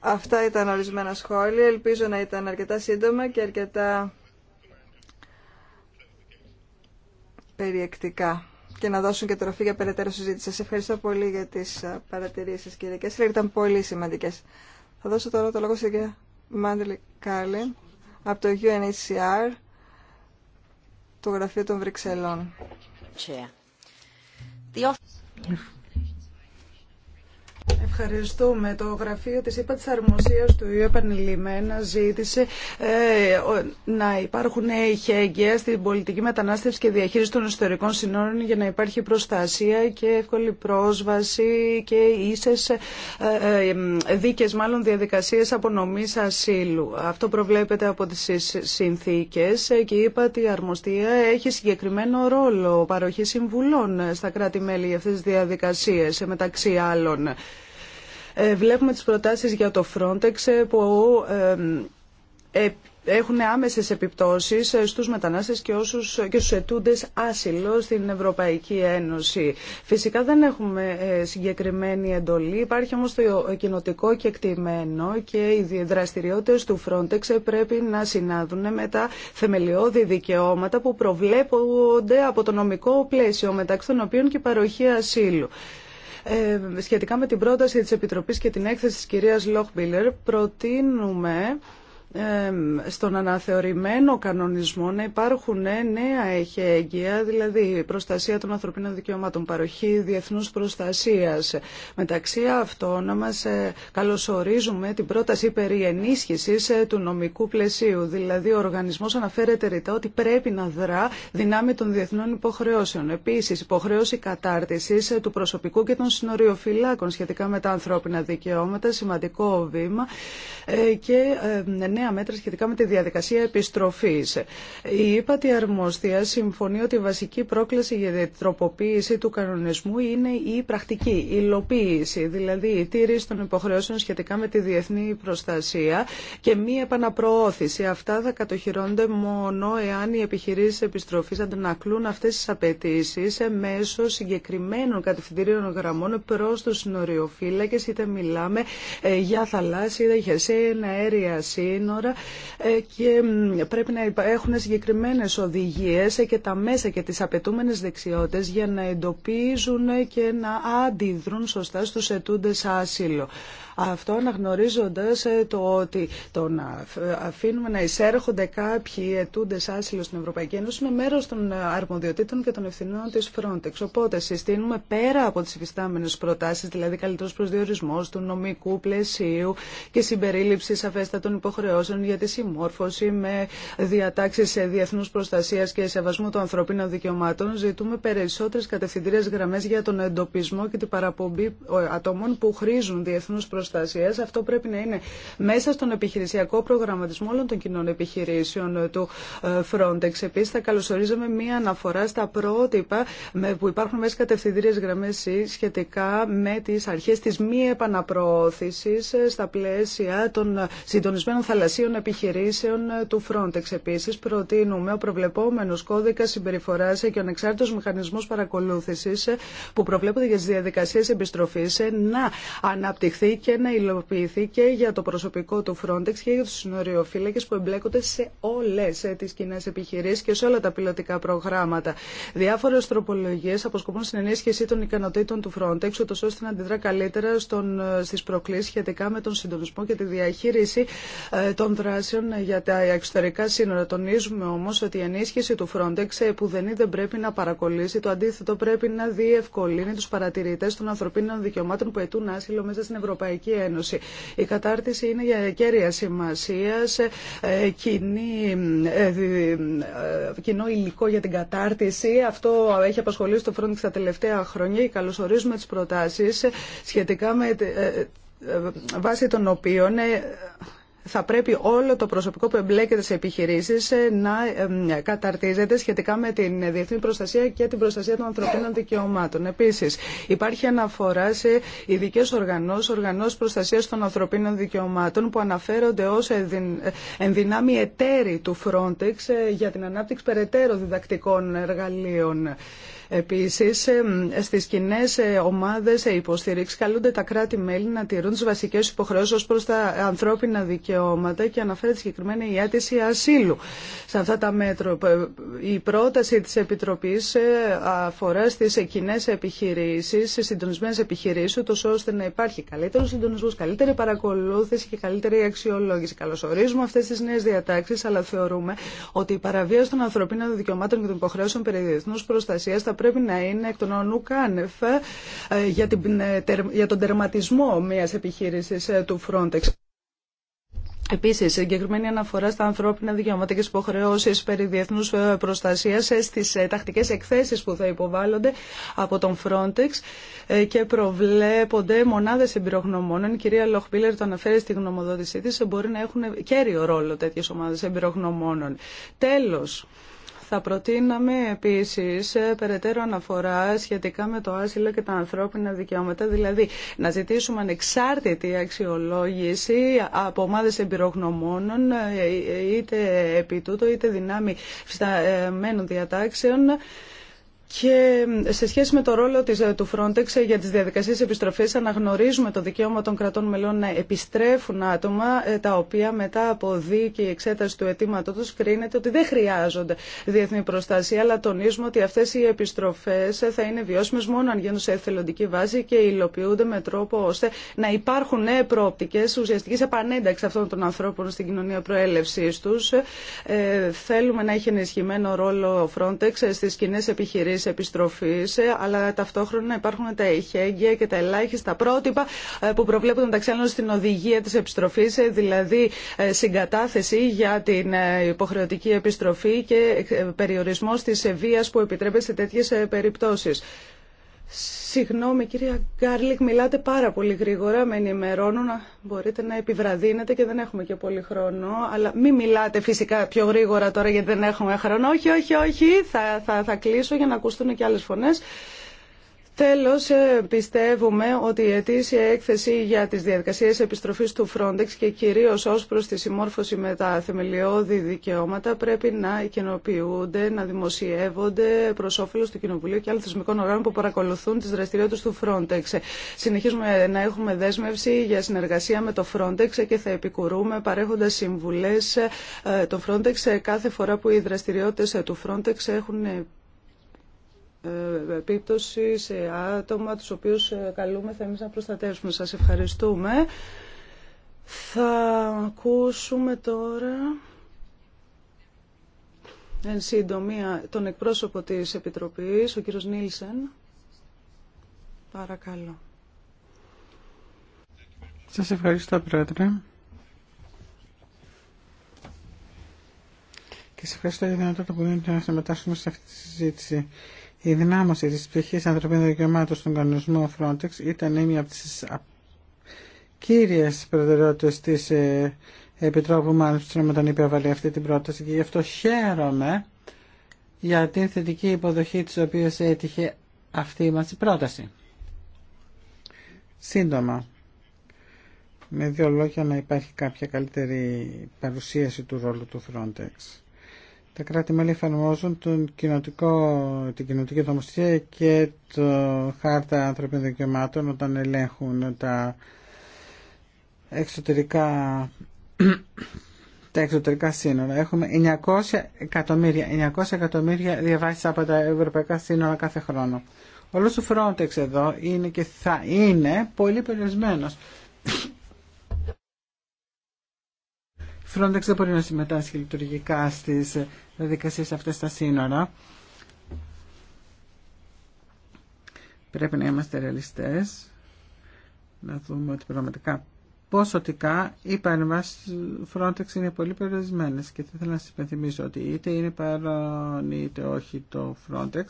Αυτά ήταν ορισμένα σχόλια. Ελπίζω να ήταν αρκετά σύντομα και αρκετά περιεκτικά και να δώσουν και τροφή για περαιτέρω συζήτηση. Σας ευχαριστώ πολύ για τις παρατηρήσεις σας κύριε Ήταν πολύ σημαντικές. Θα δώσω τώρα το λόγο στην κυρία Μάντλη Κάλλιν από το UNHCR, το Γραφείο των Βρυξελών. Ευχαριστούμε. Το γραφείο της ΥΠΑ της Αρμοσίας του Ιού επανειλημμένα ζήτησε ε, να υπάρχουν ηχέγγυα στην πολιτική μετανάστευση και διαχείριση των ιστορικών συνόρων για να υπάρχει προστασία και εύκολη πρόσβαση και ίσες ε, ε, δίκες μάλλον διαδικασίες απονομής ασύλου. Αυτό προβλέπεται από τις συνθήκες και η ΥΠΑ η Αρμοστία έχει συγκεκριμένο ρόλο παροχή συμβουλών στα κράτη-μέλη για αυτές τις διαδικασίες μεταξύ άλλων. Ε, βλέπουμε τις προτάσεις για το Frontex ε, που ε, έχουν άμεσες επιπτώσεις στους μετανάστες και, όσους, και στους ετούντες άσυλο στην Ευρωπαϊκή Ένωση. Φυσικά δεν έχουμε συγκεκριμένη εντολή, υπάρχει όμως το κοινοτικό κεκτημένο και οι δραστηριότητες του Frontex πρέπει να συνάδουν με τα θεμελιώδη δικαιώματα που προβλέπονται από το νομικό πλαίσιο μεταξύ των οποίων και παροχή ασύλου. Ε, σχετικά με την πρόταση της Επιτροπής και την έκθεση της κυρίας Λόχμπιλερ προτείνουμε στον αναθεωρημένο κανονισμό να υπάρχουν ε, νέα εχέγγυα, δηλαδή προστασία των ανθρωπίνων δικαιωμάτων, παροχή διεθνούς προστασίας. Μεταξύ αυτών να μας ε, καλωσορίζουμε την πρόταση περί ενίσχυσης ε, του νομικού πλαισίου. Δηλαδή ο οργανισμός αναφέρεται ρητά ότι πρέπει να δρά δυνάμει των διεθνών υποχρεώσεων. Επίσης υποχρέωση κατάρτισης του προσωπικού και των συνοριοφυλάκων σχετικά με τα ανθρώπινα δικαιώματα, σημαντικό βήμα και νέα νέα μέτρα σχετικά με τη διαδικασία επιστροφή. Η ύπατη αρμοστία συμφωνεί ότι η βασική πρόκληση για την τροποποίηση του κανονισμού είναι η πρακτική υλοποίηση, δηλαδή η τήρηση των υποχρεώσεων σχετικά με τη διεθνή προστασία και μη επαναπροώθηση. Αυτά θα κατοχυρώνονται μόνο εάν οι επιχειρήσει επιστροφή αντανακλούν αυτέ τι απαιτήσει μέσω συγκεκριμένων κατευθυντήριων γραμμών προ του συνοριοφύλακες, είτε μιλάμε ε, για θαλάσσια, είτε σύν, αέρια σύνορα ε, και πρέπει να έχουν συγκεκριμένες οδηγίες και τα μέσα και τις απαιτούμενε δεξιότητες για να εντοπίζουν και να αντιδρούν σωστά στους ετούντες άσυλο. Αυτό αναγνωρίζοντας ε, το ότι το να αφήνουμε να εισέρχονται κάποιοι ετούντες άσυλο στην Ευρωπαϊκή Ένωση είναι μέρος των αρμοδιοτήτων και των ευθυνών της Frontex. Οπότε συστήνουμε πέρα από τις υφιστάμενες προτάσεις, δηλαδή καλύτερος προσδιορισμός του νομικού πλαισίου και συμπερίληψη σαφέστατων υποχρεώσεων για τη συμμόρφωση με διατάξει διεθνού προστασία και σεβασμού των ανθρωπίνων δικαιωμάτων, ζητούμε περισσότερε κατευθυντήρε γραμμέ για τον εντοπισμό και την παραπομπή ε, ατόμων που χρήζουν διεθνού προστασία. Αυτό πρέπει να είναι μέσα στον επιχειρησιακό προγραμματισμό όλων των κοινών επιχειρήσεων ε, του ε, Frontex. Επίση, θα καλωσορίζαμε μία αναφορά στα πρότυπα που υπάρχουν μέσα κατευθυντήρε γραμμέ σχετικά με τι αρχέ τη μη επαναπροώθηση στα πλαίσια των συντονισμένων θαλασσίων θαλασσίων επιχειρήσεων του Frontex. Επίσης, προτείνουμε ο προβλεπόμενος κώδικας συμπεριφοράς και ο ανεξάρτητος μηχανισμό παρακολούθησης που προβλέπονται για τις διαδικασίες επιστροφή να αναπτυχθεί και να υλοποιηθεί και για το προσωπικό του Frontex και για τους συνοριοφύλακες που εμπλέκονται σε όλες τις κοινέ επιχειρήσεις και σε όλα τα πιλωτικά προγράμματα. Διάφορες τροπολογίες αποσκοπούν στην ενίσχυση των ικανοτήτων του Frontex, ούτως ώστε να αντιδρά καλύτερα στι στις προκλήσεις σχετικά με τον συντονισμό και τη διαχείριση ε, των δράσεων ε, για τα εξωτερικά σύνορα. Τονίζουμε όμω ότι η ενίσχυση του Frontex ε, που δεν είναι πρέπει να παρακολύσει, το αντίθετο πρέπει να διευκολύνει του παρατηρητέ των ανθρωπίνων δικαιωμάτων που αιτούν άσυλο μέσα στην Ευρωπαϊκή Ένωση. Η κατάρτιση είναι για κέρια σημασία, ε, κοινό υλικό για την κατάρτιση. Αυτό έχει απασχολήσει το Frontex τα τελευταία χρόνια. Καλωσορίζουμε τι προτάσει σχετικά με βάσει των οποίων θα πρέπει όλο το προσωπικό που εμπλέκεται σε επιχειρήσει ε, να καταρτίζεται σχετικά με την διεθνή προστασία και την προστασία των ανθρωπίνων δικαιωμάτων. Επίσης, υπάρχει αναφορά σε ειδικέ οργανώσει, οργανώσει προστασίας των ανθρωπίνων δικαιωμάτων που αναφέρονται ως ενδυνάμει εταίροι του Frontex ε, για την ανάπτυξη περαιτέρω διδακτικών εργαλείων. Επίσης, ε, στις κοινέ ε, ομάδες ε, υποστήριξη καλούνται τα κράτη-μέλη να τηρούν τις βασικές υποχρεώσεις ως προς τα ανθρώπινα δικαιώματα και αναφέρεται συγκεκριμένα η αίτηση ασύλου. Σε αυτά τα μέτρα, η πρόταση της Επιτροπής αφορά στις κοινέ επιχειρήσεις, στις συντονισμένες επιχειρήσεις, ούτως ώστε να υπάρχει καλύτερο συντονισμός, καλύτερη παρακολούθηση και καλύτερη αξιολόγηση. Καλωσορίζουμε αυτές τις νέες διατάξεις, αλλά θεωρούμε ότι η παραβίαση των ανθρωπίνων δικαιωμάτων και των υποχρεώσεων περί προστασία. θα πρέπει να είναι εκ των ονού κάνευ ε, ε, για τον τερματισμό μιας επιχείρησης ε, του Frontex. Επίση, συγκεκριμένη αναφορά στα ανθρώπινα δικαιώματα και στι υποχρεώσει περί διεθνού προστασία στι τακτικέ εκθέσει που θα υποβάλλονται από τον Frontex και προβλέπονται μονάδε εμπειρογνωμόνων. Η κυρία Λοχπίλερ το αναφέρει στη γνωμοδότησή τη. Μπορεί να έχουν κέριο ρόλο τέτοιε ομάδε εμπειρογνωμόνων. Τέλο, θα προτείναμε επίσης ε, περαιτέρω αναφορά σχετικά με το άσυλο και τα ανθρώπινα δικαιώματα, δηλαδή να ζητήσουμε ανεξάρτητη αξιολόγηση από ομάδε εμπειρογνωμόνων, ε, ε, είτε επί τούτο είτε δυνάμει φυσταμένων διατάξεων, και σε σχέση με το ρόλο της, ε, του Frontex ε, για τις διαδικασίες επιστροφής αναγνωρίζουμε το δικαίωμα των κρατών μελών να επιστρέφουν άτομα ε, τα οποία μετά από δίκη η εξέταση του αιτήματό τους κρίνεται ότι δεν χρειάζονται διεθνή προστασία αλλά τονίζουμε ότι αυτές οι επιστροφές θα είναι βιώσιμες μόνο αν γίνουν σε εθελοντική βάση και υλοποιούνται με τρόπο ώστε να υπάρχουν προοπτικές ουσιαστικής επανένταξης αυτών των ανθρώπων στην κοινωνία προέλευσής τους. θέλουμε να έχει ενισχυμένο ρόλο Frontex στις κοινέ επιχειρήσεις της επιστροφής, ε, αλλά ταυτόχρονα υπάρχουν τα για και τα ελάχιστα πρότυπα ε, που προβλέπουν μεταξύ άλλων στην οδηγία της επιστροφής, ε, δηλαδή συγκατάθεση για την υποχρεωτική επιστροφή και περιορισμός της βίας που επιτρέπεται σε τέτοιες περιπτώσεις. Συγγνώμη κυρία Γκάρλικ, μιλάτε πάρα πολύ γρήγορα, με να μπορείτε να επιβραδύνετε και δεν έχουμε και πολύ χρόνο, αλλά μην μιλάτε φυσικά πιο γρήγορα τώρα γιατί δεν έχουμε χρόνο. Όχι, όχι, όχι, θα, θα, θα κλείσω για να ακούσουν και άλλες φωνές. Τέλος, ε, πιστεύουμε ότι η αιτήσια έκθεση για τις διαδικασίες επιστροφής του Frontex και κυρίως ως προς τη συμμόρφωση με τα θεμελιώδη δικαιώματα πρέπει να κοινοποιούνται, να δημοσιεύονται προς όφελος του Κοινοβουλίου και άλλων θεσμικών οργάνων που παρακολουθούν τις δραστηριότητες του Frontex. Συνεχίζουμε να έχουμε δέσμευση για συνεργασία με το Frontex και θα επικουρούμε παρέχοντας συμβουλές ε, το Frontex κάθε φορά που οι δραστηριότητες του Frontex έχουν ε, επίπτωση σε άτομα τους οποίους ε, καλούμε να προστατεύσουμε. Σας ευχαριστούμε. Θα ακούσουμε τώρα εν συντομία τον εκπρόσωπο της Επιτροπής, ο κύριος Νίλσεν. Παρακαλώ. Σας ευχαριστώ, Πρόεδρε. Και σε ευχαριστώ για τη δυνατότητα που δίνετε να συμμετάσχουμε σε αυτή τη συζήτηση. Η δυνάμωση της πτυχής ανθρωπίνων δικαιωμάτων στον κανονισμό Frontex ήταν μία από τις κύριες προτεραιότητες της ε, Επιτρόπου μάλιστα όταν είπε αυτή την πρόταση και γι' αυτό χαίρομαι για την θετική υποδοχή της οποίας έτυχε αυτή μας η πρόταση. Σύντομα, με δύο λόγια να υπάρχει κάποια καλύτερη παρουσίαση του ρόλου του Frontex τα κράτη-μέλη εφαρμόζουν τον την κοινωτική νομοθεσία και το χάρτα ανθρωπίνων δικαιωμάτων όταν ελέγχουν τα εξωτερικά τα εξωτερικά σύνορα. Έχουμε 900 εκατομμύρια, 900 εκατομμύρια διαβάσεις από τα ευρωπαϊκά σύνορα κάθε χρόνο. Όλος ο Frontex εδώ είναι και θα είναι πολύ περιορισμένος. Frontex δεν μπορεί να συμμετάσχει λειτουργικά στις διαδικασίες αυτές στα σύνορα. Πρέπει να είμαστε ρεαλιστές, να δούμε ότι πραγματικά ποσοτικά οι παρεμβάσει Frontex είναι πολύ περιορισμένε και θέλω να σα υπενθυμίσω ότι είτε είναι παρόν είτε όχι το Frontex.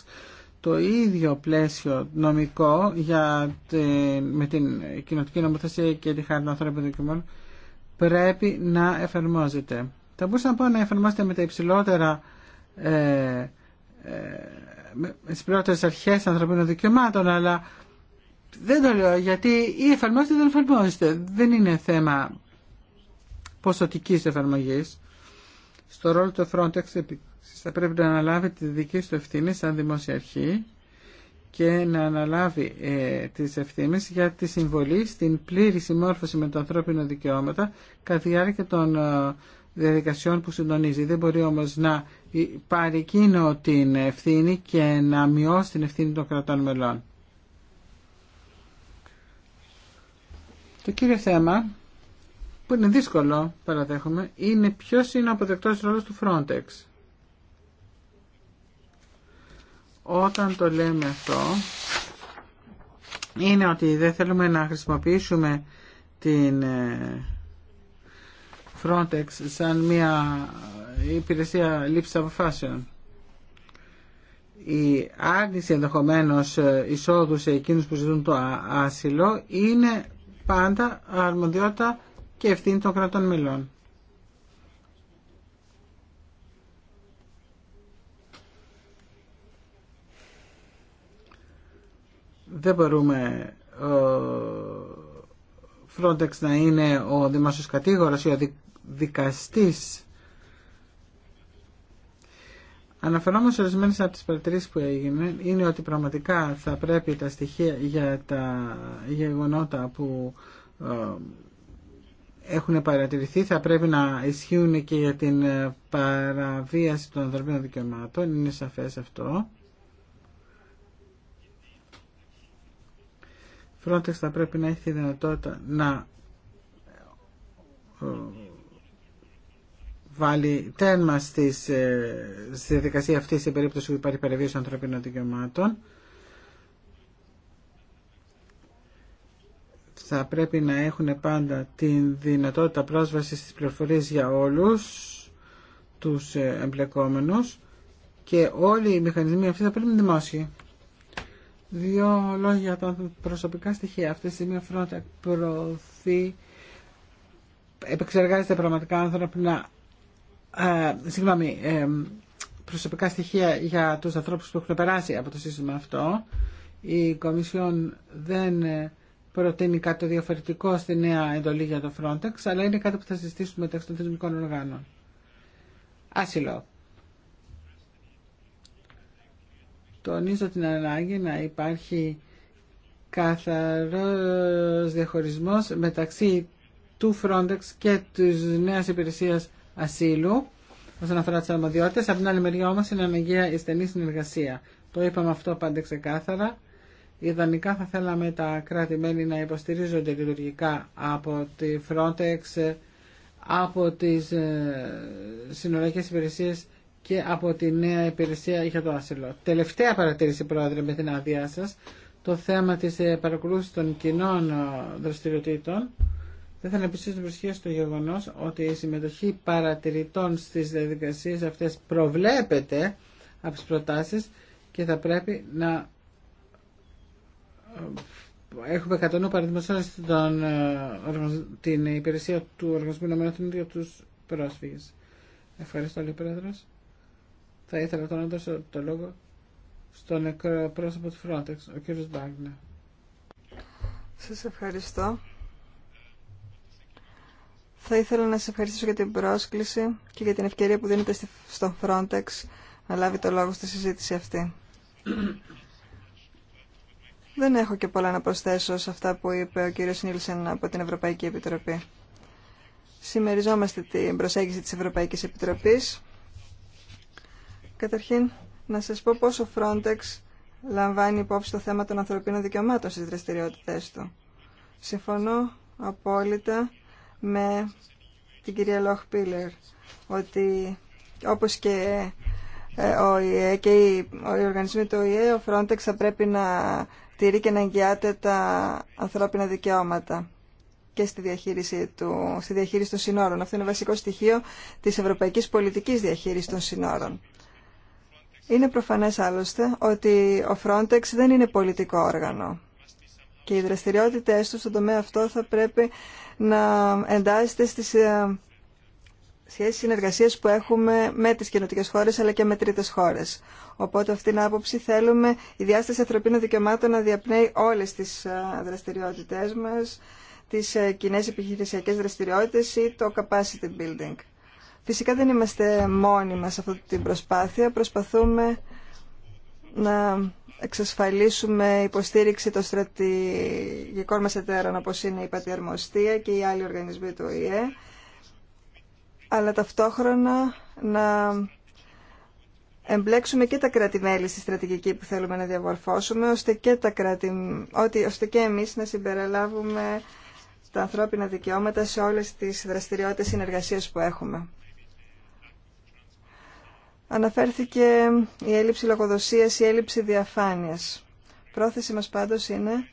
Το ίδιο πλαίσιο νομικό για την, με την κοινοτική νομοθεσία και τη χάρη των ανθρώπων δικαιωμάτων πρέπει να εφαρμόζεται. Θα μπορούσα να πω να εφαρμόζεται με τα υψηλότερα ε, ε, με τις πρώτες αρχές ανθρωπίνων δικαιωμάτων, αλλά δεν το λέω γιατί ή εφαρμόζεται ή δεν εφαρμόζεται. Δεν είναι θέμα ποσοτικής εφαρμογής. Στο ρόλο του Frontex θα πρέπει να αναλάβει τη δική του ευθύνη σαν δημοσιαρχή και να αναλάβει ε, τις ευθύνες για τη συμβολή στην πλήρη συμμόρφωση με τα ανθρώπινα δικαιώματα κατά τη διάρκεια των ε, διαδικασιών που συντονίζει. Δεν μπορεί όμως να πάρει εκείνο την ευθύνη και να μειώσει την ευθύνη των κρατών μελών. Το κύριο θέμα που είναι δύσκολο, παραδέχομαι, είναι ποιος είναι ο αποδεκτός ρόλος του Frontex. όταν το λέμε αυτό είναι ότι δεν θέλουμε να χρησιμοποιήσουμε την ε, Frontex σαν μια υπηρεσία λήψης αποφάσεων. Η άρνηση ενδεχομένω ε, εισόδου σε εκείνους που ζητούν το άσυλο είναι πάντα αρμοδιότητα και ευθύνη των κρατών μελών. δεν μπορούμε ο ε, Frontex να είναι ο δημόσιος κατήγορος ή ο δικαστής. Αναφερόμενο σε ορισμένε από τι παρατηρήσει που έγινε είναι ότι πραγματικά θα πρέπει τα στοιχεία για τα γεγονότα που ε, έχουν παρατηρηθεί θα πρέπει να ισχύουν και για την ε, παραβίαση των ανθρωπίνων δικαιωμάτων. Είναι σαφέ αυτό. Frontex θα πρέπει να έχει τη δυνατότητα να ε, βάλει τέρμα ε, στη διαδικασία αυτή σε περίπτωση που υπάρχει παρεμβίωση ανθρωπίνων δικαιωμάτων. Θα πρέπει να έχουν πάντα τη δυνατότητα πρόσβασης στις πληροφορίες για όλους τους ε, εμπλεκόμενους και όλοι οι μηχανισμοί αυτοί θα πρέπει να είναι δημόσιοι. Δύο λόγια για τα προσωπικά στοιχεία. Αυτή τη στιγμή ο Frontex προωθεί, επεξεργάζεται πραγματικά ανθρώπινα, ε, συγγνώμη, ε, προσωπικά στοιχεία για τους ανθρώπους που έχουν περάσει από το σύστημα αυτό. Η Κομισιόν δεν προτείνει κάτι διαφορετικό στη νέα εντολή για το Frontex, αλλά είναι κάτι που θα συζητήσουμε μεταξύ των θεσμικών οργάνων. Άσυλο. τονίζω την ανάγκη να υπάρχει καθαρός διαχωρισμός μεταξύ του Frontex και της νέας υπηρεσίας ασύλου όσον αφορά τις αρμοδιότητες. Από την άλλη μεριά όμως είναι αναγκαία η στενή συνεργασία. Το είπαμε αυτό πάντα ξεκάθαρα. Ιδανικά θα θέλαμε τα κράτη-μέλη να υποστηρίζονται λειτουργικά από τη Frontex, από τις ε, συνολικές υπηρεσίες και από τη νέα υπηρεσία για το άσυλο. Τελευταία παρατήρηση, Πρόεδρε, με την άδειά σα, το θέμα τη ε, παρακολούθηση των κοινών ε, δραστηριοτήτων. Δεν θα είναι την στο γεγονό ότι η συμμετοχή παρατηρητών στι διαδικασίε αυτέ προβλέπεται από τι προτάσει και θα πρέπει να ε, έχουμε κατά νου την υπηρεσία του Οργανισμού Ηνωμένων για τους πρόσφυγες. Ευχαριστώ, λέει Πρόεδρος. Θα ήθελα τώρα να δώσω το λόγο στον πρόσωπο του Frontex, ο κύριος Μπάγκνερ. Σας ευχαριστώ. Θα ήθελα να σας ευχαριστήσω για την πρόσκληση και για την ευκαιρία που δίνετε στο Frontex να λάβει το λόγο στη συζήτηση αυτή. Δεν έχω και πολλά να προσθέσω σε αυτά που είπε ο κύριος Νίλσεν από την Ευρωπαϊκή Επιτροπή. Σημεριζόμαστε την προσέγγιση της Ευρωπαϊκής Επιτροπής Καταρχήν, να σας πω πόσο Frontex λαμβάνει υπόψη το θέμα των ανθρωπίνων δικαιωμάτων στις δραστηριότητες του. Συμφωνώ απόλυτα με την κυρία Λόχ Πίλερ ότι όπως και ε, ο ΙΕ και οι οργανισμοί του ΙΕ, ο Frontex θα πρέπει να τηρεί και να εγγυάται τα ανθρώπινα δικαιώματα και στη διαχείριση, του, στη διαχείριση των συνόρων. Αυτό είναι βασικό στοιχείο της ευρωπαϊκής πολιτικής διαχείρισης των συνόρων. Είναι προφανές άλλωστε ότι ο Frontex δεν είναι πολιτικό όργανο και οι δραστηριότητες του στον τομέα αυτό θα πρέπει να εντάσσεται στις ε, σχέσεις συνεργασίας που έχουμε με τις κοινωτικέ χώρες αλλά και με τρίτες χώρες. Οπότε αυτήν την άποψη θέλουμε η διάσταση ανθρωπίνων δικαιωμάτων να διαπνέει όλες τις ε, δραστηριότητές μας, τις ε, κοινέ επιχειρησιακές δραστηριότητες ή το capacity building. Φυσικά δεν είμαστε μόνοι μας σε αυτή την προσπάθεια. Προσπαθούμε να εξασφαλίσουμε υποστήριξη των στρατηγικών μας εταίρων όπως είναι η Πατιαρμοστία και οι άλλοι οργανισμοί του ΟΗΕ αλλά ταυτόχρονα να εμπλέξουμε και τα κράτη-μέλη στη στρατηγική που θέλουμε να διαμορφώσουμε ώστε και, τα κράτη, ότι, ώστε και εμείς να συμπεραλάβουμε τα ανθρώπινα δικαιώματα σε όλες τις δραστηριότητες συνεργασίας που έχουμε. Αναφέρθηκε η έλλειψη λογοδοσίας, η έλλειψη διαφάνειας. Πρόθεση μας πάντως είναι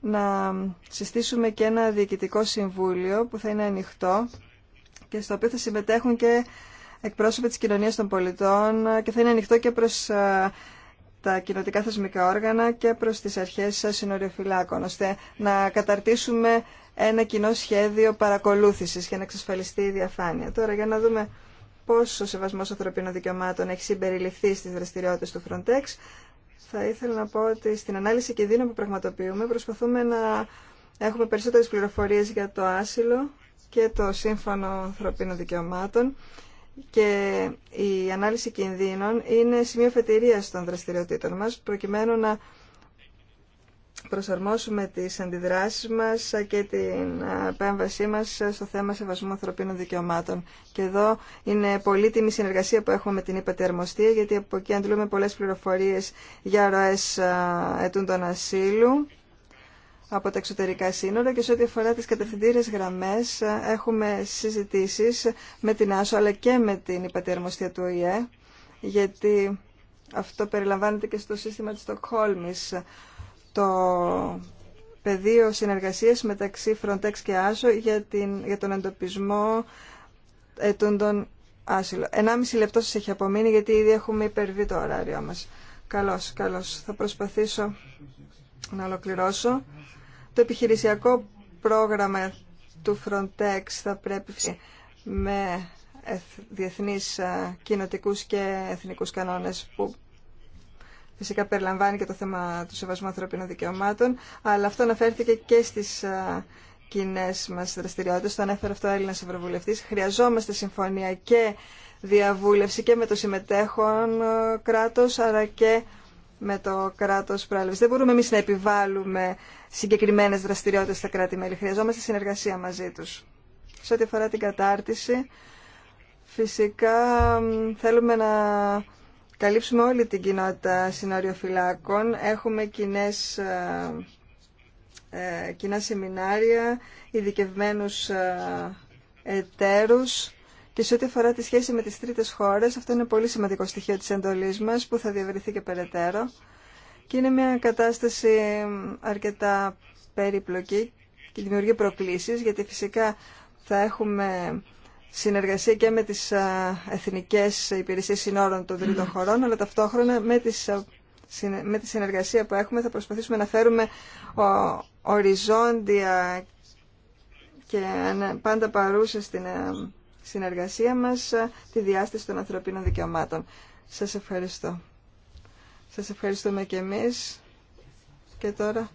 να συστήσουμε και ένα διοικητικό συμβούλιο που θα είναι ανοιχτό και στο οποίο θα συμμετέχουν και εκπρόσωποι της κοινωνίας των πολιτών και θα είναι ανοιχτό και προς ε, τα κοινοτικά θεσμικά όργανα και προς τις αρχές συνοριοφυλάκων, ώστε να καταρτήσουμε ένα κοινό σχέδιο παρακολούθησης για να εξασφαλιστεί η διαφάνεια. Τώρα για να δούμε πώς ο σεβασμός ανθρωπίνων δικαιωμάτων έχει συμπεριληφθεί στις δραστηριότητες του Frontex, θα ήθελα να πω ότι στην ανάλυση κινδύνων που πραγματοποιούμε προσπαθούμε να έχουμε περισσότερες πληροφορίες για το άσυλο και το Σύμφωνο Ανθρωπίνων Δικαιωμάτων και η ανάλυση κινδύνων είναι σημείο φετηρίας των δραστηριοτήτων μας προκειμένου να προσαρμόσουμε τις αντιδράσεις μας και την επέμβασή μας στο θέμα σεβασμού ανθρωπίνων δικαιωμάτων. Και εδώ είναι πολύτιμη συνεργασία που έχουμε με την υπατερμοστία γιατί από εκεί αντιλούμε πολλές πληροφορίες για ροές ετούντων ασύλου από τα εξωτερικά σύνορα και σε ό,τι αφορά τις κατευθυντήρες γραμμές έχουμε συζητήσεις με την ΆΣΟ αλλά και με την υπατερμοστία Αρμοστία του ΟΗΕ, γιατί αυτό περιλαμβάνεται και στο σύστημα της Στοκχόλμης το πεδίο συνεργασίας μεταξύ Frontex και ASO για, την, για τον εντοπισμό ετούντων άσυλο. 1,5 λεπτό σας έχει απομείνει γιατί ήδη έχουμε υπερβεί το ωράριό μας. Καλώς, καλώς. Θα προσπαθήσω να ολοκληρώσω. Το επιχειρησιακό πρόγραμμα του Frontex θα πρέπει με διεθνείς κοινοτικούς και εθνικούς κανόνες που Φυσικά περιλαμβάνει και το θέμα του σεβασμού ανθρωπίνων δικαιωμάτων, αλλά αυτό αναφέρθηκε και στι κοινέ μα δραστηριότητε. Το ανέφερε αυτό ο Έλληνα Ευρωβουλευτή. Χρειαζόμαστε συμφωνία και διαβούλευση και με το συμμετέχον κράτο, αλλά και με το κράτο πρόλευση. Δεν μπορούμε εμεί να επιβάλλουμε συγκεκριμένε δραστηριότητε στα κράτη-μέλη. Χρειαζόμαστε συνεργασία μαζί του. Σε ό,τι αφορά την κατάρτιση, φυσικά θέλουμε να καλύψουμε όλη την κοινότητα συνοριοφυλάκων. Έχουμε κοινές, ε, ε, κοινά σεμινάρια, ειδικευμένους ε, εταίρους και σε ό,τι αφορά τη σχέση με τις τρίτες χώρες, αυτό είναι πολύ σημαντικό στοιχείο της εντολής μας που θα διαβριθεί και περαιτέρω και είναι μια κατάσταση αρκετά περίπλοκη και δημιουργεί προκλήσεις γιατί φυσικά θα έχουμε συνεργασία και με τις εθνικές υπηρεσίες συνόρων των τρίτων χωρών, αλλά ταυτόχρονα με, τις, με τη συνεργασία που έχουμε θα προσπαθήσουμε να φέρουμε οριζόντια και πάντα παρούσα στην συνεργασία μας τη διάσταση των ανθρωπίνων δικαιωμάτων. Σας ευχαριστώ. Σας ευχαριστούμε και εμείς. Και τώρα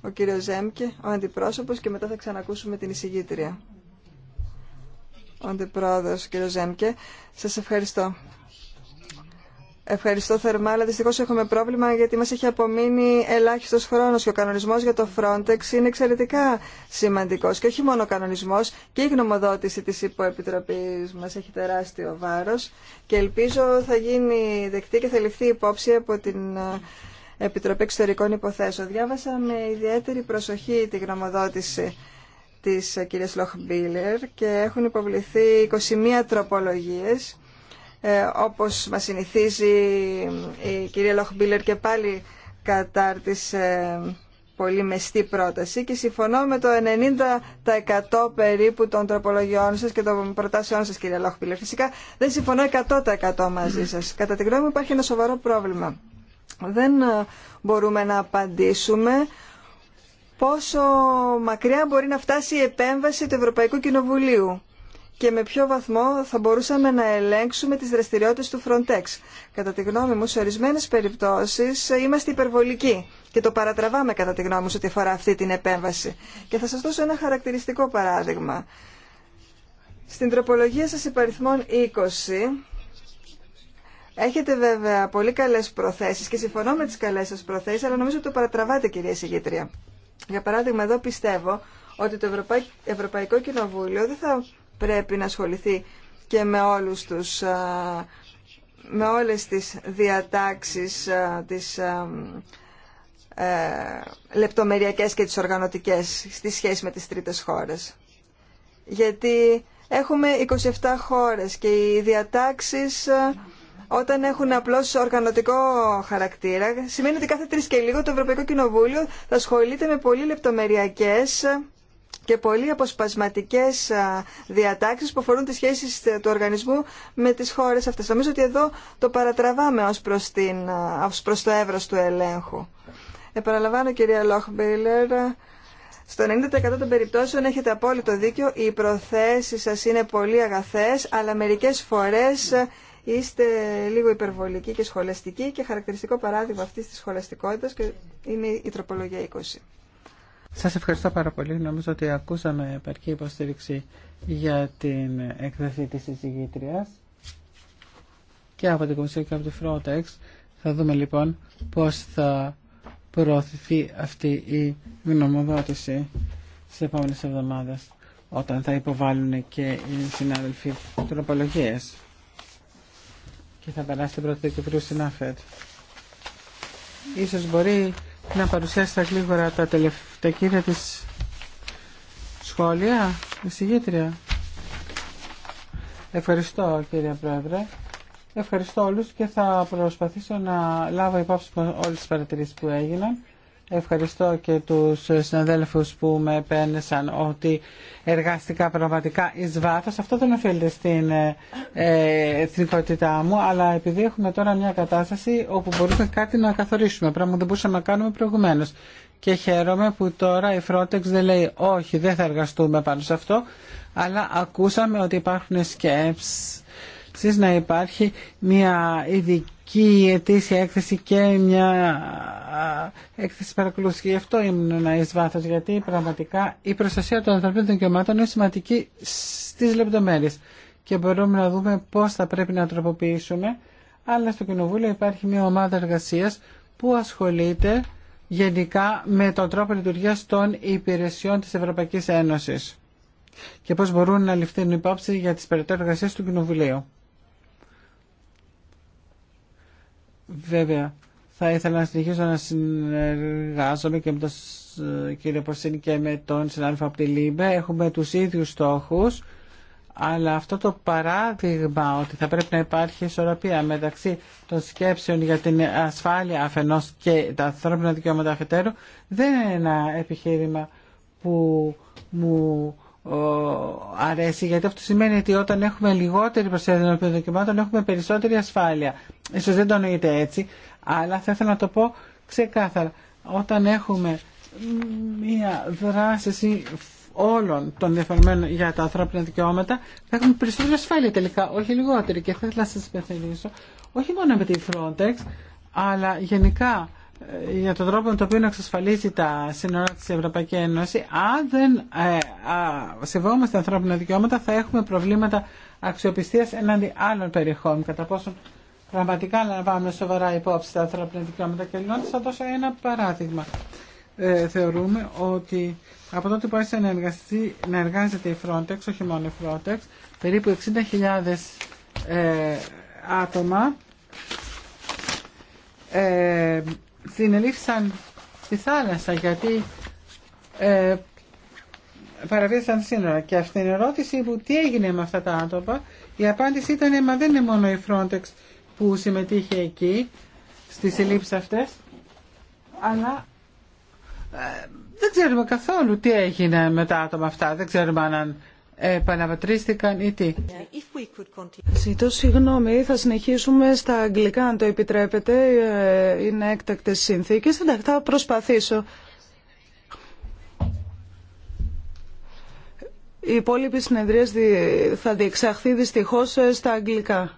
ο κύριος Ζέμκε, ο αντιπρόσωπος και μετά θα ξανακούσουμε την εισηγήτρια ο αντιπρόεδρος κύριο Ζέμκε. Σας ευχαριστώ. Ευχαριστώ θερμά, αλλά δυστυχώ έχουμε πρόβλημα γιατί μα έχει απομείνει ελάχιστο χρόνο και ο κανονισμό για το Frontex είναι εξαιρετικά σημαντικό. Και όχι μόνο ο κανονισμό, και η γνωμοδότηση τη υποεπιτροπή μα έχει τεράστιο βάρο και ελπίζω θα γίνει δεκτή και θα ληφθεί υπόψη από την ε, Επιτροπή Εξωτερικών Υποθέσεων. Διάβασα με ιδιαίτερη προσοχή τη γνωμοδότηση της κυρίας Λοχμπίλερ και έχουν υποβληθεί 21 τροπολογίες. Ε, όπως μας συνηθίζει η κυρία Λοχμπίλερ και πάλι κατάρτισε πολύ μεστή πρόταση και συμφωνώ με το 90% περίπου των τροπολογιών σας και των προτάσεών σας κυρία Λοχμπίλερ. Φυσικά δεν συμφωνώ 100% μαζί σας. Κατά την γνώμη μου υπάρχει ένα σοβαρό πρόβλημα. Δεν μπορούμε να απαντήσουμε πόσο μακριά μπορεί να φτάσει η επέμβαση του Ευρωπαϊκού Κοινοβουλίου και με ποιο βαθμό θα μπορούσαμε να ελέγξουμε τις δραστηριότητες του Frontex. Κατά τη γνώμη μου, σε ορισμένες περιπτώσεις ε, είμαστε υπερβολικοί και το παρατραβάμε κατά τη γνώμη μου ότι αφορά αυτή την επέμβαση. Και θα σας δώσω ένα χαρακτηριστικό παράδειγμα. Στην τροπολογία σας υπαριθμών 20... Έχετε βέβαια πολύ καλές προθέσεις και συμφωνώ με τις καλές σας προθέσεις, αλλά νομίζω ότι το παρατραβάτε κυρία Συγήτρια. Για παράδειγμα, εδώ πιστεύω ότι το Ευρωπαϊκό Κοινοβούλιο δεν θα πρέπει να ασχοληθεί και με όλους τους με όλες τις διατάξεις τις ε, λεπτομεριακές και τις οργανωτικές στη σχέση με τις τρίτες χώρες. Γιατί έχουμε 27 χώρες και οι διατάξεις όταν έχουν απλώ οργανωτικό χαρακτήρα, σημαίνει ότι κάθε τρει και λίγο το Ευρωπαϊκό Κοινοβούλιο θα ασχολείται με πολύ λεπτομεριακέ και πολύ αποσπασματικέ διατάξει που αφορούν τι σχέσει του οργανισμού με τι χώρε αυτέ. Νομίζω ότι εδώ το παρατραβάμε ω προ το εύρο του ελέγχου. Επαναλαμβάνω κυρία Λόχμπιλερ, στο 90% των περιπτώσεων έχετε απόλυτο δίκιο, οι προθέσει σα είναι πολύ αγαθέ, αλλά μερικέ φορέ. Είστε λίγο υπερβολικοί και σχολαστικοί και χαρακτηριστικό παράδειγμα αυτής της σχολαστικότητας και είναι η τροπολογία 20. Σας ευχαριστώ πάρα πολύ. Νομίζω ότι ακούσαμε επαρκή υποστήριξη για την έκθεση της εισηγήτριας και από την Κομισιόν και από τη Φρότεξ. Θα δούμε λοιπόν πώς θα προωθηθεί αυτή η γνωμοδότηση στις επόμενες εβδομάδες όταν θα υποβάλουν και οι συνάδελφοι τροπολογίες και θα περάσει την πρώτη Δεκεμβρίου στην ΑΦΕΤ. Ίσως μπορεί να παρουσιάσει τα γλίγορα τα τελευταία της σχόλια, εισηγήτρια. Ευχαριστώ κύριε Πρόεδρε. Ευχαριστώ όλους και θα προσπαθήσω να λάβω υπόψη όλες τις παρατηρήσεις που έγιναν Ευχαριστώ και τους συναδέλφους που με επένεσαν ότι εργαστικά πραγματικά εις βάθος. Αυτό δεν οφείλεται στην ε, ε, εθνικότητά μου, αλλά επειδή έχουμε τώρα μια κατάσταση όπου μπορούμε κάτι να καθορίσουμε, πράγμα που δεν μπορούσαμε να κάνουμε προηγουμένως. Και χαίρομαι που τώρα η Frontex δεν λέει όχι, δεν θα εργαστούμε πάνω σε αυτό, αλλά ακούσαμε ότι υπάρχουν σκέψεις να υπάρχει μια ειδική και η ετήσια έκθεση και μια έκθεση παρακολούθηση. Γι' αυτό ήμουν ένα εις βάθος, γιατί πραγματικά η προστασία των ανθρωπίνων δικαιωμάτων είναι σημαντική στις λεπτομέρειες και μπορούμε να δούμε πώς θα πρέπει να τροποποιήσουμε, αλλά στο Κοινοβούλιο υπάρχει μια ομάδα εργασία που ασχολείται γενικά με τον τρόπο λειτουργίας των υπηρεσιών της Ευρωπαϊκής Ένωσης και πώς μπορούν να ληφθούν υπόψη για τις περαιτέρω εργασίες του Κοινοβουλίου. Βέβαια, θα ήθελα να συνεχίσω να συνεργάζομαι και με τον κύριο Πορσίνη και με τον συνάδελφο από τη Λίμπε. Έχουμε τους ίδιους στόχους, αλλά αυτό το παράδειγμα ότι θα πρέπει να υπάρχει ισορροπία μεταξύ των σκέψεων για την ασφάλεια αφενός και τα ανθρώπινα δικαιώματα αφετέρου δεν είναι ένα επιχείρημα που μου αρέσει, γιατί αυτό σημαίνει ότι όταν έχουμε λιγότερη προσέγγιση των δοκιμάτων έχουμε περισσότερη ασφάλεια. Ίσως δεν το εννοείται έτσι, αλλά θα ήθελα να το πω ξεκάθαρα. Όταν έχουμε μία δράση όλων των διαφορεμένων για τα ανθρώπινα δικαιώματα, θα έχουμε περισσότερη ασφάλεια τελικά, όχι λιγότερη. Και θα ήθελα να σα υπενθυμίσω, όχι μόνο με τη Frontex, αλλά γενικά ε, για τον τρόπο με τον οποίο εξασφαλίζει τα σύνορα της Ευρωπαϊκή Ένωση. Αν δεν ε, σεβόμαστε ανθρώπινα δικαιώματα θα έχουμε προβλήματα αξιοπιστίας έναντι άλλων περιοχών. Κατά πόσο πραγματικά να πάμε σοβαρά υπόψη τα ανθρώπινα δικαιώματα και λοιπόν θα δώσω ένα παράδειγμα. Ε, θεωρούμε ότι από τότε που άρχισε να, να εργάζεται η Frontex, όχι μόνο η Frontex, περίπου 60.000 ε, άτομα ε, συνελήφθησαν στη θάλασσα γιατί ε, παραβίασαν σύνορα. Και αυτή την ερώτηση που τι έγινε με αυτά τα άτομα, η απάντηση ήταν «Ε, μα δεν είναι μόνο η Frontex που συμμετείχε εκεί στις συλλήψεις αυτές, αλλά ε, δεν ξέρουμε καθόλου τι έγινε με τα άτομα αυτά. Δεν ξέρουμε αν επαναπατρίστηκαν ή τι. Ζητώ συγγνώμη, θα συνεχίσουμε στα αγγλικά αν το επιτρέπετε. Ε, είναι έκτακτες συνθήκες. Εντάξει, θα προσπαθήσω. Η υπόλοιπη συνεδρία θα διεξαχθεί δυστυχώς ε, στα αγγλικά.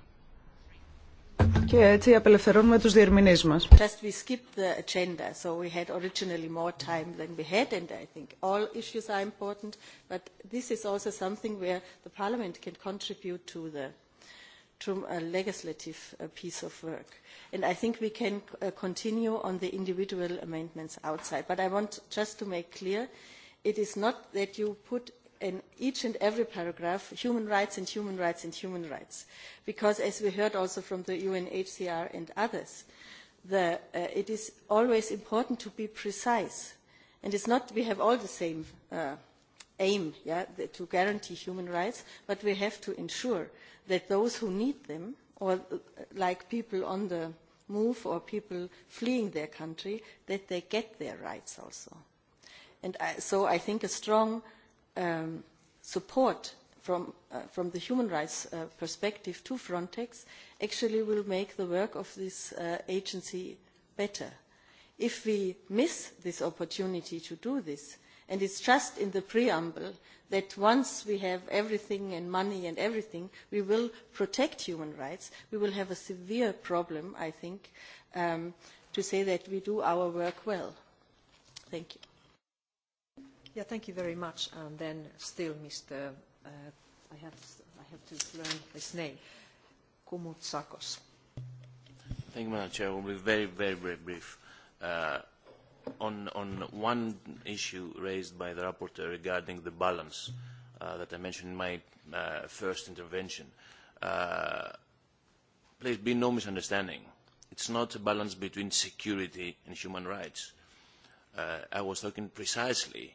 Και έτσι απελευθερώνουμε τους διερμηνείς μας. Just we skipped the agenda, so we had originally more time than we had, and I think all issues are important, but this is also something where the Parliament can contribute to the to a legislative piece of work. And I think we can continue on the individual amendments outside. But I want just to make clear, it is not that you put in each and every paragraph human rights and human rights and human rights because as we heard also from the unhcr and others it is always important to be precise and it's not we have all the same aim to guarantee human rights but we have to ensure that those who need them or like people on the move or people fleeing their country that they get their rights also and so i think a strong support from the human rights perspective to Frontex actually will make the work of this agency better. If we miss this opportunity to do this, and it's just in the preamble that once we have everything and money and everything, we will protect human rights, we will have a severe problem, I think, to say that we do our work well. Thank you. Yeah, thank you very much. And then still, Mr. I have I have to learn his name, Kumutsakos. Thank you, Madam Chair. will be very, very, very brief. On on one issue raised by the rapporteur regarding the balance that I mentioned in my first intervention, please be no misunderstanding. It's not a balance between security and human rights. I was talking precisely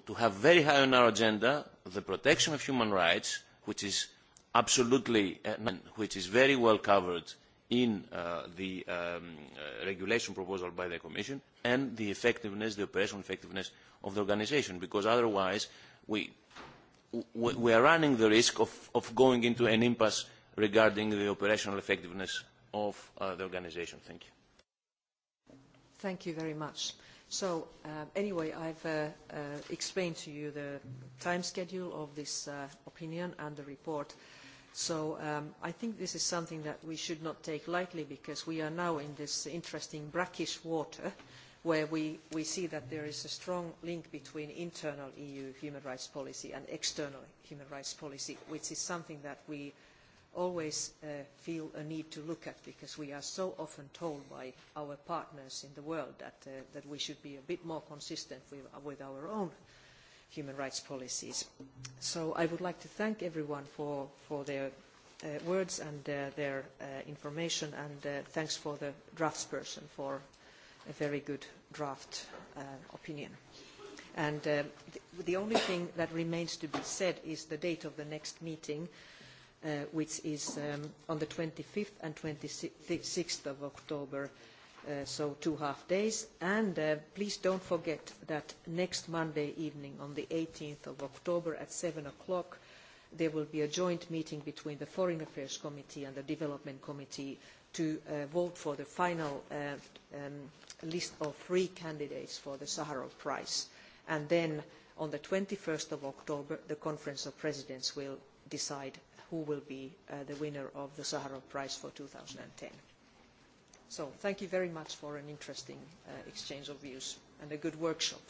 to have very high on our agenda the protection of human rights, which is absolutely, which is very well covered in the regulation proposal by the Commission, and the effectiveness, the operational effectiveness of the organisation, because otherwise we are running the risk of going into an impasse regarding the operational effectiveness of the organisation. Thank you. Thank you very much. So anyway, I've explained to you the time schedule of this opinion and the report. So I think this is something that we should not take lightly because we are now in this interesting brackish water where we see that there is a strong link between internal EU human rights policy and external human rights policy, which is something that we always feel a need to look at because we are so often told by our partners in the world that we should be a bit more consistent with our own human rights policies. So I would like to thank everyone for their words and their information and thanks for the draftsperson for a very good draft opinion. And the only thing that remains to be said is the date of the next meeting which is on the 25th and 26th of October, so two half days. And please don't forget that next Monday evening, on the 18th of October at 7 o'clock, there will be a joint meeting between the Foreign Affairs Committee and the Development Committee to vote for the final list of three candidates for the Saharov Prize. And then on the 21st of October, the Conference of Presidents will decide who will be the winner of the Sahara Prize for 2010. So thank you very much for an interesting exchange of views and a good workshop.